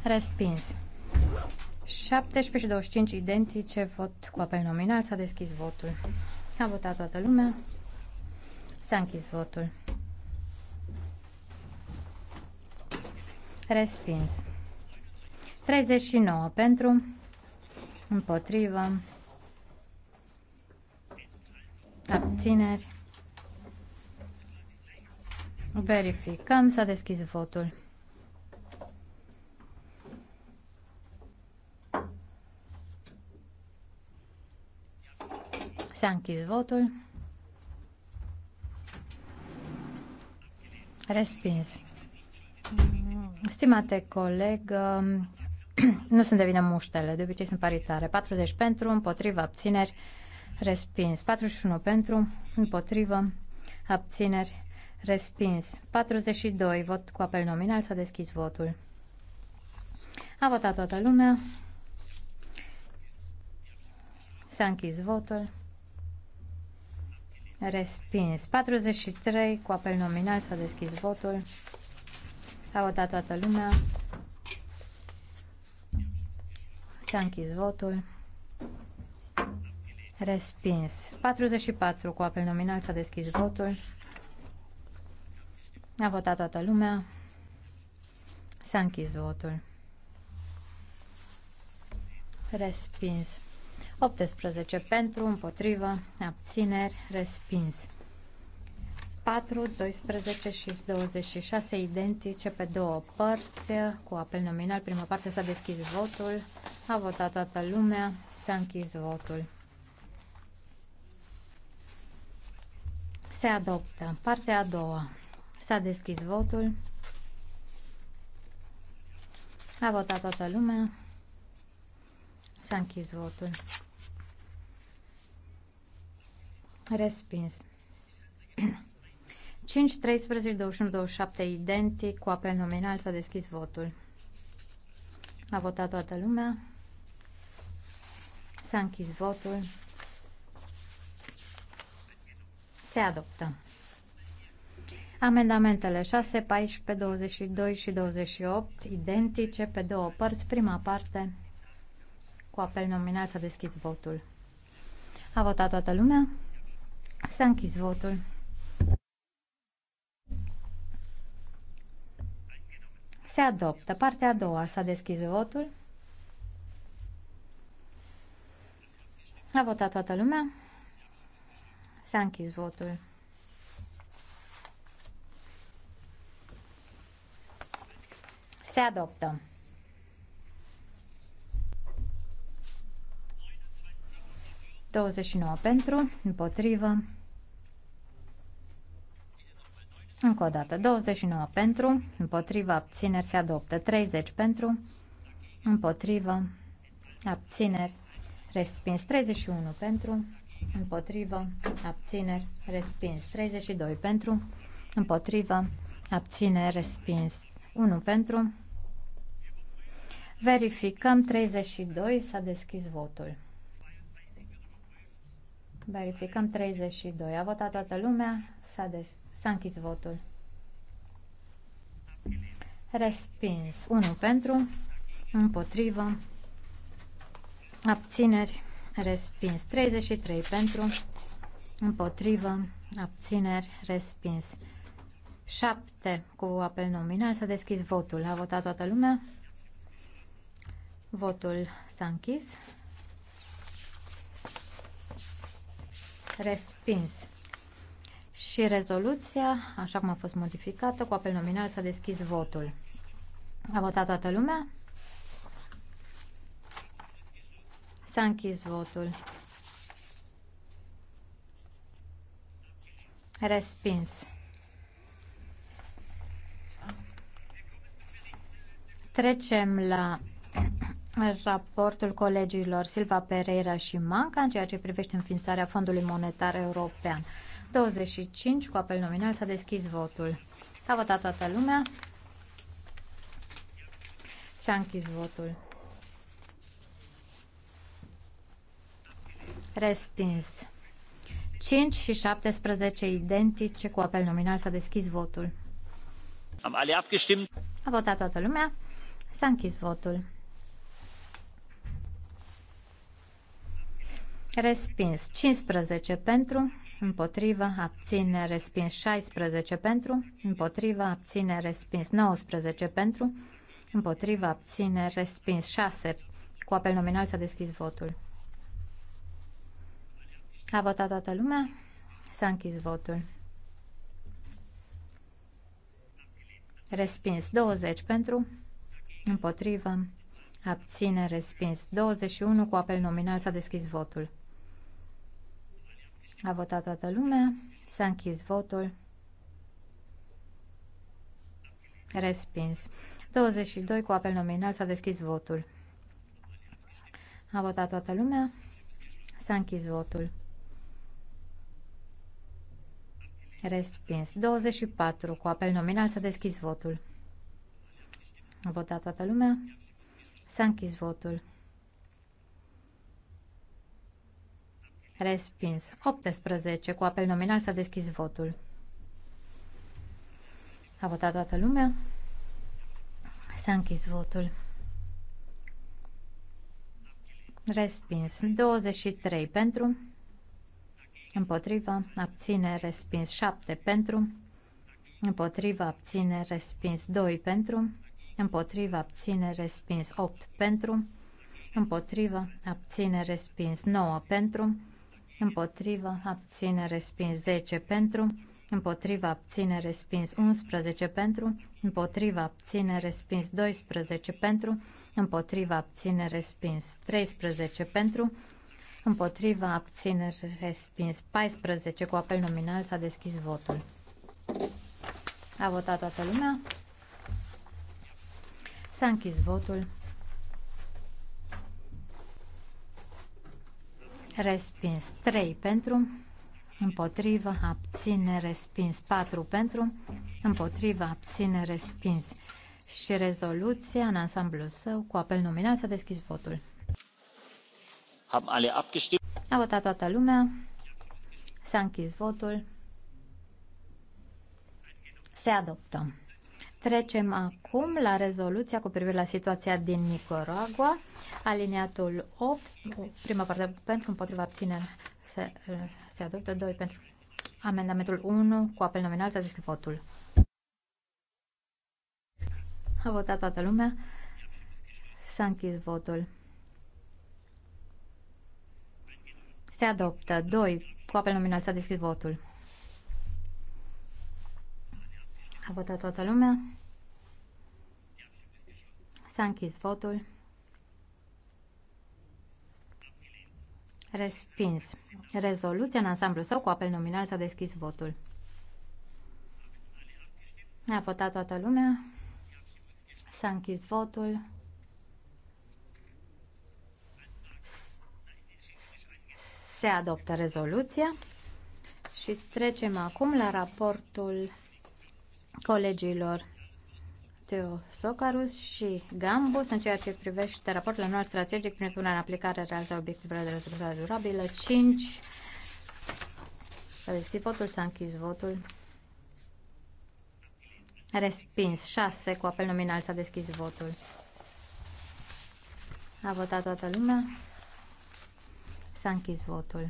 Respins. 17 și 25 identice, vot cu apel nominal, s-a deschis votul. A votat toată lumea, s-a închis votul. Respins. 39 pentru, împotrivă, abțineri. Verificăm, s-a deschis votul. S-a închis votul. Respins. Stimate coleg, nu sunt de vină muștele, de obicei sunt paritare. 40 pentru, împotriva, abțineri, respins. 41 pentru, împotrivă, abțineri, respins. 42, vot cu apel nominal, s-a deschis votul. A votat toată lumea. S-a închis votul. Respins. 43 cu apel nominal s-a deschis votul. A votat toată lumea ți a închis votul. Respins. 44 cu apel nominal s-a deschis votul. A votat toată lumea. S-a închis votul. Respins. 18 pentru, împotrivă, abțineri, respins. 4, 12 și 26 identice pe două părți cu apel nominal. Prima parte s-a deschis votul, a votat toată lumea, s-a închis votul. Se adoptă. Partea a doua. S-a deschis votul. A votat toată lumea. S-a închis votul. Respins. 5, 13, 21, 27 identic, cu apel nominal s-a deschis votul. A votat toată lumea. S-a închis votul. Se adoptă. Amendamentele 6, 14, 22 și 28 identice pe două părți. Prima parte cu apel nominal s-a deschis votul. A votat toată lumea. S-a închis votul. Se adoptă. Partea a doua. S-a deschis votul. A votat toată lumea. S-a închis votul. Se adoptă. Douăzeci și nouă pentru, împotrivă. Încă o dată, 29 pentru, împotriva abțineri se adoptă, 30 pentru, împotriva abțineri respins, 31 pentru, împotriva abțineri respins, 32 pentru, împotriva abțineri respins, 1 pentru. Verificăm 32, s-a deschis votul. Verificăm 32. A votat toată lumea, s-a deschis. S-a închis votul. Respins. 1 pentru, împotrivă, abțineri, respins. 33 pentru, împotrivă, abțineri, respins. 7 cu apel nominal. S-a deschis votul. A votat toată lumea. Votul s-a închis. Respins. Și rezoluția, așa cum a fost modificată, cu apel nominal s-a deschis votul. A votat toată lumea? S-a închis votul. Respins. Trecem la raportul colegilor Silva Pereira și Manca în ceea ce privește înființarea Fondului Monetar European. 25 cu apel nominal s-a deschis votul. s A votat toată lumea. S-a închis votul. Respins. 5 și 17 identice cu apel nominal s-a deschis votul. Am ale abgestimmt. A votat toată lumea. S-a închis votul. Respins. 15 pentru împotrivă, abține, respins 16 pentru, împotrivă, abține, respins 19 pentru, împotrivă, abține, respins 6. Cu apel nominal s-a deschis votul. A votat toată lumea? S-a închis votul. Respins 20 pentru, împotrivă, abține, respins 21. Cu apel nominal s-a deschis votul. A votat toată lumea. S-a închis votul. Respins. 22 cu apel nominal s-a deschis votul. A votat toată lumea. S-a închis votul. Respins. 24 cu apel nominal s-a deschis votul. A votat toată lumea. S-a închis votul. Respins. 18. Cu apel nominal s-a deschis votul. A votat toată lumea. S-a închis votul. Respins. 23 pentru. Împotriva. Abține. Respins. 7 pentru. Împotriva. Abține. Respins. 2 pentru. Împotriva. Abține. Respins. 8 pentru. Împotriva, Abține. Respins. 9 pentru împotrivă, abține, respins 10 pentru, împotrivă, abține, respins 11 pentru, împotrivă, abține, respins 12 pentru, împotrivă, abține, respins 13 pentru, împotrivă, abține, respins 14 cu apel nominal s-a deschis votul. A votat toată lumea. S-a închis votul. respins 3 pentru, împotrivă, abține, respins 4 pentru, împotrivă, abține, respins. Și rezoluția în ansamblul său cu apel nominal s-a deschis votul. A votat toată lumea. S-a închis votul. Se adoptă. Trecem acum la rezoluția cu privire la situația din Nicaragua, aliniatul 8, prima parte pentru împotriva abținere se, se adoptă, 2 pentru amendamentul 1 cu apel nominal s-a deschis votul. A votat toată lumea. S-a închis votul. Se adoptă. 2. Cu apel nominal s-a deschis votul. A votat toată lumea? S-a închis votul. Respins. Rezoluția în ansamblu său cu apel nominal s-a deschis votul. A votat toată lumea. S-a închis votul. Se adoptă rezoluția și trecem acum la raportul colegilor Teosocarus și Gambus în ceea ce privește raportul nostru strategic prin punerea în aplicare reală a obiectivelor de dezvoltare durabilă. 5. S-a deschis votul, s-a închis votul. Respins. 6. Cu apel nominal s-a deschis votul. A votat toată lumea. S-a închis votul.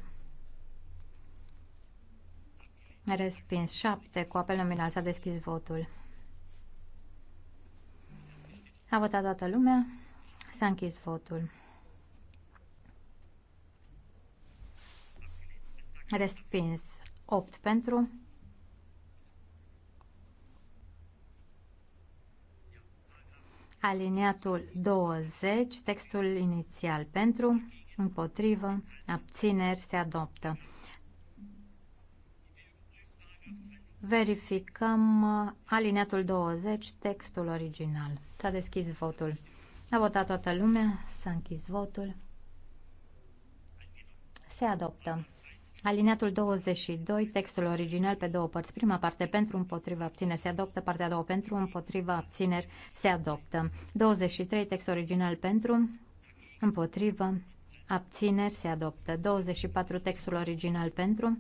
Respins. 7. Cu apel nominal s-a deschis votul. A votat toată lumea. S-a închis votul. Respins. 8 pentru. Aliniatul 20, textul inițial pentru, împotrivă, abțineri, se adoptă. Verificăm uh, alineatul 20, textul original. S-a deschis votul. A votat toată lumea, s-a închis votul. Se adoptă. Alineatul 22, textul original pe două părți. Prima parte pentru împotriva abțineri se adoptă, partea a doua pentru împotriva abțineri se adoptă. 23, text original pentru împotriva abțineri se adoptă. 24, textul original pentru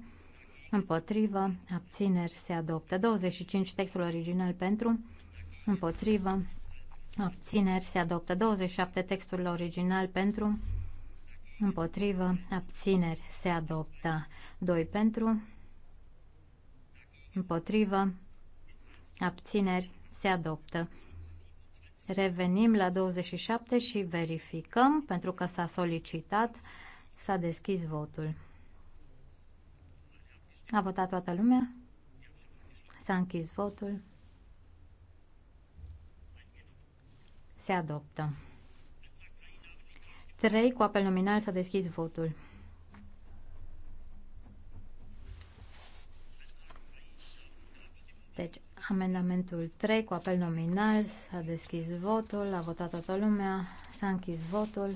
împotrivă, abțineri se adoptă. 25 textul original pentru, împotrivă, abțineri se adoptă. 27 textul original pentru, împotrivă, abțineri se adoptă. 2 pentru, împotrivă, abțineri se adoptă. Revenim la 27 și verificăm pentru că s-a solicitat, s-a deschis votul. A votat toată lumea? S-a închis votul. Se adoptă. 3. Cu apel nominal s-a deschis votul. Deci, amendamentul 3 cu apel nominal s-a deschis votul, a votat toată lumea, s-a închis votul,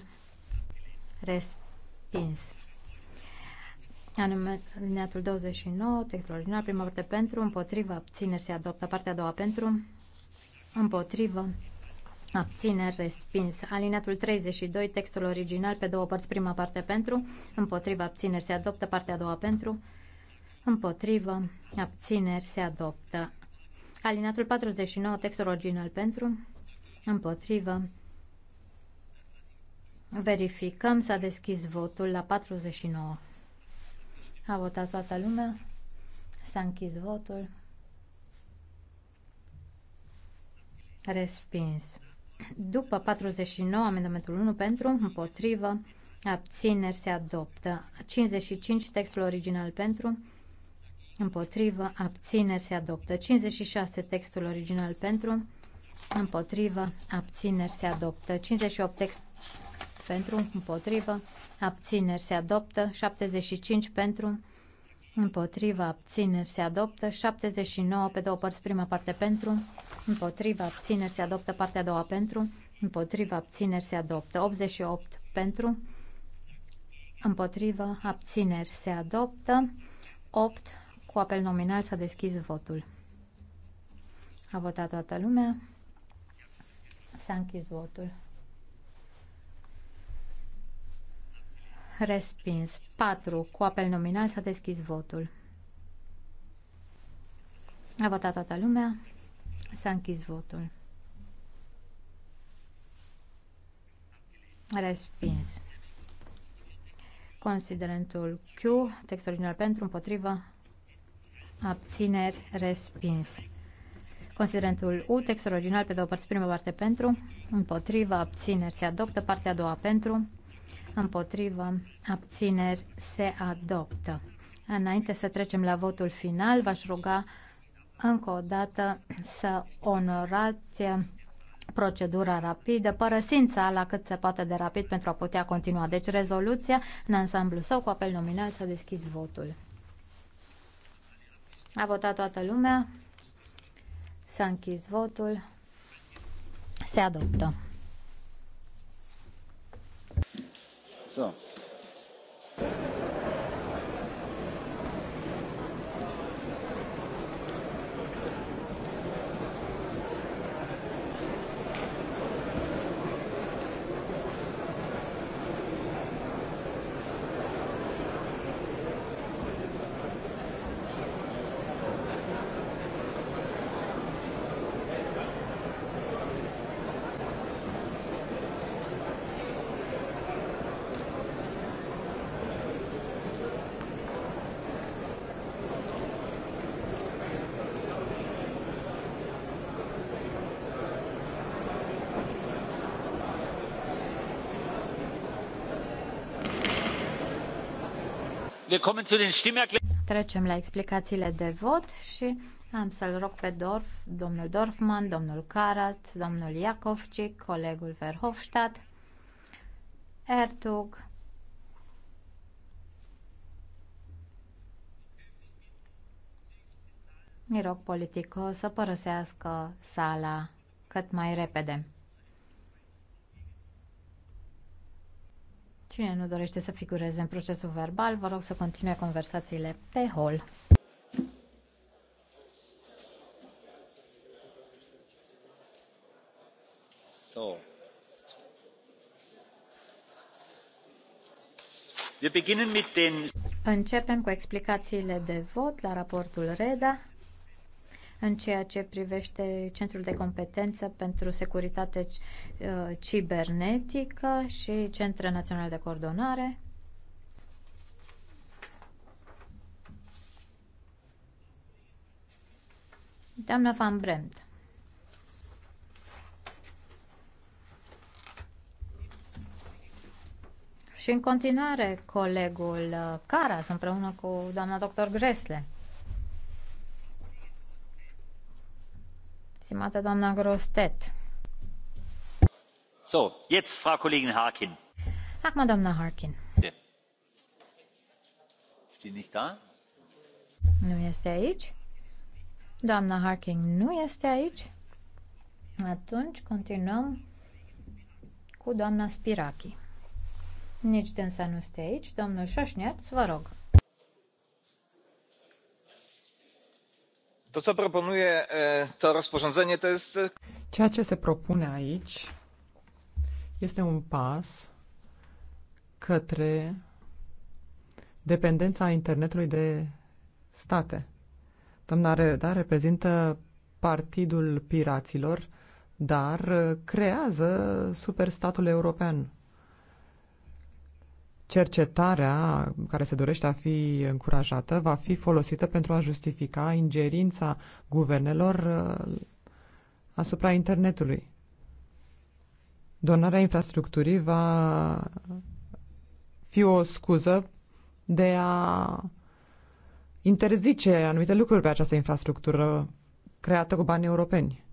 respins. Alineatul 29, textul original, prima parte pentru, împotriva, abțineri se adoptă. Partea a doua pentru, împotrivă, abțineri respins. Alineatul 32, textul original, pe două părți, prima parte pentru, împotriva, abțineri se adoptă. Partea a doua pentru, împotrivă, abțineri se adoptă. Alineatul 49, textul original pentru, împotrivă, verificăm, s-a deschis votul la 49. A votat toată lumea. S-a închis votul. Respins. După 49, amendamentul 1 pentru, împotrivă, abțineri se adoptă. 55, textul original pentru, împotrivă, abțineri se adoptă. 56, textul original pentru, împotrivă, abțineri se adoptă. 58, text pentru, împotrivă, abțineri se adoptă, 75 pentru, împotrivă, abțineri se adoptă, 79 pe două părți, prima parte pentru, împotrivă, abțineri se adoptă, partea a doua pentru, împotrivă, abțineri se adoptă, 88 pentru, împotrivă, abțineri se adoptă, 8 cu apel nominal s-a deschis votul. A votat toată lumea. S-a închis votul. respins. 4. Cu apel nominal s-a deschis votul. A votat toată lumea. S-a închis votul. Respins. Considerentul Q, text original pentru, împotrivă, abțineri, respins. Considerentul U, text original pe două părți, prima parte pentru, împotrivă, abțineri, se adoptă, partea a doua pentru, împotrivă, abțineri, se adoptă. Înainte să trecem la votul final, v-aș ruga încă o dată să onorați procedura rapidă, părăsind sala cât se poate de rapid pentru a putea continua. Deci rezoluția în ansamblu sau cu apel nominal să deschizi votul. A votat toată lumea. S-a închis votul. Se adoptă. so. Trecem la explicațiile de vot și am să-l rog pe Dorf, domnul Dorfman, domnul Karat, domnul Iacovcic, colegul Verhofstadt, Ertug, Mi rog politicul să părăsească sala cât mai repede. Cine nu dorește să figureze în procesul verbal, vă rog să continue conversațiile pe hol. So. Începem cu explicațiile de vot la raportul Reda în ceea ce privește Centrul de Competență pentru Securitate uh, Cibernetică și Centrul Național de Coordonare. Doamna Van Bremt. Și în continuare, colegul Caras uh, împreună cu doamna doctor Gresle. stimată doamnă grossette. So, jetzt Frau Kollegin Harkin. Acum doamna Harkin. Da? Nu este aici? Doamna Harkin nu este aici? Atunci continuăm cu doamna Spiraki. Nici dânsa nu este aici. Domnul Șoșneț, vă rog. Ceea ce se propune aici este un pas către dependența internetului de state. Doamna Reda reprezintă partidul piraților, dar creează superstatul european cercetarea care se dorește a fi încurajată va fi folosită pentru a justifica ingerința guvernelor uh, asupra internetului. Donarea infrastructurii va fi o scuză de a interzice anumite lucruri pe această infrastructură creată cu bani europeni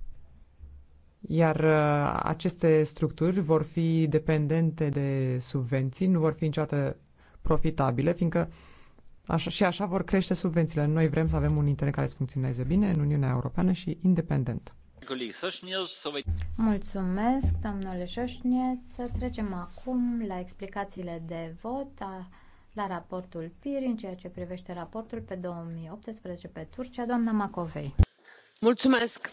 iar uh, aceste structuri vor fi dependente de subvenții, nu vor fi niciodată profitabile, fiindcă așa, și așa vor crește subvențiile. Noi vrem să avem un internet care să funcționeze bine în Uniunea Europeană și independent. Mulțumesc, domnule Șoșniet, Să trecem acum la explicațiile de vot a, la raportul PIR în ceea ce privește raportul pe 2018 pe Turcia. Doamna Macovei. Mulțumesc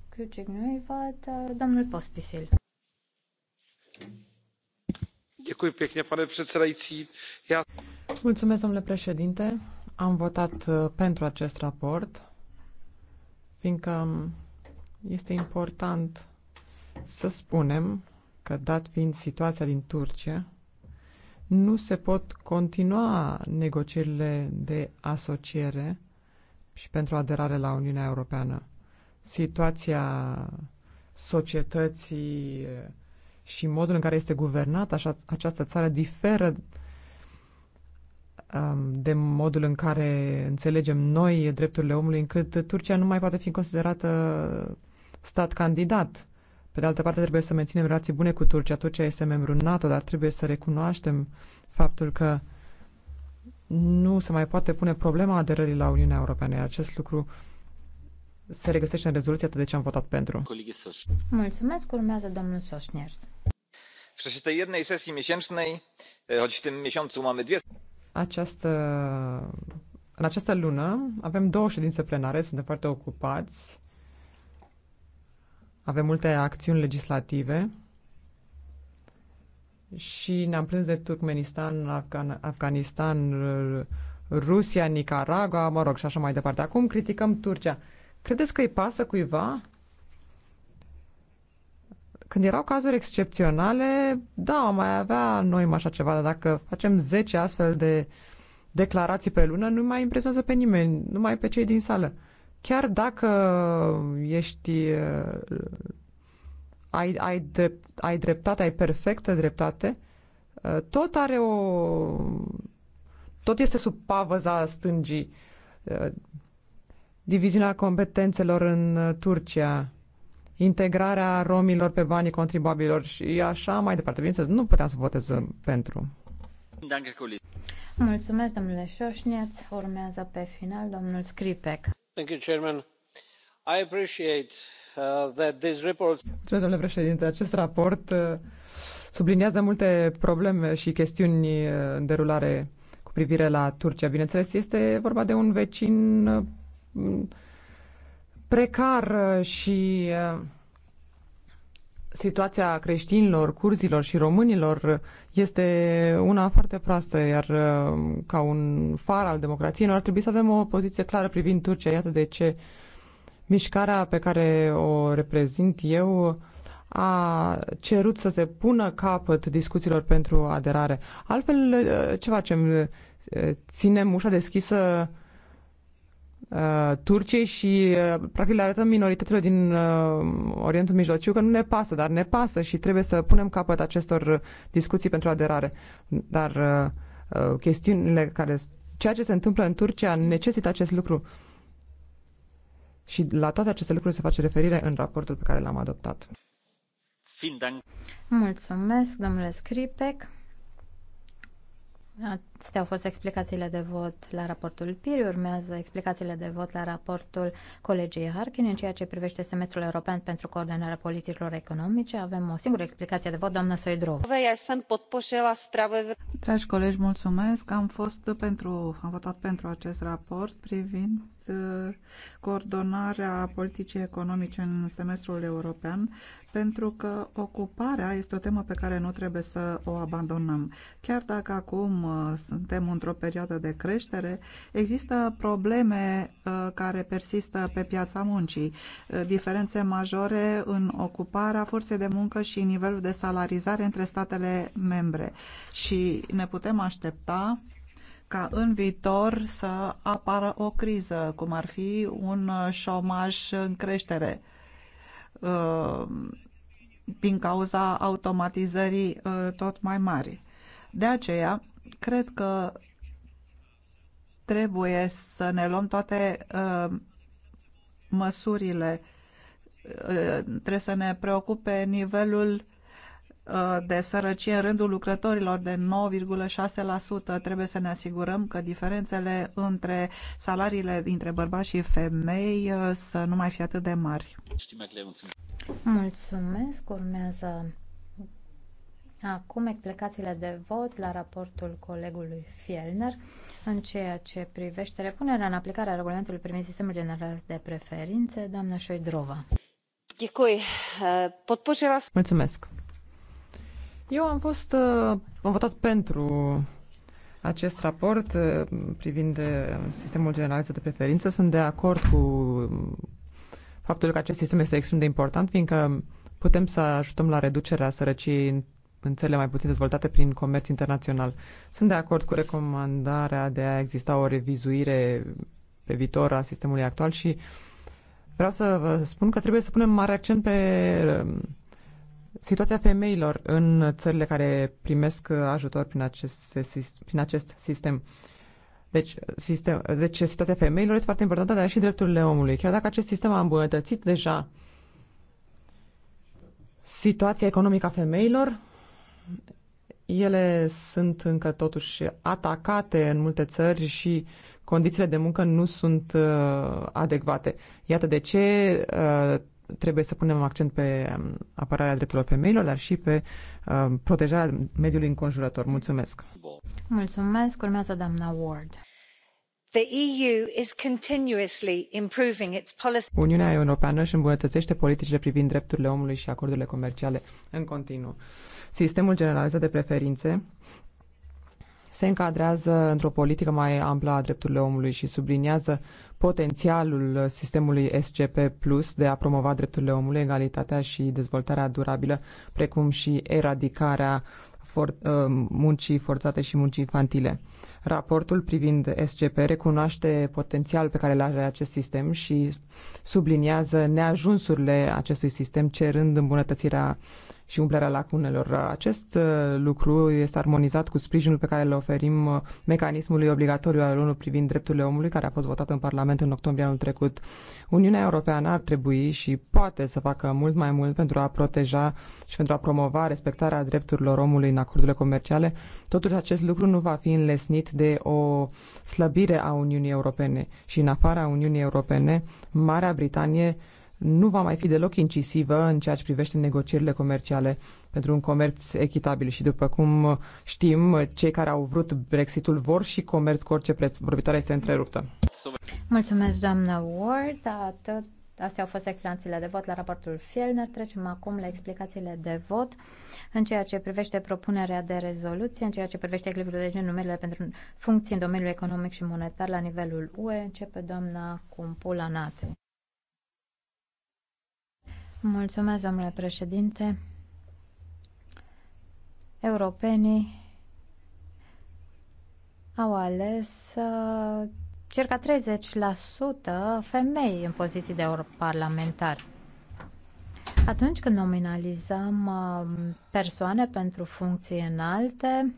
Kücic nu-i văd. Uh, domnul Pospisil. Mulțumesc, domnule președinte. Am votat uh, pentru acest raport, fiindcă um, este important să spunem că, dat fiind situația din Turcia, nu se pot continua negocierile de asociere și pentru aderare la Uniunea Europeană situația societății și modul în care este guvernată această țară diferă de modul în care înțelegem noi drepturile omului, încât Turcia nu mai poate fi considerată stat candidat. Pe de altă parte, trebuie să menținem relații bune cu Turcia. Turcia este membru NATO, dar trebuie să recunoaștem faptul că nu se mai poate pune problema aderării la Uniunea Europeană. Acest lucru uh, se regăsește în rezoluția de ce am votat pentru. Mulțumesc, urmează domnul Soșnier. Această, în această lună avem două ședințe plenare, suntem foarte ocupați. Avem multe acțiuni legislative și ne-am plâns de Turkmenistan, Afgan, Afganistan, Rusia, Nicaragua, mă rog, și așa mai departe. Acum criticăm Turcia. Credeți că îi pasă cuiva? Când erau cazuri excepționale, da, mai avea noi așa ceva, dar dacă facem 10 astfel de declarații pe lună, nu mai impresionează pe nimeni, numai pe cei din sală. Chiar dacă ești uh, ai, ai, drept, ai dreptate, ai perfectă dreptate, uh, tot are o... tot este sub pavăza stângii. Uh, diviziunea competențelor în uh, Turcia, integrarea romilor pe banii contribuabililor și așa mai departe. Bineînțeles, nu puteam să votez uh, pentru. Mulțumesc, domnule Șoșneț. Urmează pe final domnul Scripec. Thank you, Chairman. I appreciate uh, that this report... Mulțumesc, domnule președinte. Acest raport uh, subliniază multe probleme și chestiuni uh, în derulare cu privire la Turcia. Bineînțeles, este vorba de un vecin precară uh, și uh, situația creștinilor, curzilor și românilor uh, este una foarte proastă, iar ca un far al democrației noi ar trebui să avem o poziție clară privind Turcia. Iată de ce mișcarea pe care o reprezint eu a cerut să se pună capăt discuțiilor pentru aderare. Altfel, ce facem? Ținem ușa deschisă uh, Turciei și uh, practic le arătăm minoritățile din uh, Orientul Mijlociu că nu ne pasă, dar ne pasă și trebuie să punem capăt acestor discuții pentru aderare. Dar uh, uh, chestiunile care ceea ce se întâmplă în Turcia necesită acest lucru. Și la toate aceste lucruri se face referire în raportul pe care l-am adoptat. Mulțumesc, domnule Scripec. Astea au fost explicațiile de vot la raportul PIRI, urmează explicațiile de vot la raportul colegiei Harkin în ceea ce privește semestrul european pentru coordonarea politicilor economice. Avem o singură explicație de vot, doamna Soidrov. Dragi colegi, mulțumesc. Am fost pentru, am votat pentru acest raport privind uh, coordonarea politicii economice în semestrul european, pentru că ocuparea este o temă pe care nu trebuie să o abandonăm. Chiar dacă acum uh, suntem într-o perioadă de creștere, există probleme uh, care persistă pe piața muncii, uh, diferențe majore în ocuparea forței de muncă și nivelul de salarizare între statele membre. Și ne putem aștepta ca în viitor să apară o criză, cum ar fi un uh, șomaj în creștere din cauza automatizării tot mai mari. De aceea, Cred că trebuie să ne luăm toate uh, măsurile. Uh, trebuie să ne preocupe nivelul uh, de sărăcie în rândul lucrătorilor de 9,6%. Trebuie să ne asigurăm că diferențele între salariile dintre bărbați și femei să nu mai fie atât de mari. Mulțumesc. Urmează Acum explicațiile de vot la raportul colegului Fielner în ceea ce privește repunerea în aplicare a regulamentului privind sistemul general de preferințe, doamna Șoidrova. Mulțumesc. Eu am fost, uh, am votat pentru acest raport uh, privind uh, sistemul generalizat de preferință. Sunt de acord cu faptul că acest sistem este extrem de important, fiindcă putem să ajutăm la reducerea sărăciei în țările mai puțin dezvoltate prin comerț internațional. Sunt de acord cu recomandarea de a exista o revizuire pe viitor a sistemului actual și vreau să vă spun că trebuie să punem mare accent pe um, situația femeilor în țările care primesc ajutor prin acest, prin acest sistem. Deci, sistem, deci situația femeilor este foarte importantă, dar și drepturile omului. Chiar dacă acest sistem a îmbunătățit deja situația economică a femeilor, ele sunt încă totuși atacate în multe țări și condițiile de muncă nu sunt uh, adecvate. Iată de ce uh, trebuie să punem accent pe um, apărarea drepturilor femeilor, dar și pe uh, protejarea mediului înconjurător. Mulțumesc! Mulțumesc! Urmează doamna Ward. Uniunea Europeană își îmbunătățește politicile privind drepturile omului și acordurile comerciale în continuu. Sistemul generalizat de preferințe se încadrează într-o politică mai amplă a drepturilor omului și subliniază potențialul sistemului SCP Plus de a promova drepturile omului, egalitatea și dezvoltarea durabilă, precum și eradicarea for, uh, muncii forțate și muncii infantile. Raportul privind SCP recunoaște potențial pe care îl are acest sistem și subliniază neajunsurile acestui sistem, cerând îmbunătățirea uh, și umplerea lacunelor. Acest uh, lucru este armonizat cu sprijinul pe care îl oferim uh, mecanismului obligatoriu al ONU privind drepturile omului, care a fost votat în Parlament în octombrie anul trecut. Uniunea Europeană ar trebui și poate să facă mult mai mult pentru a proteja și pentru a promova respectarea drepturilor omului în acordurile comerciale. Totuși, acest lucru nu va fi înlesnit de o slăbire a Uniunii Europene și în afara Uniunii Europene, Marea Britanie nu va mai fi deloc incisivă în ceea ce privește negocierile comerciale pentru un comerț echitabil. Și după cum știm, cei care au vrut Brexitul vor și comerț cu orice preț. Vorbitoarea este întreruptă. Mulțumesc, doamnă Ward. Atât. Astea au fost explicațiile de vot la raportul Fielner. Trecem acum la explicațiile de vot în ceea ce privește propunerea de rezoluție, în ceea ce privește echilibrul de gen numerele pentru funcții în domeniul economic și monetar la nivelul UE. Începe doamna Cumpula Nate. Mulțumesc, domnule președinte. Europenii au ales uh, circa 30% femei în poziții de parlamentar. Atunci când nominalizăm uh, persoane pentru funcții înalte,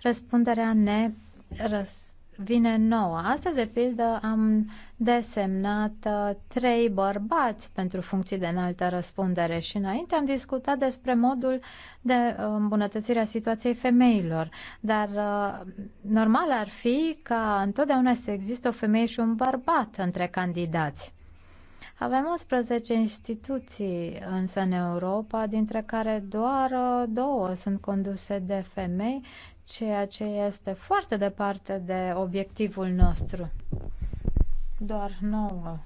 răspunderea ne răspunde vine nouă. Astăzi, de pildă, am desemnat uh, trei bărbați pentru funcții de înaltă răspundere și înainte am discutat despre modul de uh, îmbunătățire a situației femeilor. Dar uh, normal ar fi ca întotdeauna să există o femeie și un bărbat între candidați. Avem 11 instituții însă în Europa, dintre care doar două sunt conduse de femei ceea ce este foarte departe de obiectivul nostru. Doar nouă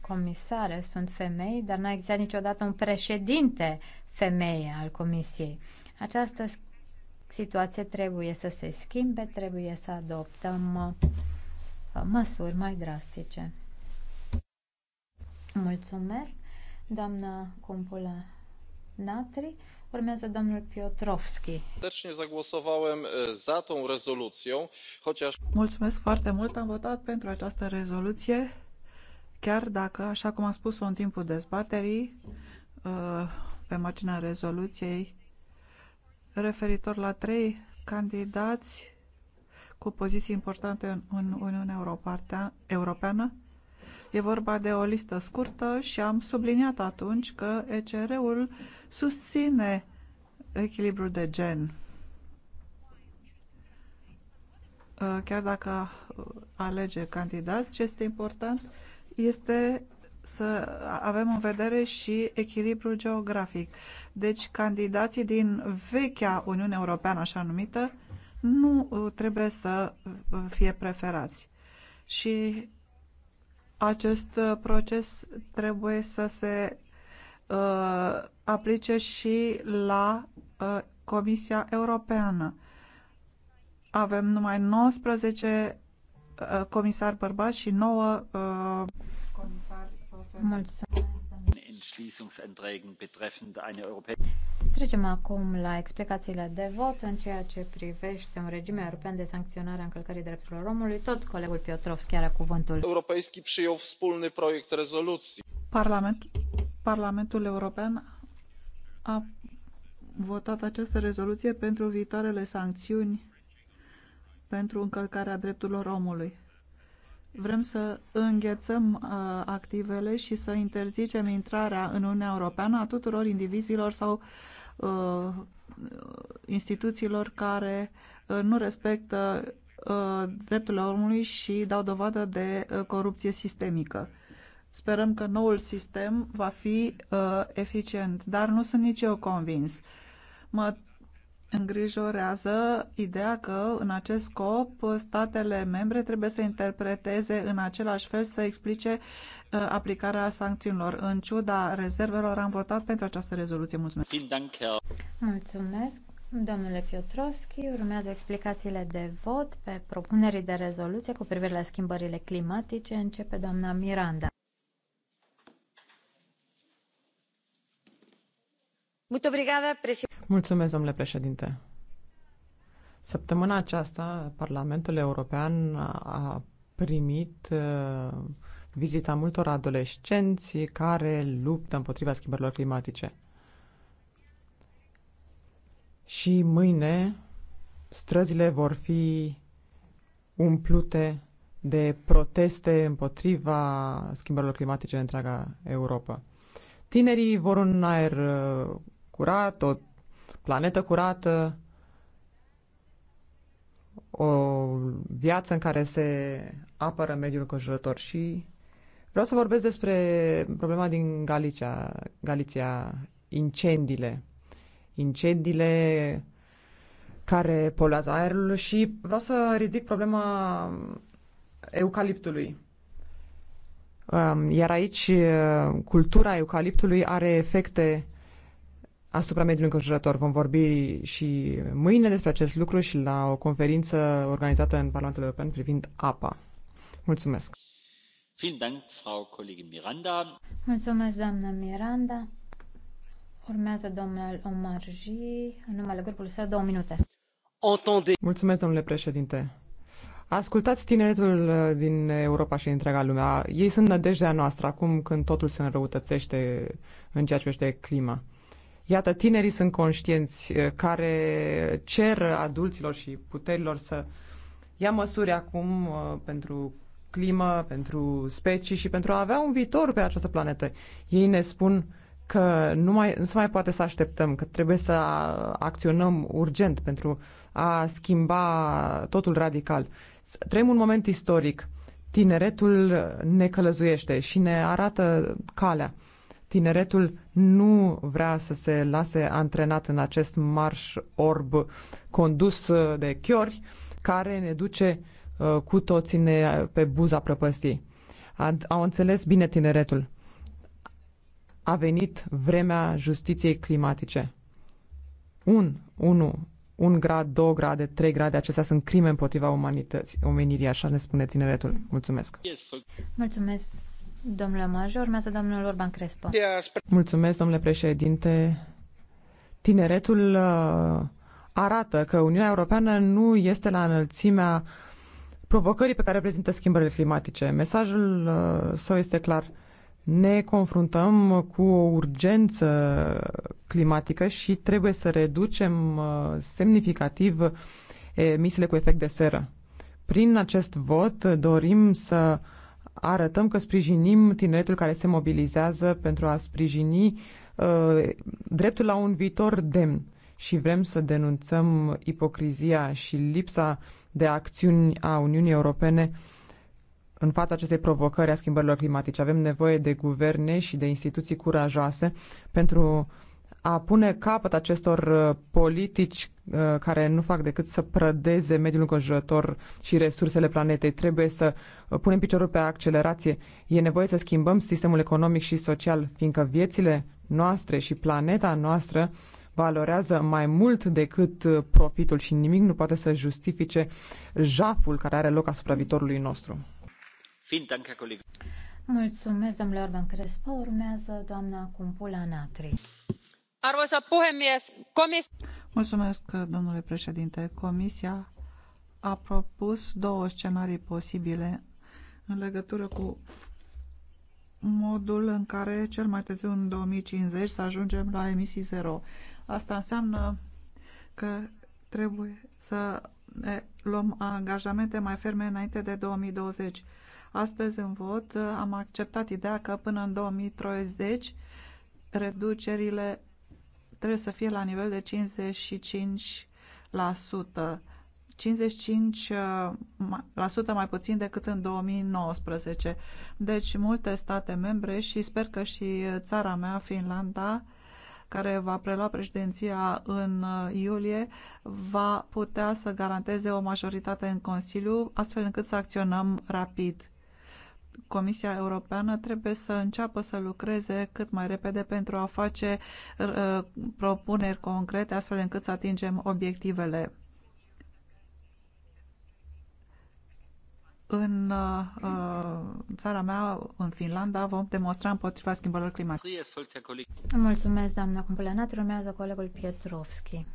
comisare sunt femei, dar nu a existat niciodată un președinte femeie al comisiei. Această situație trebuie să se schimbe, trebuie să adoptăm uh, măsuri mai drastice. Mulțumesc, doamnă Cumpula Natri urmează domnul Piotrowski. Mulțumesc foarte mult, am votat pentru această rezoluție, chiar dacă, așa cum am spus-o în timpul dezbaterii, pe marginea rezoluției, referitor la trei candidați cu poziții importante în, Uniunea Europeană. E vorba de o listă scurtă și am subliniat atunci că ECR-ul susține echilibrul de gen. Uh, chiar dacă alege candidat, ce este important este să avem în vedere și echilibrul geografic. Deci candidații din vechea Uniune Europeană, așa numită, nu uh, trebuie să uh, fie preferați. Și acest proces trebuie să se uh, aplice și la uh, Comisia Europeană. Avem numai 19 uh, comisari bărbați și 9 uh, comisari Mulțumesc. Trecem acum la explicațiile de vot în ceea ce privește un regim european de sancționare a încălcării drepturilor omului. Tot colegul Piotrovski are cuvântul. Parlament, Parlamentul European a votat această rezoluție pentru viitoarele sancțiuni pentru încălcarea drepturilor omului. Vrem să înghețăm uh, activele și să interzicem intrarea în Uniunea Europeană a tuturor indivizilor sau uh, instituțiilor care uh, nu respectă uh, drepturile omului și dau dovadă de uh, corupție sistemică. Sperăm că noul sistem va fi uh, eficient, dar nu sunt nici eu convins. Mă îngrijorează ideea că, în acest scop, statele membre trebuie să interpreteze în același fel, să explice uh, aplicarea sancțiunilor. În ciuda rezervelor, am votat pentru această rezoluție. Mulțumesc! Mulțumesc! Domnule Piotrowski, urmează explicațiile de vot pe propunerii de rezoluție cu privire la schimbările climatice. Începe doamna Miranda. Mulțumesc, domnule președinte. Săptămâna aceasta, Parlamentul European a primit uh, vizita multor adolescenți care luptă împotriva schimbărilor climatice. Și mâine străzile vor fi umplute de proteste împotriva schimbărilor climatice în întreaga Europa. Tinerii vor un aer uh, curat, o planetă curată, o viață în care se apără mediul conjurător și vreau să vorbesc despre problema din Galicia, Galicia incendiile. Incendiile care poluează aerul și vreau să ridic problema eucaliptului. Um, iar aici uh, cultura eucaliptului are efecte asupra mediului înconjurător. Vom vorbi și mâine despre acest lucru și la o conferință organizată în Parlamentul European privind apa. Mulțumesc! Mulțumesc, doamna Miranda. Urmează domnul Omarji, în numele grupului său, două minute. Mulțumesc, domnule președinte. Ascultați tineretul uh, din Europa și întreaga lumea. Ei sunt nădejdea noastră acum când totul se înrăutățește în ceea ce privește clima. Iată, tinerii sunt conștienți care cer adulților și puterilor să ia măsuri acum pentru climă, pentru specii și pentru a avea un viitor pe această planetă. Ei ne spun că nu, mai, nu se mai poate să așteptăm, că trebuie să acționăm urgent pentru a schimba totul radical. Trăim un moment istoric. Tineretul ne călăzuiește și ne arată calea. Tineretul nu vrea să se lase antrenat în acest marș orb condus uh, de chiori care ne duce uh, cu toții ne, pe buza prăpăstiei. Au înțeles bine tineretul. A venit vremea justiției climatice. Un, unu, un grad, două grade, trei grade, acestea sunt crime împotriva umanității, omenirii, așa ne spune tineretul. Mulțumesc! Mulțumesc! Domnule Major, urmează domnul Orban Crespo. Mulțumesc, domnule președinte. Tineretul uh, arată că Uniunea Europeană nu este la înălțimea provocării pe care reprezintă schimbările climatice. Mesajul uh, său este clar. Ne confruntăm cu o urgență climatică și trebuie să reducem uh, semnificativ emisiile cu efect de seră. Prin acest vot dorim să arătăm că sprijinim tineretul care se mobilizează pentru a sprijini uh, dreptul la un viitor demn și vrem să denunțăm ipocrizia și lipsa de acțiuni a Uniunii Europene în fața acestei provocări a schimbărilor climatice. Avem nevoie de guverne și de instituții curajoase pentru a pune capăt acestor uh, politici uh, care nu fac decât să prădeze mediul înconjurător și resursele planetei. Trebuie să uh, punem piciorul pe accelerație. E nevoie să schimbăm sistemul economic și social, fiindcă viețile noastre și planeta noastră valorează mai mult decât profitul și nimic nu poate să justifice jaful care are loc asupra viitorului nostru. Mulțumesc, domnule Orban Crespo. Urmează doamna Cumpula Natri arvoisa puhemies domnule președinte comisia a propus două scenarii posibile în legătură cu modul în care cel mai târziu în 2050 să ajungem la emisii zero. Asta înseamnă că trebuie să ne luăm angajamente mai ferme înainte de 2020. Astăzi în vot am acceptat ideea că până în 2030 reducerile trebuie să fie la nivel de 55%. 55% uh, mai puțin decât în 2019. Deci multe state membre și sper că și uh, țara mea, Finlanda, care va prelua președinția în uh, iulie, va putea să garanteze o majoritate în Consiliu, astfel încât să acționăm rapid. Comisia Europeană trebuie să înceapă să lucreze cât mai repede pentru a face uh, propuneri concrete astfel încât să atingem obiectivele. În uh, uh, țara mea, în Finlanda, vom demonstra împotriva schimbărilor climatice. Mulțumesc, doamna Cumpulanat. Urmează colegul Pietrovski.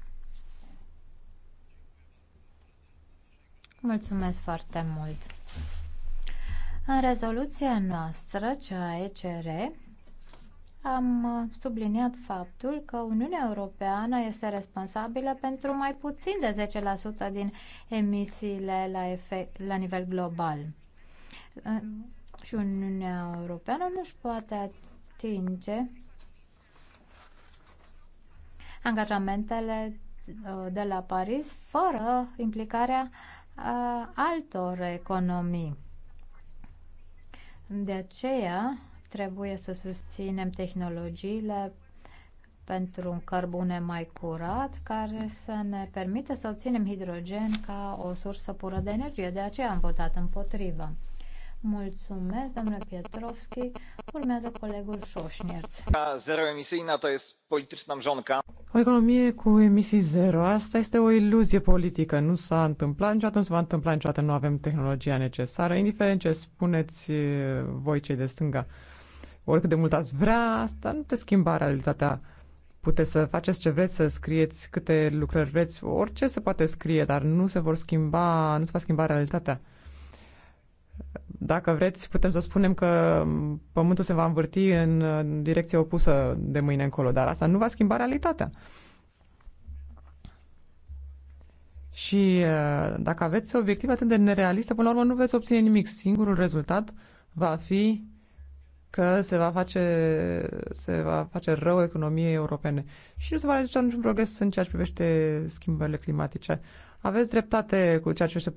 Mulțumesc foarte mult. În rezoluția noastră, cea ECR, am subliniat faptul că Uniunea Europeană este responsabilă pentru mai puțin de 10% din emisiile la, efect, la nivel global. Și Uniunea Europeană nu își poate atinge angajamentele uh, de la Paris fără implicarea uh, altor economii. De aceea trebuie să susținem tehnologiile pentru un cărbune mai curat care să ne permită să obținem hidrogen ca o sursă pură de energie. De aceea am votat împotrivă. Mulțumesc, domnule Pietrovski. Urmează colegul Șoșnierț. Zero emisiunea to jest polityczna mrzonka. O economie cu emisii zero, asta este o iluzie politică. Nu s-a întâmplat niciodată, nu se va întâmpla niciodată, nu avem tehnologia necesară, indiferent ce spuneți eh, voi cei de stânga. Oricât de mult ați vrea, asta nu te schimba realitatea. Puteți să faceți ce vreți, să scrieți câte lucrări vreți, orice se poate scrie, dar nu se vor schimba, nu se va schimba realitatea dacă vreți, putem să spunem că pământul se va învârti în direcție opusă de mâine încolo, dar asta nu va schimba realitatea. Și uh, dacă aveți obiective atât de nerealiste, până la urmă nu veți obține nimic. Singurul rezultat va fi că se va face, se va face rău economiei europene și nu se va realiza niciun progres în ceea ce privește schimbările climatice. Aveți dreptate cu ceea ce se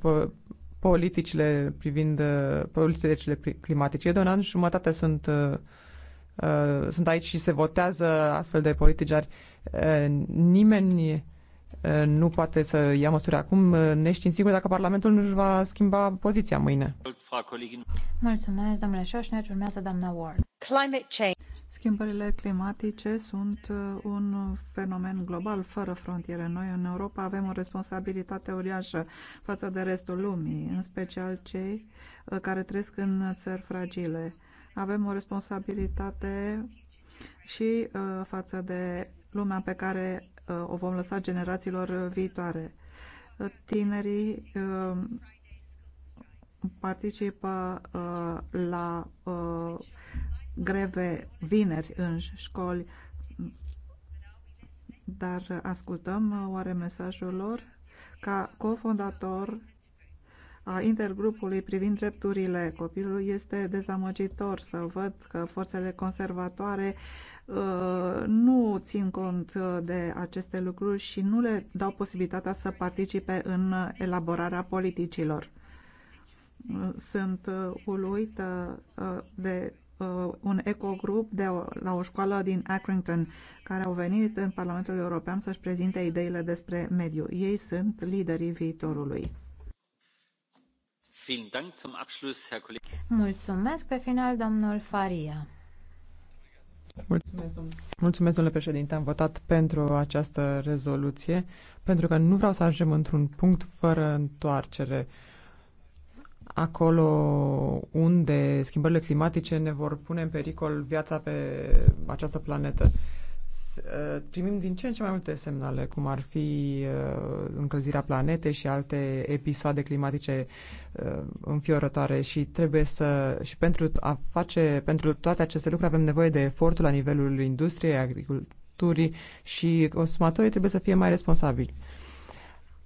politicile privind uh, politicile climatice. Eu de un an jumătate sunt, uh, uh, sunt aici și se votează astfel de politici, dar nimeni nu poate să ia măsuri acum. Ne știm sigur dacă Parlamentul nu își va schimba poziția mâine. Mulțumesc, domnule Șoșner. Urmează doamna Ward. Schimbările climatice sunt uh, un fenomen global fără frontiere. Noi în Europa avem o responsabilitate uriașă față de restul lumii, în special cei uh, care trăiesc în țări fragile. Avem o responsabilitate și uh, față de lumea pe care o vom lăsa generațiilor viitoare. Tinerii participă la greve vineri în școli, dar ascultăm uh, oare mesajul lor? Ca cofondator a intergrupului privind drepturile copilului este dezamăgitor să văd că forțele conservatoare uh, nu țin cont uh, de aceste lucruri și nu le dau posibilitatea să participe în elaborarea politicilor. Sunt uluită de Uh, un ecogrup de o, la o școală din Accrington care au venit în Parlamentul European să-și prezinte ideile despre mediu. Ei sunt liderii viitorului. Mulțumesc pe final, domnul Faria. Mulțumesc, Mulțumesc, domnule președinte. Am votat pentru această rezoluție pentru că nu vreau să ajungem într-un punct fără întoarcere. Uh, acolo unde schimbările climatice ne vor pune în pericol viața pe această planetă. Ă, primim din ce în ce mai multe semnale, cum ar fi ă, încălzirea planetei și alte episoade climatice ă, înfiorătoare și trebuie să și pentru a face pentru toate aceste lucruri avem nevoie de efortul la nivelul industriei, agriculturii și consumatorii trebuie să fie mai responsabili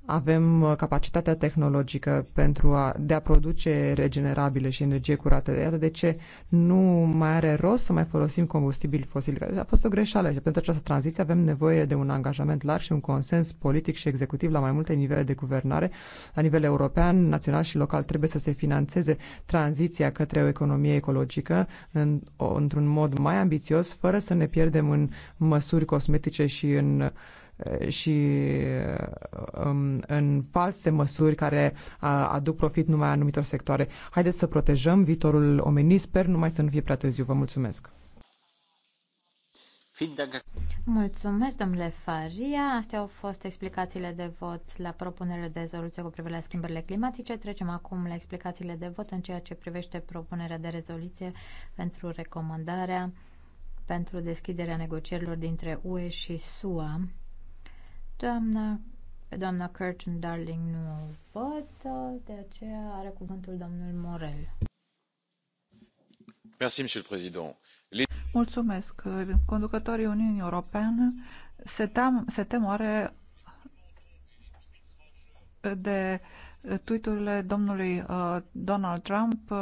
avem uh, capacitatea tehnologică pentru a, de a produce regenerabile și energie curată. Iată de ce nu mai are rost să mai folosim combustibili fosili. A fost o greșeală și pentru această tranziție avem nevoie de un angajament larg și un consens politic și executiv la mai multe nivele de guvernare. La nivel european, național și local trebuie să se financeze tranziția către o economie ecologică în, într-un mod mai ambițios, fără să ne pierdem în măsuri cosmetice și în uh, Eh, și um, în false măsuri care aduc profit numai anumitor sectoare. Haideți să protejăm viitorul omenii, sper numai să nu fie prea târziu. Vă mulțumesc! Mulțumesc, domnule Faria. Astea au fost explicațiile de vot la propunerea de rezoluție cu privire la schimbările climatice. Trecem acum la explicațiile de vot în ceea ce privește propunerea de rezoluție pentru recomandarea pentru deschiderea negocierilor dintre UE și SUA Doamna, pe doamna Curtin Darling nu o văd, de aceea are cuvântul domnul Morel. Merci, monsieur le président. Mulțumesc. Conducătorii Uniunii Europene se, tem, se tem oare de uh, tweeturile domnului uh, Donald Trump uh,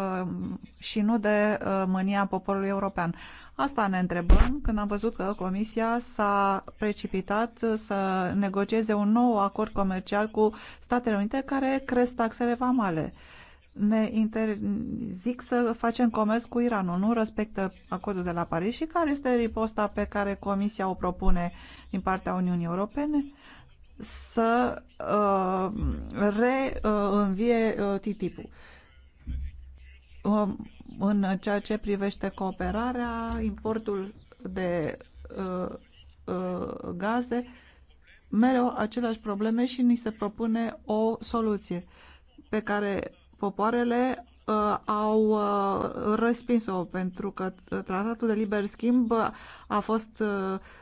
și nu de uh, mânia poporului european. Asta ne întrebăm când am văzut că Comisia s-a precipitat să negocieze un nou acord comercial cu Statele Unite care cresc taxele vamale. Ne interzic să facem comerț cu Iranul, nu respectă acordul de la Paris și care este riposta pe care Comisia o propune din partea Uniunii Europene? să uh, reînvie uh, ttip Uh, um, în ceea ce privește cooperarea, importul de uh, uh, gaze, mereu aceleași probleme și ni se propune o soluție pe care popoarele Uh, au uh, respins-o pentru că uh, tratatul de liber schimb a fost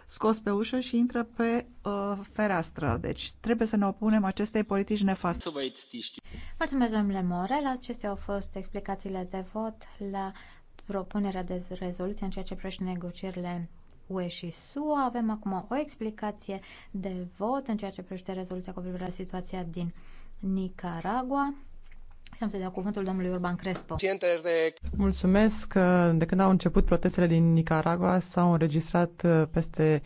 scos pe ușă și intră pe fereastră. Deci trebuie să ne opunem acestei politici nefaste. Mulțumesc, domnule Morel. Acestea au fost explicațiile de vot la propunerea de rezoluție în ceea ce privește negocierile UE și SUA. Avem acum o explicație de vot în ceea ce privește rezoluția cu privire la situația din Nicaragua. Și am să cuvântul domnului Urban Crespo. Mulțumesc că de când au început protestele din Nicaragua s-au înregistrat uh, peste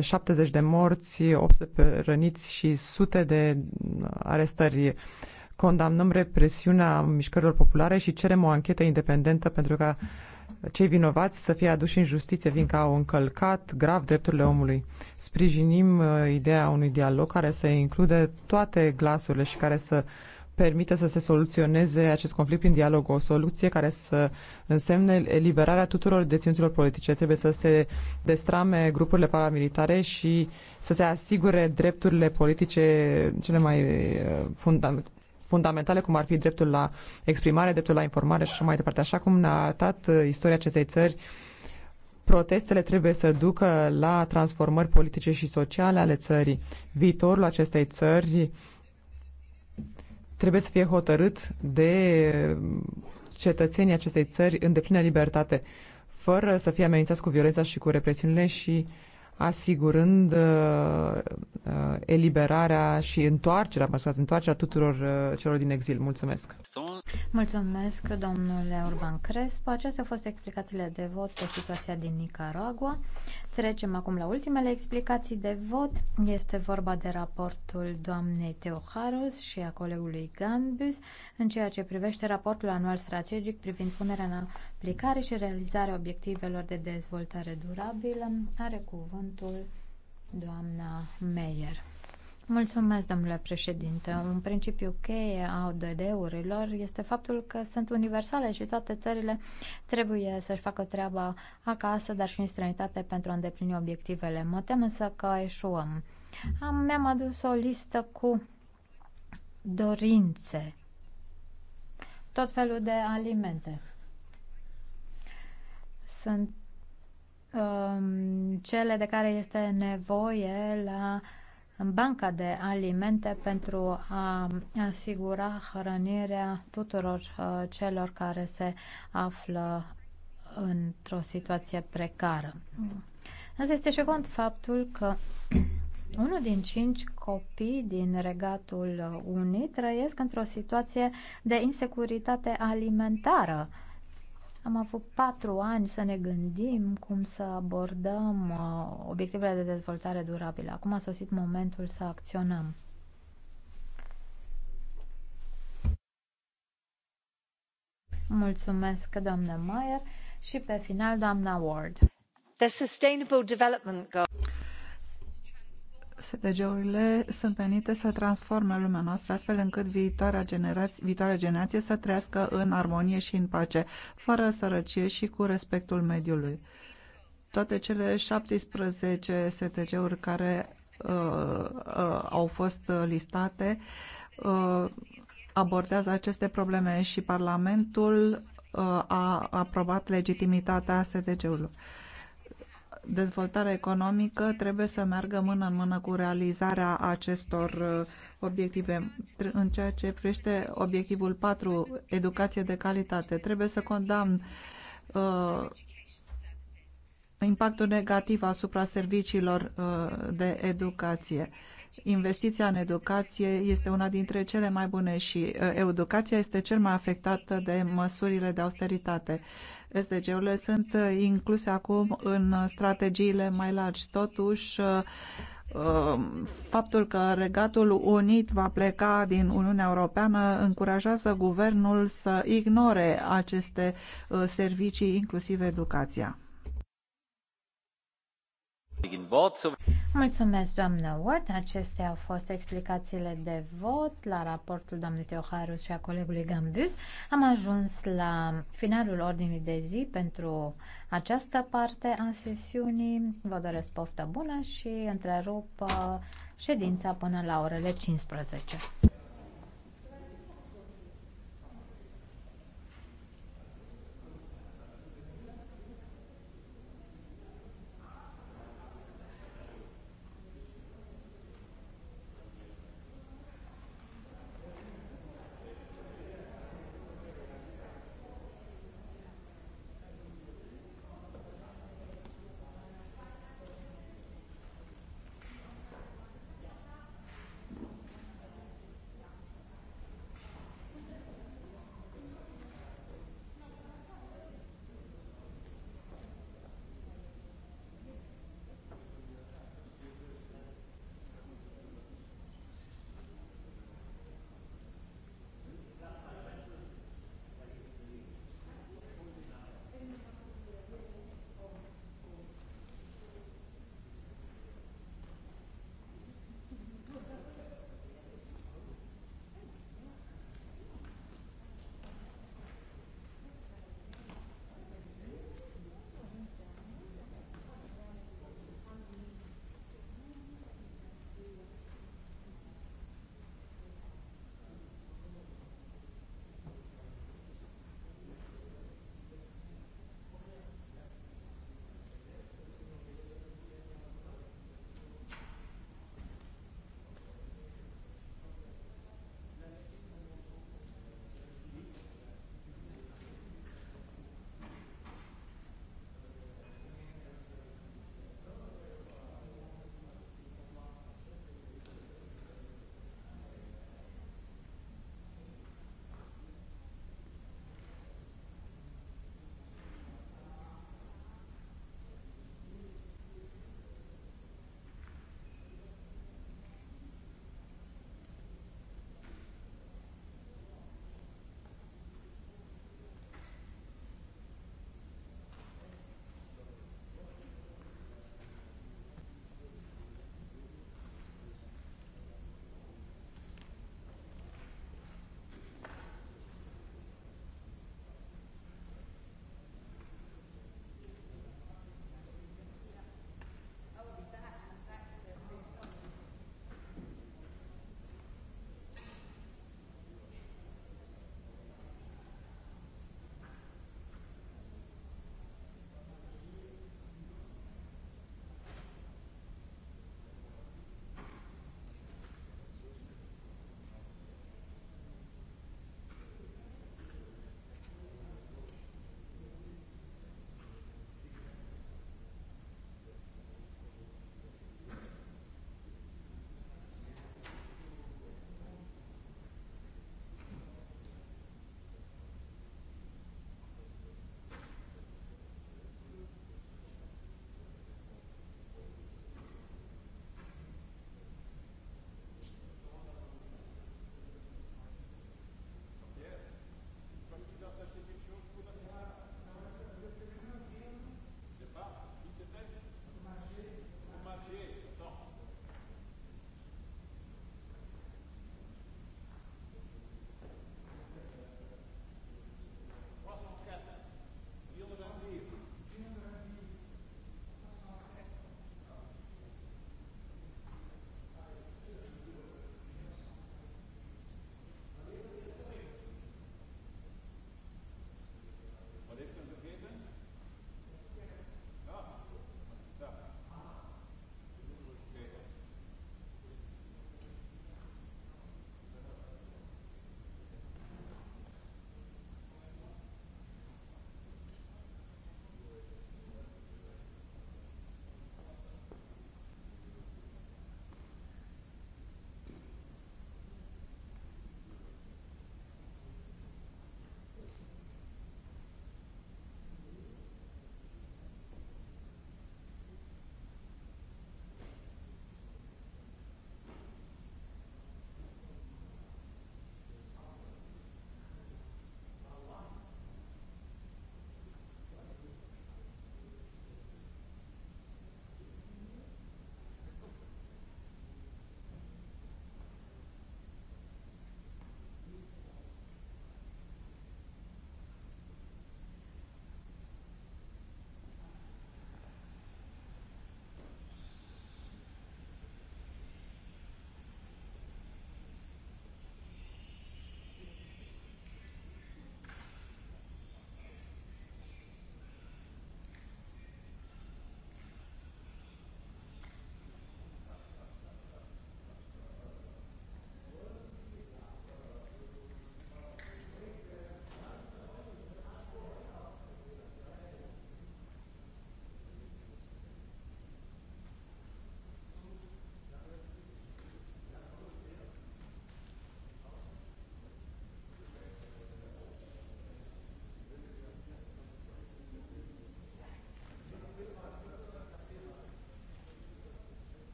70 uh, de morți, 800 răniți și sute de uh, arestări. Condamnăm represiunea mișcărilor populare și cerem o anchetă independentă pentru ca cei vinovați să fie aduși în justiție, fiindcă au încălcat grav drepturile omului. Sprijinim ideea unui dialog care să include toate glasurile și care să permite să se soluționeze acest conflict prin dialog, o soluție care să însemne eliberarea tuturor deținuților politice. Trebuie să se destrame grupurile paramilitare și să se asigure drepturile politice cele mai eh, fundamentale fundamentale, cum ar fi dreptul la exprimare, dreptul la informare și așa mai departe. Așa cum ne-a arătat eh, istoria acestei țări, protestele trebuie să ducă la transformări politice și sociale ale țării. Viitorul acestei țări trebuie să fie hotărât de cetățenii acestei țări în deplină libertate, fără să fie amenințați cu violența și cu represiunile și asigurând uh, uh, eliberarea și întoarcerea, mă scuzați, întoarcerea tuturor uh, celor din exil. Mulțumesc! Mulțumesc, domnule Urban Crespo. Acestea au fost explicațiile de vot pe situația din Nicaragua. Trecem acum la ultimele explicații de vot. Este vorba de raportul doamnei Teoharus și a colegului Gambus în ceea ce privește raportul anual strategic privind punerea în aplicare și realizarea obiectivelor de dezvoltare durabilă are cuvântul doamna Meyer. Mulțumesc, domnule președinte. Un principiu cheie a ODD-urilor este faptul că sunt universale și toate țările trebuie să-și facă treaba acasă, dar și în străinătate pentru a îndeplini obiectivele. Mă tem însă că eșuăm. Am, mi-am adus o listă cu dorințe, tot felul de alimente sunt um, cele de care este nevoie la în banca de alimente pentru a asigura hrănirea tuturor uh, celor care se află într-o situație precară. Asta este și cont faptul că unul din cinci copii din Regatul Unit trăiesc într-o situație de insecuritate alimentară. Uh, am avut patru ani să ne gândim cum să abordăm uh, obiectivele de dezvoltare durabilă. Acum a sosit momentul să acționăm. Mulțumesc, doamnă Mayer. Și pe final, doamna Ward. The Sustainable Development Goals. SDG-urile sunt venite să transforme lumea noastră astfel încât viitoarea generație, viitoarea generație să trăiască în armonie și în pace, fără sărăcie și cu respectul mediului. Toate cele 17 stg uri care uh, uh, au fost listate uh, abordează aceste probleme și Parlamentul uh, a aprobat legitimitatea STG-ului. Uh, dezvoltarea economică trebuie să meargă mână în mână cu realizarea acestor uh, obiective. În ceea ce privește obiectivul 4, educație de calitate, trebuie să condamn uh, impactul negativ asupra serviciilor uh, de educație. Investiția în educație este una dintre cele mai bune și uh, educația este cel mai afectată de măsurile de austeritate. SDG-urile sunt uh, incluse acum în strategiile mai largi. Totuși, uh, uh, faptul că Regatul Unit va pleca din Uniunea Europeană încurajează guvernul să ignore aceste servicii, inclusiv educația. Mulțumesc, doamnă Ward. Acestea au fost explicațiile de vot la raportul doamnei Teoharus și a colegului Gambus. Am ajuns la finalul ordinii de zi pentru această parte a sesiunii. Vă doresc poftă bună și întrerup uh, ședința până la orele 15.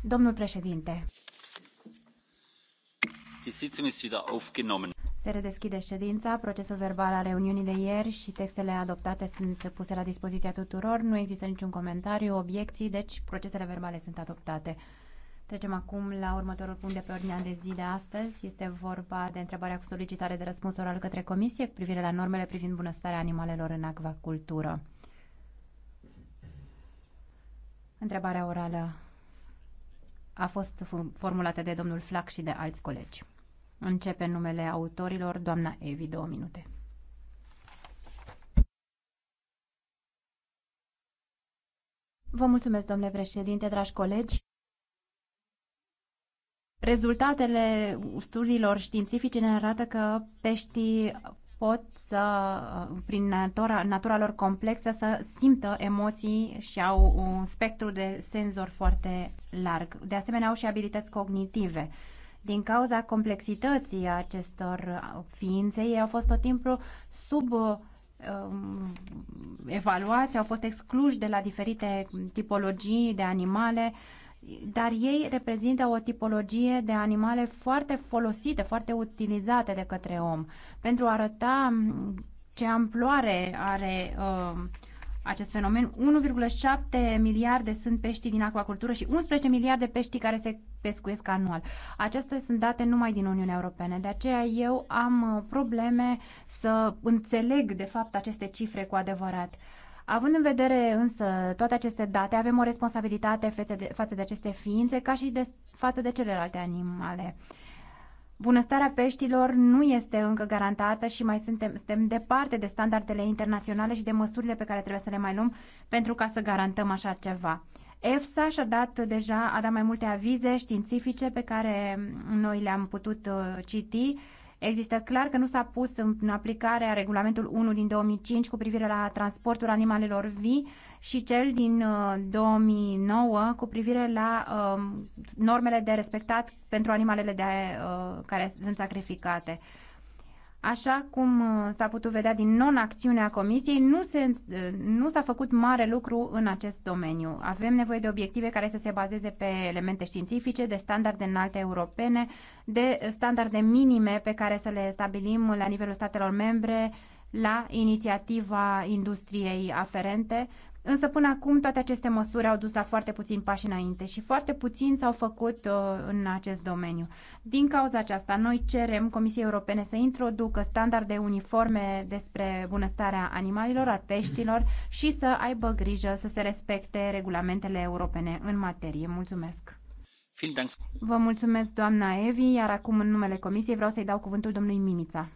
domnule președinte se redeschide ședința. Procesul verbal al reuniunii de ieri și textele adoptate sunt puse la dispoziția tuturor. Nu există niciun comentariu, obiecții, deci procesele verbale sunt adoptate. Trecem acum la următorul punct de pe ordinea de zi de astăzi. Este vorba de întrebarea cu solicitare de răspuns oral către Comisie cu privire la normele privind bunăstarea animalelor în acvacultură. Întrebarea orală a fost formulată de domnul Flac și de alți colegi. Începe numele autorilor, doamna Evi, două minute. Vă mulțumesc, domnule președinte, dragi colegi. Rezultatele studiilor științifice ne arată că peștii pot să, prin natura, natura lor complexă, să simtă emoții și au un spectru de senzor foarte larg. De asemenea, au și abilități cognitive. Din cauza complexității acestor ființe, ei au fost tot timpul sub um, evaluați, au fost excluși de la diferite tipologii de animale dar ei reprezintă o tipologie de animale foarte folosite, foarte utilizate de către om. Pentru a arăta ce amploare are uh, acest fenomen, 1,7 miliarde sunt pești din acvacultură și 11 miliarde pești care se pescuiesc anual. Acestea sunt date numai din Uniunea Europeană, de aceea eu am uh, probleme să înțeleg de fapt aceste cifre cu adevărat. Uh, Având în vedere însă toate aceste date, avem o responsabilitate față de aceste ființe ca și de, față de celelalte animale. Bunăstarea peștilor nu este încă garantată și mai suntem, suntem departe de standardele internaționale și de măsurile pe care trebuie să le mai luăm pentru ca să garantăm așa ceva. EFSA și-a dat deja, a dat mai multe avize științifice pe care noi le-am putut uh, citi Există clar că nu s-a pus în aplicare a regulamentul 1 din 2005 cu privire la transportul animalelor vii și cel din 2009 uh, cu privire la uh, normele de respectat pentru animalele de, uh, care sunt sacrificate. Așa cum uh, s-a putut vedea din non-acțiunea Comisiei, nu, se, uh, nu s-a făcut mare lucru în acest domeniu. Avem nevoie de obiective care să se bazeze pe elemente științifice, de standarde înalte europene, de standarde minime pe care să le stabilim la nivelul statelor membre la inițiativa industriei aferente Însă până acum toate aceste măsuri au dus la foarte puțin pași înainte și foarte puțin s-au făcut uh, în acest domeniu. Din cauza aceasta, noi cerem Comisiei Europene să introducă standarde uniforme despre bunăstarea animalilor, a peștilor și să aibă grijă să se respecte regulamentele europene în materie. Mulțumesc! Vă mulțumesc, doamna Evi, iar acum, în numele Comisiei, vreau să-i dau cuvântul domnului Mimița.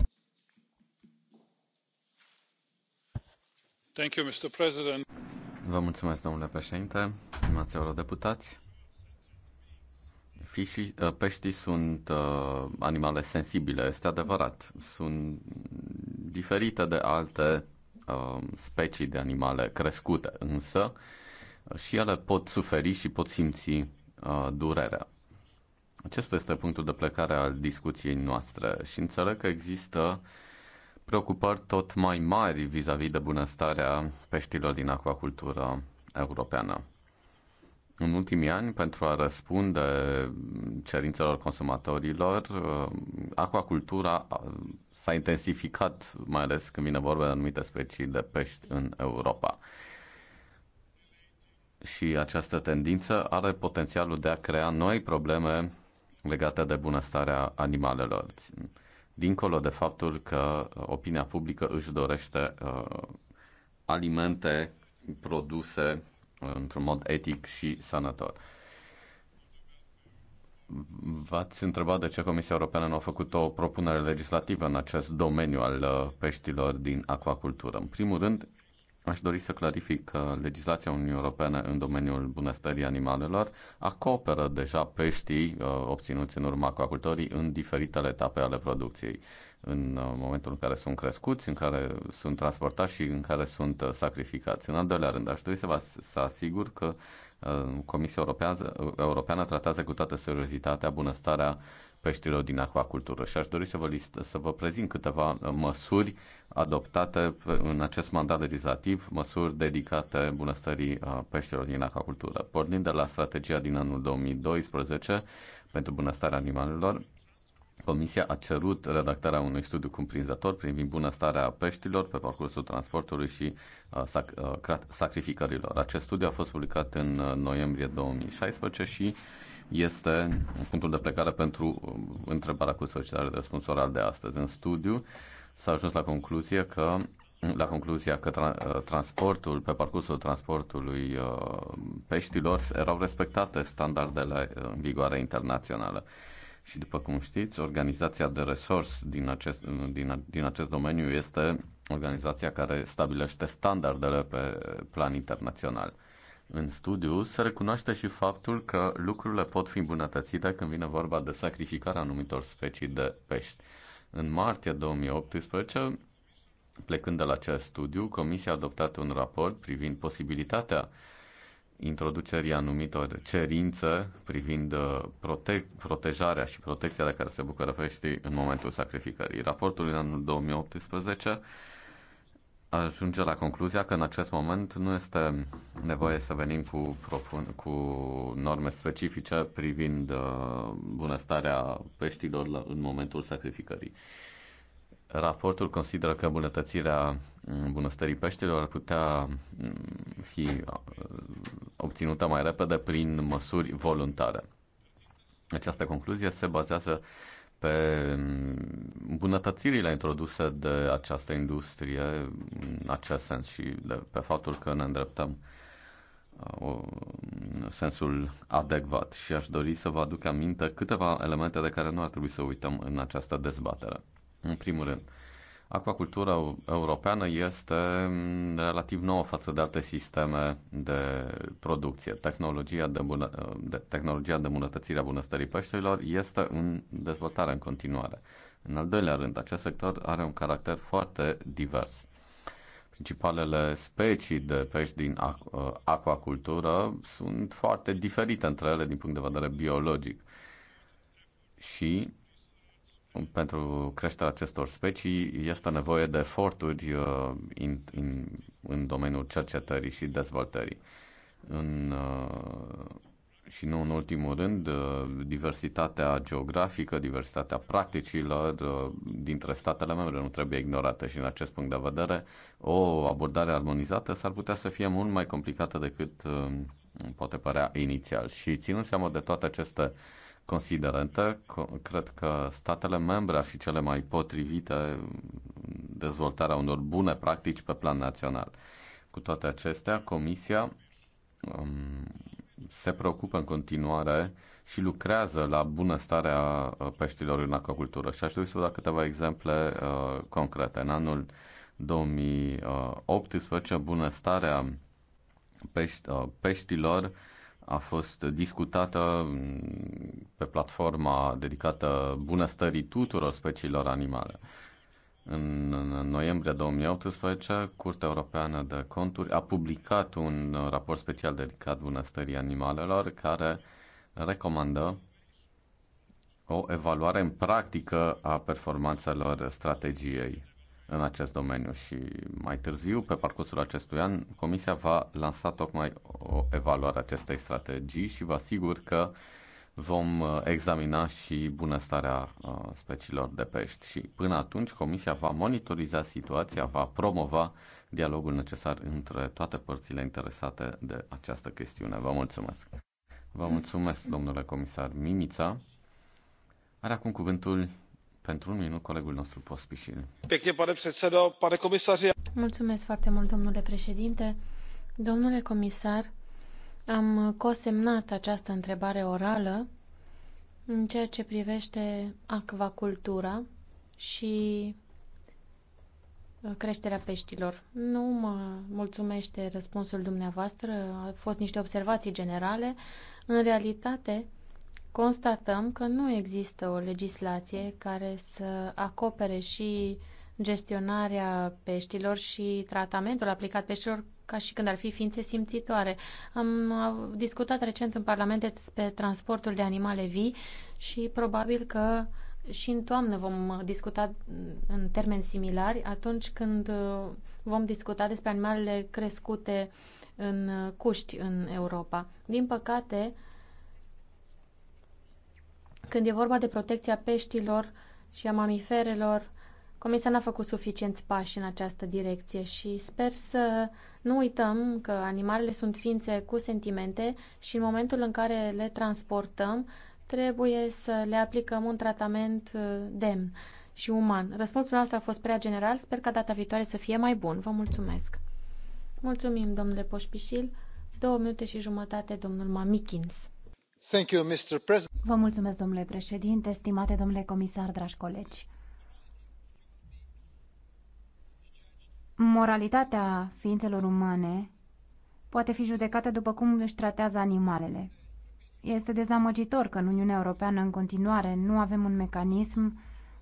Vă mulțumesc, domnule președinte, stimați eurodeputați. Fișii, uh, peștii sunt uh, animale sensibile, este adevărat. Sunt diferite de alte uh, specii de animale crescute, însă uh, și ele pot suferi și pot simți uh, durerea. Acesta este punctul de plecare al discuției noastre și înțeleg că există uh, preocupări tot mai mari vis-a-vis -vis de bunăstarea peștilor din aquacultură europeană. În ultimii ani, pentru a răspunde cerințelor consumatorilor, aquacultura s-a intensificat, mai ales când vine vorba de anumite specii de pești în Europa. Și această tendință are potențialul de a crea noi probleme legate de bunăstarea animalelor dincolo de faptul că uh, opinia publică își dorește uh, alimente produse uh, într-un mod etic și sănător. V-ați întrebat de ce Comisia Europeană nu a făcut o propunere legislativă în acest domeniu al uh, peștilor din aquacultură. În primul rând, Aș dori să clarific că legislația Uniunii Europene în domeniul bunăstării animalelor acoperă deja peștii uh, obținuți în urma acuacultorii în diferitele etape ale producției. În uh, momentul în care sunt crescuți, în care sunt transportați și în care sunt uh, sacrificați. În al doilea rând, aș dori să vă să asigur că Comisia Europeană, Europeană tratează cu toată seriozitatea bunăstarea peștilor din aquacultură și aș dori să vă, list, să vă prezint câteva uh, măsuri adoptate în acest mandat legislativ, măsuri dedicate bunăstării uh, peștilor din aquacultură. Pornind de la strategia din anul 2012 pentru bunăstarea animalelor, Comisia a cerut redactarea unui studiu cuprinzător privind bunăstarea peștilor pe parcursul transportului și uh, sac, sacrificărilor. Acest studiu a fost publicat în noiembrie 2016 și este punctul de plecare pentru um, întrebarea cu solicitare de oral de astăzi. În studiu s-a ajuns la concluzie că la concluzia că tra- uh, transportul, pe parcursul transportului uh, peștilor erau respectate standardele uh, în vigoare internațională. Și după cum știți, organizația de resurs din acest, din, din acest domeniu este organizația care stabilește standardele pe plan internațional. În studiu se recunoaște și faptul că lucrurile pot fi îmbunătățite când vine vorba de sacrificarea anumitor specii de pești. În martie 2018, plecând de la acest studiu, Comisia a adoptat un raport privind posibilitatea introducerii anumitor cerințe privind uh, prote- protejarea și protecția de care se bucură peștii în momentul sacrificării. Raportul din anul 2018 ajunge la concluzia că în acest moment nu este nevoie să venim cu, propun- cu norme specifice privind uh, bunăstarea peștilor la, în momentul sacrificării. Raportul consideră că îmbunătățirea mm, bunăstării peștilor ar putea mm, fi uh, obținută mai repede prin măsuri voluntare. Această concluzie se bazează pe îmbunătățirile introduse de această industrie în acest sens și de, pe faptul că ne îndreptăm uh, în sensul adecvat și aș dori să vă aduc aminte câteva elemente de care nu ar trebui să uităm în această dezbatere. În primul rând, Aquacultura europeană este mm, relativ nouă față de alte sisteme de producție. Tehnologia de, bună, de, tehnologia de îmbunătățire a bunăstării peștilor este în dezvoltare în continuare. În al doilea rând, acest sector are un caracter foarte divers. Principalele specii de pești din aquacultură ă, sunt foarte diferite între ele din punct de vedere biologic. Și pentru creșterea acestor specii este nevoie de eforturi în, uh, in, în domeniul cercetării și dezvoltării. În, uh, și nu în ultimul rând, uh, diversitatea geografică, diversitatea practicilor dintre statele membre nu trebuie ignorată și în acest punct de vedere o abordare armonizată s-ar putea să fie mult mai complicată decât poate părea inițial. Și ținând seama de toate aceste uh, considerente, cred că statele membre ar fi cele mai potrivite în dezvoltarea unor bune practici pe plan național. Cu toate acestea, Comisia um, se preocupă în continuare și lucrează la bunăstarea uh, peștilor în acvacultură. Și aș dori să vă dau câteva exemple uh, concrete. În anul 2018, uh, bunăstarea pești, uh, peștilor a fost discutată mm, pe platforma dedicată bunăstării tuturor speciilor animale. În noiembrie 2018, Curtea Europeană de Conturi a publicat un uh, raport special dedicat bunăstării animalelor care recomandă o evaluare în practică a performanțelor strategiei în acest domeniu și mai târziu, pe parcursul acestui an, Comisia va lansa tocmai o evaluare a acestei strategii și vă asigur că vom uh, examina și bunăstarea uh, speciilor de pești și până atunci Comisia va monitoriza situația, va promova dialogul necesar între toate părțile interesate de această chestiune. Vă mulțumesc! Vă mulțumesc, domnule comisar Mimița. Are acum cuvântul pentru un minut, colegul nostru Mulțumesc foarte mult, domnule președinte. Domnule comisar, am cosemnat această întrebare orală în ceea ce privește acvacultura și uh, creșterea peștilor. Nu mă mulțumește răspunsul dumneavoastră, au fost niște observații generale. În realitate, constatăm că nu există o legislație care să acopere și gestionarea peștilor și tratamentul aplicat peștilor ca și când ar fi ființe simțitoare. Am discutat recent în Parlament despre transportul de animale vii și probabil că și în toamnă vom discuta în termeni similari atunci când uh, vom discuta despre animalele crescute în uh, cuști în Europa. Din păcate, când e vorba de protecția peștilor și a mamiferelor, Comisia n-a făcut suficienți pași în această direcție și sper să nu uităm că animalele sunt ființe cu sentimente și în momentul în care le transportăm, trebuie să le aplicăm un tratament uh, demn și uman. Răspunsul nostru a fost prea general, sper ca data viitoare să fie mai bun. Vă mulțumesc! Mulțumim, domnule Poșpișil. Două minute și jumătate, domnul Mamikins. Vă mulțumesc, domnule președinte, stimate domnule comisar, dragi colegi. Moralitatea ființelor umane poate fi judecată după cum își tratează animalele. Este dezamăgitor că în Uniunea Europeană în continuare nu avem un mecanism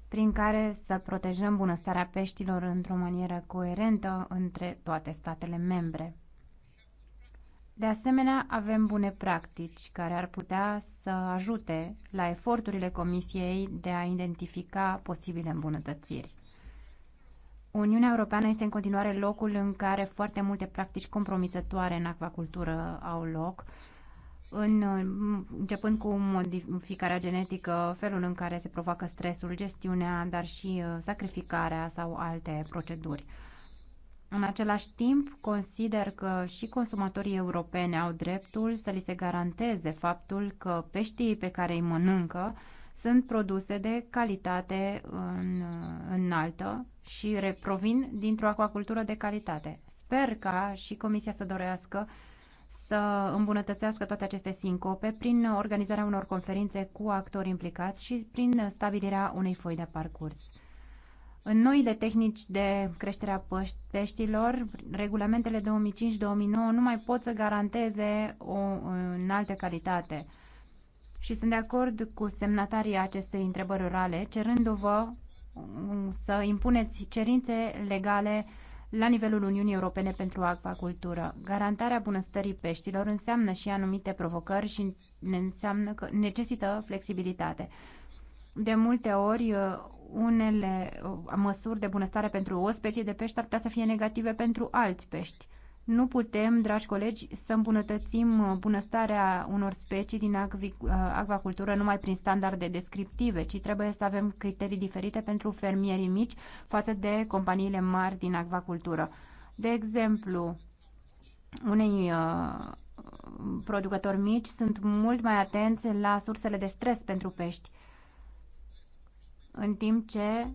prin care să protejăm bunăstarea peștilor într-o manieră coerentă între toate statele membre. De asemenea, avem bune practici care ar putea să ajute la eforturile Comisiei de a identifica posibile îmbunătățiri. Uniunea Europeană este în continuare locul în care foarte multe practici compromițătoare în acvacultură au loc, în, începând cu modificarea genetică, felul în care se provoacă stresul, gestiunea, dar și uh, sacrificarea sau alte proceduri. În același timp, consider că și consumatorii europeni au dreptul să li se garanteze faptul că peștii pe care îi mănâncă sunt produse de calitate în, înaltă și provin dintr-o aquacultură de calitate. Sper ca și Comisia să dorească să îmbunătățească toate aceste sincope prin organizarea unor conferințe cu actori implicați și prin stabilirea unei foi de parcurs. În noile tehnici de creștere a peștilor, regulamentele 2005-2009 nu mai pot să garanteze o înaltă calitate. Și sunt de acord cu semnatarii acestei întrebări orale, cerându-vă um, să impuneți cerințe legale la nivelul Uniunii Europene pentru acvacultură. Garantarea bunăstării peștilor înseamnă și anumite provocări și înseamnă că necesită flexibilitate. De multe ori, uh, unele uh, măsuri de bunăstare pentru o specie de pește ar putea să fie negative pentru alți pești. Nu putem, dragi colegi, să îmbunătățim uh, bunăstarea unor specii din uh, acvacultură numai prin standarde descriptive, ci trebuie să avem criterii diferite pentru fermierii mici față de companiile mari din acvacultură. De exemplu, unei producători mici sunt mult mai atenți la sursele de stres pentru pești în timp ce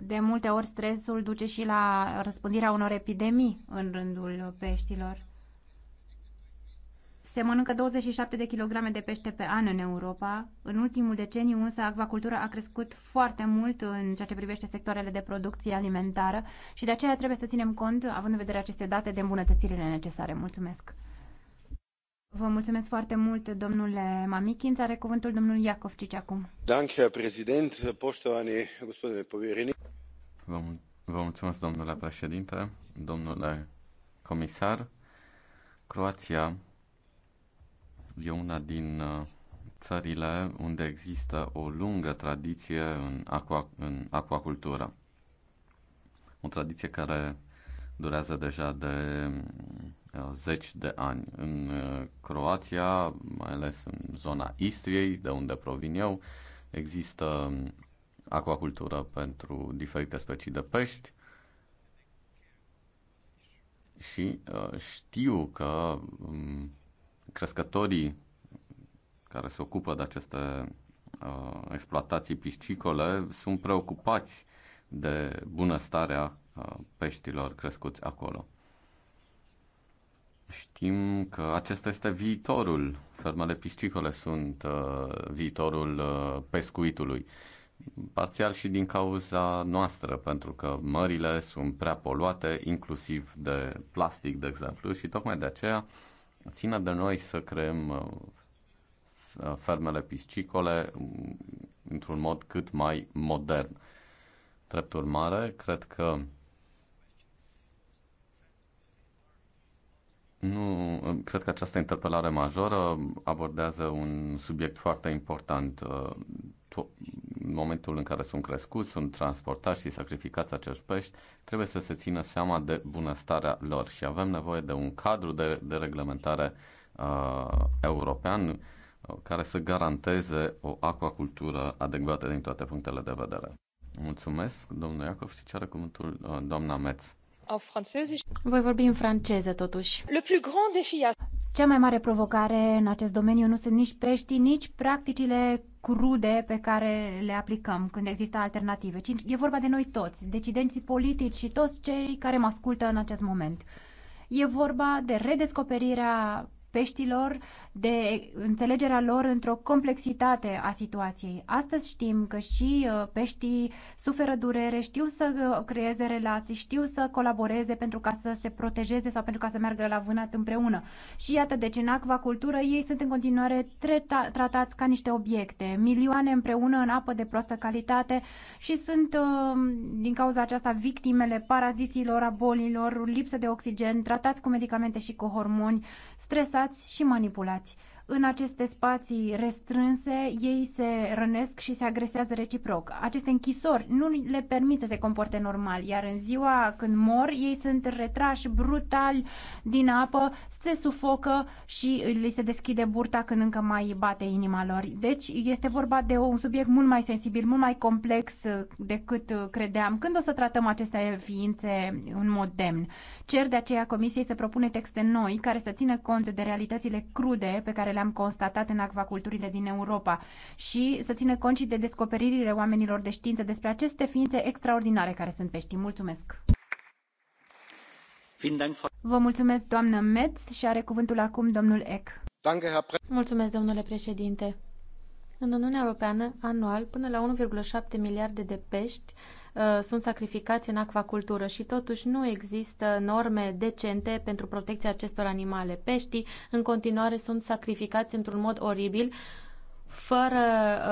de multe ori stresul duce și la răspândirea unor epidemii în rândul peștilor. Se mănâncă 27 de kilograme de pește pe an în Europa. În ultimul deceniu însă acvacultura a crescut foarte mult în ceea ce privește sectoarele de producție alimentară și de aceea trebuie să ținem cont, având în vedere aceste date, de îmbunătățirile necesare. Mulțumesc! Vă mulțumesc foarte mult, domnule Mamichin. Are cuvântul domnul Cici acum. Dank, Herr Präsident, gospodine poverenic. Vă, vă mulțumesc, domnule președinte, domnule comisar. Croația e una din uh, țările unde există o lungă tradiție în, aqua, în aquacultură. O tradiție care durează deja de Uh, zeci de ani. În uh, Croația, mai ales în zona Istriei, de unde provin eu, există um, aquacultură pentru diferite specii de pești și uh, știu că um, crescătorii care se ocupă de aceste exploatații piscicole sunt preocupați de bunăstarea peștilor crescuți acolo. Știm că acesta este viitorul. Fermele piscicole sunt uh, viitorul uh, pescuitului. Parțial și din cauza noastră, pentru că mările sunt prea poluate, inclusiv de plastic, de exemplu, și tocmai de aceea ține de noi să creăm uh, fermele piscicole mm, într-un mod cât mai modern. Drept urmare, cred că Nu, cred că această interpelare majoră abordează un subiect foarte important. Uh, în momentul în care sunt crescuți, sunt transportați și sacrificați acești pești, trebuie să se țină seama de bunăstarea lor și avem nevoie de un cadru de, de reglementare uh, european uh, care să garanteze o aquacultură adecvată din toate punctele de vedere. Mulțumesc, domnule Iacov, și cere cuvântul uh, doamna Metz. Voi vorbi în franceză, totuși. Le plus grand défi Cea mai mare provocare în acest domeniu nu sunt nici peștii, nici practicile crude pe care le aplicăm când există alternative, ci e vorba de noi toți, decidenții politici și toți cei care mă ascultă în acest moment. E vorba de redescoperirea peștilor, de înțelegerea lor într-o complexitate a situației. Astăzi știm că și uh, peștii suferă durere, știu să uh, creeze relații, știu să colaboreze pentru ca să se protejeze sau pentru ca să meargă la vânat împreună. Și iată, deci în acvacultură ei sunt în continuare treta- tratați ca niște obiecte, milioane împreună în apă de proastă calitate și sunt uh, din cauza aceasta victimele paraziților, a bolilor, lipsă de oxigen, tratați cu medicamente și cu hormoni, stresați controlați și manipulați în aceste spații restrânse, ei se rănesc și se agresează reciproc. Aceste închisori nu le permit să se comporte normal, iar în ziua când mor, ei sunt retrași brutal din apă, se sufocă și li se deschide burta când încă mai bate inima lor. Deci este vorba de un subiect mult mai sensibil, mult mai complex decât credeam. Când o să tratăm aceste ființe în mod demn? Cer de aceea Comisiei să propune texte noi care să țină cont de realitățile crude pe care le-am constatat în acvaculturile din Europa și să țină cont și de descoperirile oamenilor de știință despre aceste ființe extraordinare care sunt peștii. Mulțumesc! Vă mulțumesc, doamnă Metz, și are cuvântul acum domnul Eck. Mulțumesc, domnule președinte. În Uniunea Europeană, anual, până la 1,7 miliarde de pești Uh, sunt sacrificați în acvacultură și totuși nu există norme decente pentru protecția acestor animale. Peștii în continuare sunt sacrificați într-un mod oribil, fără,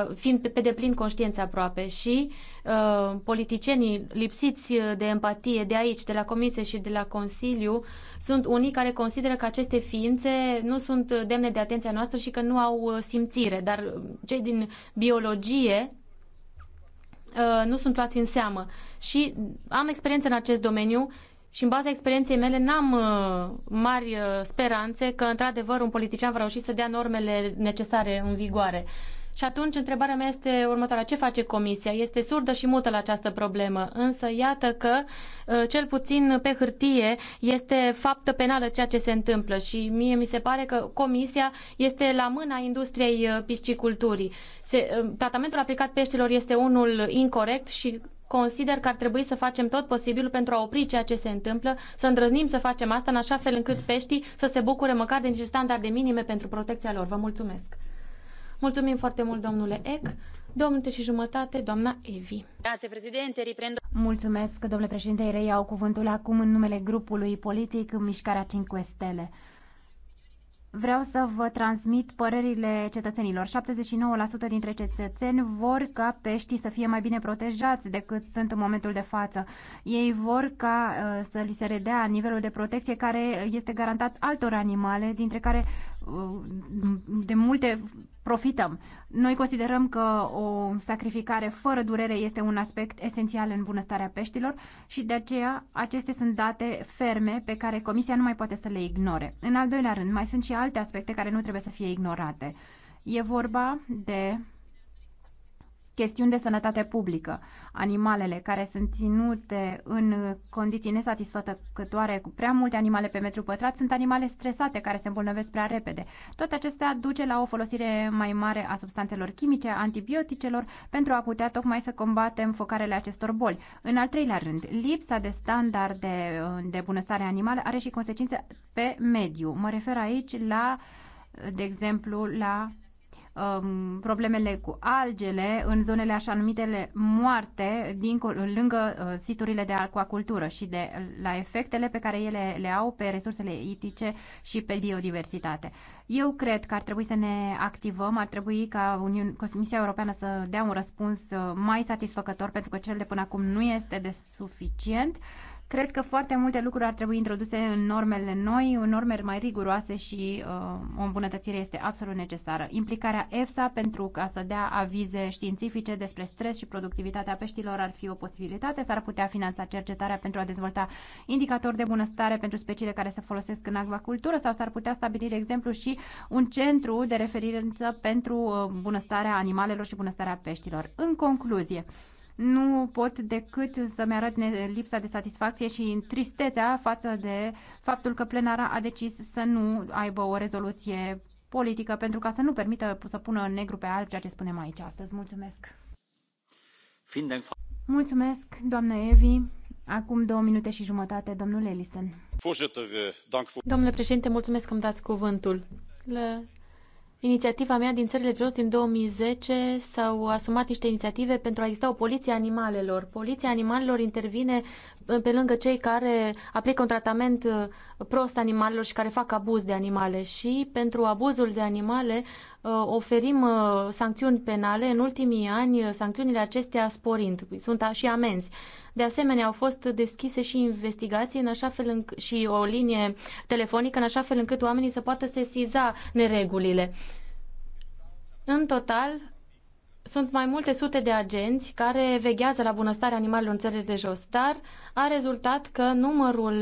uh, fiind pe deplin conștienți aproape și uh, politicienii lipsiți de empatie de aici, de la Comisie și de la Consiliu, sunt unii care consideră că aceste ființe nu sunt demne de atenția noastră și că nu au uh, simțire, dar cei din biologie Uh, nu sunt luați în seamă. Și am experiență în acest domeniu și în baza experienței mele n-am uh, mari uh, speranțe că într-adevăr un politician va reuși să dea normele necesare în vigoare. Și atunci întrebarea mea este următoarea. Ce face Comisia? Este surdă și mută la această problemă, însă iată că, uh, cel puțin pe hârtie, este faptă penală ceea ce se întâmplă și mie mi se pare că Comisia este la mâna industriei uh, pisciculturii. Se, uh, tratamentul aplicat peștilor este unul incorrect și consider că ar trebui să facem tot posibilul pentru a opri ceea ce se întâmplă, să îndrăznim să facem asta în așa fel încât peștii să se bucure măcar de niște standarde minime pentru protecția lor. Vă mulțumesc! Mulțumim foarte mult, domnule Eck. domnule și jumătate, doamna Evi. Mulțumesc, domnule președinte. Reiau cuvântul acum în numele grupului politic Mișcarea 5 Stele. Vreau să vă transmit părerile cetățenilor. 79% dintre cetățeni vor ca peștii să fie mai bine protejați decât sunt în momentul de față. Ei vor ca uh, să li se redea nivelul de protecție care este garantat altor animale, dintre care Uh, de multe profităm. Noi considerăm că o sacrificare fără durere este un aspect esențial în bunăstarea peștilor și de aceea acestea sunt date ferme pe care Comisia nu mai poate să le ignore. În al doilea rând, mai sunt și alte aspecte care nu trebuie să fie ignorate. E vorba de chestiuni de sănătate publică. Animalele care sunt ținute în condiții nesatisfăcătoare cu prea multe animale pe metru pătrat sunt animale stresate care se îmbolnăvesc prea repede. Toate acestea duce la o folosire mai mare a substanțelor chimice, antibioticelor, pentru a putea tocmai să combatem focarele acestor boli. În al treilea rând, lipsa de standard de, uh, de bunăstare animală are și consecințe pe mediu. Mă refer aici la, de exemplu, la um, problemele cu algele în zonele așa numitele moarte, din, lângă uh, siturile de aquacultură și de, la efectele pe care ele le au pe resursele itice și pe biodiversitate. Eu cred că ar trebui să ne activăm, ar trebui ca Uniun, Comisia Europeană să dea un răspuns uh, mai satisfăcător, pentru că cel de până acum nu este de suficient. Uh, Cred că foarte multe lucruri ar trebui introduse în normele noi, în norme mai riguroase și uh, o îmbunătățire este absolut necesară. Implicarea EFSA pentru ca să dea avize științifice despre stres și productivitatea peștilor ar fi o posibilitate. S-ar putea finanța cercetarea pentru a dezvolta indicatori de bunăstare pentru speciile care se folosesc în acvacultură sau s-ar putea stabili, de exemplu, și un centru de referință pentru uh, bunăstarea animalelor și bunăstarea peștilor. În concluzie, nu pot decât să-mi arăt lipsa de satisfacție și tristețea față de faptul că plenara a decis să nu aibă o rezoluție politică pentru ca să nu permită să pună în negru pe alb ceea ce spunem aici astăzi. Mulțumesc! Mulțumesc, doamnă Evi. Acum două minute și jumătate, domnul Ellison. Eh, Domnule președinte, mulțumesc că îmi dați cuvântul. Le inițiativa mea din țările jos din 2010 s-au asumat niște inițiative pentru a exista o poliție animalelor. Poliția animalelor intervine uh, pe lângă cei care aplică un tratament uh, prost animalelor și care fac abuz de animale și pentru abuzul de animale uh, oferim sancțiuni penale. În ultimii ani, sancțiunile acestea sporind, sunt și amenzi. De asemenea, au fost deschise și investigații în așa fel înc- și o linie telefonică în așa fel încât oamenii să poată sesiza neregulile. În total, sunt mai multe sute de agenți care veghează la bunăstarea animalelor în țările de jos, dar a rezultat că numărul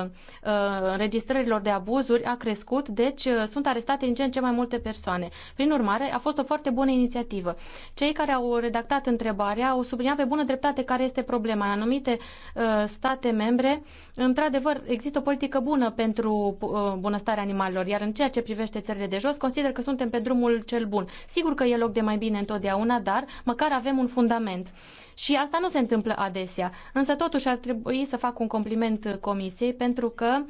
uh, uh, înregistrărilor de abuzuri a crescut, deci uh, sunt arestate din ce în ce mai multe persoane. Prin urmare, a fost o foarte bună inițiativă. Cei care au redactat întrebarea au subliniat pe bună dreptate care este problema. În anumite state membre, într-adevăr, există o politică bună pentru bunăstarea animalelor, iar în ceea ce privește țările de jos, consider că suntem pe drumul cel bun. Sigur că e loc de mai bine întotdeauna, dar măcar avem un fundament. Și asta nu se întâmplă adesea. Însă totuși ar trebui să fac un compliment comisiei pentru că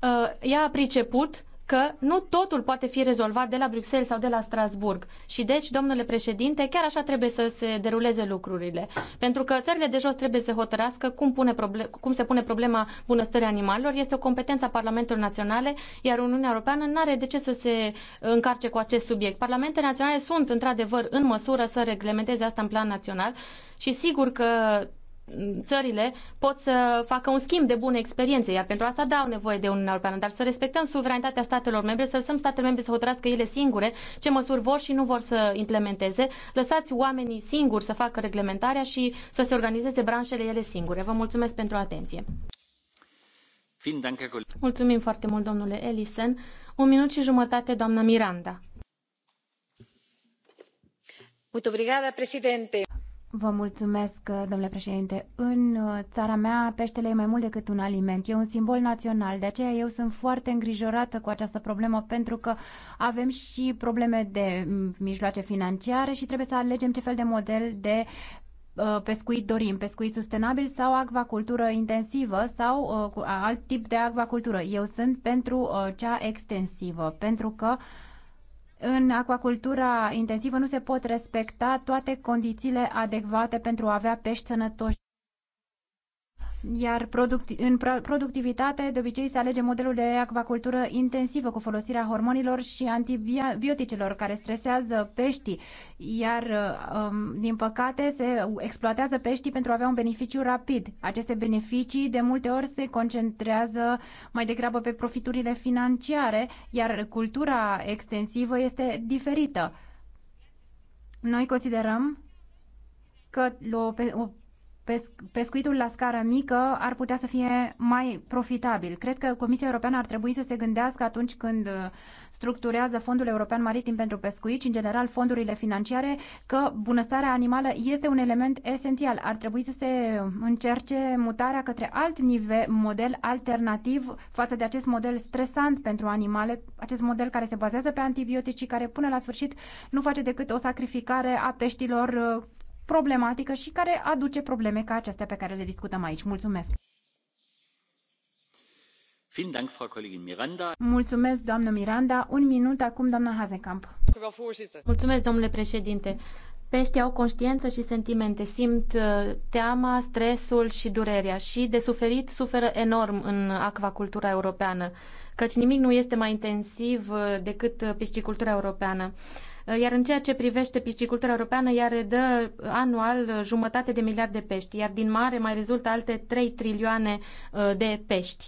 uh, ea a priceput că nu totul poate fi rezolvat de la Bruxelles sau de la Strasburg. Și deci, domnule președinte, chiar așa trebuie să se deruleze lucrurile. Pentru că țările de jos trebuie să hotărască cum, pune problem, cum se pune problema bunăstării animalelor. Este o competență a Parlamentelor Naționale, iar Uniunea Europeană nu are de ce să se încarce cu acest subiect. Parlamentele naționale sunt, într-adevăr, în măsură să reglementeze asta în plan național și sigur că țările pot să facă un schimb de bune experiențe, iar pentru asta dau da, nevoie de Uniunea Europeană, dar să respectăm suveranitatea statelor membre, să lăsăm statele membre să hotărască ele singure ce măsuri vor și nu vor să implementeze. Lăsați oamenii singuri să facă reglementarea și să se organizeze branșele ele singure. Vă mulțumesc pentru atenție. Mulțumim foarte mult, domnule Ellison. Un minut și jumătate, doamna Miranda. Muito obrigada, presidente. Vă mulțumesc, domnule președinte. În uh, țara mea, peștele e mai mult decât un aliment, e un simbol național. De aceea eu sunt foarte îngrijorată cu această problemă, pentru că avem și probleme de mijloace financiare și trebuie să alegem ce fel de model de uh, pescuit dorim, pescuit sustenabil sau acvacultură intensivă sau uh, alt tip de acvacultură. Eu sunt pentru cea extensivă, pentru că uh, în acvacultura intensivă nu se pot respecta toate condițiile adecvate pentru a avea pești sănătoși iar producti- în productivitate de obicei se alege modelul de acvacultură intensivă cu folosirea hormonilor și antibioticelor care stresează peștii, iar um, din păcate se exploatează peștii pentru a avea un beneficiu rapid. Aceste beneficii de multe ori se concentrează mai degrabă pe profiturile financiare, iar cultura extensivă este diferită. Noi considerăm că o pescuitul la scară mică ar putea să fie mai profitabil. Cred că Comisia Europeană ar trebui să se gândească atunci când uh, structurează Fondul European Maritim pentru Pescuit și, în general, fondurile financiare, că bunăstarea animală este un element esențial. Ar trebui să se încerce mutarea către alt nivel, model alternativ față de acest model stresant pentru animale, acest model care se bazează pe antibiotici și care, până la sfârșit, nu face decât o sacrificare a peștilor uh, problematică și care aduce probleme ca acestea pe care le discutăm aici. Mulțumesc! Mulțumesc, doamnă Miranda. Un minut acum, doamna Hazekamp. Mulțumesc, domnule președinte. Peștii au conștiență și sentimente, simt uh, teama, stresul și durerea și de suferit suferă enorm în acvacultura europeană, căci nimic nu este mai intensiv uh, decât uh, piscicultura europeană. Uh, iar în ceea ce privește piscicultura europeană, ea redă anual jumătate de miliard de pești, iar din mare mai rezultă alte 3 trilioane uh, de pești.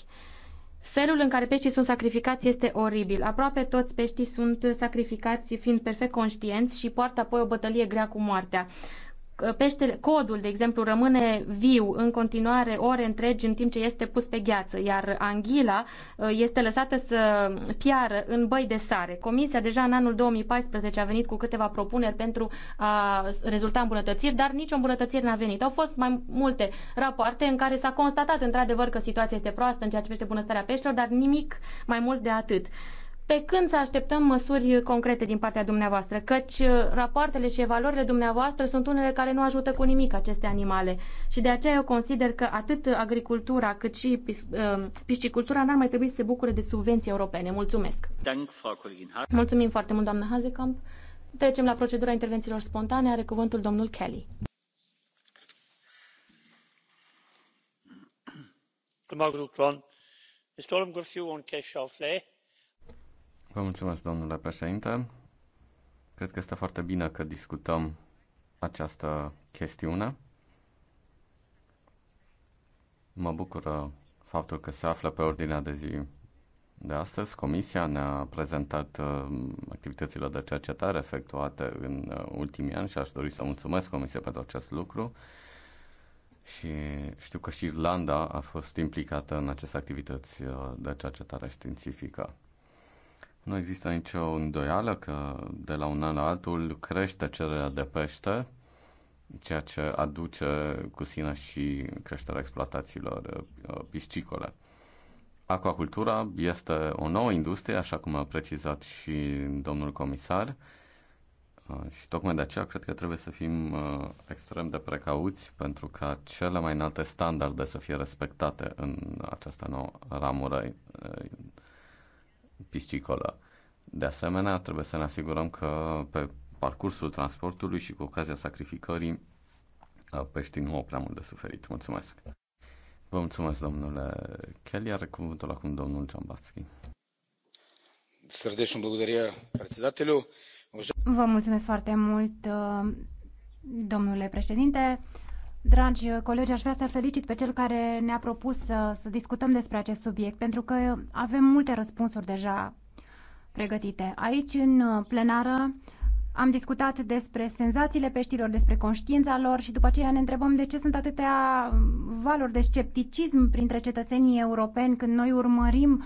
Felul în care peștii sunt sacrificați este oribil. Aproape toți peștii sunt sacrificați fiind perfect conștienți și poartă apoi o bătălie grea cu moartea peștele, codul, de exemplu, rămâne viu în continuare ore întregi în timp ce este pus pe gheață, iar anghila uh, este lăsată să piară în băi de sare. Comisia deja în anul 2014 a venit cu câteva propuneri pentru a rezulta îmbunătățiri, dar nicio îmbunătățire n-a venit. Au fost mai multe rapoarte în care s-a constatat într-adevăr că situația este proastă în ceea ce privește bunăstarea peștilor, dar nimic mai mult de atât pe când să așteptăm măsuri concrete din partea dumneavoastră, căci uh, rapoartele și evaluările dumneavoastră sunt unele care nu ajută cu nimic aceste animale. Și de aceea eu consider că atât agricultura cât și uh, piscicultura n-ar mai trebui să se bucure de subvenții europene. Mulțumesc! Mulțumim foarte mult, doamnă Hazekamp. Trecem la procedura intervențiilor spontane. Are cuvântul domnul Kelly. Domnul Grucron, este un cash Vă mulțumesc, domnule președinte. Cred că este foarte bine că discutăm această chestiune. Mă bucură uh, faptul că se află pe ordinea de zi de astăzi. Comisia ne-a prezentat uh, activitățile de cercetare efectuate în uh, ultimii ani și aș dori să mulțumesc Comisia pentru acest lucru. Și știu că și Irlanda a fost implicată în aceste activități de cercetare științifică. Nu există nicio îndoială că de la un an la altul crește cererea de pește, ceea ce aduce cu sine și creșterea exploatațiilor uh, piscicole. Aquacultura este o nouă industrie, așa cum a precizat și domnul comisar, uh, și tocmai de aceea cred că trebuie să fim uh, extrem de precauți pentru ca cele mai înalte standarde să fie respectate în această nouă ramură piscicolă. De asemenea, trebuie să ne asigurăm că pe parcursul transportului și cu ocazia sacrificării uh, peștii nu au prea mult de suferit. Mulțumesc! Vă mulțumesc, domnule Kelly. Are cuvântul acum domnul Ciambatski. Sărdești благодаря председателю. Vă mulțumesc foarte mult, uh, domnule președinte. Dragi colegi, aș vrea să felicit pe cel care ne-a propus să, să discutăm despre acest subiect, pentru că avem multe răspunsuri deja pregătite. Aici, în plenară, am discutat despre senzațiile peștilor, despre conștiința lor și după aceea ne întrebăm de ce sunt atâtea valori de scepticism printre cetățenii europeni când noi urmărim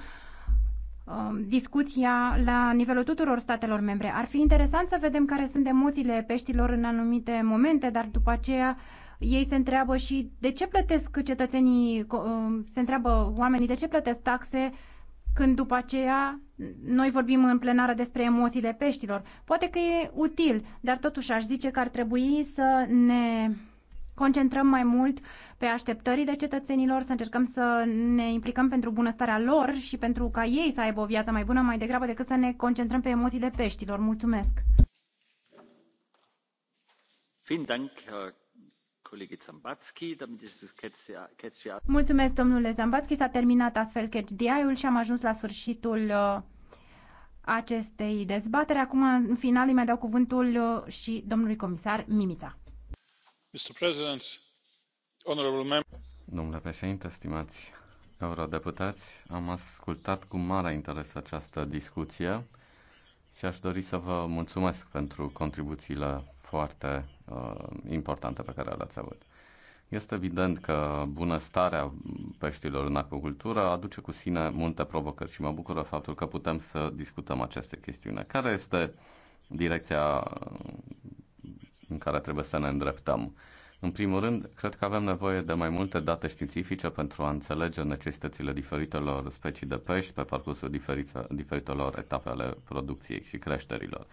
uh, discuția la nivelul tuturor statelor membre. Ar fi interesant să vedem care sunt emoțiile peștilor în anumite momente, dar după aceea uh, ei se întreabă și de ce plătesc cetățenii, um, se întreabă oamenii de ce plătesc taxe când după aceea noi vorbim în plenară despre emoțiile peștilor. Poate că e util, dar totuși aș zice că ar trebui să ne concentrăm mai mult pe așteptările cetățenilor, să încercăm să ne implicăm pentru bunăstarea lor și pentru ca ei să aibă o viață mai bună mai degrabă decât să ne concentrăm pe emoțiile peștilor. Mulțumesc! Vielen Dank, Mulțumesc, domnule Zambatski. S-a terminat astfel CatchDI-ul și am ajuns la sfârșitul uh, acestei dezbatere. Acum, în final, îi mai dau cuvântul uh, și domnului comisar Mimita. Mr. President, members. Domnule președinte, stimați eurodeputați, am ascultat cu mare interes această discuție și aș dori să vă mulțumesc pentru contribuțiile foarte Uh, Importantă pe care le-ați avut. Este evident că bunăstarea peștilor în acvacultură aduce cu sine multe provocări și mă bucură faptul că putem să discutăm aceste chestiune. Care este direcția uh, în care trebuie să ne îndreptăm? În primul rând, cred că avem nevoie de mai multe date științifice pentru a înțelege necesitățile diferitelor specii de pești pe parcursul diferitelor etape ale producției și creșterilor.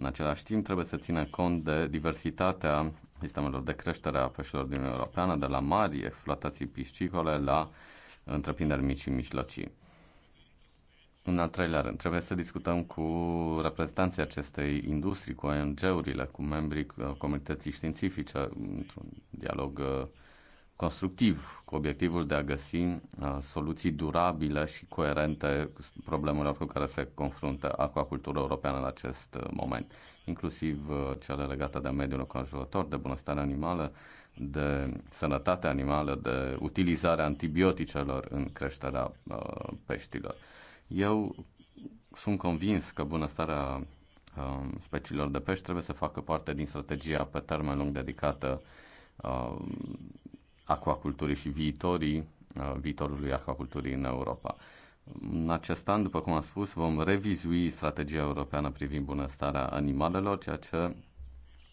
În același timp, trebuie să ține cont de diversitatea sistemelor de creștere a peștilor din Uniunea Europeană, de la mari exploatații piscicole la întreprinderi mici și mijlocii. În al treilea rând, trebuie să discutăm cu reprezentanții acestei industrii, cu ONG-urile, cu membrii uh, comunității științifice, într-un dialog uh, constructiv, cu obiectivul de a găsi uh, soluții durabile și coerente problemelor cu care se confruntă aquacultura europeană în acest uh, moment, inclusiv uh, cele legate de mediul înconjurător, de bunăstare animală, de sănătate animală, de utilizarea antibioticelor în creșterea peștilor. Eu sunt convins că bunăstarea um, speciilor de pești trebuie să facă parte din strategia pe termen lung dedicată um, aquaculturii și viitorii, uh, viitorului aquaculturii în Europa. În acest an, după cum am spus, vom revizui strategia europeană privind bunăstarea animalelor, ceea ce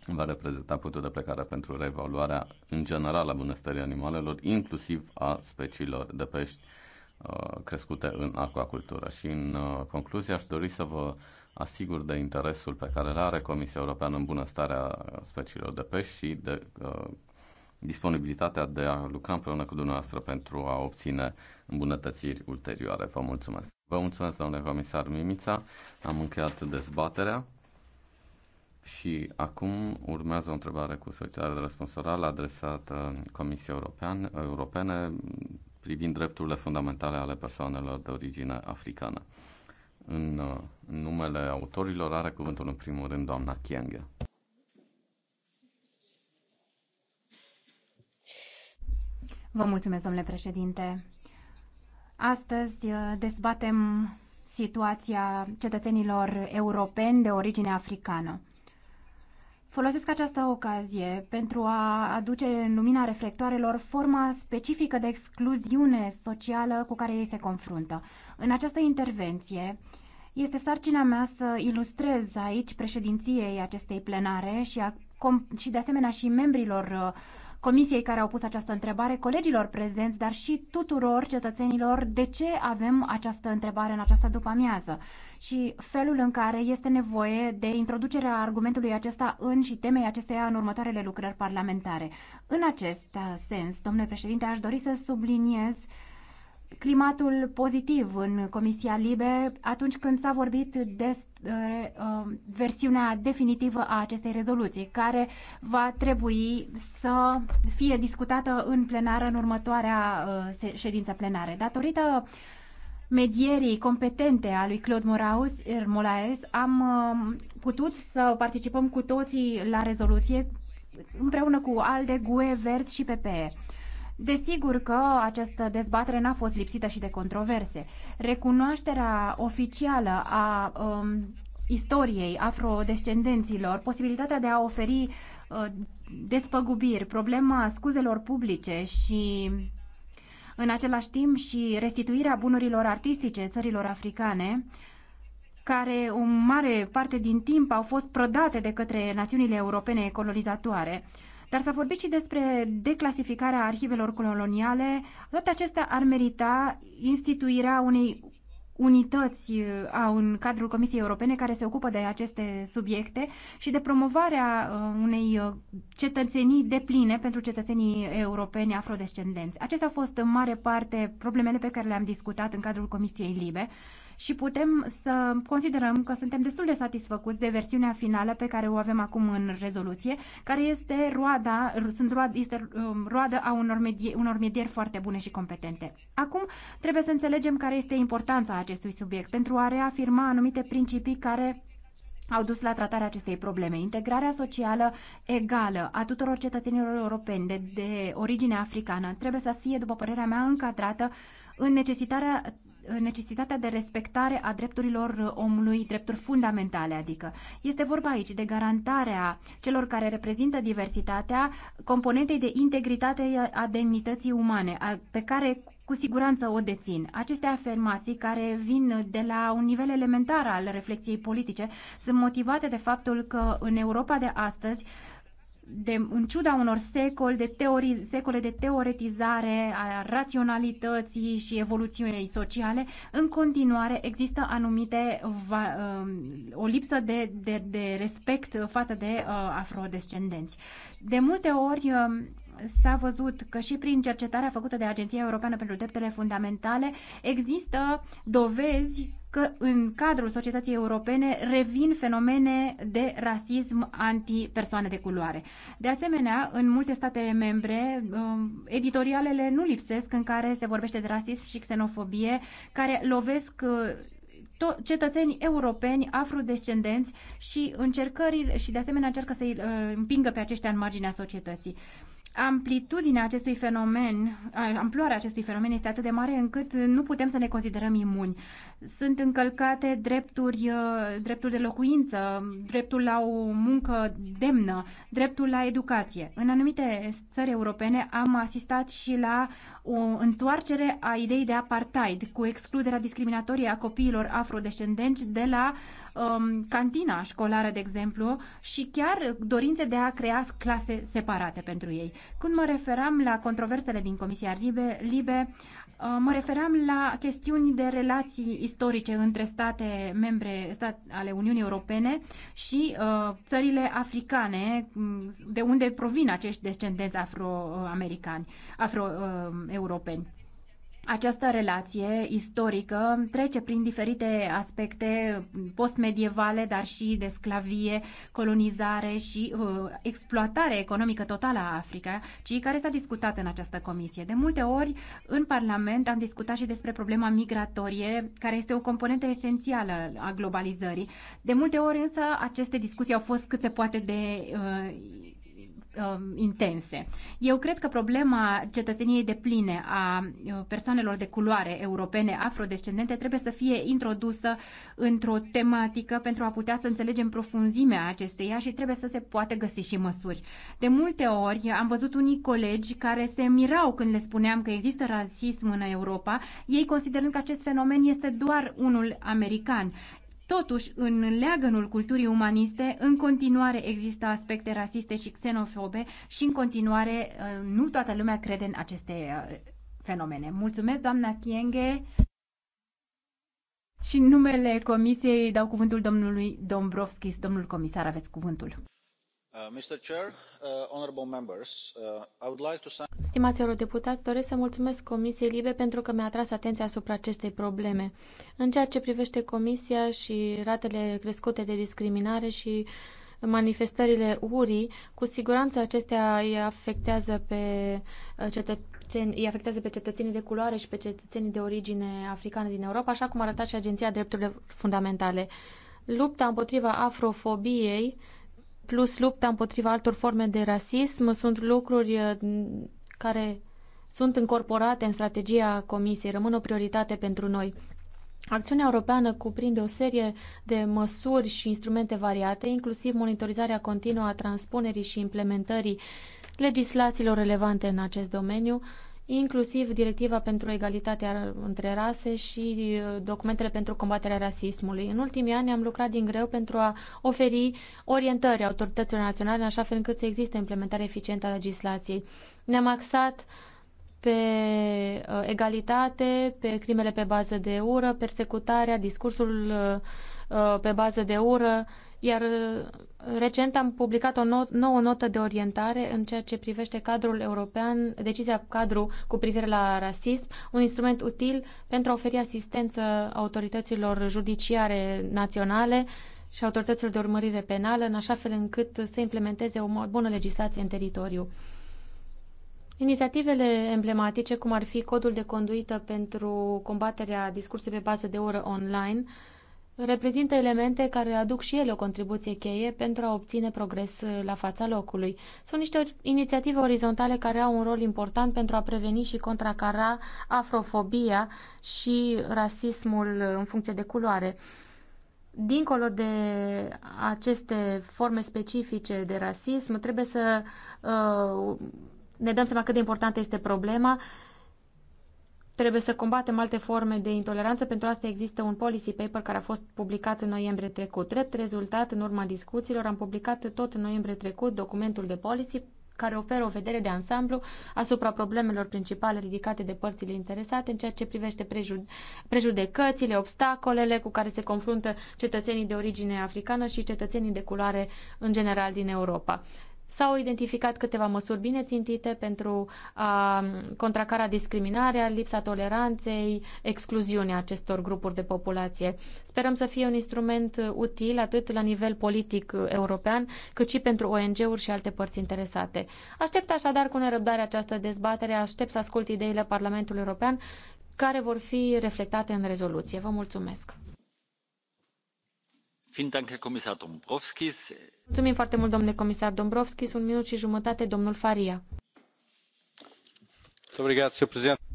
va reprezenta punctul de plecare pentru reevaluarea în general a bunăstării animalelor, inclusiv a speciilor de pești uh, crescute în aquacultură. Și în uh, concluzie aș dori să vă asigur de interesul pe care îl are Comisia Europeană în bunăstarea speciilor de pești și de disponibilitatea de a lucra împreună cu dumneavoastră pentru a obține îmbunătățiri ulterioare. Vă mulțumesc. Vă mulțumesc, domnule comisar Mimița. Am încheiat dezbaterea. Și acum urmează o întrebare cu solicitare de răspuns oral adresată Comisiei European, Europene privind drepturile fundamentale ale persoanelor de origine africană. În numele autorilor are cuvântul în primul rând doamna Chienghe. Vă mulțumesc, domnule președinte. Astăzi uh, dezbatem situația cetățenilor europeni de origine africană. Folosesc această ocazie pentru a aduce în lumina reflectoarelor forma specifică de excluziune socială cu care ei se confruntă. În această intervenție este sarcina mea să ilustrez aici președinției acestei plenare și, a, și de asemenea și membrilor uh, comisiei care au pus această întrebare, colegilor prezenți, dar și tuturor cetățenilor de ce avem această întrebare în această după-amiază și felul în care este nevoie de introducerea argumentului acesta în și temei acesteia în următoarele lucrări parlamentare. În acest sens, domnule președinte, aș dori să subliniez uh, climatul pozitiv în Comisia Libe atunci când s-a vorbit despre uh, uh, versiunea definitivă a acestei rezoluții, care va trebui să fie discutată în plenară în următoarea uh, ședință plenară. Datorită medierii competente a lui Claude Moraus, er, Molaes, am uh, putut să participăm cu toții la rezoluție împreună cu ALDE, GUE, Verzi și PPE. Desigur că această dezbatere n-a fost lipsită și de controverse. Recunoașterea oficială a um, istoriei afrodescendenților, posibilitatea de a oferi uh, despăgubiri, problema scuzelor publice și în același timp și restituirea bunurilor artistice țărilor africane, care o mare parte din timp au fost prădate de către națiunile europene colonizatoare. Uh, dar s-a vorbit și despre declasificarea arhivelor coloniale. Toate acestea ar merita instituirea unei unități uh, au în cadrul Comisiei Europene care se ocupă de aceste subiecte și de promovarea uh, unei uh, cetățenii depline pentru cetățenii europeni afrodescendenți. Acestea au fost în mare parte problemele pe care le-am discutat în cadrul Comisiei Libe și putem să considerăm că suntem destul de satisfăcuți de versiunea finală pe care o avem acum în rezoluție, care este roada, sunt roada, este um, roada a unor, medie, unor medieri foarte bune și competente. Acum trebuie să înțelegem care este importanța acestui subiect pentru a reafirma anumite principii care au dus la tratarea acestei probleme. Integrarea socială egală a tuturor cetățenilor europeni de, de origine africană trebuie să fie, după părerea mea, încadrată în necesitarea necesitatea de respectare a drepturilor omului, drepturi fundamentale, adică. Este vorba aici de garantarea celor care reprezintă diversitatea, componentei de integritate a demnității umane, a, pe care cu siguranță o dețin. Aceste afirmații care vin de la un nivel elementar al reflexiei politice sunt motivate de faptul că în Europa de astăzi de, în ciuda unor secole de, teori, secole de teoretizare a raționalității și evoluției sociale, în continuare există anumite va, um, o lipsă de, de, de respect față de uh, afrodescendenți. De multe ori uh, s-a văzut că și prin cercetarea făcută de Agenția Europeană pentru Dreptele Fundamentale există dovezi că în cadrul societății europene revin fenomene de rasism anti-persoane de culoare. De asemenea, în multe state membre, um, editorialele nu lipsesc în care se vorbește de rasism și xenofobie, care lovesc uh, cetățeni europeni, afrodescendenți și încercări și de asemenea încercă să îi uh, împingă pe aceștia în marginea societății amplitudinea acestui fenomen, amploarea acestui fenomen este atât de mare încât nu putem să ne considerăm imuni. Sunt încălcate drepturi, uh, dreptul de locuință, dreptul la o muncă demnă, dreptul la educație. În anumite țări europene am asistat și la o întoarcere a ideii de apartheid, cu excluderea discriminatorie a copiilor afrodescendenți de la uh, um, cantina școlară, de exemplu, și chiar dorințe de a crea clase separate pentru ei. Când mă referam la controversele din Comisia Libe, Libe uh, Mă refeream la chestiuni de relații istorice între state membre stat, ale Uniunii Europene și uh, țările africane, mm, de unde provin acești descendenți afro-americani, afro-europeni. Uh, această relație istorică trece prin diferite aspecte postmedievale, dar și de sclavie, colonizare și uh, exploatare economică totală a Africii, care s-a discutat în această comisie. De multe ori, în Parlament am discutat și despre problema migratorie, care este o componentă esențială a globalizării. De multe ori, însă, aceste discuții au fost cât se poate de uh, Um, intense. Eu cred că problema cetățeniei de pline a uh, persoanelor de culoare europene afrodescendente trebuie să fie introdusă într-o tematică pentru a putea să înțelegem profunzimea acesteia și trebuie să se poată găsi și măsuri. De multe ori am văzut unii colegi care se mirau când le spuneam că există rasism în Europa, ei considerând că acest fenomen este doar unul american. Totuși, în leagănul culturii umaniste, în continuare există aspecte rasiste și xenofobe și în continuare uh, nu toată lumea crede în aceste uh, fenomene. Mulțumesc, doamna Chienghe. Și în numele Comisiei dau cuvântul domnului Dombrovskis. Domnul comisar, aveți cuvântul. Uh, uh, uh, Stimați eurodeputați, doresc să mulțumesc Comisiei Libe pentru că mi-a atras atenția asupra acestei probleme. În ceea ce privește Comisia și ratele crescute de discriminare și manifestările urii, cu siguranță acestea îi afectează pe îi afectează pe cetățenii de culoare și pe cetățenii de origine africană din Europa, așa cum arăta și Agenția Drepturilor Fundamentale. Lupta împotriva afrofobiei plus lupta împotriva altor forme de rasism sunt lucruri uh, care sunt încorporate în strategia Comisiei, rămân o prioritate pentru noi. Acțiunea europeană cuprinde o serie de măsuri și instrumente variate, inclusiv monitorizarea continuă a transpunerii și implementării legislațiilor relevante în acest domeniu, inclusiv directiva pentru egalitatea între rase și uh, documentele pentru combaterea rasismului. În ultimii ani am lucrat din greu pentru a oferi orientări autorităților naționale în așa fel încât să existe implementare eficientă a legislației. Ne-am axat pe uh, egalitate, pe crimele pe bază de ură, persecutarea, discursul uh, pe bază de ură, iar uh, recent am publicat o not, nouă notă de orientare în ceea ce privește cadrul european, decizia cadru cu privire la rasism, un instrument util pentru a oferi asistență autorităților judiciare naționale și autorităților de urmărire penală, în așa fel încât să implementeze o bună legislație în teritoriu. Inițiativele emblematice, cum ar fi codul de conduită pentru combaterea discursului pe bază de oră online, reprezintă elemente care aduc și ele o contribuție cheie pentru a obține progres la fața locului. Sunt niște inițiative orizontale care au un rol important pentru a preveni și contracara afrofobia și rasismul în funcție de culoare. Dincolo de aceste forme specifice de rasism, trebuie să uh, ne dăm seama cât de importantă este problema Trebuie să combatem alte forme de intoleranță. Pentru asta există un policy paper care a fost publicat în noiembrie trecut. Drept rezultat, în urma discuțiilor, am publicat tot în noiembrie trecut documentul de policy care oferă o vedere de ansamblu asupra problemelor principale ridicate de părțile interesate în ceea ce privește prejud- prejudecățile, obstacolele cu care se confruntă cetățenii de origine africană și cetățenii de culoare în general din Europa. S-au identificat câteva măsuri bine țintite pentru a contracara discriminarea, lipsa toleranței, excluziunea acestor grupuri de populație. Sperăm să fie un instrument util atât la nivel politic european, cât și pentru ONG-uri și alte părți interesate. Aștept așadar cu nerăbdare această dezbatere, aștept să ascult ideile Parlamentului European care vor fi reflectate în rezoluție. Vă mulțumesc! Vielen Dank, Herr Kommissar Dombrovskis. Mulțumim foarte mult, domnule comisar Dombrovskis. Un minut și jumătate, domnul Faria.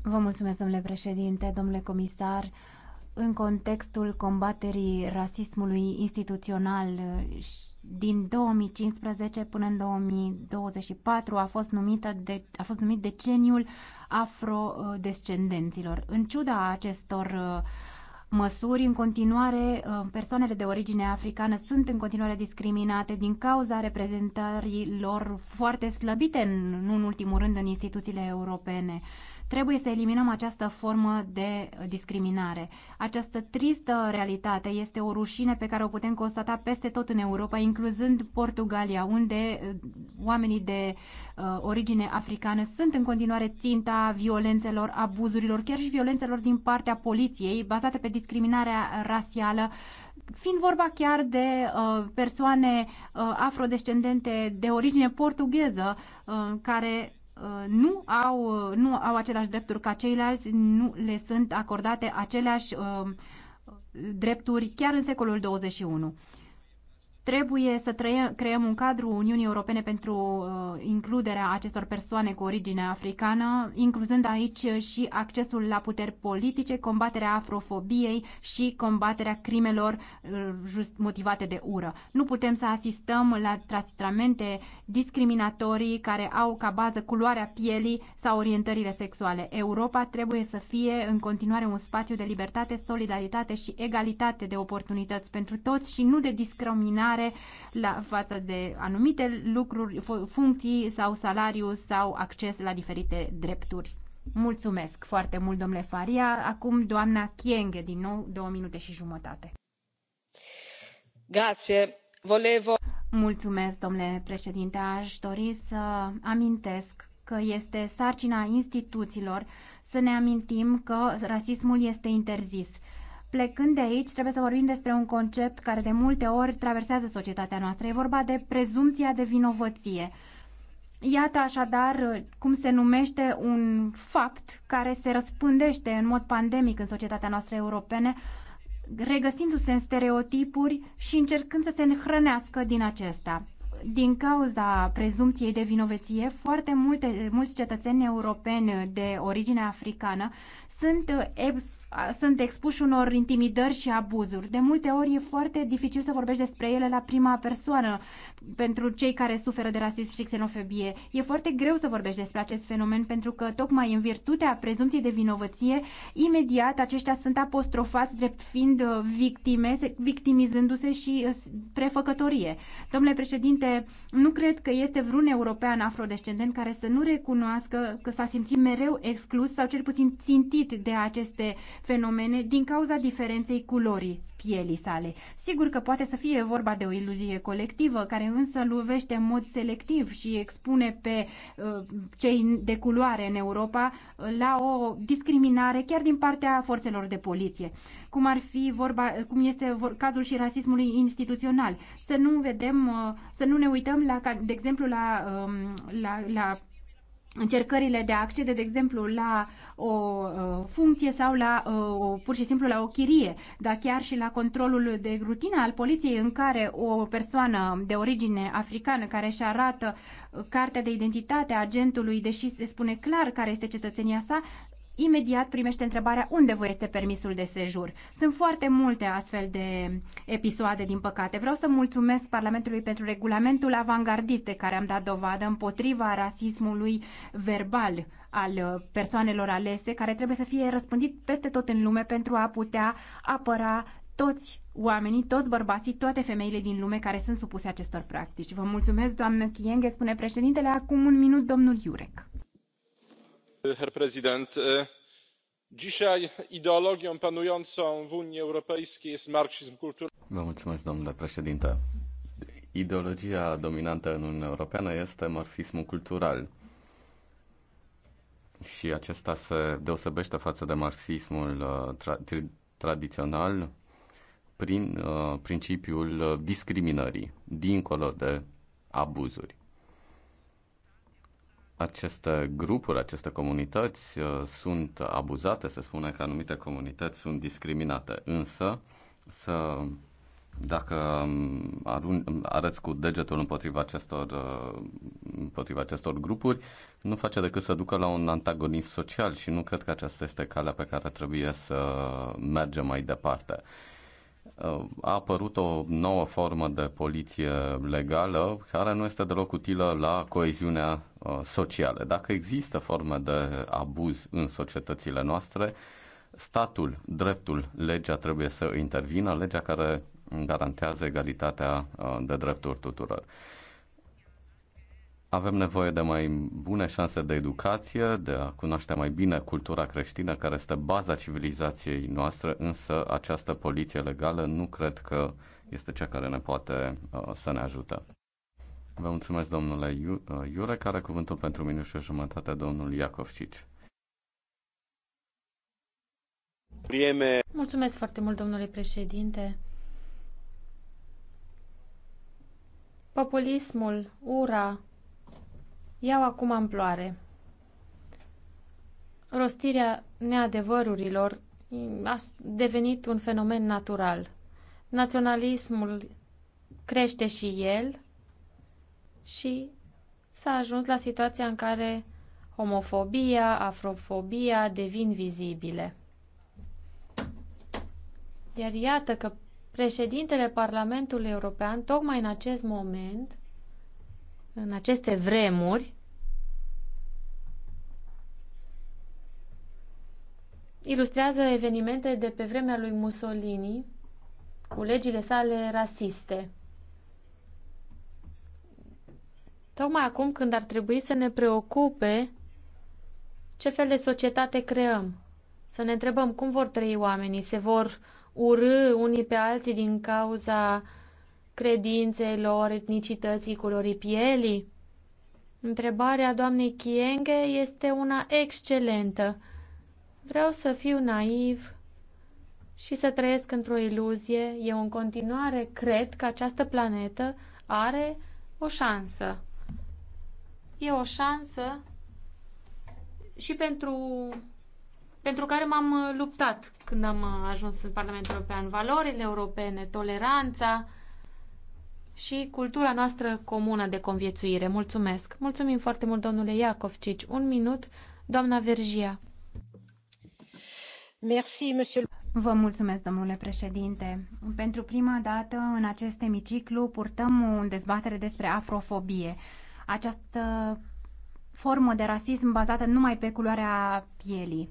Vă mulțumesc, domnule președinte, domnule comisar în contextul combaterii rasismului instituțional din 2015 până în 2024 a fost, numită de, a fost numit deceniul afrodescendenților. În ciuda acestor uh, măsuri, în continuare uh, persoanele de origine africană sunt în continuare discriminate din cauza reprezentării lor foarte slăbite, nu în ultimul rând, în instituțiile europene. Trebuie să eliminăm această formă de uh, discriminare. Această tristă realitate este o rușine pe care o putem constata peste tot în Europa, incluzând Portugalia, unde uh, oamenii de uh, origine africană sunt în continuare ținta violențelor, abuzurilor, chiar și violențelor din partea poliției, bazate pe discriminarea rasială, fiind vorba chiar de uh, persoane uh, afrodescendente de origine portugheză, uh, care Uh, nu au, uh, nu au aceleași drepturi ca ceilalți, nu le sunt acordate aceleași uh, drepturi chiar în secolul 21. Trebuie să trăie, creăm un cadru Uniunii Europene pentru uh, includerea acestor persoane cu origine africană, incluzând aici și accesul la puteri politice, combaterea afrofobiei și combaterea crimelor uh, just motivate de ură. Nu putem să asistăm la tratamente discriminatorii care au ca bază culoarea pielii sau orientările sexuale. Europa trebuie să fie în continuare un spațiu de libertate, solidaritate și egalitate de oportunități pentru toți și nu de discriminare discriminare la față de anumite lucruri, funcții sau salariu sau acces la diferite drepturi. Mulțumesc foarte mult, domnule Faria. Acum, doamna Chienghe, din nou, două minute și jumătate. Grazie. Volevo... Mulțumesc, domnule președinte. Aș dori să amintesc că este sarcina instituțiilor să ne amintim că rasismul este interzis Plecând de aici, trebuie să vorbim despre un concept care de multe ori traversează societatea noastră. E vorba de prezumția de vinovăție. Iată așadar uh, cum se numește un fapt care se răspândește în mod pandemic în societatea noastră europene, regăsindu-se în stereotipuri și încercând să se hrănească din acesta. Din cauza prezumției de vinovăție, foarte multe, mulți cetățeni europeni de origine africană sunt uh, sunt expuși unor intimidări și abuzuri. De multe ori e foarte dificil să vorbești despre ele la prima persoană pentru cei care suferă de rasism și xenofobie. E foarte greu să vorbești despre acest fenomen pentru că tocmai în virtutea prezumției de vinovăție, imediat aceștia sunt apostrofați drept fiind uh, victime, victimizându-se și uh, prefăcătorie. Domnule președinte, nu cred că este vreun european afrodescendent care să nu recunoască că s-a simțit mereu exclus sau cel puțin țintit de aceste fenomene din cauza diferenței culorii pielii sale. Sigur că poate să fie vorba de o iluzie colectivă, care însă luvește în mod selectiv și expune pe uh, cei de culoare în Europa uh, la o discriminare chiar din partea forțelor de poliție. Cum ar fi vorba, uh, cum este vor, cazul și rasismului instituțional. Să nu vedem, uh, să nu ne uităm la, de exemplu, la, um, la, la încercările de a accede, de exemplu, la o uh, funcție sau la uh, o, pur și simplu la o chirie, dar chiar și la controlul de rutină al poliției în care o persoană de origine africană care își arată uh, cartea de identitate a agentului, deși se spune clar care este cetățenia sa, imediat primește întrebarea unde vă este permisul de sejur. Sunt foarte multe astfel de episoade, din păcate. Vreau să mulțumesc Parlamentului pentru regulamentul avangardist de care am dat dovadă împotriva rasismului verbal al persoanelor alese, care trebuie să fie răspândit peste tot în lume pentru a putea apăra toți oamenii, toți bărbații, toate femeile din lume care sunt supuse acestor practici. Vă mulțumesc, doamnă Chienghe, spune președintele, acum un minut, domnul Iurec herr präsident! dzisiaj ideologią panującą w unii europejskiej jest marksizm culturalny. președinte ideologia dominantă în uniunea europeană este marxismul cultural și acesta se deosebește față de marxismul tra- tradițional prin uh, principiul discriminării, dincolo de abuzuri aceste grupuri, aceste comunități uh, sunt abuzate, se spune că anumite comunități sunt discriminate, însă să dacă um, arun, arăți cu degetul împotriva acestor, uh, împotriva acestor grupuri, nu face decât să ducă la un antagonism social și nu cred că aceasta este calea pe care trebuie să mergem mai departe. Uh, a apărut o nouă formă de poliție legală care nu este deloc utilă la coeziunea uh, socială. Dacă există forme de abuz în societățile noastre, statul, dreptul, legea trebuie să intervină, legea care garantează egalitatea uh, de drepturi tuturor. Avem nevoie de mai bune șanse de educație, de a cunoaște mai bine cultura creștină, care este baza civilizației noastre, însă această poliție legală nu cred că este cea care ne poate uh, să ne ajute. Vă mulțumesc, domnule uh, Iure, care cuvântul pentru minut și jumătate, domnul Iacovcici. Mulțumesc foarte mult, domnule președinte. Populismul, ura, iau acum amploare. Rostirea neadevărurilor a devenit un fenomen natural. Naționalismul crește și el și s-a ajuns la situația în care homofobia, afrofobia devin vizibile. Iar iată că președintele Parlamentului European, tocmai în acest moment, în aceste vremuri ilustrează evenimente de pe vremea lui Mussolini cu legile sale rasiste. Tocmai acum când ar trebui să ne preocupe ce fel de societate creăm, să ne întrebăm cum vor trăi oamenii, se vor urâ unii pe alții din cauza credințelor, etnicității, culorii pielii? Întrebarea doamnei Chienghe este una excelentă. Vreau să fiu naiv și să trăiesc într-o iluzie. Eu în continuare cred că această planetă are o șansă. E o șansă și pentru, pentru care m-am luptat când am ajuns în Parlamentul European. Valorile europene, toleranța, și cultura noastră comună de conviețuire. Mulțumesc! Mulțumim foarte mult, domnule Iacovcici. Un minut, doamna Vergia. Merci, monsieur... Vă mulțumesc, domnule președinte. Pentru prima dată în acest emiciclu purtăm o dezbatere despre afrofobie. Această formă de rasism bazată numai pe culoarea pielii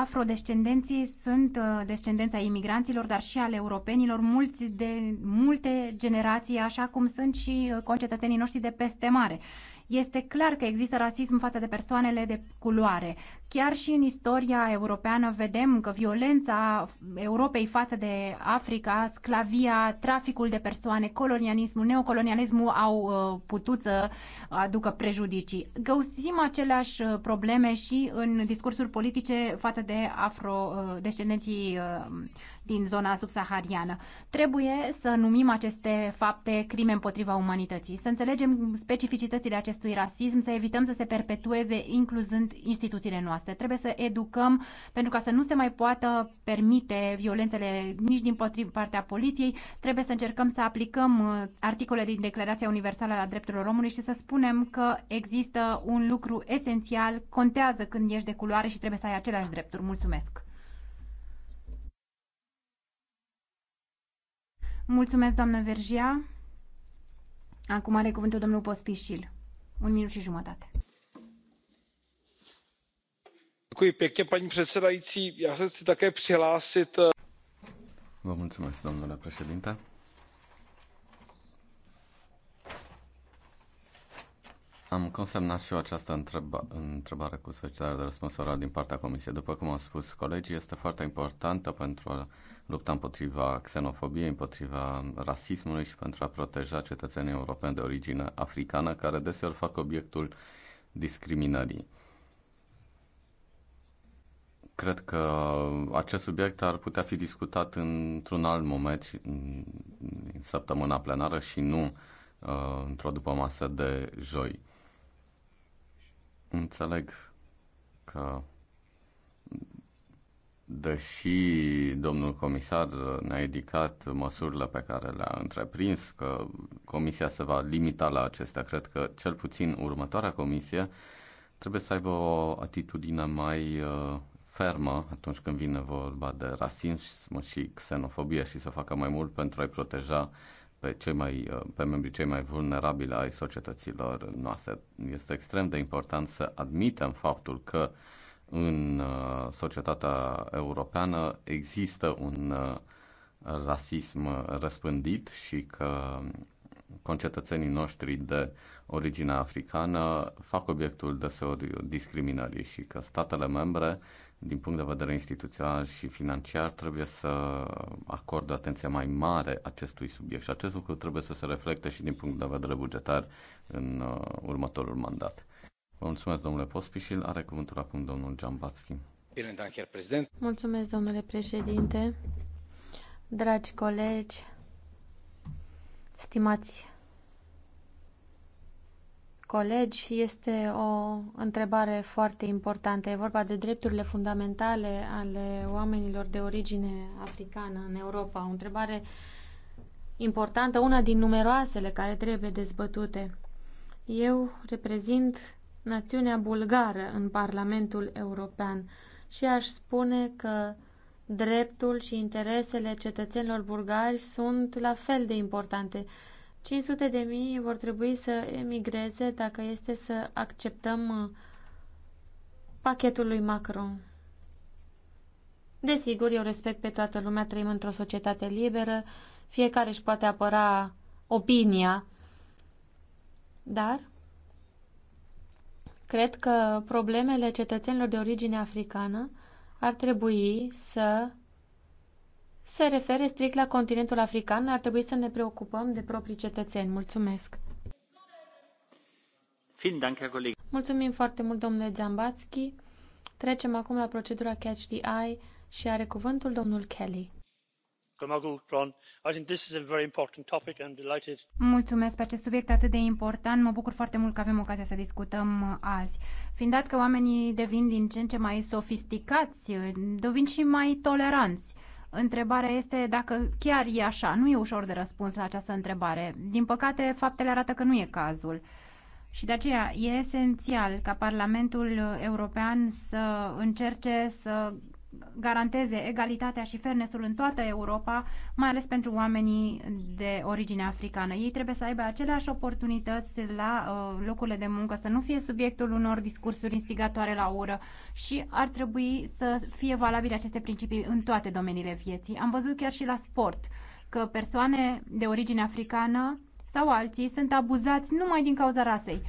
afrodescendenții sunt uh, descendența imigranților, dar și ale europenilor, mulți de multe generații, așa cum sunt și uh, concetățenii noștri de peste mare. Este clar că există rasism față de persoanele de culoare. Chiar și în istoria europeană vedem că violența Europei față de Africa, sclavia, traficul de persoane, colonialismul, neocolonialismul au uh, putut să aducă prejudicii. Găsim aceleași uh, probleme și în discursuri politice față de afrodescendenții uh, din zona subsahariană. Trebuie să numim aceste fapte crime împotriva umanității, să înțelegem specificitățile acestui rasism, să evităm să se perpetueze incluzând instituțiile noastre. Trebuie să educăm pentru ca să nu se mai poată permite violențele nici din partea poliției. Trebuie să încercăm să aplicăm uh, articole din Declarația Universală a Drepturilor Omului și să spunem că există un lucru esențial, contează când ești de culoare și trebuie să ai aceleași drepturi. Mulțumesc! Mulțumesc, doamnă Vergia. Acum are cuvântul domnul Pospișil. Un minut și jumătate. Děkuji pěkně, paní předsedající. Já se chci také přihlásit. Eh, Vă mulțumesc, domnule președinte. Am consemnat și eu această întreba- întrebare cu societatea de răspuns oral din partea Comisiei. După cum au spus colegii, este foarte importantă pentru lupta împotriva xenofobiei, împotriva rasismului și pentru a proteja cetățenii europeni de origine africană, care deseori fac obiectul discriminării. Cred că acest subiect ar putea fi discutat într-un alt moment, în săptămâna plenară și nu uh, într-o dupămasă de joi. Înțeleg că deși domnul comisar ne-a indicat măsurile pe care le-a întreprins, că comisia se va limita la acestea, cred că cel puțin următoarea comisie trebuie să aibă o atitudine mai uh, fermă atunci când vine vorba de rasism și xenofobie și să facă mai mult pentru a-i proteja pe, cei mai, uh, pe membrii cei mai vulnerabili ai societăților noastre. Este extrem de important să admitem faptul că în uh, societatea europeană există un uh, rasism răspândit și că concetățenii noștri de origine africană fac obiectul deseori discriminării și că statele membre, din punct de vedere instituțional și financiar, trebuie să acorde atenție mai mare acestui subiect și acest lucru trebuie să se reflecte și din punct de vedere bugetar în uh, următorul mandat. Vă mulțumesc, domnule Pospișil. Are cuvântul acum domnul Giambatski. Mulțumesc, domnule președinte. Dragi colegi, stimați colegi, este o întrebare foarte importantă. E vorba de drepturile fundamentale ale oamenilor de origine africană în Europa. O întrebare importantă, una din numeroasele care trebuie dezbătute. Eu reprezint națiunea bulgară în Parlamentul European și aș spune că dreptul și interesele cetățenilor bulgari sunt la fel de importante. 500 de mii vor trebui să emigreze dacă este să acceptăm uh, pachetul lui Macron. Desigur, eu respect pe toată lumea, trăim într-o societate liberă, fiecare își poate apăra opinia, dar Cred că problemele cetățenilor de origine africană ar trebui să se refere strict la continentul african. Ar trebui să ne preocupăm de proprii cetățeni. Mulțumesc! Mulțumim foarte mult, domnule Zambatski. Trecem acum la procedura Catch the Eye și are cuvântul domnul Kelly. Mulțumesc pe acest subiect atât de important. Mă bucur foarte mult că avem ocazia să discutăm uh, azi. Fiind dat că oamenii devin din ce în ce mai sofisticați, uh, devin și mai toleranți. Întrebarea este dacă chiar e așa. Nu e ușor de răspuns la această întrebare. Din păcate, faptele arată că nu e cazul. Și de aceea e esențial ca Parlamentul European să încerce să garanteze egalitatea și fairness-ul în toată Europa, mai ales pentru oamenii de origine africană. Ei trebuie să aibă aceleași oportunități la uh, locurile de muncă, să nu fie subiectul unor discursuri instigatoare la ură și ar trebui să fie valabile aceste principii în toate domeniile vieții. Am văzut chiar și la sport că persoane de origine africană sau alții sunt abuzați numai din cauza rasei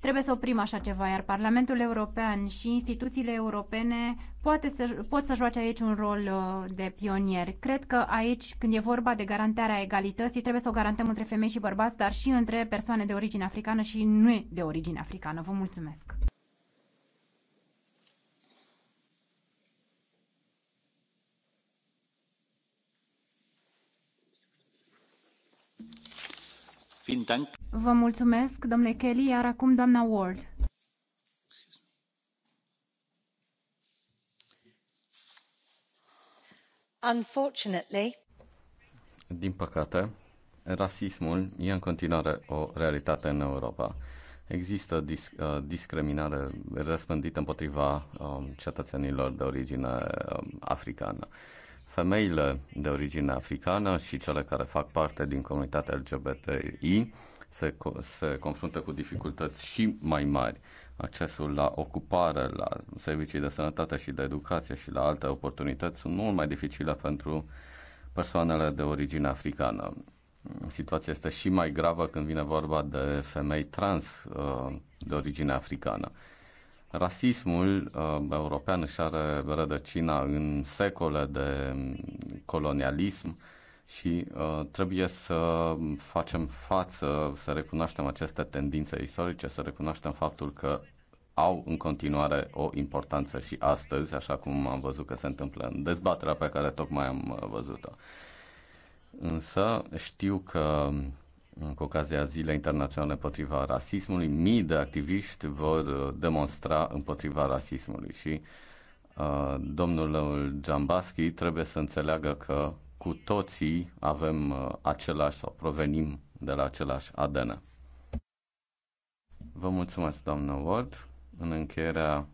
Trebuie să oprim așa ceva, iar Parlamentul European și instituțiile europene poate să, pot să joace aici un rol uh, de pionier. Cred că aici, când e vorba de garantarea egalității, trebuie să o garantăm între femei și bărbați, dar și între persoane de origine africană și nu de origine africană. Vă mulțumesc! Vielen Dank. Vă mulțumesc, domnule Kelly, iar acum doamna Ward. Unfortunately, din păcate, rasismul e în continuare o realitate în Europa. Există dis- uh, discriminare răspândită împotriva um, cetățenilor de origine um, africană. Femeile de origine africană și cele care fac parte din comunitatea LGBTI se, se confruntă cu dificultăți și mai mari. Accesul la ocupare, la servicii de sănătate și de educație și la alte oportunități sunt mult mai dificile pentru persoanele de origine africană. Situația este și mai gravă când vine vorba de femei trans uh, de origine africană. Rasismul uh, european își are rădăcina în secole de colonialism și uh, trebuie să facem față, să recunoaștem aceste tendințe istorice, să recunoaștem faptul că au în continuare o importanță și astăzi, așa cum am văzut că se întâmplă în dezbaterea pe care tocmai am uh, văzut-o. Însă știu că mm, cu ocazia Zilei Internaționale împotriva rasismului, mii de activiști vor uh, demonstra împotriva rasismului și uh, domnul Jambaschi trebuie să înțeleagă că cu toții avem uh, același sau provenim de la același ADN. Vă mulțumesc, doamnă Ward. În încheierea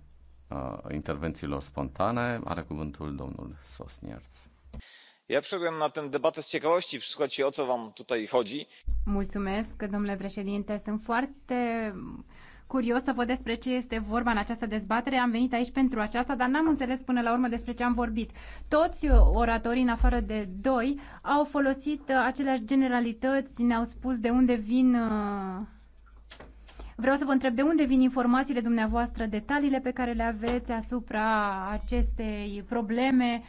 uh, intervențiilor spontane are cuvântul domnul Sosnierz. Ja przyszedłem na tę debatę z ciekawości, przysłuchać się o co wam tutaj chodzi. Mulțumesc, domnule președinte. Sunt foarte curios să văd despre ce este vorba în această dezbatere. Am venit aici pentru aceasta, dar n-am înțeles până la urmă despre ce am vorbit. Toți uh, oratorii, în afară de doi, au folosit uh, aceleași generalități, ne-au spus de unde vin... Uh, vreau să vă întreb de unde vin informațiile dumneavoastră, detaliile pe care le aveți asupra acestei probleme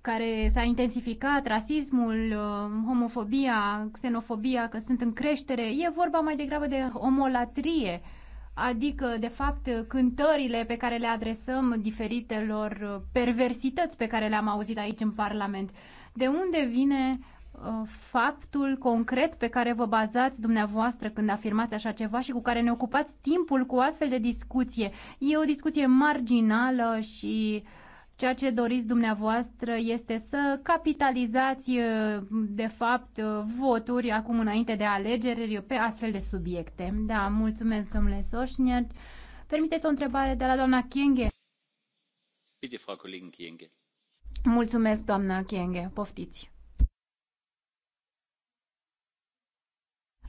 care s-a intensificat, rasismul, homofobia, xenofobia, că sunt în creștere. E vorba mai degrabă de omolatrie adică, de fapt, cântările pe care le adresăm diferitelor perversități pe care le-am auzit aici în Parlament. De unde vine uh, faptul concret pe care vă bazați dumneavoastră când afirmați așa ceva și cu care ne ocupați timpul cu astfel de discuție. E o discuție marginală și uh, Ceea ce doriți dumneavoastră este să capitalizați, uh, de fapt, uh, voturi acum înainte de alegeri pe astfel de subiecte. Da, mulțumesc, domnule Soșniar. Permiteți o întrebare de la doamna Kienge. Bine, Frau Kienge. Mulțumesc, doamna Kienge. Poftiți.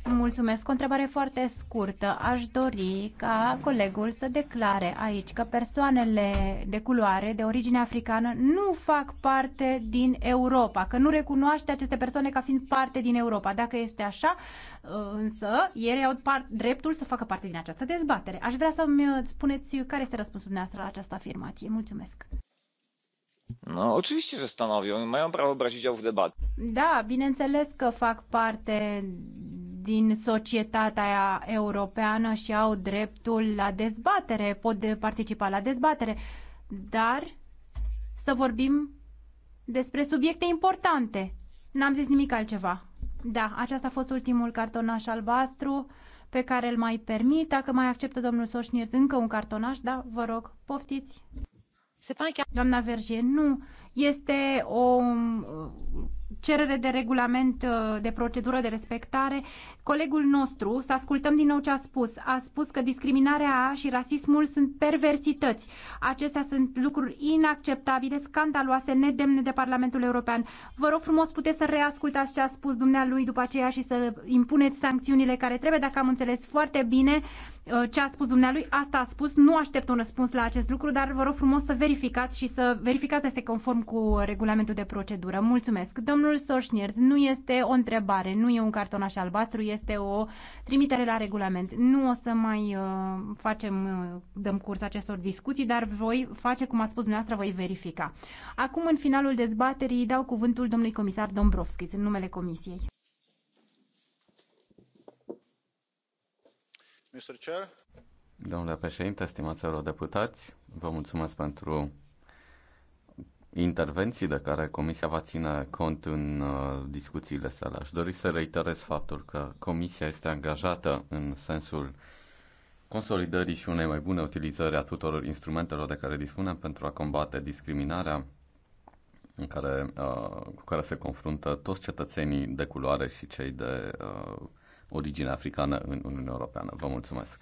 Mulțumesc. O întrebare foarte scurtă. Aș dori ca colegul să declare aici că persoanele de culoare, de origine africană, nu fac parte din Europa, că nu recunoaște aceste persoane ca fiind parte din Europa. Dacă este așa, uh, însă, ele au dreptul să facă parte din această dezbatere. Aș vrea să-mi uh, spuneți care este răspunsul dumneavoastră la această afirmație. Mulțumesc. No, oczywiście, że stanowią. Mają prawo brać udział w debacie. Da, bineînțeles că fac parte din societatea europeană și au dreptul la dezbatere, pot participa la dezbatere, dar să vorbim despre subiecte importante. N-am zis nimic altceva. Da, aceasta a fost ultimul cartonaș albastru pe care îl mai permit. Dacă mai acceptă domnul Soșnirs încă un cartonaș, da, vă rog, poftiți. Doamna Verge, nu. Este o um, cerere de regulament, uh, de procedură de respectare. Colegul nostru, să ascultăm din nou ce a spus, a spus că discriminarea și rasismul sunt perversități. Acestea sunt lucruri inacceptabile, scandaloase, nedemne de Parlamentul European. Vă rog frumos, puteți să reascultați ce a spus dumnealui după aceea și să impuneți sancțiunile care trebuie, dacă am înțeles foarte bine Uh, ce a spus dumnealui, asta a spus. Nu aștept un răspuns la acest lucru, dar vă rog frumos să verificați și să verificați este conform cu regulamentul de procedură. Mulțumesc. Domnul Sorșnierz, nu este o întrebare, nu e un cartonaș albastru, este o trimitere la regulament. Nu o să mai uh, facem, uh, dăm curs acestor discuții, dar voi face cum a spus dumneavoastră, voi verifica. Acum, în finalul dezbaterii, dau cuvântul domnului comisar Dombrovskis în numele comisiei. Domnule președinte, stimați eurodeputați, vă mulțumesc pentru intervenții de care Comisia va ține cont în uh, discuțiile sale. Aș dori să reiterez faptul că Comisia este angajată în sensul consolidării și unei mai bune utilizări a tuturor instrumentelor de care dispunem pentru a combate discriminarea în care, uh, cu care se confruntă toți cetățenii de culoare și cei de uh, origine africană în Uniunea Europeană. Vă mulțumesc!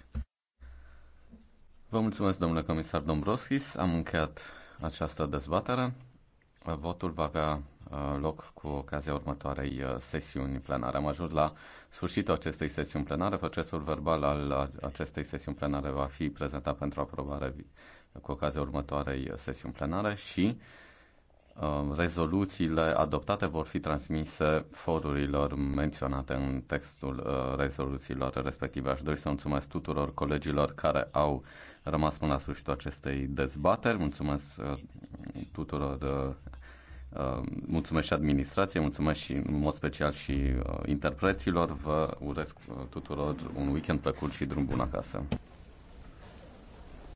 Vă mulțumesc, domnule comisar Dombrovskis. Am încheiat această dezbatere. Votul va avea uh, loc cu ocazia următoarei uh, sesiuni plenare. Am ajuns la sfârșitul acestei sesiuni plenare. Procesul verbal al uh, acestei sesiuni plenare va fi prezentat pentru aprobare cu ocazia următoarei sesiuni plenare și Um, rezoluțiile adoptate vor fi transmise forurilor menționate în textul uh, rezoluțiilor respective. Aș dori să mulțumesc tuturor colegilor care au rămas până la sfârșitul acestei dezbateri. Mulțumesc uh, tuturor uh, mulțumesc și administrației, mulțumesc și în mod special și interpreților. Vă urez tuturor un weekend plăcut și drum bun acasă.